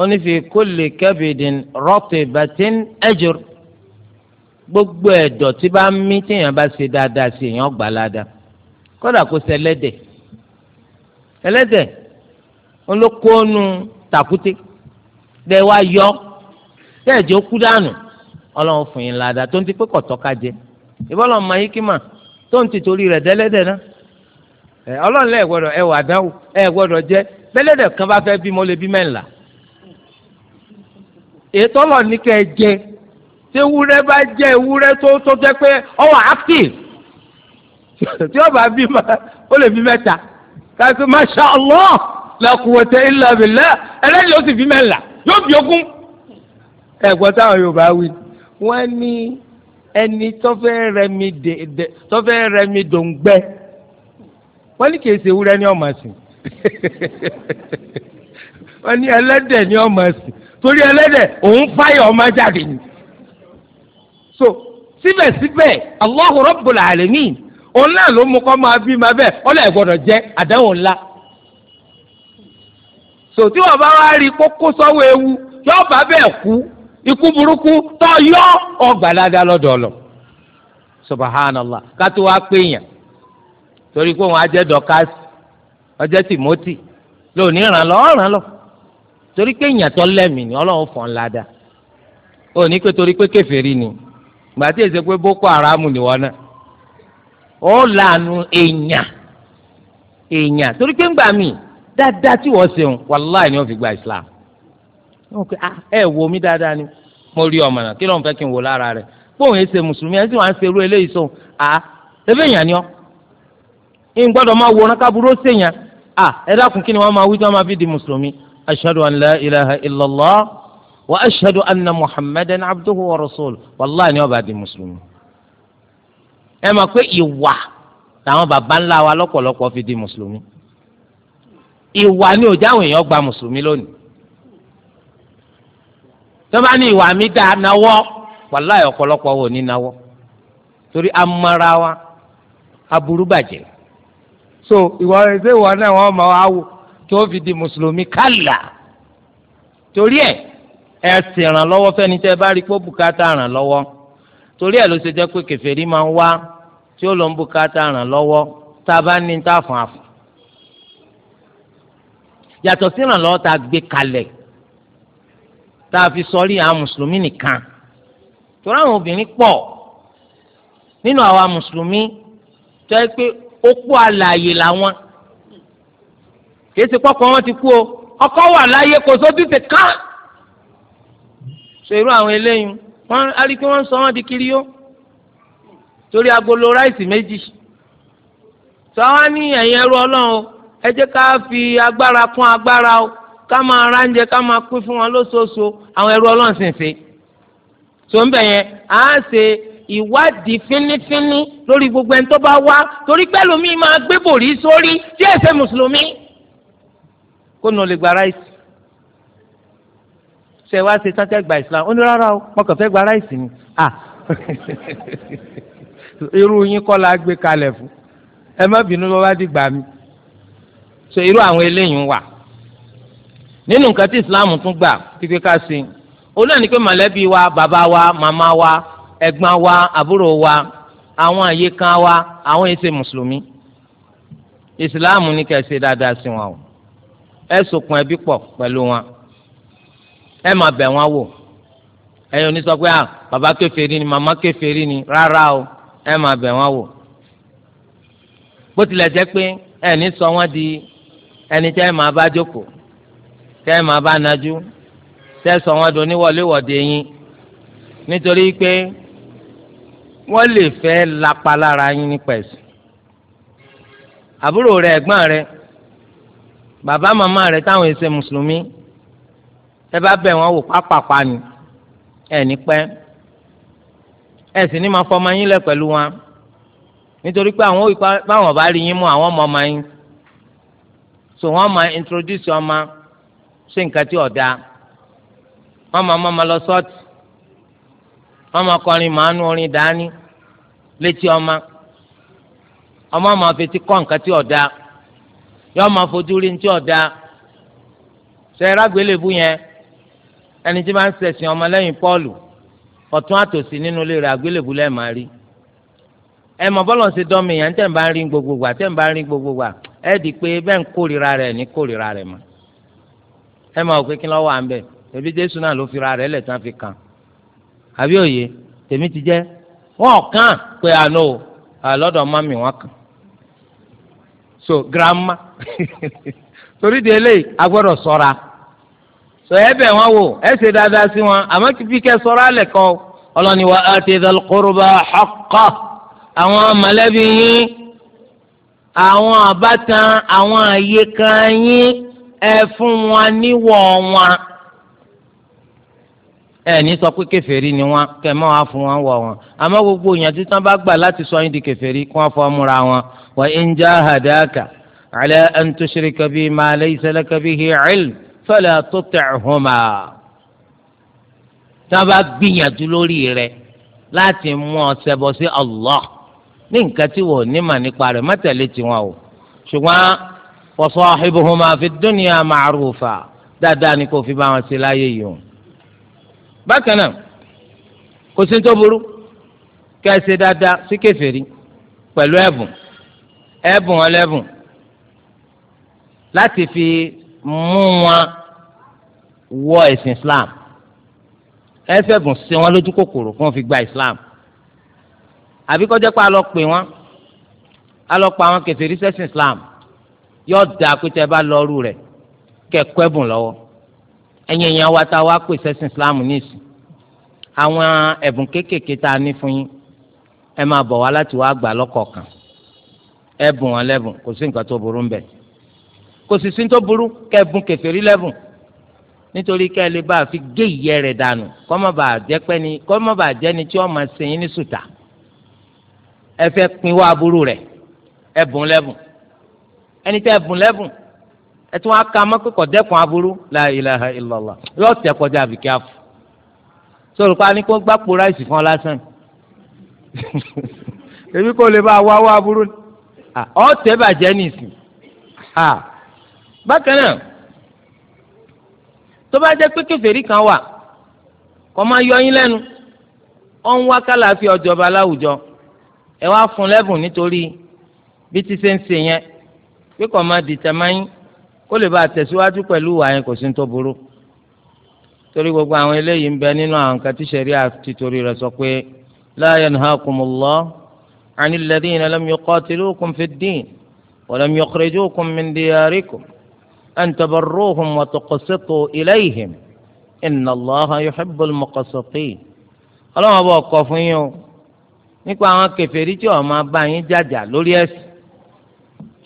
Speaker 1: ó ní fi kulli kabidin ratibatin ajr gbogbo ẹ̀dọ̀ tí bá ń mí téèyàn bá ṣe dáadáa sí èèyàn gbà ládàá kódà kó ṣe ẹlẹ́dẹ̀ ẹlẹ́dẹ̀ olókoonu tàkúté bẹ́ẹ̀ wá yọ bẹ́ẹ̀ jẹ́ ó kú dànù ọlọ́run fún yín ládàá tó ń ti pé kọ̀tọ́ ká ìbọ́lọ́ mọ tó ń tìtorí rẹ̀ dẹ́lẹ́dẹ̀ náà ẹ ọlọ́run lẹ́ẹ̀ gbọ́dọ̀ ẹ wà dánwò ẹ gbọ́dọ̀ jẹ́ dẹ́lẹ́dẹ̀ kan bá fẹ́ bí mo lè bí mẹ́ńlá ètò ọlọ́run ní kẹ́ ẹ jẹ tí ewúrẹ́ bá jẹ ewúrẹ́ tó tó jẹ́ pé ọ wà active tí ó bá bí ma ó lè bí mẹ́ta káàkiri masha allah la quwwata illa billah ẹlẹ́yìn ló sì bí mẹ́ńlá yóò bí ogún ẹ̀gbọ́n táwọn Yorùbá wí wọ́n ní ẹni tọ́fẹ́ rẹmi de, dè tọ́fẹ́ rẹmi dòǹgbẹ́ wọ́n ní kìí ṣe ewúrẹ́ ní ọ̀mà sí wọ́n ní ẹlẹ́dẹ̀ ní ọ̀mà sí torí ẹlẹ́dẹ̀ òun fáyọ̀ ọmọ jáde ni so síbẹ̀síbẹ̀ Allahu Rabbul Alamin òun náà ló mú kọ́ máa bí máa bẹ́ẹ̀ ọlọ́ ẹ̀gbọ́dọ̀ jẹ́ àdáhùn ńlá so tí wọ́n bá wá rí kókó sọ́wọ́ ewu yóò bá kú ikú burúkú tó yọ ọgbàládá lọdọ lọ subahánàlá kátó wá péyàn torí pé wọn á jẹ́ dọ́kásì ọjọ́ lónìí ràn lọ ràn lọ torí pé ìyàtọ̀ lẹ́mìí ni ọlọ́run fọ́n ládà ó pé pé boko haram náà ó lànà èèyàn èèyàn torí pé ń gbà mí dáadáa tí wọ́n gba islam Ah, ẹ wò mí dáadáa ni mo rí ọmọ náà kí ló ń fẹ́ kí n wò lára rẹ̀ bóun èsè mùsùlùmí ẹni tí wọ́n á ṣerú eléyìí sóun à ah, ebe èèyàn ni ọ́ ń gbọ́dọ̀ máa wo ọ̀nà kábúrò sèèyàn à ah, ẹ dákun kí ni wọ́n máa wí tí wọ́n máa fi di mùsùlùmí ashadu an la ilaha illallah wa ashadu anna muhammadan abduhu wa rasuluhu wàláhi ni wọ́n bá di mùsùlùmí ẹ máa pé ìwà làwọn baba ńlá wa lọ́pọ̀lọpọ̀ fi di mùsùlùmí ìwà ni òjá àwọn èèyàn gba mùsùlùmí lónìí tọ́ba ní ìwà mi dáa náwọ́ wàláì ọ̀pọ̀lọpọ̀ wò ní náwọ́ torí amara wa aburú bàjẹ́ so ìwọ ẹsẹ ìwọ náà wọn máa wá wò fi di mùsùlùmí kálà torí ẹ ẹ sì ràn lọ́wọ́ fẹ́ni tẹ́ bá rí pé bùkátà ràn lọ́wọ́ torí ẹ ló ṣe jẹ́ pé kèfèrí máa ń wá tí ó lọ ń bùkátà ràn lọ́wọ́ tá a bá ní tá a fún àfún yàtọ̀ sí tá a gbé kalẹ̀ tá a fi sọrí àwọn mùsùlùmí nìkan torí àwọn obìnrin pọ̀ nínú àwa mùsùlùmí tó yẹ pé ó kú àlàyé làwọn kìí ṣe pọkọ wọn ti kú o ọkọ wà láyé kò sóbi ti kán ṣe irú àwọn eléyìí wọn á rí i pé wọn ń sọ wọn di kiri yó torí agolo ráìsì méjì sọ wá ní ẹ̀yìn ẹrú ọlọ́run ẹ jẹ́ ká fi agbára kún agbára o ká máa ránjẹ ká máa pín fún wọn lóṣooṣù àwọn ẹrú ọlọ́run sì ń ṣe tó ń bẹ̀ yẹn á ṣe ìwádìí fínífíní lórí gbogbo ẹni tó bá wá torí pẹ́lú mi máa gbé bòrí sórí tí ẹ̀sẹ̀ mùsùlùmí kó nà lè gba ráìsì ṣe wá ṣe sáńtẹ́ gba islam ó ní rárá o mo kàn fẹ́ gba ráìsì ni à irú yín kọ́ la gbé kalẹ̀ fún ẹ má bínú lọ́wọ́ á di gbà mí so irú àwọn eléyìí ń wà nínú nǹkan tí islam tún gbà pípé ká sí olú ẹni pé mọ̀lẹ́bí wa bàbá wa màmá wa ẹ̀gbọ́n wa àbúrò wa àwọn àyíká wa àwọn èsè mùsùlùmí islam ní kẹ́ ṣe dáadáa sí wọn o ẹ sokùn ẹbí pọ̀ pẹ̀lú wọn ẹ máa bẹ̀ wọ́n wò ẹ̀yin oní sọ pé à ah, bàbá kèfèrí ni màmá kèfèrí ni rárá o ẹ máa bẹ̀ wọ́n wò bó tilẹ̀ jẹ́ pé ẹni sọ wọ́n di ẹni tẹ́ ẹ máa bá jókòó tẹ́ ẹ máa bá nájú tẹ́ ẹ sọ wọn dùn níwọléwọ̀de yín nítorí pé wọ́n lè fẹ́ lapa lára yín nípa ẹ̀sìn àbúrò rẹ ẹ̀gbọ́n rẹ bàbá màmá rẹ táwọn èsè mùsùlùmí ẹ bá bẹ̀ wọ́n wò pápápá ni ẹ̀ ní pẹ́ ẹ sì ní máa fọmọ yín lẹ̀ pẹ̀lú wọn nítorí pé àwọn báwọn bá rí yín mú àwọn ọmọ ọmọ yín so wọ́n máa introduce ọmọ ṣe nǹkan tí ọ̀dà máa ọmọ lọ sọ́ọ̀tì kọrin màánú orin dání létí ọmọ ọmọ máa fetí kọ́ nǹkan tí ọ̀dà yọ́ọ́ máa fojú rí yẹn ẹni tí máa ń ṣẹ̀sìn ọmọ lẹ́yìn pọ́ọ̀lù ọ̀tún àtòsí nínú ilé rẹ̀ àgbélébú lẹ́ẹ̀ máa rí ẹ mọ̀ bọlọ ṣe dán mi yẹn tẹ̀ n bá ń rí gbogbo gbà tẹ̀ bá ń rí gbogbo ẹ di pé bẹ́ẹ̀ ń ní ẹ máa òkè kí lọ́wọ́ à ń bẹ̀ ẹbí jésù náà ló fira rẹ̀ lẹ̀ tán fi kàn àbí òye tèmi ti jẹ́ wọ́n kàn pé àná o àlọ́dọ̀ mami wọn kàn so girama torí de eléyìí agbọ́dọ̀ ṣọ́ra sọ ẹ bẹ̀ wọ́n wò ẹ ṣe dáadáa sí wọn àmọ́ kí kẹ́ ṣọ́ra lẹ̀ kọ́ ọlọ́ni wa àti ìdálùkọ́rọ̀bà haqqah àwọn mọ̀lẹ́bí yín àwọn àbátan àwọn àyè kan yín ẹ fún wọn níwọ̀ wọn ẹ ní sọ pé ni wọn kẹ mọ wàá fún wọn wọ wọn àmọ́ gbogbo ìyànjú tán bá gbà láti sọ yín di kèfèrí wọn fọ wọn wa ala an tushrika ma bihi ilm fala tuti'huma tán bá gbìyànjú lórí rẹ láti mú ọ sí Allah ní nǹkan tí wọn ò ní mà nípa rẹ má tẹ̀lé tiwọn wa sahibuhuma fi dunya ma'rufa dáadáa ni kò fi bá wọn ṣe láyé yìí o. bákan náà kò sí tó burú kí ẹ ṣe dáadáa sí kèfèrí pẹ̀lú ẹ̀bùn ẹ̀bùn ọlẹ́bùn láti fi mú wọn wọ ẹ̀sìn Islam ẹ fẹ́bùn sí wọn lójú kòkòrò kí wọ́n fi gba Islam àbí kọjá pé a lọ pè wọ́n a lọ pa àwọn kèfèrí sẹ́sìn Islam yọ da pété bá lọ́ọ́rù rẹ̀ kẹ́kọ́ ẹ̀bùn lọ́wọ́ ẹ̀yin èèyàn wa ta wá pè sẹ́sìn Islam nísìn àwọn ẹ̀bùn kéékèèké tá a ní fún yín ẹ máa bọ̀ wá láti wá gbà lọ́kọ̀ọ̀kan ẹ̀bùn wọn lẹ́bùn kò sí nǹkan tó burú ń bẹ̀ kò sì sí tó burú kẹ́ẹ̀bùn kèfèrí lẹ́bùn nítorí kẹ́ bá a fi gé ìyẹ́ rẹ̀ dànù kọ́ mọ́ bàa jẹ́ tí wọ́n máa sìn ní sùtà ẹ fẹ́ pin wá aburú rẹ̀ ẹ̀bùn lẹ́bùn ẹni tẹ́ ẹ̀bùn lẹ́bùn ẹ tún wá ka mọ́kòkò dẹ́kun aburú la ilaha illallah yóò tẹ̀ kọjá àbíkí àfọ̀ sọ̀rọ̀ pa ni kó gbá kpó ráìsì fún ọ lásán èmi kò lè bá wá wá aburú ọ tẹ́ bàjẹ́ nìsín bákan náà tó bá jẹ́ pé kèfèrí kan wà kó máa yọ yín lẹ́nu ọ ń wá kálàáfíà ọjọba láwùjọ ẹ wá fún lẹ́bùn nítorí bí ti ṣe ń ṣe yẹn pé kò máa dìtẹ̀ máyín kó lè bá a tẹ̀síwájú pẹ̀lú ìwà yẹn kò sí ní tó burú torí gbogbo àwọn eléyìí ń bẹ nínú àwọn nǹkan tí ṣẹ̀ríà ti torí rẹ̀ sọ pé la yanhakumullah anil ladhina lam yuqatilukum fid din wa lam yukhrijukum min diyarikum an tabarruhum wa tuqsitu ilayhim inna Allaha yuhibbul muqsitin ọlọ́wọ́n bọ̀ kọ̀ fún yín o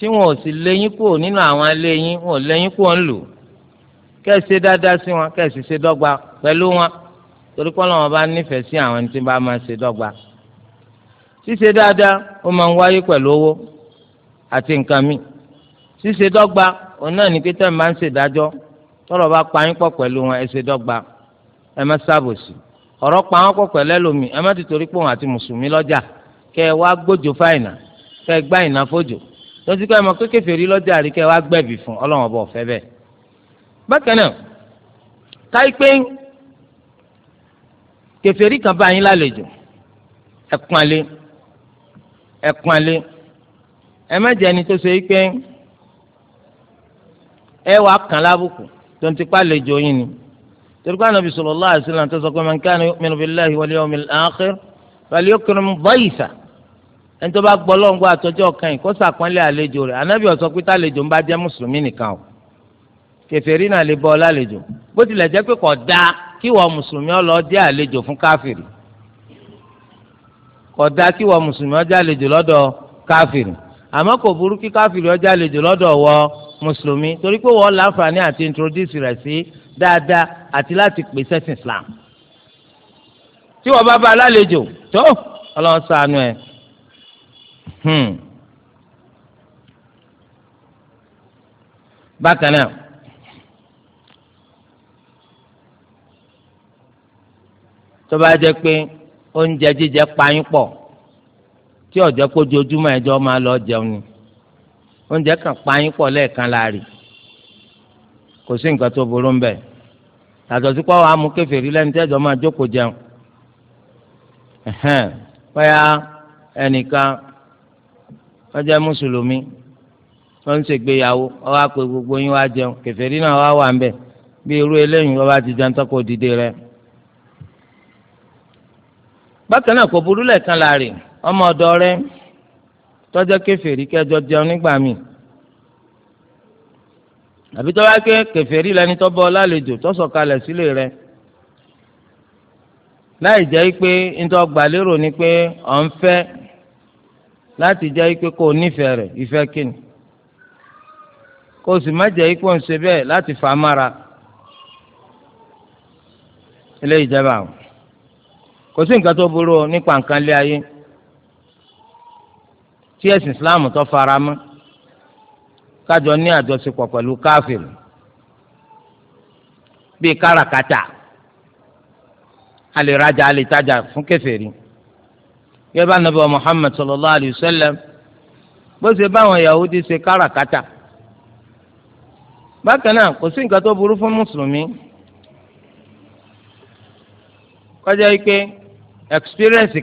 Speaker 1: tí wọn ò sì léyìn kúrò nínú àwọn aléyìn wọn ò léyìn kúrò ń lù kẹ́sì dáadáa sí wọn kẹ́sì ṣe dọ́gba pẹ̀lú wọn torí kọ́ lọ́wọ́ bá nífẹ̀ẹ́ sí àwọn tí bá máa ṣe dọ́gba ṣíṣe dáadáa ó máa ń wáyé pẹ̀lú owó àti nǹkan míì ṣíṣe dọ́gba òun náà ní pété máa ń ṣèdájọ́ tọ́rọ̀ bá pa yín pọ̀ pẹ̀lú wọn ẹ ṣe dọ́gba ẹ má ṣàbòsí ọ̀rọ̀ pa wọn pọ̀ pẹ̀lú ẹlòmíì ẹ má ti torí pé àti mùsùlùmí lọ́jà kẹ́ ẹ wá gbójú fáìnà kẹ́ ẹ gbá ìnáfójò lọsí pé ọmọ kékeré fèrè lọjà àríkẹ wa gbẹ̀bí fún Ọlọ́run ọba ọfẹ bẹ́ẹ̀ bákan náà táìpé kèfèrí kan bá yín lálejò ẹkùnalé ẹkùnalé ẹ má jẹ ẹni tó ṣe pé ẹ wàá kàn lábùkù tó ń tipa lejò yín ni torí pé Ànábì sallallahu alaihi wasallam tó sọ pé man kana yu'minu billahi wal yawmil akhir falyukrim dayfahu ẹni tó bá gbọ́ lọ́ngbọ́ àtọ́jọ́ kan yìí kó sàpọ́nlé àlejò rẹ̀ anábì ó sọ pé tàlejò ń bá jẹ́ mùsùlùmí nìkan o kèfèrí náà lè bọ́ lálejò bó tilẹ̀ jẹ́ pé kò dáa kí wọ́n mùsùlùmí ó lọ jẹ́ àlejò fún káfìrì kò dáa kí wọ́n mùsùlùmí ó jẹ́ àlejò lọ́dọ̀ káfìrì àmọ́ kò burú kí káfìrì ó jẹ́ àlejò lọ́dọ̀ wọ mùsùlùmí torí pé wọ́n láǹfààní àti introduce rẹ̀ sí dáadáa àti láti pè sẹ́sìn Islam tí wọ́n bá bá lálejò tó Ọlọ́run ṣàánú ẹ̀ Hmm. bákan náà tó bá jẹ́ pé oúnjẹ jíjẹ payín pọ̀ tí ọjọ́ kó jojúmọ́ ẹjọ́ máa lọ jẹun ni oúnjẹ kan payín pọ̀ lẹ́ẹ̀kan láàrin kò sí nǹkan tó burú mbẹ yàtọ̀ sí pọ́wọ́ amú kèfèrí lẹ́nu tẹ́jọ́ máa jókòó jẹun bóyá ẹnìkan wọ́n jẹ́ mùsùlùmí wọ́n ń ṣègbéyàwó wọ́n gbogbo yín wá jẹun náà wá wà ń bẹ̀ bí irú eléyìí wọ́n bá ti jẹun tọ́kọ òdìdé rẹ̀. bákan náà kò burú lẹ́ẹ̀kan láàrin ọmọ ọ̀dọ́ rẹ tọ́jọ́ kẹjọ jẹun nígbà míì àbí lẹni bọ́ lálejò sílé láì jẹ́ pé nítorí gbàlérò láti jẹ́ pé kò nífẹ̀ẹ́ rẹ̀ ìfẹ́ kíni kò sì má jẹ́ pé ń ṣe bẹ́ẹ̀ láti fà á mára ilé ìjẹba àwọn kò sí nǹkan tó burú nípa nǹkan lé ayé tí ẹ̀sìn Islam tó fara mọ́ kájọ ní àjọṣepọ̀ pẹ̀lú káfíìn bíi káràkátà a lè rajà a lè tajà fún kèfèrí. gẹ́gẹ́ anabi muhammed sallallahu alayhi wa sallam bó ṣe báwọn yahudi ṣe káràkátà bákan náà kò sí nǹkan tó burú fún mùsùlùmí kọjá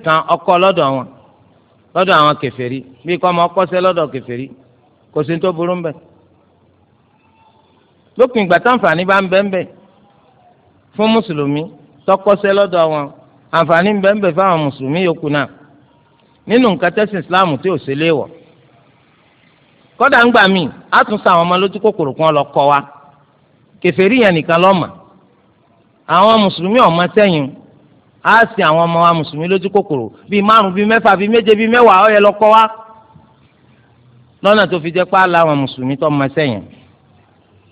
Speaker 1: kan ọkọ lọ́dọ̀ wọn lọ́dọ̀ àwọn kèfèrí bíi kọ́ ọmọ ọkọ́sẹ́ lọ́dọ̀ kò sí tó burú mbẹ ìgbà bá ń bẹ ń bẹ fún mùsùlùmí tọkọsẹ wọn àǹfààní ń bẹ nínú nǹkan tẹ́sìn islam tí ò sí léèwọ̀ kọ́dà ń gbà mí á àwọn ọmọ lójú kòkòrò kan lọ kọ́ wa kèfèrí yẹn nìkan lọ́mà àwọn mùsùlùmí ọ̀mọ sẹ́yìn á sì àwọn ọmọ wa mùsùlùmí lójú kòkòrò bíi márùn bíi mẹ́fà bíi méje bíi mẹ́wàá ọ̀yẹ́ lọ kọ́ wa lọ́nà tó fi jẹ́ pé àlà àwọn mùsùlùmí tó ọmọ sẹ́yìn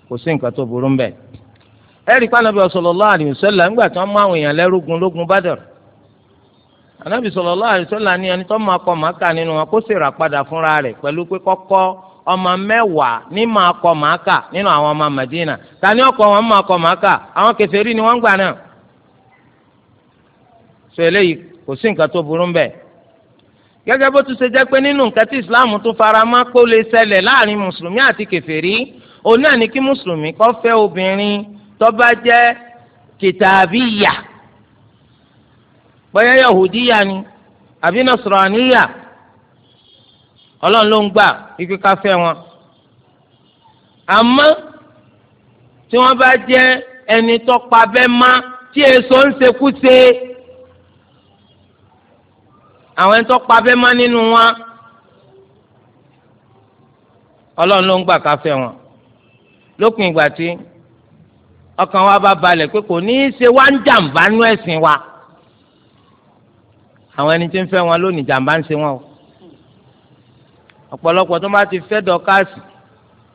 Speaker 1: kò sí nǹkan tó burú ń bẹ̀ ẹ̀rí pàlọ́bì sallallahu alaihi wasallam ńgbà tí wọ́n mú àwọn èèyàn anabi sọlọ alaihi wasallam ni ẹni tó máa kọ máa nínú wọn kó sì rà padà fúnra rẹ̀ pẹ̀lú pé kọ́kọ́ ọmọ mẹ́wàá ní máa kọ máa nínú àwọn ọmọ Madina ta ni ọkọ wọn máa kọ máa kà àwọn kèfèrí ni wọ́n gbà náà sọ eléyìí kò sí nǹkan tó burú bẹ́ẹ̀ gẹ́gẹ́ bó tún ṣe jẹ́ pé nínú nǹkan tí Islam tún fara mọ́ kó lè ṣẹlẹ̀ láàrin mùsùlùmí àti kèfèrí òun náà ni kí mùsùlùmí kó fẹ́ obìnrin tó bá jẹ́ kìtàbíyà bóyá ya ni àbí nasraniya ọlọ́run ló ń gbà ikú ká fẹ́ wọn. àmọ́ tí wọ́n bá jẹ́ ẹni tó pa bẹ́ẹ̀ má tí èso ń ṣekúṣe àwọn ẹni tó pa bẹ́ẹ̀ má nínú wọn ọlọ́run ló ń gbà ká wọn. lópin ìgbà tí ọkàn wa bá balẹ̀ pé kò ní í ṣe wá ń jàǹbá nú ẹ̀sìn wa àwọn ẹni tí ń fẹ́ wọn lónìí jàǹbá ń ṣe wọn o ọ̀pọ̀lọpọ̀ tó bá ti fẹ́ dọ́kásì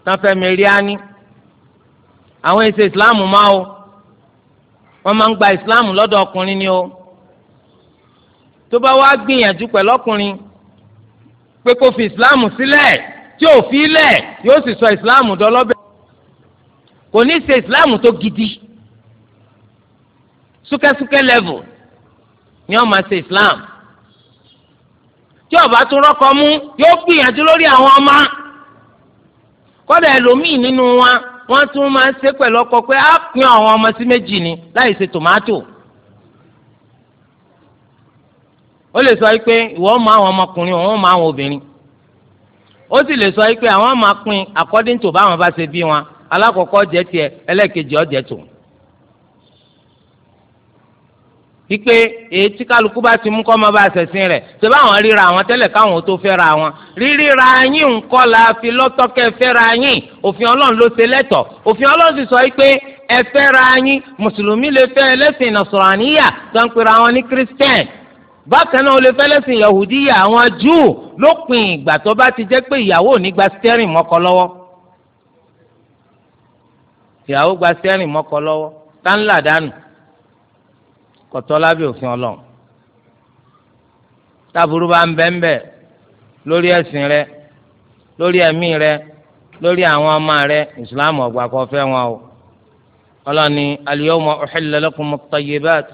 Speaker 1: tán fẹ́ mẹ́ríání àwọn èsì ìsìláàmù máa o wọ́n máa ń gba ìsìláàmù lọ́dọ̀ ọkùnrin ni o tó bá wá gbìyànjú pẹ̀lú ọkùnrin pé kó fi ìsìláàmù sílẹ̀ tí ò fi lẹ̀ yóò sì sọ ìsìláàmù dọlọ́bẹ̀ kò ní ṣe ìsìláàmù tó gidi súkẹ́súkẹ́ level ni wọ́n máa ṣe ìsìláàmù tí ọba tún rọ́kọ mú yóò gbìyànjú lórí àwọn ọmọ kódà ẹlòmíì nínú wa wọn tún máa ń ṣe ọkọ pé á pin àwọn ọmọ sí méjì ni láì ṣe tòmátò ó lè sọ pé ìwọ mọ àwọn ọmọkùnrin òun mọ àwọn obìnrin ó sì lè sọ pé àwọn máa according to báwọn bá ṣe bí wọn wípé ètí kálukú bá ti mú kọ́ máa bá ṣẹ̀sìn rẹ̀ ṣé báwọn ríra àwọn tẹ́lẹ̀ káwọn tó fẹ́ra wọn ríríra yín ńkọ́ la fi lọ́tọ́kẹ́ fẹ́ra yín òfin ọlọ́run ló ṣe lẹ́tọ̀ òfin ọlọ́run sì sọ wípé ẹ fẹ́ra yín mùsùlùmí lè fẹ́ ẹlẹ́sìn nasraniya tó ń pera wọn ní christian bákan náà ó lè fẹ́ ẹlẹ́sìn yahudiya àwọn júù lópin ìgbà tó bá ti jẹ́ pé ìyàwó ní gba stẹ́rìn mọ́kọ lọ́wọ́ ìyàwó gba stẹ́rìn mọ́kọ lọ́wọ́ tá ń là dànù kọtọ lábẹ́ òfin Ọlọ́run táburú bá ń bẹ ń bẹ lórí ẹ̀sìn rẹ lórí ẹ̀mí rẹ lórí àwọn ọmọ rẹ Islam ọgbà kò fẹ́ wọn o Ọlọ́run ní al-yawma uhilla lakum at-tayyibat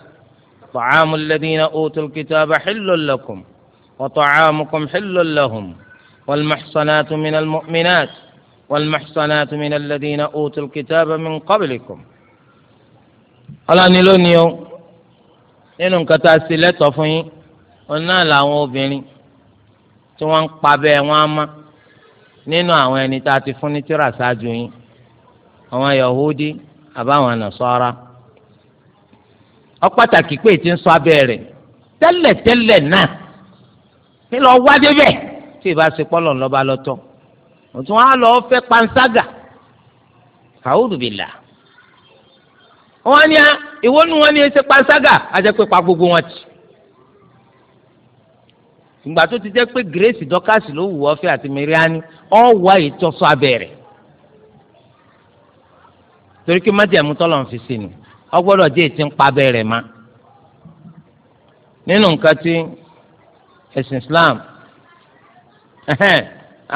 Speaker 1: ta'amu alladhina utul kitaba hillun lakum wa ta'amukum hillun lahum والمحصنات من المؤمنات والمحصنات من الذين أوتوا الكتاب من قبلكم. ألا نلونيو nínú nǹkan tá a ṣe lẹ́tọ̀ọ́ fún yín òun náà làwọn obìnrin tí wọ́n ń pa bẹ́ẹ̀ wọ́n á mọ́ nínú àwọn ẹni tá a ti fún ní tírà ṣáájú yín àwọn Yahudi àbáwọn Nasara ọpàtàkì pé ti ń sọ abẹ́rẹ́ tẹ́lẹ̀tẹ́lẹ̀ náà kí lọ wá débẹ̀ tí ìbá ṣe pọ́lọ̀ ńlọ́ba lọ́tọ́ òtún á lọ fẹ́ panṣágà káwùdù bìlà wọn ni ìwọ nu wọn ni ẹsẹ panṣágà àti pé pa gbogbo wọn ti. ìgbà tó ti jẹ́ pé grace dọ́kàsì ló wù ọ́ fẹ́ àti mẹ́ríání ọ́ wá ìtọ́sọ abẹ́rẹ́ torí kí májèmú tọ́lọ̀ ń fi sí ni ọ gbọ́dọ̀ jẹ́ ètí ń pa abẹ́rẹ́ ma. nínú nǹkan tí ẹ̀sìn Islam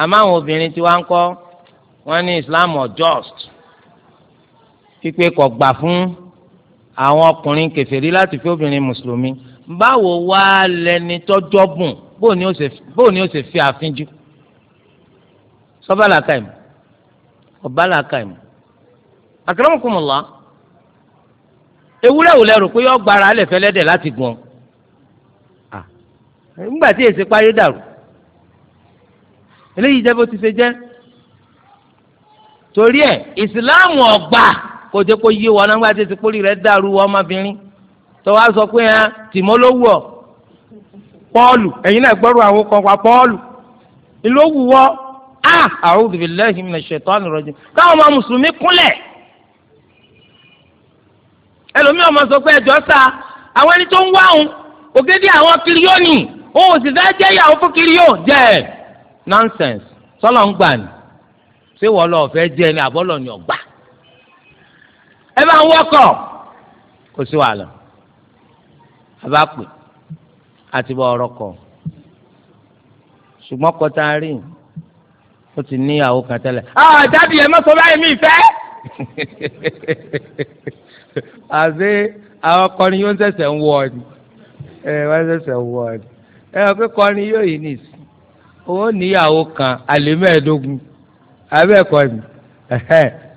Speaker 1: àmọ́ àwọn obìnrin tí wọ́n ń kọ́ ní Islam or just pípé kọ̀ gbà fún àwọn ọkùnrin kèfèrí láti fi obìnrin mùsùlùmí báwo wá lẹni tọjọ bùn bóò ni ó ṣe fi àfínjú sọbàlà kàìm ọbàlà kàìm akramakumullah ewúrẹ́ wò lẹ́rù pé yọ gbára alẹ́ fẹ́ lẹ́dẹ̀ láti gbọ́n nígbà tí èsì páyé dàrú eléyìí jẹ́ bó ti ṣe jẹ́ torí ẹ̀ ìsìláàmù ọ̀gbà kó o jẹ́ kó yé wọn nígbà tí ìsìnkú rẹ̀ dàrú ọmọbìnrin tó wá sọ pé ẹ tìmọ́ ló wù ọ́ pọ́ọ̀lù ẹ̀yin náà gbọ́rọ̀ àwọn kan pa pọ́ọ̀lù ìlú wù wọ́ a a'udhu billahi minash shaitani rajim káwọn ọmọ mùsùlùmí kúnlẹ̀ ẹlòmíì ọmọ sọ pé ẹjọ́ sá àwọn ẹni tó ń wá òun ògidì àwọn kiriyóni òun ò sì dá jẹ́ ìyàwó fún kiriyó jẹ́ nonsense sọlọ ń gbà ní ṣé wọ́n lọ fẹ́ jẹ́ ni àbọ̀lọ̀ ni ọ̀gbà ẹ bá ń wọ́kọ̀ kò sí wàhálà abápè àti bọ́ ọ̀rọ̀ kọ̀ ṣùgbọ́n kọta rí ó ti níyàwó kan tẹ́lẹ̀ ah dáàdi ẹ̀ mọ́sọ̀ báyìí mi fẹ́ àti àwọn kọrin yóò ṣẹ̀ṣẹ̀ ń wọ ni ẹ wọ́n ṣẹ̀ṣẹ̀ ń wọ ni ẹ wọ́n pé kọrin yóò yìí nìsí òun níyàwó kan àlè mẹ́ẹ̀ẹ́dógún abẹ́ẹ̀kọ́ ni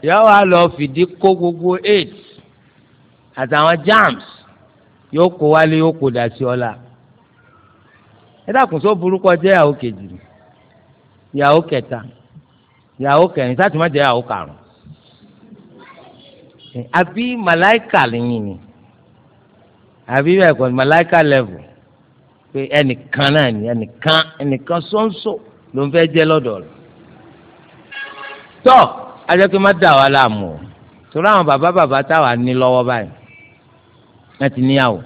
Speaker 1: yóò wá lọ fìdí kó gbogbo aids àtàwọn germs yóò kó wálé yóò kó dà sí ọ̀la ẹ dákun tó burúkọ jẹ́ ìyàwó kejì ìyàwó kẹta ìyàwó kẹrin sáà má jẹ́ ìyàwó karùn àbí màláìkà lẹ́yìn ni àbí bẹ́ẹ̀ kọ́ màláìkà level pé ẹnìkan náà ni ẹnìkan ẹnìkan ṣoṣo ló ń fẹ́ jẹ́ lọ́dọ̀ rẹ̀ tọ́. So, ajẹ́ pé má dà wá láàmú o torí àwọn bàbá bàbá táwa ní lọ́wọ́ báyìí wọ́n ti níyàwó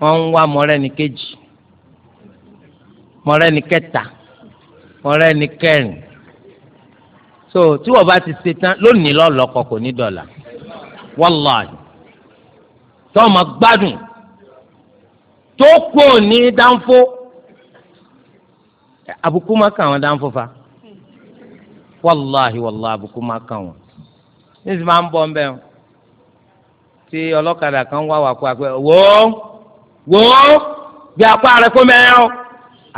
Speaker 1: wọ́n ń wá mọ́rẹ́ni kejì mọ́rẹ́ni kẹta mọ́rẹ́ni kẹrin so tí wọ́n bá ti ṣe tán lónìí lọ́lọ́kọ kò ní dọ̀là wàláhì tó ọmọ gbádùn tó kú òní dáńfó àbùkù má kà wọ́n dáńfó fa. wàláhi wàláhi àbùkù máa kàn wọ́n níbi máa ń tí ọlọ́kadà kan wá wà kó wò ó wò ó bí apá rẹ kó mẹ́rin o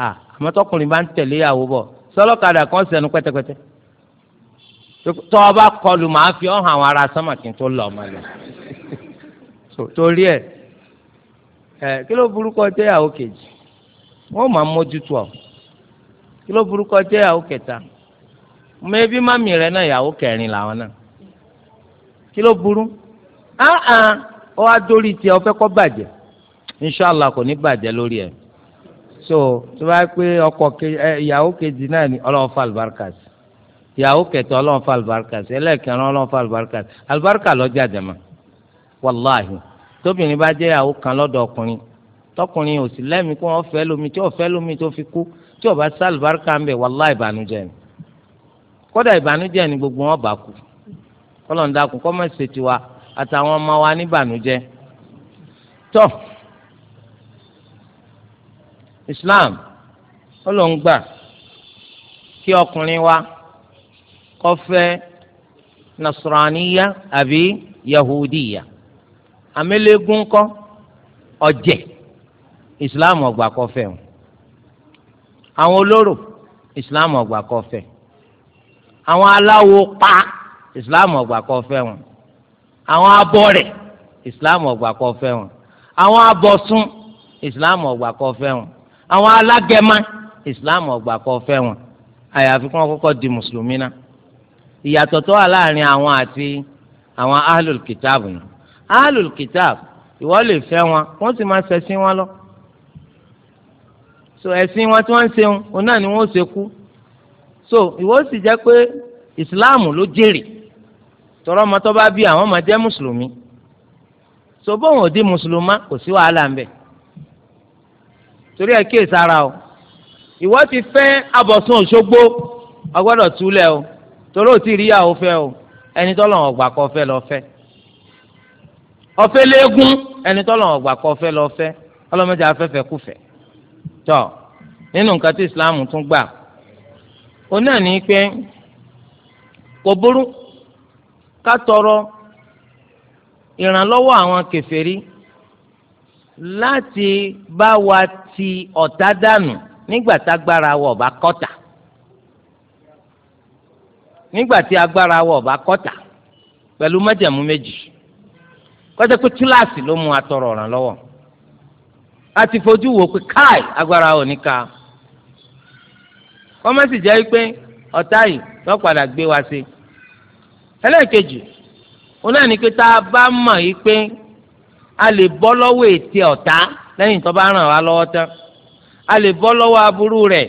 Speaker 1: àmọ́ bá ń tẹ̀lé ìyàwó bọ̀ ọlọ́kadà kan sẹ́nu pẹ́tẹ́pẹ́tẹ́ tọ́ bá kọlù màá fi àwọn ará tó lọ ọmọ torí ẹ kí ló burúkọ jẹ́ ìyàwó kejì wọ́n máa mójútó ọ mẹbi mami rẹ náà ìyàwó kẹrin làwọn náà kí ló burú áhàn ó wá dórí tiẹ̀ ó fẹ́ kó bàjẹ́ inshàlá kò ní bàjẹ́ lórí ẹ̀ so tó bá pé ọkọ ìyàwó kejì náà ni ọlọ́run fa àlùbáríkà sí ìyàwó kẹtọ ọlọ́run fa àlùbáríkà sí ẹlẹ́ẹ̀kẹrin ọlọ́run fa àlùbáríkà sí àlùbáríkà lọ́jà jẹ̀mọ́ wàláhì tóbìnrin bá jẹ́ ìyàwó kan lọ́dọ̀ ọkùnrin tọkùnrin ò sì lẹ́mìí kó wọ́n fẹ́ lómi tí ò fẹ́ lómi tó fi kú tí ò bá sá àlùbáríkà ń bẹ̀ wàláhì ìbànújẹ́ ni kódà ìbànújẹ́ ni gbogbo wọn bá kú kọlọ́n dákun kọ́mọ̀ ṣètì wa àtàwọn ọmọ wa níbànújẹ́ tọ́ Islam ó ló ń gbà kí ọkùnrin wa kó fẹ́ àbí yahudiya amẹ́lẹ́gùn kọ́ ọ̀jẹ̀ Islam ò gbà kó fẹ́ àwọn olóró Islam ò gbà àwọn aláwo pa ìsìláàmù ọgbà kọ fẹ́ wọn àwọn abọrẹ̀ ìsìláàmù ọgbà kọ fẹ́ wọn àwọn abọ̀sún ìsìláàmù ọgbà kọ fẹ́ wọn àwọn alágẹmá ìsìláàmù ọgbà kọ fẹ́ wọn àyàfi kí wọn kọ́kọ́ di mùsùlùmí náà ìyàtọ̀ tó wà láàrin àwọn àti àwọn ahlul kitab ni ahlul kitab ìwọ lè fẹ́ wọn wọ́n sì máa ṣẹ̀sìn wọn lọ so ẹ̀sìn wọn tí wọ́n ń ṣe òun náà ni wọ́n ó ṣe kú so ìwọ sì jẹ́ pé ìsìláàmù ló jèrè tọrọ ọmọ tó bá bí àwọn ọmọ jẹ́ mùsùlùmí so bóun ò di mùsùlùmá kò sí wàhálà ńbẹ torí ẹ kíyè sára o ìwọ ti fẹ́ abọ̀sùn òṣogbo ọgbọ́dọ̀ túlẹ̀ o torí ò tí ì ríyàwó fẹ́ o ẹni tọ́lọ̀ ọ̀gbà kọ́ fẹ́ lọ fẹ́ ọfẹ́ léegun ẹni tọ́lọ̀ ọ̀gbà kọ́ fẹ́ lọ fẹ́ ọlọ́mọdé afẹ́fẹ́ kúfẹ́ tọ́ nínú nǹkan tí ìsìláàmù tún gbà. òun náà ní pé kò burú ká tọrọ ìrànlọ́wọ́ àwọn kèfèrí láti bá wa ti ọ̀tá dànù nígbà tágbára wa ọ̀bá kọ́ta nígbà tí agbára wa ọ̀bá kọ́ta pẹ̀lú májẹ̀mú méjì kọ́tẹ́ pé túláàsì ló mú atọrọ ìrànlọ́wọ́ a ti fojú wò pé káì agbára ò ní ká. kọ́mẹ́sì jẹ́ pé ọ̀tá yìí lọ́ padà gbé wa sí. ẹlẹ́ẹ̀kejì òun náà ní pé tá a bá mọ̀ yìí pé a lè bọ́ lọ́wọ́ ète ọ̀tá lẹ́yìn tó bá ràn wá lọ́wọ́ tán a lè bọ́ lọ́wọ́ aburú rẹ̀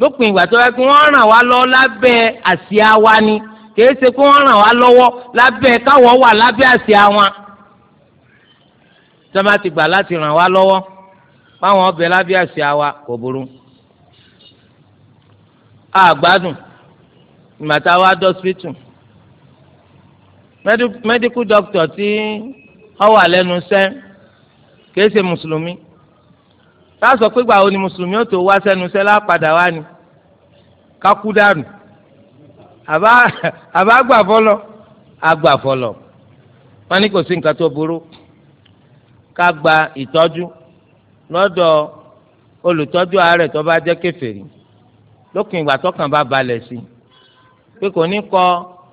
Speaker 1: lópin ìgbà tó yẹ kí wọ́n ràn wá lọ́wọ́ lábẹ́ àsíá wa ni kìí ṣe kí wọ́n ràn wá lọ́wọ́ lábẹ́ káwọ́ wà lábẹ́ àsíá wọn tó bá ti gbà láti ràn wá lọ́wọ́ báwọn ọbẹ̀ lábẹ́ àsíá wa kò burú àgbádùn ìmọ̀ta wa dọ́sítù mẹ́díkù dọ́kítọ̀ tí ó wà lẹ́nu sẹ́ kìí ṣe mùsùlùmí tá a sọ pé gbàwo ni mùsùlùmí ó tó wá sẹ́nu sẹ́ lápadà wá ni kákú dànù àbá àbá gbà fọlọ àgbà fọlọ wọn ní kò sí nǹkan tó burú gba ìtọ́jú lọ́dọ̀ olùtọ́jú àárẹ̀ tó bá jẹ́ lókun ìgbà tọkàn bá balẹ̀ sí i pé kò ní kọ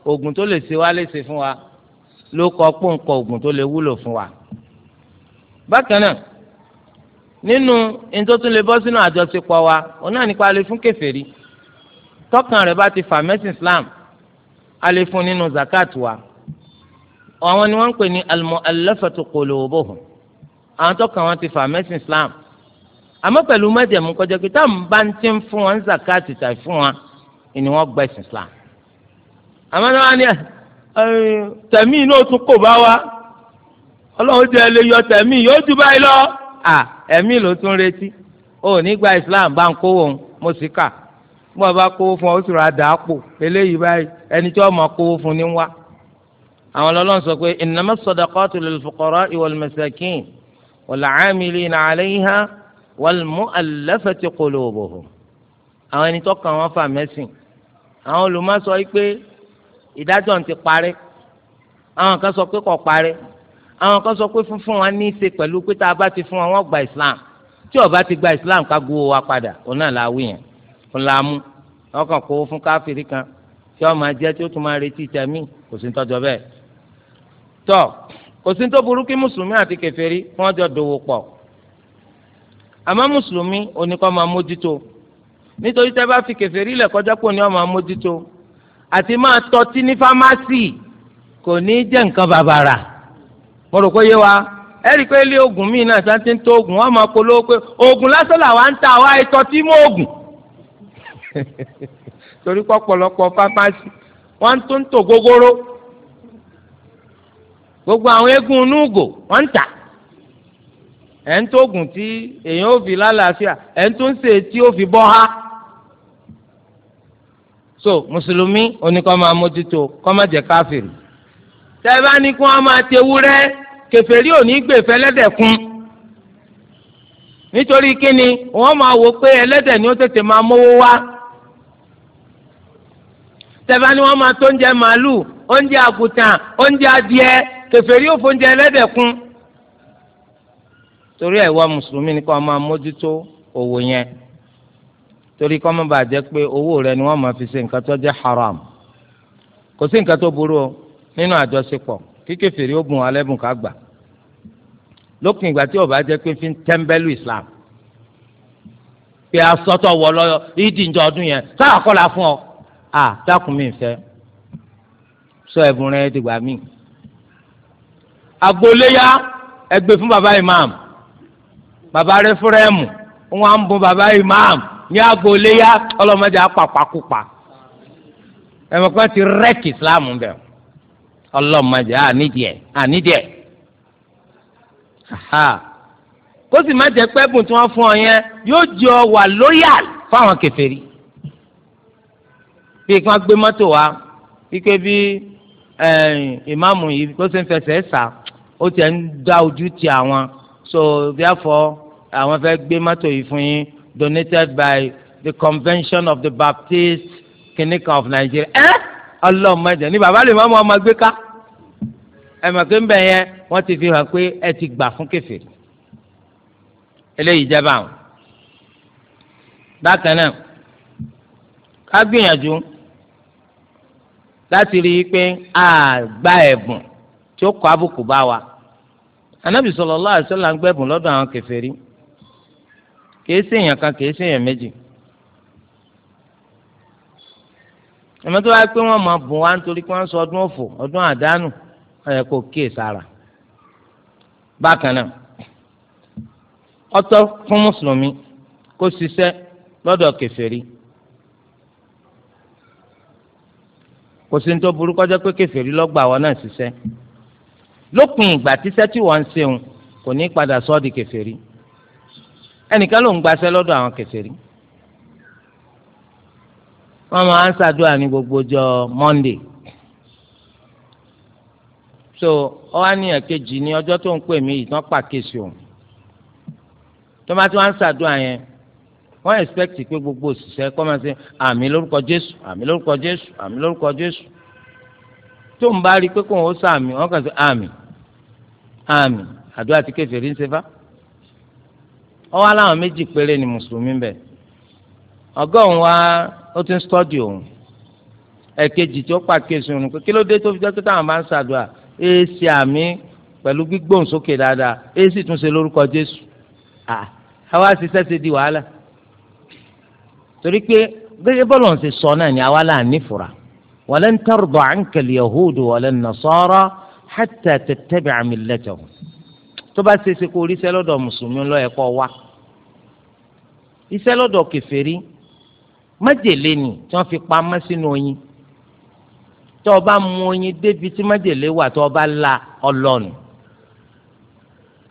Speaker 1: oògùn tó lè ṣe wá léṣe fún wa ló kọ pòǹkọ oògùn tó lè wúlò fún wa. bákan náà nínú ntótó lè bọ́ sínú àjọṣepọ̀ wa òun náà nípa alẹ́ fún kèfèrí tọkàn rẹ̀ bá ti fà mẹ́sìn Islam alẹ́ fún nínú zakat wa àwọn ni wọ́n ń pè ní al-mu'allafatu qulubuhum àwọn tọkàn wọn ti fà mẹ́sìn Islam àmọ́ pẹ̀lú mẹ́jẹ̀mú kọjá pé táwọn bá ń tí ń fún wọn ń zakati tàì fún wọn ni wọ́n gba ẹ̀sìn Islam àmọ́ náà wọ́n ní tẹ̀mí náà tún kò bá wa ọlọ́run jẹ́ lè yọ tẹ̀mí yóò ju báyìí lọ ẹ̀mí ló tún retí ó ní gba Islam bá ń kówó ń mo bọ́ọ̀ bá kówó fún ọ ó sì rà eléyìí báyìí ẹni tí wọ́n mọ̀ kówó fún ní wá àwọn ọlọ́run sọ pé innamas sadaqatu lil fuqara'i wal masakin wal 'amilina 'alayha walmu'allafati qulubuhum àwọn ẹni tọ́kàn wọn fà mẹ́sìn àwọn olùmọ̀ sọ pé ìdájọ́ ń ti parí àwọn kan sọ pé kò parí àwọn kan sọ pé fúnfún wa ní í ṣe pẹ̀lú pé tá a bá ti fún wa wọ́n gba Islam tí ó bá ti gba Islam ká gbowó wa padà òun náà la wí yẹn òun la mú ọkàn kó fún káfíìrì kan tí ó máa jẹ́ tí ó tún máa retí tẹ̀mí kò sí tọ́jọ́ bẹ́ẹ̀ tọ́ kò sí tó burú kí mùsùlùmí àti kèfèrí wọ́n jọ dòwò pọ̀ àmọ́ mùsùlùmí oníkọ́ máa mójútó nítorí tẹ́ bá fi kèfèrí lẹ̀ kọjá pò ní ọmọ mójútó àti máa tọ́tí ní fámásì kò ní jẹ́ nǹkan bàbàrà yé wa ẹ rí i pé ilé náà sáà ti ń tó oògùn wọn máa polówó pé oògùn lásán làwa ń ta àwa ìtọ́tí mọ́ torí pọ̀pọ̀lọpọ̀ fámásì wọ́n tò gógóró gbogbo àwọn eégún inú ẹ̀ ń tóògùn tí èèyàn ò fi lálàáfíà ẹ̀ ń ṣe tí ó fi bọ́ ha. so mùsùlùmí oníkọ́ máa mójútó kọ́ má jẹ́ káfíìrì. tẹ́lá ní kí wọ́n máa tewúrẹ́ kẹfẹ́rí ò ní gbè fẹ́lẹ́dẹ̀kún. nítorí kíni wọ́n máa wò pé ẹlẹ́dẹ̀ ni ó tètè máa mówó wá. tẹ́lá ní wọ́n máa tó oúnjẹ màálù oúnjẹ àgùntàn oúnjẹ adìẹ kẹfẹ́rí ò fóúnjẹ ẹlẹ́dẹ̀kún torí ẹ̀ wá mùsùlùmí ni kó o máa mójútó òwò yẹn torí kó o má bàa jẹ́ pé owó rẹ ni wọ́n máa fi ṣe nǹkan tó jẹ́ haram kò sí nǹkan tó burú nínú àjọṣepọ̀ kíkẹ́ fèrè ó alẹ́bùn ká gbà lókùn ìgbà tí ó jẹ́ pé fi ń tẹ́ḿbẹ́lú islam pé asọ́tọ̀ wọ lọ́yọ̀ ìdíjọ ọdún yẹn sáà kọ́ la fún ọ à dákun mi fẹ́ sọ ẹ̀bùn rẹ dìgbà míì agboléyà ẹgbẹ́ fún baba imam bàbá rẹfúrẹ́mù wọn ń bọ bàbá imam ní aago léyà ọlọ́mọdé apàpàkùpà ẹ̀mọ̀ kan ti rẹ́ẹ̀kì islam bẹ̀ ọlọ́mọdé ànídìẹ̀ ànídìẹ̀ kó sì má jẹ́ pé ẹ̀bùn tí wọ́n fún ọ yẹn yóò jẹ́ ọ wà lóyàl fáwọn kèfèrí bí kí gbé mọ́tò wa kíkẹ́ bí ìmáàmù yìí kó sì ń fẹsẹ̀ sà ó ti ń dá ojú ti àwọn so therefore àwọn fẹ́ gbé mọ́tò yìí fún yín donated by the convention of the baptist clinic of nigeria ẹ ọlọmọdé ni bàbá lè má mọ ọmọ gbé ká ẹ mọ̀ pé ń bẹ̀ yẹn wọ́n ti fi hàn pé ẹ ti gbà fún kèfèrí eléyìí jẹ́ báwọn bákan náà ká gbìyànjú láti rí i pé a gba ẹ̀bùn tí ó kọ àbùkù bá wa anabi sallallahu alaihi ń gbẹ̀bùn lọ́dọ̀ àwọn kèfèrí kìí ṣèyàn kan kìí ṣèyàn méjì ẹ̀mọ́ tó wáá pé wọ́n máa bùn wá nítorí pé wọ́n sọ ọdún òfò ọdún àdánù ẹ̀ kò sára bákan náà ọtọ fún mùsùlùmí kó ṣiṣẹ́ lọ́dọ̀ kèfèrí kò sí ní tó burú kọjá pé lọ́gbà wọn náà ṣiṣẹ́ lópin ìgbà ẹnìkan ló ń gbaṣẹ́ lọ́dọ̀ àwọn kèfèrí wọ́n máa ń ṣàdúrà ní gbogbo ọjọ́ Monday so ọwọ́ àníyàn kejì ní ọjọ́ tó ń pè mí yìí tán pàkíyèsí òun tó bá ti wá ń ṣàdúrà yẹn wọ́n expect pé gbogbo òṣìṣẹ́ kọ́ máa ṣe àmì lórúkọ Jésù àmì lórúkọ Jésù àmì lórúkọ Jésù tó ń bá rí i pé kóun ó sàmì wọ́n kàn sí àmì àmì àdúrà tí kèfèrí ń ṣe fáà ọwọ́ aláwọn méjì péré ni mùsùlùmí bẹ̀ ọgọ́rùn-ún wa ó ti ń stọ́dì òun ẹ̀kejì tí ó pàkíyèsí òun pé kí ló dé tó fi jẹ́ pé táwọn bá ń ṣàdúrà èé ṣe àmì pẹ̀lú gbígbóhùn sókè dáadáa èé sì tún ṣe lórúkọ Jésù àwa ṣiṣẹ́ ṣe di wàhálà torí pé gẹ́gẹ́ bọ́lọ̀ ń ṣe sọ náà ni àwa là ní fura walan tarda anka al-yahudu walan nasara hatta tattabi'a millatahum tó iṣẹ́ lọ́dọ̀ kèfèrí májèlé ni tí wọ́n fi pamọ́ sínú oyin tí ọba mú oyin débi tí májèlé wà tí ọba la ọlọ́nu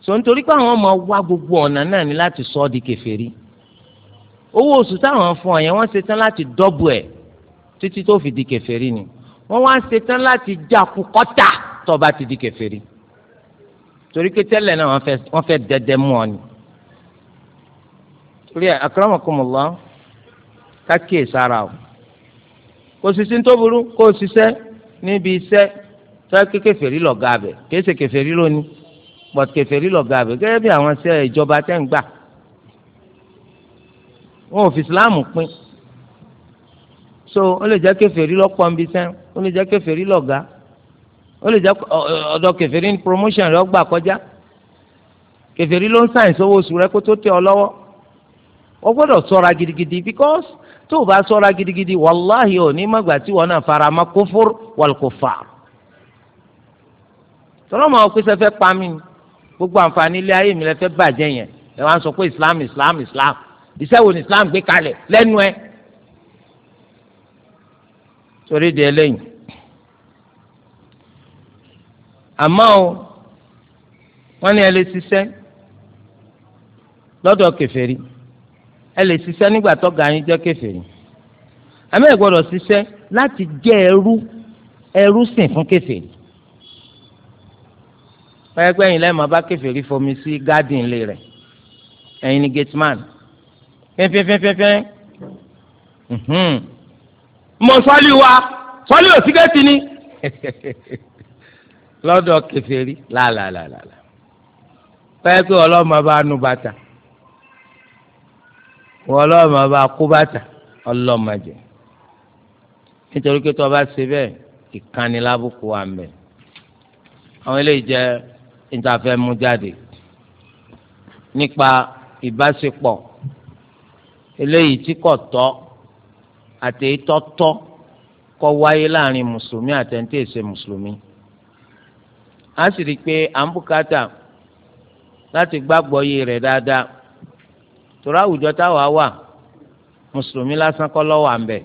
Speaker 1: sọ nítorí pé àwọn ọmọ wa gbogbo ọ̀nà náà ni láti sọ ọ́ di kèfèrí owó oṣù táwọn fún ọ yẹn wọ́n ṣetán láti dọ́bù ẹ̀ títí tó fi di kèfèrí ni wọ́n wá ṣetán láti já kúkọ́ta tó bá ti di kèfèrí torí pé tẹ́lẹ̀ náà wọ́n fẹ́ dẹ́dẹ́ mú ọ ni rí akramakumullah kákìí sára o kò sisi sí ní tó burú kó o ṣiṣẹ́ níbi iṣẹ́ tó yẹ kí kèfèrí lọ̀gá bẹ̀ kìí ṣe kèfèrí lónìí but kèfèrí lọ̀gá bẹ̀ gẹ́gẹ́ bí àwọn iṣẹ́ ìjọba tẹ́ ń gbà wọn ò fi Islam pín so ó lè jẹ́ kèfèrí lọ́pọ̀ níbi iṣẹ́ ó lè jẹ́ kèfèrí lọ̀gá ó lè jẹ́ ọ̀dọ̀ kèfèrí promotion rẹ̀ ọgbà kọjá kèfèrí ló ń sàn ìṣòwò oṣù rẹ̀ kó tó tẹ ọ lọ́wọ́ o gbọ́dọ̀ ṣọ́ra gidigidi because tó o bá ṣọ́ra gidigidi wàláhì ò ní mọ̀gbà tí wọn náà fara ma kófór wàlùkófà tọ́lọ́ ma ọkùnrin sẹ́fẹ́ pa mí gbogbo àǹfààní ilé ayé mi lẹ́fẹ́ bàjẹ́ yẹn ẹ wá ń sọ pé islam islam islam iṣẹ́ wo ni islam gbé kalẹ̀ lẹ́nu ẹ torí di eléyìí àmọ́ o wọ́n ní ẹ lè ṣiṣẹ́ lọ́dọ̀ kèfèrí ẹ lè ṣiṣẹ́ nígbà tọ́gá yín jẹ́ kèfèrí àmọ́ ẹ gbọ́dọ̀ ṣiṣẹ́ láti jẹ́ ẹrú ẹrú sìn fún kèfèrí pẹ́ẹ́pẹ́ yìí lẹ́ẹ̀ma bá kèfèrí fomi sí gádìn ilé rẹ̀ ẹ̀yin ni gateman fẹ́fẹ́fẹ́fẹ́ mhm. mo sọ́lí wa sọ́lí ò sígẹ́tì ni lọ́dọ̀ kèfèrí láàlàlàlà pẹ́ẹ́pẹ́ ọlọ́mọ bá nu bàtà wọ́n lọ́ọ̀mọ bá kó bàtà ọlọ́mọdé nítorí pé tó bá ṣe bẹ́ẹ̀ ìkànnì lábùkù wà mẹ́ àwọn eléyìí jẹ́ ìtafẹ́ mú jáde nípa ìbáṣepọ̀ eléyìí tí kò tọ́ àti ìtọ́tọ́ kó wáyé láàrin mùsùlùmí àtẹ̀ǹtẹ̀ ìṣe mùsùlùmí a sì rí i pé à ń bùkátà láti gbàgbọ́ yìí rẹ̀ dáadáa torí àwùjọ táwa wà mùsùlùmí lásán kọ́ lọ́wọ́ à ń bẹ̀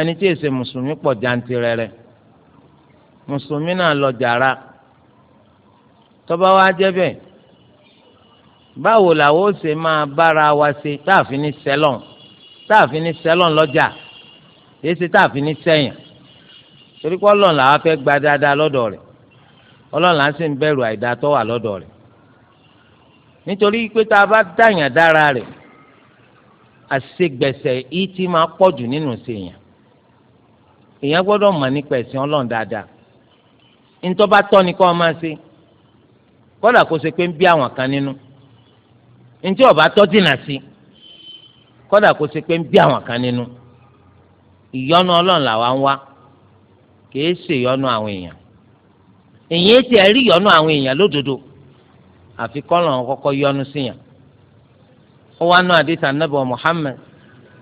Speaker 1: ẹni tí èsè mùsùlùmí pọ̀ jantirẹrẹ mùsùlùmí náà lọ jàrá tọ́ba wa jẹ́ bẹ́ẹ̀ báwo làwọn ó ṣe máa bára wa ṣe táàfin ní sẹ́lọ̀n táàfin ní sẹ́lọ̀n lọ́jà èyí ṣe táàfin ní sẹ́yìn torí pé ọlọ́run làwọn fẹ́ gba dáadáa lọ́dọ̀ rẹ̀ ọlọ́run là ń sì ń bẹ̀rù àìdáa tó lọ́dọ̀ rẹ̀ nítorí pé tá a bá dáyàn dára rẹ̀ àṣegbẹ̀sẹ̀ yìí ti máa pọ̀jù nínú sèèyàn èèyàn gbọ́dọ̀ mọ̀ nípa ẹ̀sìn ọlọ́run dáadáa ntọ́ba tọ́ ni kọ́ máa ṣe kọ́dà kó ṣe pé ń bí àwọn kan nínú ntí ọba tọ́ dìnnà sí kọ́dà kó ṣe pé ń bí àwọn kan nínú ìyọ́nú ọlọ́run làwa ń wá kìí ṣèyọ́nú àwọn èèyàn èyí ti ẹ̀rí àwọn èèyàn lódodo àfi kọ́lọ̀ kọ́kọ́ yọ́nú sí yàn. ó wá nù àdìsá nàbọ̀ Muhammad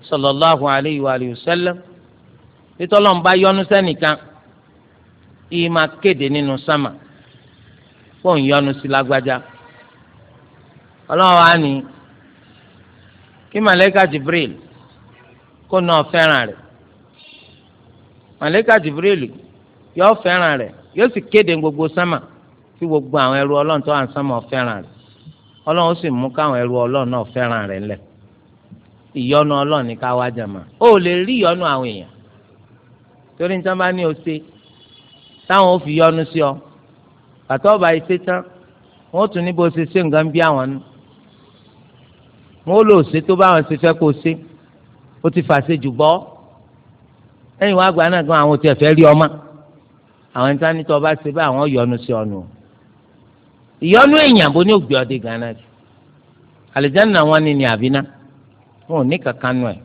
Speaker 1: sallallahu alayhi wa sallam títọ́lọ́n bá yọ́nú sẹ́nìkan yìí máa kéde nínú sámà kó ń yọ́nú sí lágbájá. ọlọ́run á ní kí màlẹ́kà Jibril kó náà fẹ́ràn rẹ̀ màlẹ́kà Jibril yóò fẹ́ràn rẹ̀ yóò sì kéde gbogbo sámà tí gbogbo àwọn ẹrú ọlọ́run tó à ń sánmọ̀ fẹ́ràn rẹ̀ ọlọ́run ó sì mú káwọn ẹrú ọlọ́run náà fẹ́ràn rẹ̀ ńlẹ̀ ìyọ́nú ọlọ́run ní ká wá jàmá ó lè rí ìyọ́nú àwọn èèyàn torí níta bá ní o ṣe táwọn ò fi yọ́nú sí ọ pàtó ọba ìṣe tán wọn ó tún ní bó ṣe ṣe nǹkan bí àwọn nù wọn ó lò ṣe tó bá wọn ṣe fẹ́ kó ṣe ó ti fàṣe jù bọ́ ẹ̀yìn wọn àgbà náà gan àwọn ò tiẹ̀ fẹ́ rí ọmọ àwọn ìta ní tọ́ ọba ṣe bá àwọn yọ́nú sí ọ nù ìyọnu èèyàn bó ní ògbé ọdẹ gánà jù àlìjáná wọn ni ní àbínà wọn ò ní kankan nù ẹ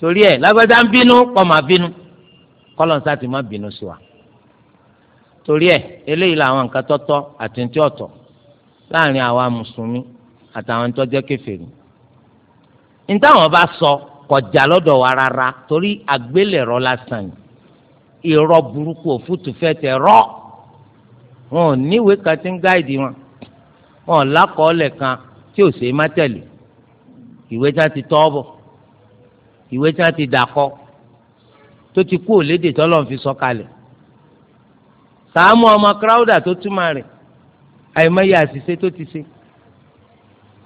Speaker 1: torí ẹ lágbájá ń bínú kọ́ máa bínú kọ́lọ́nsá ti má bínú sí wa torí ẹ eléyìí làwọn nǹkan tọ́tọ́ àti ntí ọ̀tọ̀ láàrin àwa mùsùlùmí àtàwọn tó jẹ́ kèfèrí ntáwọn bá sọ kọjá lọ́dọ̀ wa rárá torí àgbélẹ̀rọ lásán irọ́ burúkú òfútùfẹ́ tẹ rọ́ọ̀ wọn ò níwèé kan tí ń gáìdì wọn wọn ò lákọọ́lẹ̀ kan tí ò ṣeé má tẹ̀lé ìwé tí wọn ti tọ́ bọ̀ ìwé tí wọn ti dà kọ tó ti kú òlédè tọ́lọ̀ fi sọ kalẹ̀ sàámù ọmọ kíráùdà tó túmọ̀ rẹ̀ àìmọye àṣìṣe tó ti ṣe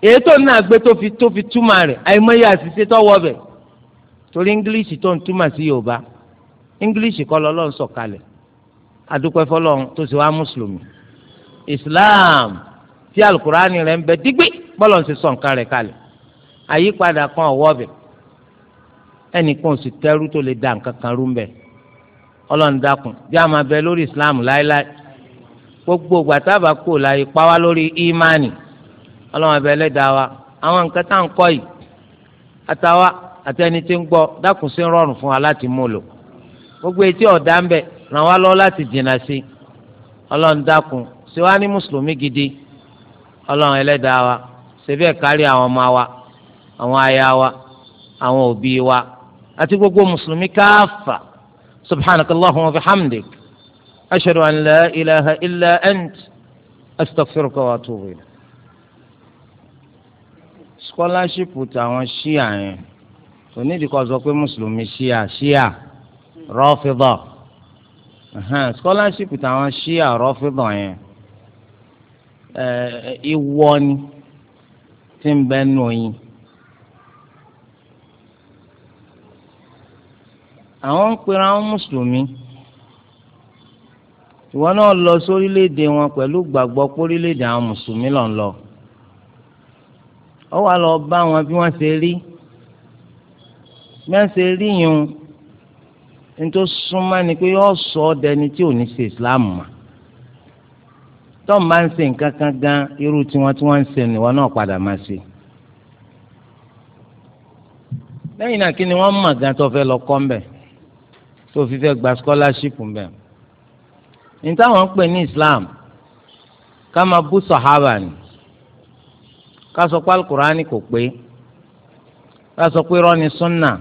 Speaker 1: èyí tó náà gbé tó fi tó fi túmọ̀ rẹ̀ àìmọye àṣìṣe tó wọ̀ bẹ̀ torí English tó ń túmọ̀ sí Yorùbá English kọ́ lọ́lọ́ ń sọ̀kalẹ̀ adúpẹ́ fọlọ́n tó sì wá mùsùlùmí islam tí alukurani rẹ̀ ń bẹ dígbé bọ́lọ̀ ń sì sọ nǹkan rẹ̀ kalẹ̀ àyípadà kan ọ̀wọ́ bẹ̀ ẹnìkan ò sì tẹ́rú tó lè da nǹkan kan rú mbẹ̀ ọlọ́run dákun bí a máa bẹ lórí islam láéláé gbogbo gbàtàbà kò láyé pa wá lórí ìmánì ọlọ́run abẹ ẹlẹ́dàá wa àwọn nǹkan tá à ń kọ́ yìí àtàwa àtẹni tí ń gbọ́ dákun sí rọrùn fún wa láti mú lò gbogbo etí ọ̀dà ń bẹ̀ ràn wá lọ́wọ́ láti jìnnà sí ọlọ́run dákun ṣe wá ní mùsùlùmí gidi ọlọ́run ẹlẹ́dàá wa ṣe bẹ́ẹ̀ kárí àwọn ọmọ wa àwọn aya wa àwọn òbí wa àti gbogbo mùsùlùmí káfà subhanakallahumma wa bihamdik ashhadu an la ilaha illa ant astaghfiruka wa atubu ilayk scholarship tàwọn ṣíà yẹn onídìí kan sọ pé mùsùlùmí ṣíà ṣíà rọ́fíbọ̀ scholarship táwọn ṣí àrọ́ fíbọn yẹn ìwọ ni tí ń bẹ nù yín. àwọn ń pera wọn mùsùlùmí ìwọ náà lọ sórílẹ̀-èdè wọn pẹ̀lú gbàgbọ́ pórílẹ̀-èdè àwọn mùsùlùmí lọ́n lọ ọ wà lọ bá wọn bí wọ́n ṣe rí bí wọ́n ṣe rí yun nítorí súnmọ́ ni pé yọ sọ ọ́ dẹni tí ò ní ṣe islam mọ́ tó ń bá ń ṣe nǹkan kan gan irú tiwọn tí wọ́n ń ṣe nìwọ náà padà máa ṣe. lẹ́yìn náà kí ni wọ́n mọ̀ gan tó fẹ́ lọ kọ́ ńbẹ̀ tó fi fẹ́ gba scholarship ńbẹ̀. ní táwọn ń pè ní islam ká máa bú sahaba ni ká sọ pé alukur'ani kò pé ká sọ pé rọ́ni sunna.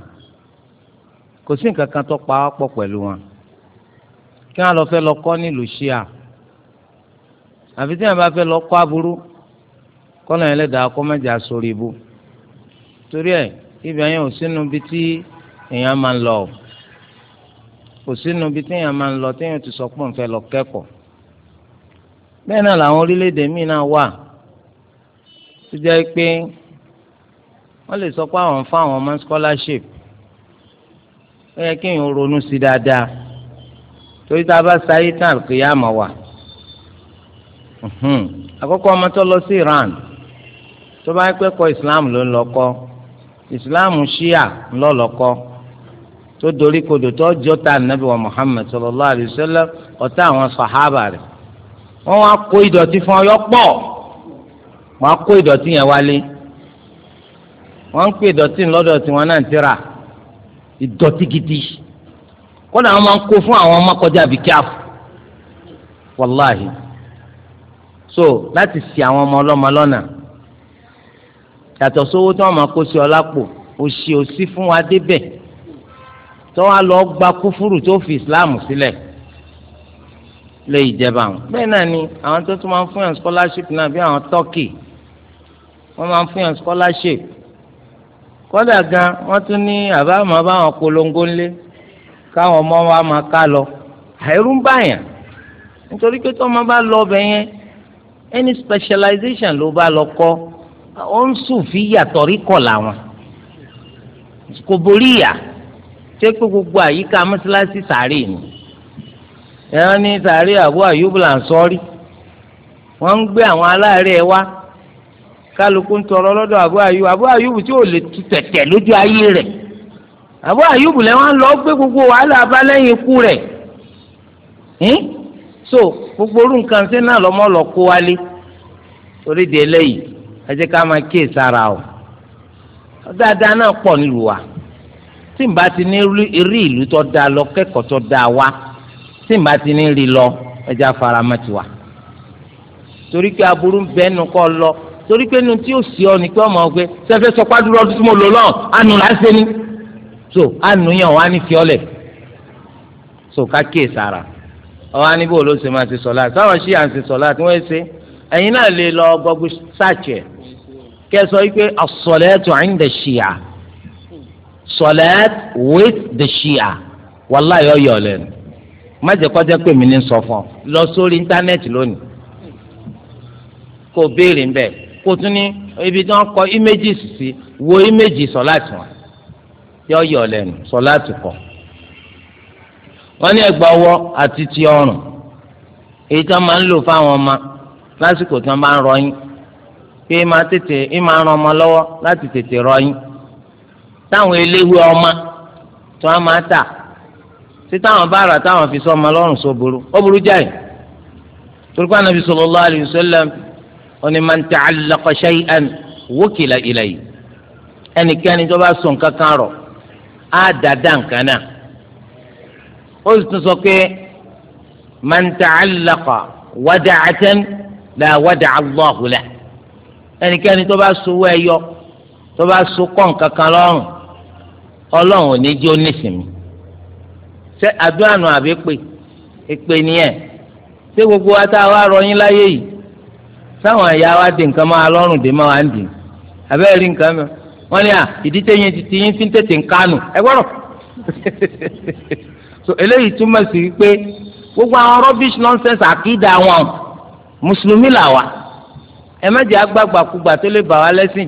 Speaker 1: kò sí nǹkan kan tó pa á pọ̀ pẹ̀lú wọn kí wọn lọ fẹ́ lọ kọ́ nílùú ṣíà àfi tí wọn bá fẹ́ lọ kọ́ aburú kọ́nà yẹn lẹ́dàá kọ́ mẹ́jà sórí ibú torí ẹ̀ ibẹ̀ yẹn ò sínú bí tí èèyàn máa ń lọ o kò sínú bí tí èèyàn máa ń lọ tí èèyàn ti sọ pé òun fẹ́ lọ kẹ́kọ̀ọ́ bẹ́ẹ̀ náà làwọn orílẹ̀-èdè míì náà wà tó jẹ́ pé wọ́n lè sọ pé àwọn fún àwọn ọmọ scholarship ó yẹ kéèyàn ronú sí dáadáa torí tá a bá sáyé tán àlùkìyàmọ̀ wà àkọ́kọ́ ọmọ tó lọ sí Iran tó bá pẹ́ kọ́ Islam ló ń lọ kọ́ Islam Shia ń lọ lọ kọ́ tó dorí kodò tó jọ ta nàbí wa Muhammad sallallahu alayhi wa sallam ọ̀tá àwọn sàhábà rẹ̀ wọ́n wá kó ìdọ̀tí fún ọyọ́ pọ̀ wọ́n á kó ìdọ̀tí yẹn wálé wọ́n ń pè ìdọ̀tí lọ́dọ̀ tí wọ́n náà ti rà ìdọ̀tí gidi kódà àwọn máa ń kó fún àwọn ọmọ kọjá àbí kíáfù wàláhì so láti ṣì àwọn ọmọ ọlọ́mọ lọ́nà yàtọ̀ sówó tí wọ́n máa kó sí ọ lápò òṣì òṣì fún wa débẹ̀ tó wá lọ gba kúfúrú tó fi ìsìláàmù sílẹ̀ lè ìjẹba àwọn bẹ́ẹ̀ náà ni àwọn tó tún máa ń fún yàn scholarship náà bí àwọn turkey wọ́n máa ń fún yàn scholarship kódà gan wọ́n tún ní àbámọ̀ báwọn polongo ńlé káwọn ọmọ wa máa ká lọ àìrú ń báyàn nítorí pé tọ́mọ bá lọ ọbẹ̀ yẹn any specialization ló bá lọ kọ́ ó ń sùn fi yàtọ̀ rí kọ̀ làwọn kò borí ìyà ṣé pé gbogbo àyíká mọ́ṣáláṣí sàárè ni ẹ̀rọ ní sàárè àbú àyùbùlà ń sọ́rí wọ́n ń gbé àwọn aláàárẹ̀ wá kálukú ń tọrọ lọ́dọ̀ Abu Ayub Abu Ayub tí ò lè tu tẹ̀tẹ̀ lójú ayé rẹ̀ Abu Ayub lẹ́wọ̀n ń lọ gbé gbogbo wàhálà abálẹ́yìn ikú rẹ̀ so gbogbo orú nǹkan ṣe náà lọ́mọ́ lọ kó wálé torí di eléyìí ẹ jẹ́ ká máa kíyè sára o dáadáa náà pọ̀ nílùú wa tí n bá ti ní rí ìlú tó dáa lọ kẹ́kọ̀ọ́ tó dáa wá tí n bá ti ní rí lọ ẹ jẹ́ àfaramọ́ tiwa torí pé aburú bẹ́ẹ̀ nù kọ́ lọ torí pé nu tí ó sì ọ ní pé ọmọ ọgbẹ sẹfẹ sọ pàdúrà ọdún tí mo lò lọ àánú là ń ṣe ni so àánú yẹn wà ní fiọlẹ so ká kíyè sára ọwọ aníbò ló ṣe máa ṣe sọlá sáwọn ṣíà ń ṣe sọlá tí wọn ṣe ẹyin náà lè lọ gbọgbó sáàchẹ kẹsọ yìí pé as-salatu 'inda shia salat with the shia wàláyé ọyọ lẹnu má jẹ́ kọjá pé mi ní sọ fún lọ sórí íńtánẹ́ẹ̀tì lónìí kò béèrè ń bẹ́ẹ̀. kó tún ibi tí wọ́n kọ wo images sọ̀láàtì wọn yọ yọ lẹnu kọ. wọ́n ní ẹ̀gbà ọwọ àti ti ọrùn èyí tí wọ́n máa ń lò fáwọn ọmọ lásìkò tí bá ń rọyìn pé ẹ tètè ẹ máa ọmọ lọ́wọ́ láti tètè rọyìn táwọn eléwé ọmọ tí máa tà tí táwọn bá rà táwọn fi sọ ọmọ lọ́rùn ó burú jáì torí oní man ta'allaqa shay'an wukila ilayhi ẹnikẹ́ni tó bá so nǹkan kan rọ̀ á dàda nǹkan náà ó sì tún sọ pé man ta'allaqa wada'atan la wada'a Allahu lahu ẹnikẹ́ni tó bá sowó ẹyọ tó bá so kọ́ nǹkan kan lọ́rùn ọlọ́run ò ní jẹ́ onísìmí ṣé àbí pé èpè nìyẹn ṣé gbogbo wa rọ yín láyé yìí sáwọn ẹ̀yà wa di nǹkan máa lọ́rùn dé máa ń dì abẹ́rẹ́ rí nǹkan mi wọ́n ní à ìdíje yẹn ti yín fi ń tètè ń ẹ gbọ́dọ̀ so eléyìí túmọ̀ sí pé gbogbo àwọn rubbish nonsense àkídà wọn mùsùlùmí là wà ẹ má jẹ́ agbágbàkúgbà tó lè bà wá lẹ́sìn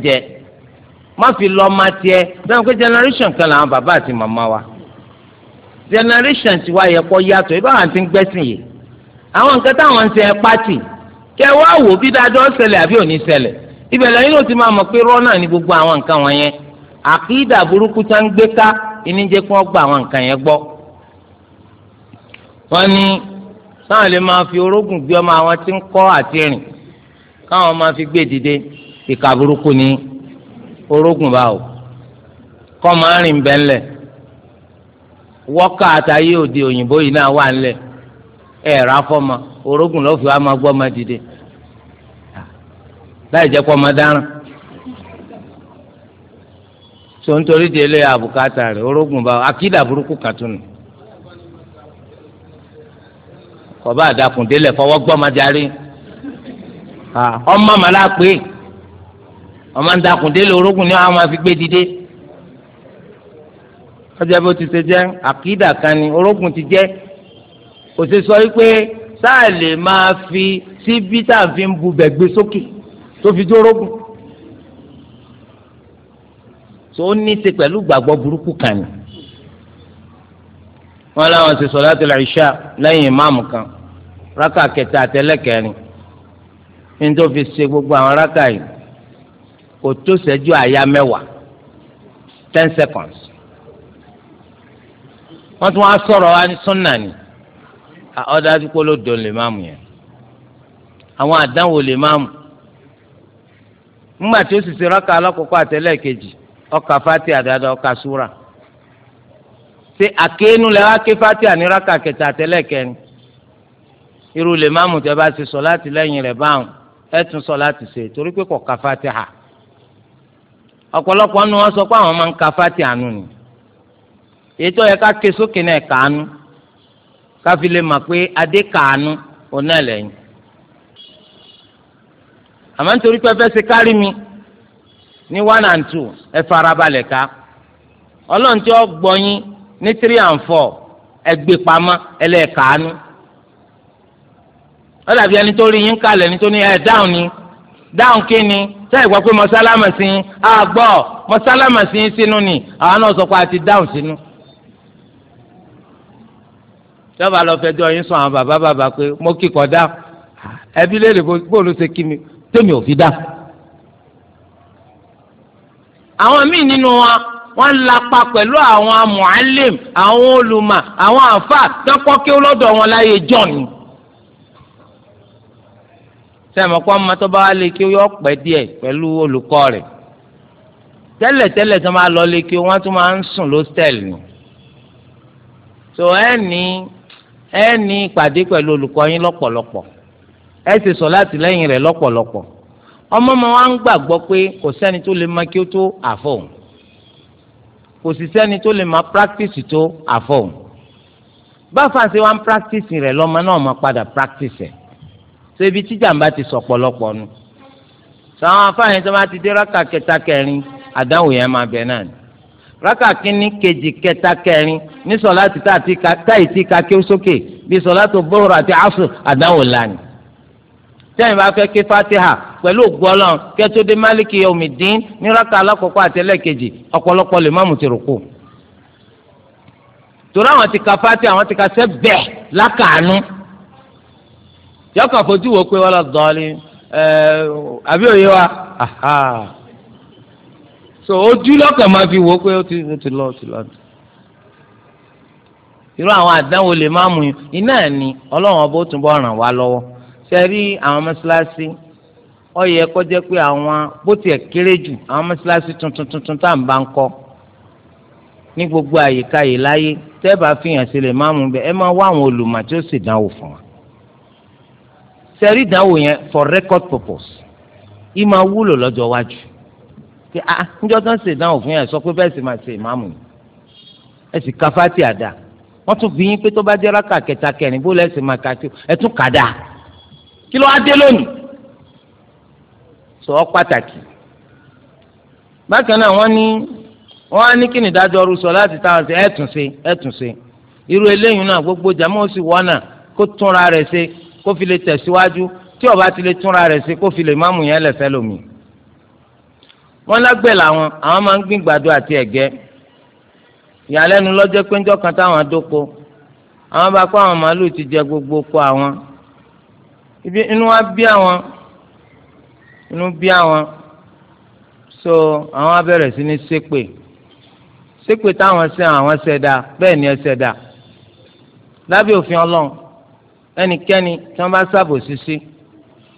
Speaker 1: má fi lọ ma tiẹ̀ sẹ́wọ́n pé generation kan làwọn bàbá àti màmá wa generation tiwa yẹ kọ́ yàtọ̀ ibà wà ti ń gbẹ́sìn yìí àwọn nǹkan táwọn ń pátì kẹ wá wò bí dájọ́ ṣẹlẹ̀ àbí òní ṣẹlẹ̀ ibẹ̀ lẹ́yìn ló ti máa mọ̀ pé rọ́nà ni gbogbo àwọn nǹkan wọn yẹn àkídà burúkú tá ń gbé ká ìní jẹ́ kí wọ́n gba àwọn nǹkan gbọ́. wọ́n fi orógùn gbé ọmọ àwọn tí ń kọ́ àti rìn káwọn máa fi gbé dìde ìka ni orógùn bá o kọ́ máa rìn bẹ́ńlẹ̀ wọ́kà àtàyé òde òyìnbó yìí náà wà ńlẹ̀ ẹ rà fọmọ orógùn lọfì wa máa gbọ ọmọ dìde láì jẹ kó ọmọ dáràn so nítorí di eléyà àbùkátà rẹ orogun bá akídà burúkú kàtúnù kọba àdàkùn délẹ fọwọ gbọ ọmọ darí ọmọ màlá pé ọmọ àdàkùn délẹ orogun ni wọn máa fi gbé dìde ọjọ bó ti ṣe jẹ akídà kan ni orogun ti jẹ. kò sì sọ wípé sáà lè máa fi síbi tá à ń fi ń bu bẹ̀gbẹ́ sókè tó fi dórógùn tó ní í ṣe pẹ̀lú gbàgbọ́ burúkú kan ni wọn láwọn ti sọ̀látul ìṣá lẹ́yìn ìmáàmù kan rákà kẹta àtẹlẹ́kẹrin ní tó fi ṣe gbogbo àwọn rákà yìí kò tó ṣẹ́jú àyá mẹ́wàá ten seconds wọ́n tún wá sọ̀rọ̀ wa ní súnà ni. ọdájú pé ló dùn lè máa yẹn àwọn àdánwò lè máa ńgbà tí ó sì ṣe rákà alákọ̀ọ́kọ́ àtẹ́lẹ̀ ọkà fati àdáda ọkà súra ṣé àkéénú lẹ́wọ́ ké fati àní kẹta àtẹ́lẹ̀ irú lè máa mú bá ṣe sọ láti lẹ́yìn rẹ̀ báwọn ẹ̀ tún sọ ka fati hà ọ̀pọ̀lọpọ̀ wọn sọ pé àwọn ka fati àánú ni káfí lè mà pé adé kàánú ọ̀nà lẹ́yìn àmọ́ nítorí pé fẹ́ ṣe kárí mi ní one and two ẹ farabalẹ̀ ká ọlọ́run tí ó gbọ́yìn ní three and four ẹ gbé pamọ́ ẹ lè kàánú ó dàbí ẹni tó rí yín kalẹ̀ ẹni tó ní ẹ dáhùn ni dáhùn kí ni ṣé ìgbà pé mọ̀sálámà sí i àgbọ̀ mọ̀sálámà sí i sínú ni àwọn náà sọ pé a ti dáhùn sínú jọba lọ fẹjọ́ yín sùn àwọn bàbá bàbá pé mo kíkọ dá ẹbí lè lè bóòlù ṣe kí mi tèmi ò fi dá. àwọn míì nínú wa wọ́n lapa pẹ̀lú àwọn mu'allim àwọn olùmọ̀ àwọn àfà tọkọ kí ó lọ́dọ̀ wọn láyé john. sẹ́mi kọ́ ọmọ tó bá wá lé kí ó yọ pẹ́ díẹ̀ pẹ̀lú olùkọ́ rẹ̀ tẹ́lẹ̀tẹ́lẹ̀ tó máa lọ lé kí wọ́n tún máa ń sùn lọ́stẹ̀lì ni. tó ẹ́ ní ẹ ní ìpàdé pẹ̀lú olùkọ́ yín lọ́pọ̀lọpọ̀ ẹ sì sọ láti lẹ́yìn rẹ̀ lọ́pọ̀lọpọ̀ ọmọ ọmọ wa ń gbàgbọ́ pé kò sẹ́ni tó lè máa kí ó tó àfọ̀hún kò sì sẹ́ni tó lè máa practice tó àfọ̀hún báfa ṣe wá ń practice rẹ̀ lọ́mọ náà máa padà practice ẹ̀ ṣé ibi tíjà ń bá ti sọ pọ̀lọpọ̀ nu sàwọn afáàyàn tó bá ti dé rákà kẹta kẹrin àdáwò yẹn máa bẹ náà ni raka kini keji kẹta kẹrin ní sọlá ti táyì tí ka kí sókè bí sọlá tó bóhùrọ̀ àti asùn àdáwò lánìí tẹ́yìn bá fẹ́ ké fatiha pẹ̀lú ògbọ́lọ́n kẹ́tọ́dé málìkì yawmiddin ní rákà alákọ̀ọ́kọ́ àti ẹlẹ́kejì ọ̀pọ̀lọpọ̀ lè má mú ti rùkú. torí àwọn ti ka fatiha àwọn ti ka sẹ́ bẹ́ẹ̀ lákàánú. yọkàn fojú wo pé wọ́n lọ dọ́ọ́lì ẹ̀ àbí òye wa so ojú lọ́kàn máa fi wò ó pé ó ti ó ti lọ ó ti lọ. irú àwọn àdánwò lè má mú iná ẹ̀ ni ọlọ́run ọba ó túnbọ̀ ràn wá lọ́wọ́ ṣe rí àwọn mọ́ṣáláṣí ó yẹ kó jẹ́ pé àwọn bó tiẹ̀ kéré jù àwọn mọ́ṣáláṣí tuntun tuntun tá à ń bá ń kọ́ ní gbogbo àyíká yìí láyé tẹ́ẹ̀bà fihàn sí lè má mú bẹ́ẹ̀ ẹ máa wá àwọn olùmọ̀ tí ó sì dánwò fún wa ṣe rí ìdánwò yẹn for record purpose ìmọ̀ wúlò lọ́jọ́ iwájú pé ah níjọ́ tó ń ṣe ìdáhùn fún yà sọ pé bẹ́ẹ̀ sì máa ṣe ìmáàmù yìí ẹ sì ka fati àdá wọ́n tún bí yín pé tó bá jẹ́ rákà kẹta kẹrin bó lẹ́sìn máa ka tó ẹ tún kà dáa kí ló wá dé lónìí sọ ọ́ pàtàkì bákan náà wọ́n ní wọ́n á ní kí ni ìdájọ́ ọrùn sọ láti táwọn ṣe ẹ tún ṣe ẹ tún ṣe irú eléyìí náà gbogbo jàmọ́ ó sì wọ́nà kó túnra rẹ̀ ṣe kó fi lè tẹ̀síwájú tí ó ti lè túnra rẹ̀ ṣe kó fi lè máàmù yẹn lẹ̀fẹ́ lómi wọ́n lágbẹ̀ làwọn àwọn máa ń gbìn gbàdo àti ẹ̀gẹ́ ìyàlẹ́nu lọ́jọ́ pé ńjọ́ kan táwọn adóko àwọn bá kó àwọn màálù ti jẹ gbogbo oko àwọn ibi inú wa bí àwọn inú bí àwọn so àwọn á bẹ̀rẹ̀ sí ní ṣépè ṣépè táwọn ṣe àwọn ṣẹ̀dá bẹ́ẹ̀ ni ẹ ṣẹ̀dá lábẹ́ òfin ọlọ́run ẹnikẹ́ni tí wọ́n bá ṣàbòsí sí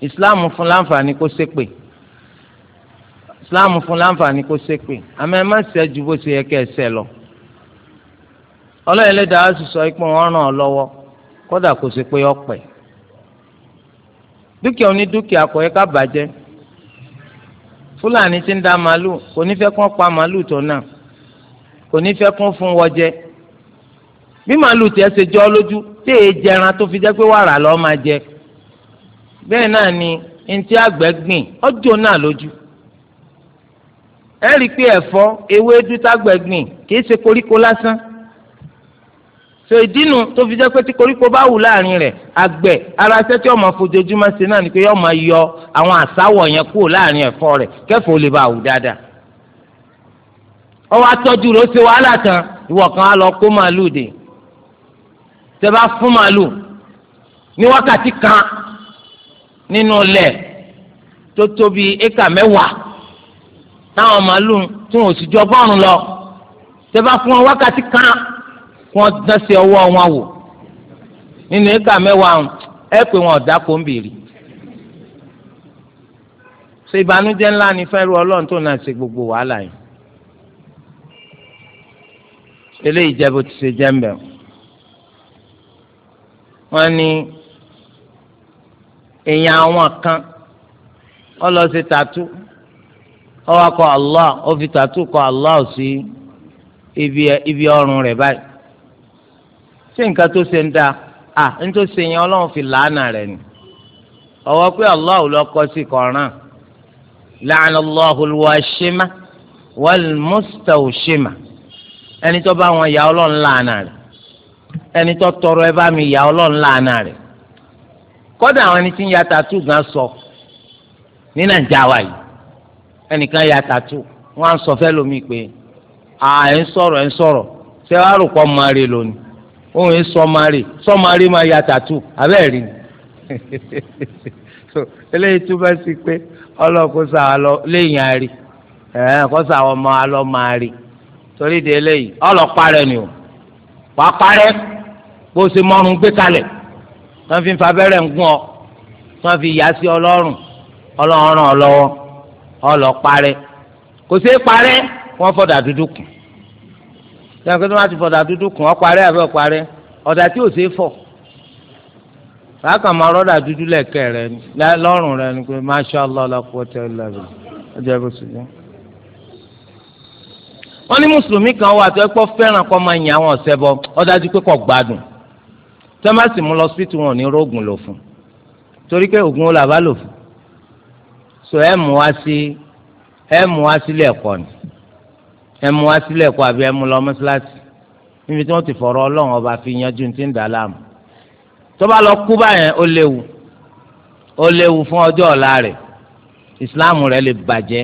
Speaker 1: ìsìláàmù fún láǹfààní kó ṣépè. islam fún láǹfààní kó ṣépè àmọ́ ẹ má ṣe ju bó ṣe yẹ kẹ́ ṣe lọ ọlọ́run ẹlẹ́dàá sì sọ pé wọ́n ràn ọ́ lọ́wọ́ kódà kò sí pé ọ̀pẹ̀ dúkìá onídúkìá kò yẹ ká bàjẹ́ fúlàní ti ń da màálù kò ní fẹ́ kó pa màálù tó náà kò ní fẹ́ kó fún wọn jẹ bí màálù tiẹ̀ ṣe jọ́ lójú tí èyí jẹran tó fi jẹ́ pé wàrà lọ́ọ́ máa jẹ bẹ́ẹ̀ náà ni ntí àgbẹ̀ gbìn ọjọ́ náà lójú ẹ rí i pé ẹ̀fọ́ ewédú tágbẹ̀gbìn kìí ṣe koríko lásán so ìdínú tó fi jẹ́ pé tí koríko bá wù láàrin rẹ̀ àgbẹ̀ ara ṣẹ́ tí ọmọ fojoojúmọ́ ṣe náà ni pé ọmọ yọ àwọn àsáwọ̀ yẹn kúrò láàrin ẹ̀fọ́ rẹ̀ kẹ́fọ́ lè bá wù dáadáa ọwọ́ atọ́jú rẹ̀ ó ṣe wàhálà tán ìwọ kan á lọ kó màálùú dè tẹ bá fún màálùú ní wákàtí kan nínú ilẹ̀ tó tóbi éka mẹ́wàá táwọn màálùú tí wọn ò sì ju ọgọ́rùn lọ tẹ bá fún wọn wákàtí kan kí wọn dán sí ọwọ́ wọn wò nínú éka mẹ́wàá ẹ pé wọn ọdá kó ń bèrè ṣe ìbànújẹ́ ńlá ni fẹẹ ru Ọlọ́run tó náà ṣe gbogbo wàhálà yìí eléyìí jẹ bó ti ṣe jẹ ń bẹ ní èèyàn àwọn kan ọlọsẹ tàtú. ó wá kọ allah ó fi kọ allah sí ibi ibi ọrùn rẹ báyìí ṣé nǹkan tó ṣe ń da à ń tó ṣe yẹn ọlọ́run fi làánà rẹ ni ọwọ́ pé allah ló kọ sí kọ̀ọ̀ràn ọhụrụ wa al-washima wal-mustawshima ẹni tó bá wọn yà ọlọ́run làánà rẹ ẹni tó tọrọ ẹ bá mi yà ọlọ́run làánà kọ́dà àwọn ẹni tí ń ya tatu gan sọ ní nàìjíríà wa ẹnìkan ya tàtú wọn à ń sọ fẹ́ lómi pé à ẹ̀ ń sọ̀rọ̀ ẹ̀ ń sọ̀rọ̀ ṣé wàá rò pọ̀ máa rè lónìí òun ẹ̀ sọ máa rè sọ máa rè máa ya tàtú abẹ́ rí ni eléyìí túbọ̀ sí pé ọlọ́kùn sà á lọ léyìn àárí ẹ̀ kó sà wọ́n máa lọ torí de eléyìí ọlọ́pàá ni o wàá parẹ́ bó ṣe mọ́rùn gbé kalẹ̀ wọ́n fi ń fa abẹ́rẹ́ ń gún ọ wọ́n fi yà sí ọlọ́run ọlọ́run ràn ọlọ parẹ́ kò sí parẹ wọ́n fọ̀dà dúdú kùn sẹ́yìn pé tí wọ́n ti fọ̀dà dúdú kùn ọ́ parẹ́ àbẹ́ ọ́ ọ̀dà tí ò sí fọ̀ lákàmọ́ ọlọ́dà dúdú lẹ̀kẹ́ rẹ lọ́rùn rẹ ni pé masha allah ọlọ́pọ̀ tẹ ẹ ọjọ́ ẹ bó sì jẹ́. wọ́n ní mùsùlùmí kan wà tó ẹ pọ́ fẹ́ràn kọ́ máa yìn àwọn ọ̀sẹ̀ bọ ọ̀dájú pé kò gbádùn tẹ́másì mú lọ sí tí wọn ò ní rógùn lò fún torí pé ògùn ó làbá lò fún so ẹ mú wá sí ẹ mú wá sílé ẹ̀kọ́ ni ẹ mú wá sílé ẹ̀kọ́ àbí ẹ mú lọ mọ́ṣáláṣí níbi tí wọ́n ti fọ̀rọ̀ Ọlọ́run ọba fi yanjú ti ń dà láàmú tó bá lọ kú báyẹn ó léwu ó léwu fún ọjọ́ ọ̀la rẹ̀ ìsìláàmù rẹ̀ lè bàjẹ́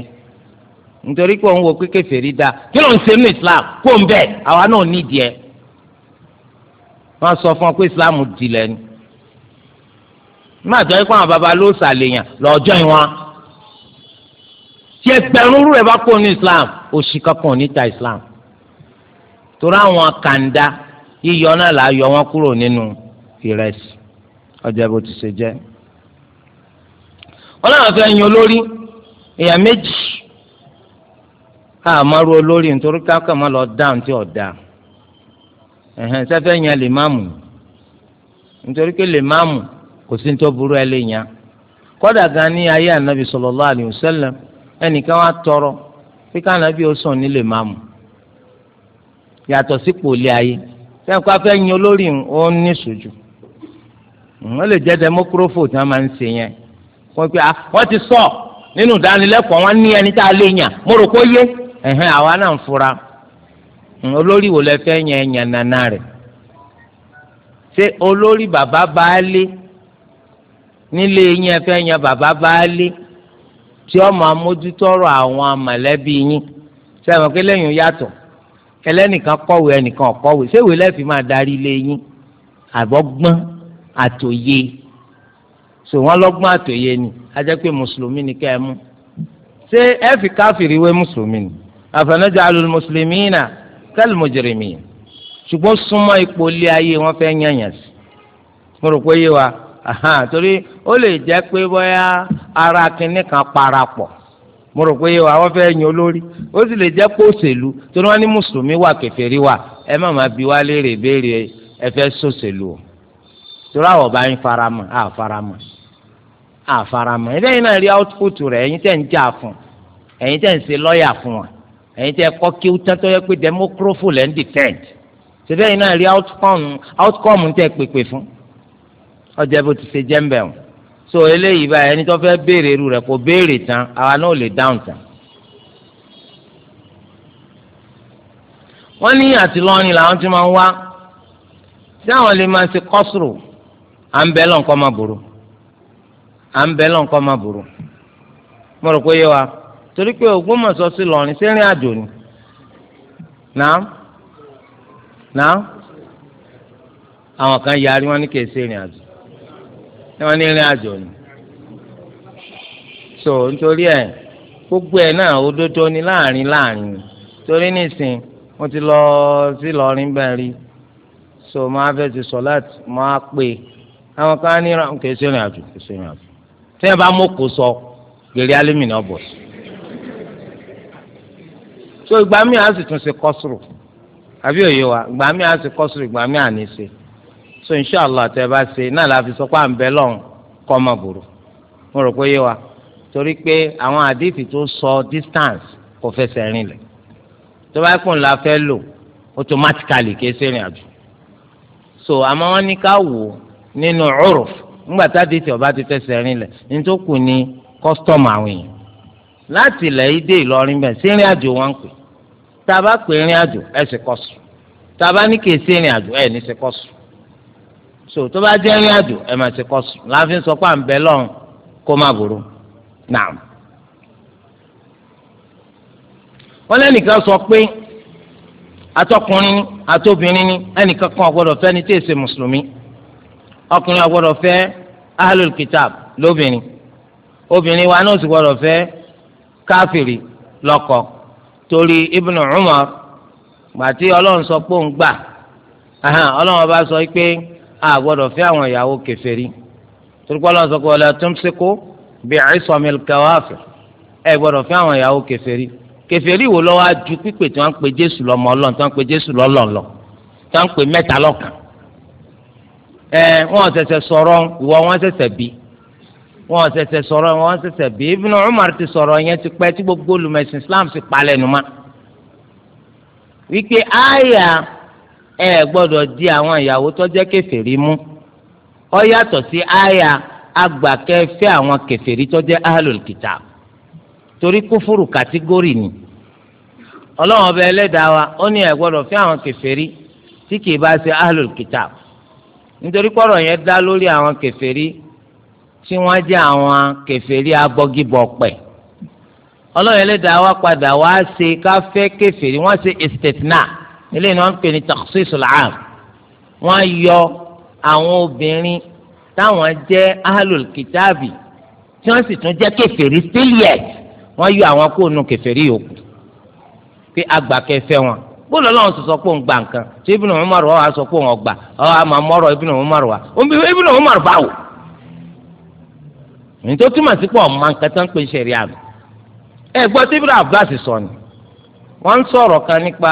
Speaker 1: nítorí pé òun wo pé kèfèrí da kí ló ń ṣe nínú ìsìláàmù kó ń bẹ àwa náà nídìí ẹ wọ́n sọ fún ọ pé ìsìláàmù dilẹ ni má jọ pé àwọn baba ló sàlèyàn lọ́jọ́ ìwọn tí ẹgbẹ̀rún rú bá ní islam òṣì kankan níta islam torí àwọn kàńdá yíyọ náà là á yọ wọn kúrò nínú ìrẹsì ọjà bó ti ṣe jẹ. wọn náà fẹ́ yan olórí èèyàn méjì àmọ́rú olórí nítorí káàkiri máa lọ dáhùn tí ọ̀dà ẹ̀hẹ́n sẹ́fẹ́ yan lè nítorí pé lè kò sí ní tó ẹnìkan wa tọrọ pé kánábì ó sùn nílé máàmù yàtọ̀ sípò ilé ayé sẹ́ńkọ́ afẹ́ olórí òun ní sùjú wọ́n lè jẹ́ dẹ́mọ́kúrófò tí wọ́n máa ń ṣe yẹn wọ́n pe wọ́n ti sọ nínú ìdánilẹ́kọ̀ọ́ wọn ní ẹni tá a lè yàn mo rò kó yé ẹ̀hẹ́n àwa náà ń fura olórí wo lẹ fẹ́ yẹn yàn nàna rẹ̀ ṣé olórí bàbá baálé nílé yẹn fẹ́ yẹn bàbá baálé tí ó máa mójútó ọ̀rọ̀ àwọn mọ̀lẹ́bí yín sẹ́wọ̀n pé lẹ́yìn yàtọ̀ ẹlẹ́nìkan kọ̀wé ẹnìkan kọ̀wé séwèé lẹ́fì máa darí ilé yín àbọ̀gbọ́n àtòye sò wọ́n lọ́gbọ́n àtòye ni a jẹ́ pé mùsùlùmí ni kẹ́ ẹ mú ṣé ẹ fi káfìrí wé mùsùlùmí ni àfẹnàjà alul mùsùlùmí náà kal mujrimin ṣùgbọ́n súnmọ́ ipò ilé ayé wọn fẹ́ yànyàn sí mo rò pé yé wa torí ó lè jẹ́ pé bóyá ara kinní kan parapọ̀ mo rò pé wà wọ́n fẹ́ yan olórí ó sì lè jẹ́ pé òṣèlú tó ní wọ́n ní mùsùlùmí wà bi wá léèrè béèrè ẹ o torí àwọn ọba yín faramọ́ àá faramọ́ àá faramọ́ ẹ bẹ́ẹ̀ náà rí output rẹ ẹ̀yin tẹ̀ ń jà fún ẹ̀yin tẹ̀ ń ṣe lọ́ọ̀yà fún wa ẹ̀yin tẹ̀ kọ́ kí ó tán tó yẹ pé lẹ́ fún ọjọ́ bó ti ṣe jẹ́ ń so eléyìí báyìí ẹni tó fẹ́ béèrè irú rẹ̀ kò béèrè tán àwa náà lè dáhùn tán. wọ́n ní àtìlọ́rin làwọn ti máa ń wá tí àwọn lè máa ṣe kọ́sùrù à ń bẹ́ lọ́nkọ́ máa bòrò à ń bẹ́ lọ́nkọ́ máa bòrò mo rò pé wa torí pé wọ́n ní ìrìn àjò ni so nítorí ẹ̀ gbogbo ẹ̀ náà òdodo ni láàrin láàrin torí nísìn mo ti lọ sí lọrin bẹ́ẹ̀ rí so máa fẹ́ ti sọ láti máa pè àwọn kan ní ìrìn kò sí ìrìn àjò kò sí ìrìn àjò tí wọ́n bá mọ̀kò sọ gèrè alúmínà bọ̀ so ìgbà mi àá sì tún ṣe kọ́sùrù àbí òye wa ìgbà mi àá sì kọ́sùrù ìgbà mi àá ní í ṣe so inshallah tẹ bá ṣe náà la fi sọ pé à ń bẹ lọ́hùn kọ́ ọmọ bòrò mo rò pé yé wa torí pé àwọn àdìsí tó sọ distance kò fẹsẹ̀ rìn lẹ̀ tó bá kùn la fẹ́ lò automatically kì í ṣe ìrìn àjò so àmọ́ wọn ní ká wò nínú urf ńgbà tá àdìsí ọba ti fẹsẹ̀ rìn lẹ̀ ní tó kù ní kọ́sítọ́mù àwọn èèyàn láti ilẹ̀ yìí dé Ìlọrin bẹ́ẹ̀ sí ìrìn àjò wọn pè tá a bá pè ìrìn àjò ẹ̀ sì kọ́ tá a bá ní kì í sí ìrìn àjò ẹ̀ ní sì kọ́ so tó bá jẹ́ ìrìn àjò ẹ máa ṣe kọ́sù láàfin sọ pé à ń bẹ lọ́run kó má burú naam. wọ́n lẹ́nìkan sọ pé atọkùnrin ni atọbìnrin ni ẹnìkan kan ọgbọ́dọ̀ fẹ́ ni tí èsè mùsùlùmí ọkùnrin ọgbọ́dọ̀ fẹ́ ahlul kitab lóbìnrin obìnrin wa náà sì gbọ́dọ̀ fẹ́ káfìrí lọ́kọ torí ibnu umar gbàtí ọlọ́run sọ pé òun gbà ọlọ́run bá sọ pé a gbọ́dọ̀ fẹ́ àwọn ìyàwó kèfèrí torípọ́ lọ́wọ́ sọ pé ọ̀la tumsiku bi'ismil kawafir ẹ gbọ́dọ̀ fẹ́ àwọn ìyàwó kèfèrí kèfèrí wo lọ́wọ́ adu pípé tí wọ́n ń pe Jésù lọ́mọ Ọlọ́run tí wọ́n ń pe Jésù lọ́lọ́lọ́ tí wọ́n ń pe mẹ́ta lọ́kan ẹ wọ́n ṣẹ̀ṣẹ̀ sọ̀rọ̀ ìwọ wọ́n ṣẹ̀ṣẹ̀ bí wọ́n ṣẹ̀ṣẹ̀ sọ̀rọ̀ wọ́n ṣẹ̀ṣẹ̀ bí Ibn Umar ti sọ̀rọ̀ yẹn ti pẹ́ tí gbogbo olùmẹ̀sìn Islam ti palẹ̀ nù ma wípé àyà ẹ gbọdọ di àwọn ìyàwó tó jẹ́ kèfèrí mú ọ yàtọ̀ sí àyà agbàkẹ́fẹ́ àwọn kèfèrí tó jẹ́ torí kúfúrú kàtígórì ni ọlọ́run ọba ẹlẹ́dàá wa ó ní ẹ gbọ́dọ̀ fẹ́ àwọn kèfèrí tí kì í bá ṣe ahlul nítorí kọ́rọ̀ yẹn dá lórí àwọn kèfèrí tí wọ́n jẹ́ àwọn kèfèrí abọ́gibọ̀pẹ̀ ọlọ́run ẹlẹ́dàá wa padà wá ṣe ṣe eléyìí ni wọ́n ń pè ní takhsisul aam wọ́n yọ àwọn obìnrin táwọn jẹ́ ahlul kitaabi tí wọ́n sì tún jẹ́ kèfèrí sílẹ̀ wọ́n yọ àwọn kóònù kèfèrí yòókù pé àgbà kẹfẹ́ wọn bóòlù ọlọ́run sì sọ pé òun gba nǹkan tí Ibn Umar wa sọ pé òun ọgbà ọ̀hún àmọ́ mọ́rọ̀ Ibn Umar wa Ibn Umar báwò ní tó túmọ̀ sí pé ọ̀ma nǹkan tó ń pè ṣẹ̀rí àmì ẹ̀ gbọ́ tí Ibn Abbas sọ ni wọ́n ń sọ̀rọ̀ kan nípa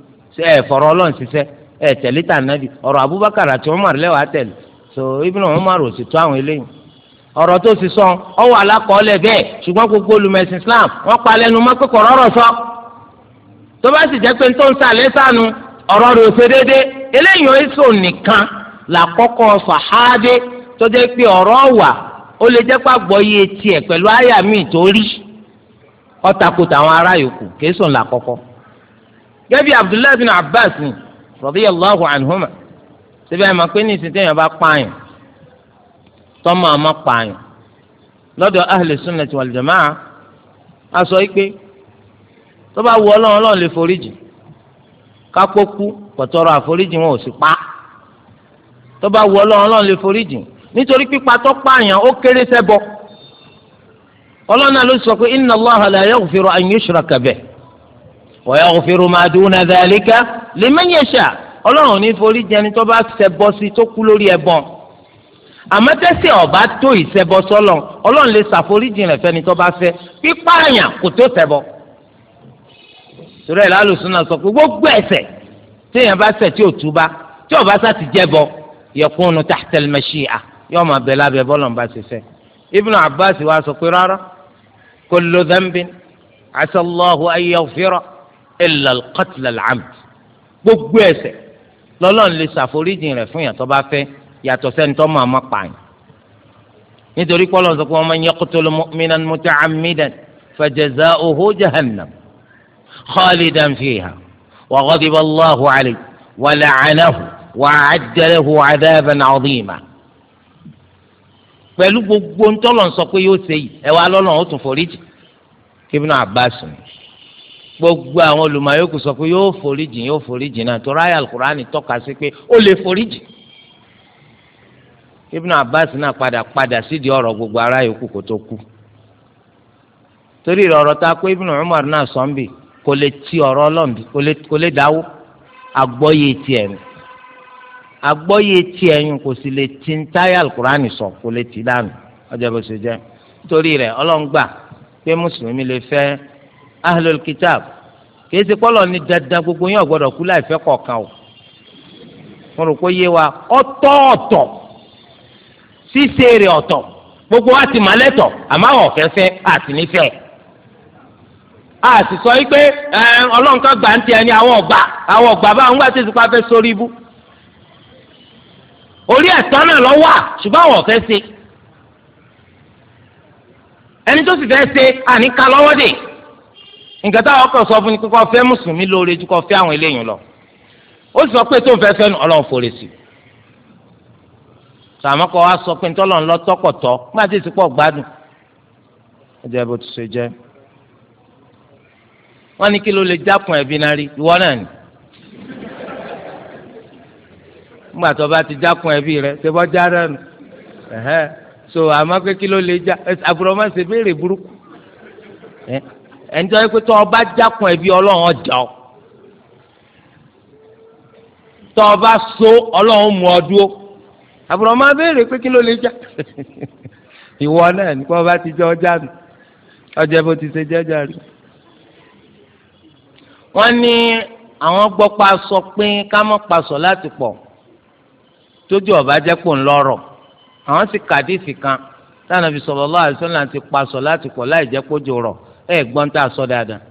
Speaker 1: ṣe ẹ fọ̀rọ̀ Ọlọ́run ṣiṣẹ́ ẹ tẹ̀lé tà nàbì ọ̀rọ̀ Abubakar àti Umar lẹwàá tẹ̀lé so Ibn Umar ò sì tó àwọn eléyìí ọ̀rọ̀ tó sì sọ ọwọ́ alákọ̀ọ́lẹ̀ bẹ́ẹ̀ ṣùgbọ́n gbogbo olùmẹ̀sìn Islam wọ́n pa lẹ́nu mọ́ pé kọ̀ọ̀rọ̀ rọ̀ sọ tó bá sì jẹ́ pé tó ń sàlẹ̀ sànù ọ̀rọ̀ rẹ̀ ò ṣe déédé eléyìí ò sọ nìkan làkọ́kọ́ sàhábé tó jẹ́ pé ọ̀rọ̀ wà ó lè jẹ́ pàgbọ́ iye tiẹ̀ pẹ̀lú àyà míì tó rí ọ̀tàkùtà àwọn ará yòókù kéésùn làkọ́kọ́ gẹ́bí abdullahi bin abbas ni radiyallahu anhuma síbi àmọ́ pé ní ìsìn téèyàn bá pààyàn tọ́mọ àmọ́ pààyàn lọ́dọ̀ ahli sunnati wal jamaa a sọ pé tó bá wù ọlọ́run ọlọ́run lè foríjì kápó kú pọ̀tọ́rọ̀ àforíjì wọn ò sì pa tó bá wù ọlọ́run ọlọ́run lè foríjì nítorí pípa tó pààyàn ó kéré sẹ́bọ ọlọ́run náà ló sọ pé inna Allaha la yaghfiru an yushraka bihi wa yaghfiru ma duna dhalika liman yasha ọlọ́run ní forí jẹni tó bá ṣẹbọ sí tó kú lórí ẹbọn àmọ́tẹ́sí ọba tó ìṣẹbọ sọlọ ọlọ́run lè ṣàforíjì rẹ̀ fẹ́ni tó bá fẹ́ pípààyàn kò tó ṣẹbọ. sọ̀rọ̀ ẹ̀ lálùsùn náà sọ pé gbogbo ẹ̀ṣẹ̀ téèyàn bá ṣẹ̀ tí ò túbá tí ọba sá ti jẹbọ yakunu tahta al-mashi'a yóò máa bẹ̀ lábẹ́ bọ́lọ̀n bá ṣe fẹ́. Ibn Abbas wa sọ pé rárá kullu dhanbin 'asa Allahu an yaghfira illa al-qatl al-amd gbogbo ẹ̀ṣẹ̀ lọ́lọ́run lè ṣàforíjìn rẹ̀ fún yàn tó bá fẹ́ yàtọ̀ sẹ́ni tó máa má pààyàn nítorí pé Ọlọ́run sọ pé wa man yaqtul mu'minan muta'ammidan fajaza'uhu jahannam khalidan fiha wa ghadiba Allahu alayhi wa la'anahu wa a'adda lahu 'adaban pẹ̀lú gbogbo ntọ́lọ̀ sọ pé yóò ṣe yìí ẹ̀ wá lọ́lọ́run ó tún foríjì Ibn Abbas ni. gbogbo àwọn olùmọ̀yòókù sọ pé yóò foríjìn yóò foríjìn náà tó ráyà alukurani tọ́ka sí pé ó lè foríjìn ibnu Abbas náà padà padà sídìí ọ̀rọ̀ gbogbo ara yòókù kó tó kú torí ọ̀rọ̀ ta pé Ibn Umar náà sọ ń bì kò lè ti ọ̀rọ̀ ọlọ́ọ̀bì kò lè dáwó agbọ́yé ti agbọ́yé ti kò sì lè ti ń táyà sọ kò lè ti dànù ọjọ́ bó ṣe jẹ́ ahlul kitab kìí ṣe pọ́lọ̀ ní dandan gbogbo yín ọ̀gbọ́dọ̀ kú láìfẹ́ kọ̀ọ̀kan o mo rò pé yé wa ọ̀tọ̀ọ̀tọ̀ ṣíṣe rẹ̀ ọ̀tọ̀ gbogbo wa ti mà lẹ́tọ̀ àmọ́ àwọn ọ̀fẹ́fẹ́ àti nífẹ̀ẹ́ a sì sọ yìí pé ọlọ́run kan gbà ń tiẹ̀ ní àwọn ọ̀gbà àwọn ọ̀gbà báwọn gbà tẹ̀sí pa fẹ́ sórí ibú orí ẹ̀tọ́ náà lọ wà ṣùgbọ́n àwọn ọ̀fẹ́ ṣe ẹni tó sì fẹ́ ṣe àníkà lọ́wọ́ dè nǹkan táwọn kan sọ fún ni kíkọ́ fẹ́ mùsùlùmí lóore ju kọ́ fẹ́ àwọn eléyìí lọ ó sì sọ pé tó ń fẹ́ fẹ́ nu ọlọ́run fòrè sí i sàmọ́kọ́ wa sọ pé ntọ́lọ̀ ńlọ tọkọ̀tọ̀ nígbà tí ìsìnkú ọ̀gbádùn ẹ̀jẹ̀ bó ti ṣe jẹ́ wọ́n ní kí ló lè jákun ẹ̀bí náà rí ìwọ náà ni nígbà tó bá ti jákun ẹ̀bí rẹ ṣe bọ́ já rẹ nù so àmọ́ pé kí ló lè já àbúrò má ṣe béèrè burúkú ẹni tó yẹ pé tó ọba jákun ẹbí ọlọ́run ọjà ọ tó ọba so ọlọ́run mú ọ dúró àbúrò máa béèrè pé kí ló lè já ìwọ náà nípa ọba ti jẹ ọjà mi ọjà bó ti ṣe jẹjà rí. wọ́n ní àwọn gbọ́ pa sọ pé ká mọ́ pa sọ láti pọ̀ tójú ọba jẹ́ pò ń lọ́rọ̀ àwọn sì kàdífì kan táwọn Ànábì sallallahu alaihi wasallam ti pa sọ láti pọ̀ láì jẹ́ kójú rọ̀. ẹ gbọ́n tá a sọ dáadáa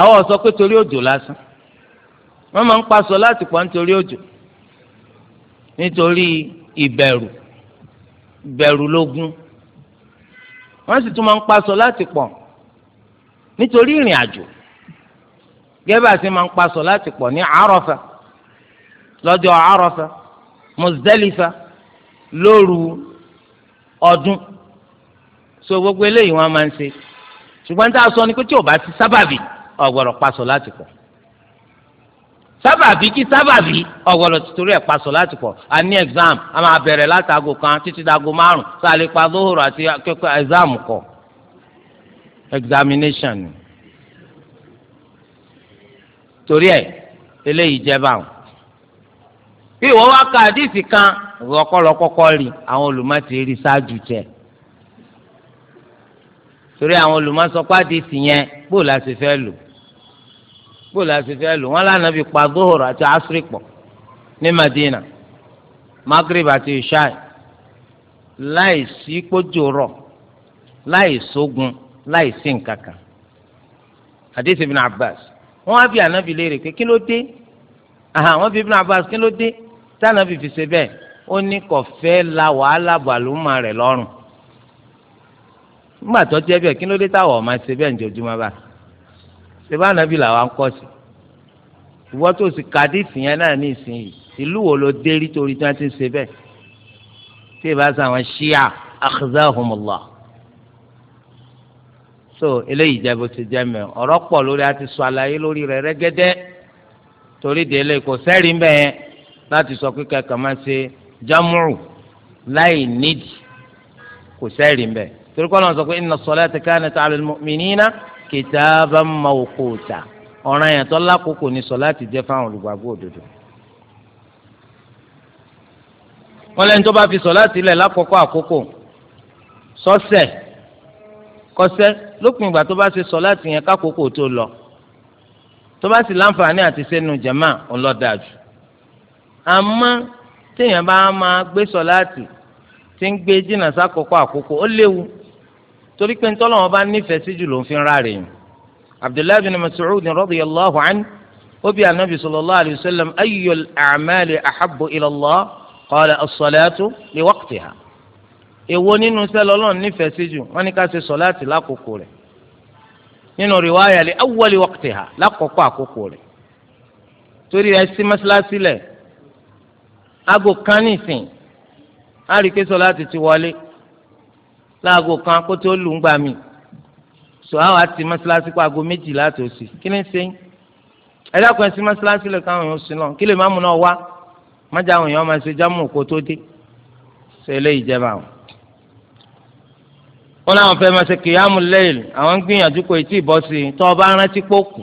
Speaker 1: àwọn ọ̀sọ́ pé torí òjò lásán wọ́n máa ń paṣọ láti pọ̀ nítorí òjò nítorí ìbẹ̀rù ìbẹ̀rù lógún wọ́n sì tún máa ń paṣọ láti pọ̀ nítorí ìrìn àjò gẹ́gẹ́ bá a máa ń paṣọ láti pọ̀ ní àárọ̀fẹ́ lọ́jọ́ àárọ̀fẹ́ Muzdalifa lóru ọdún so gbogbo eléyìí wọ́n máa ń ṣe. ṣùgbọ́n tá a sọ ni pé tí o bá ti sábàbí ọ̀gbọ̀rọ̀ paṣọ láti pọ̀ sábàbí kí sábàbí ọ̀gbọ̀rọ̀ tìtorí ẹ̀ paṣọ láti pọ̀ a ní exam a máa bẹ̀rẹ̀ látago kan títí dago márùn sálẹ̀ pa lóhùrù àti akẹ́kọ̀ọ́ exam kọ examination torí ẹ̀ eléyìí jẹ́ báwọn bí ìwọ wá ka àdìsí kan ọ̀rọ̀ kọ́lọ́kọ́kọ́ rí àwọn olùmọ̀tì rí ṣáájú tẹ̀ torí àwọn olùmọ̀sọ́pá di tìyẹn bó la ṣe fẹ́ lò bó la ṣe fẹ́ lò wọn lànà bí pa dóhòrò àti asiri pọ̀ ní Madina Maghrib àti ishai láì sí kójó rọ̀ láì sógun láì sí nǹkan kan hadith ibn Abbas wọn á bí anabi léèrè pé kí ló dé wọn bí ibn Abbas kí ló dé tí anabi fi ṣe bẹ́ẹ̀ ó ní kò fẹ́ la wàhálà bàlùmọ̀ rẹ̀ lọ́rùn nígbà tó jẹ́ bẹ́ẹ̀ kí ló dé táwọn ọmọ ṣe bẹ́ẹ̀ njojúmọ́ bá ṣe bá nàbí làwọn kọ́ sí ìwọ́ tó sì kàdísì yẹn náà ní ìsinyìí ìlú wo ló dé rí torí tí wọ́n ti ń ṣe bẹ́ẹ̀ tí ì sọ àwọn ṣíà akhzahumullah so eléyìí jẹ́ bó ti jẹ́ mẹ́ ọ̀rọ̀ pọ̀ lórí àti sọ àlàyé lórí rẹ̀ rẹ́gẹ́dẹ́ torí délé kò sẹ́rí ń bẹ́ẹ̀ láti sọ pé kẹ́kọ̀ọ́ máa ṣe jámùrù láì nídìí kò sẹ́rí ń torí kọ́ lọ́n sọ pé inna as-salata kanat 'ala al-mu'minina kitaban mawquta ọ̀ràn yẹn tó lákòókò ní sọ̀láàtì jẹ́ fáwọn olùgbàgbọ́ òdodo. wọ́n lẹ́ni tó bá fi sọ̀láàtì lẹ̀ lákòókò àkókò sọ́sẹ̀ kọsẹ́ lópin ìgbà tó bá ṣe sọ̀láàtì yẹn kákòókò tó lọ tó bá sì láǹfààní àti sẹ́nu jàmá ọlọ́dàjù àmọ́ téèyàn bá máa gbé sọ̀láàtì tí ń gbé jìnnà sákòókò àkókò ó léwu torí pé ntọ́lọ́ wọn bá nífẹ̀ẹ́ sí jù ló ń fi ráre yìí abdullahi bin mas'ud radiyallahu anhu ó bi anabi sallallahu alayhi wa sallam ayyul a'mali ahabbu ila Allah qala as-salatu li waqtiha èwo nínú sẹ́lẹ̀ ọlọ́run nífẹ̀ẹ́ sí jù wọ́n ní ká ṣe sọ̀láàtì lákòókò rẹ̀ nínú riwaya li awwali waqtiha lákòókò àkókò rẹ̀ torí ẹ sí mọ́ṣáláṣí lẹ̀ aago kan nìsín á rí ti wọlé láago kan kó tó lù ń gbà mí sọ àwọn àti mọ́ṣáláṣí kó aago méjìlá tó sì kí ni ṣe ẹ dákun ẹ sí mọ́ṣáláṣí lè káwọn èèyàn sí náà kí lè má mú náà wá májà àwọn èèyàn máa ṣe jámù kó tó dé ṣe eléyìí jẹba àwọn. wọn làwọn fẹẹ máa ṣe kìyàmù lẹ́yìn àwọn ń gbìyànjú kò tí ì bọ́ sí i tọ́ ọ bá rántí pòkù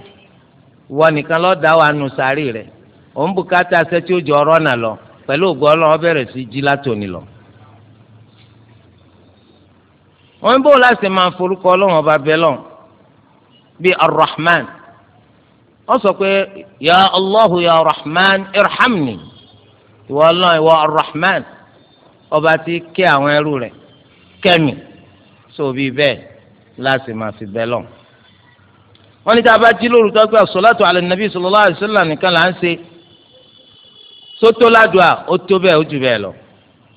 Speaker 1: wọ nìkan lọ́ọ́ dá wa nù sáré rẹ̀ òun bùkátà ṣẹ́ tí ó jọ ọ̀rọ̀ wọn bó láti máa forúkọ ọlọ́run ọba bẹ́ẹ̀ lọ́n bíi arrahman wọ́n sọ pé ya allahu ya rahman irhamni ìwọ ọlọ́run ìwọ arrahman ọba ti kẹ́ àwọn ẹrú rẹ̀ kẹ́mi sóbi bẹ́ẹ̀ láti máa fi bẹ́ẹ̀ lọ́n wọ́n ní tá a bá jí lóru tó gbé as-salatu ala nabi sallallahu alaihi wasallam nìkan là ń ṣe sótó ládùá ó tó bẹ́ẹ̀ ó jù bẹ́ẹ̀ lọ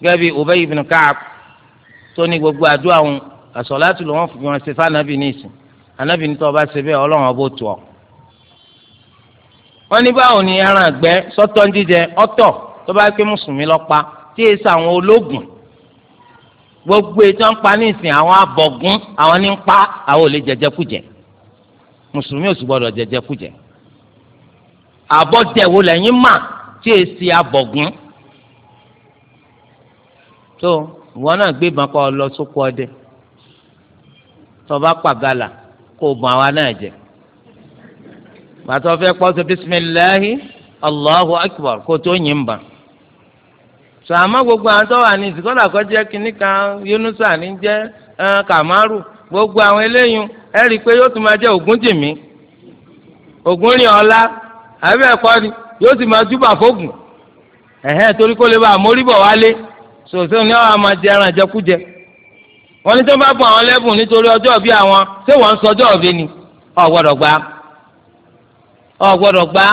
Speaker 1: gẹ́gẹ́ bí Ubay ibn tó ní gbogbo àdúrà òun àsọ̀látù ló wọ́n fi wọn ṣe fáànàbì ní ìsìn ànàbì ní tó ṣe bẹ́ẹ̀ ọlọ́run ọbọ̀ tù ọ́. wọ́n ní báwo ni ẹran àgbẹ̀ sọ́tọ́ ń jíjẹ ọ̀tọ̀ tó bá pé mùsùlùmí lọ pa tí èyí sọ àwọn ológun gbogbo ètò ń pa ní ìsìn àwọn abọ̀gún àwọn ní ń pa àwọn ò lè jẹjẹkújẹ mùsùlùmí ò sì gbọdọ̀ jẹjẹkújẹ àbọ̀dẹ̀wò lẹ́yìn mà tí èsì abọ̀gún tó wọn náà gbé ìbọn kọ lọ sóko ọdẹ. So, tọba pàgàlà kó o bọ àwa náà jẹ bàtọ fẹ kpọsọ bisimilahi allahu akbar kó o tó yin ba sọ àmọ́ gbogbo àwọn tó wà ní ìsìkọlà kọjá kínní kan ní jẹ kamaru gbogbo àwọn eléyìí ẹ rí i pé yóò tún máa jẹ ògún jìmí ògún rìn ọlá ẹkọ ni yóò sì máa júbà fógùn ẹhẹn torí kó lè bá àmórí wálé sòsò ní àwọn àmàjẹ jẹkújẹ. wọ́n ní tó bá bọ̀ àwọn lẹ́bùn nítorí ọjọ́ bí àwọn ṣé wọ́n ń sọjọ́ ọ̀bẹ ni ọ̀ gbọ́dọ̀ gbà ọ̀ gbọ́dọ̀ gbà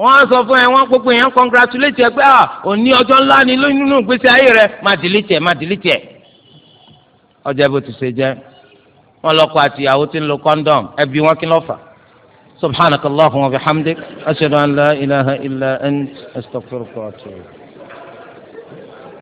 Speaker 1: wọ́n á sọ fún ẹ wọ́n gbogbo yẹn congratulate ẹ pé à ah, òní ọjọ́ ńlá ni nínú ìgbésí ayé rẹ má delete ẹ má delete ẹ. ọjọ́ bó ti ṣe jẹ́ wọ́n lọ́kọ àti ìyàwó ti ń lo condom ẹbí wọn kí ló fà. subhanakallahumma wa bihamdik ashhadu an la ilaha illa ant astaghfiruka wa atubu.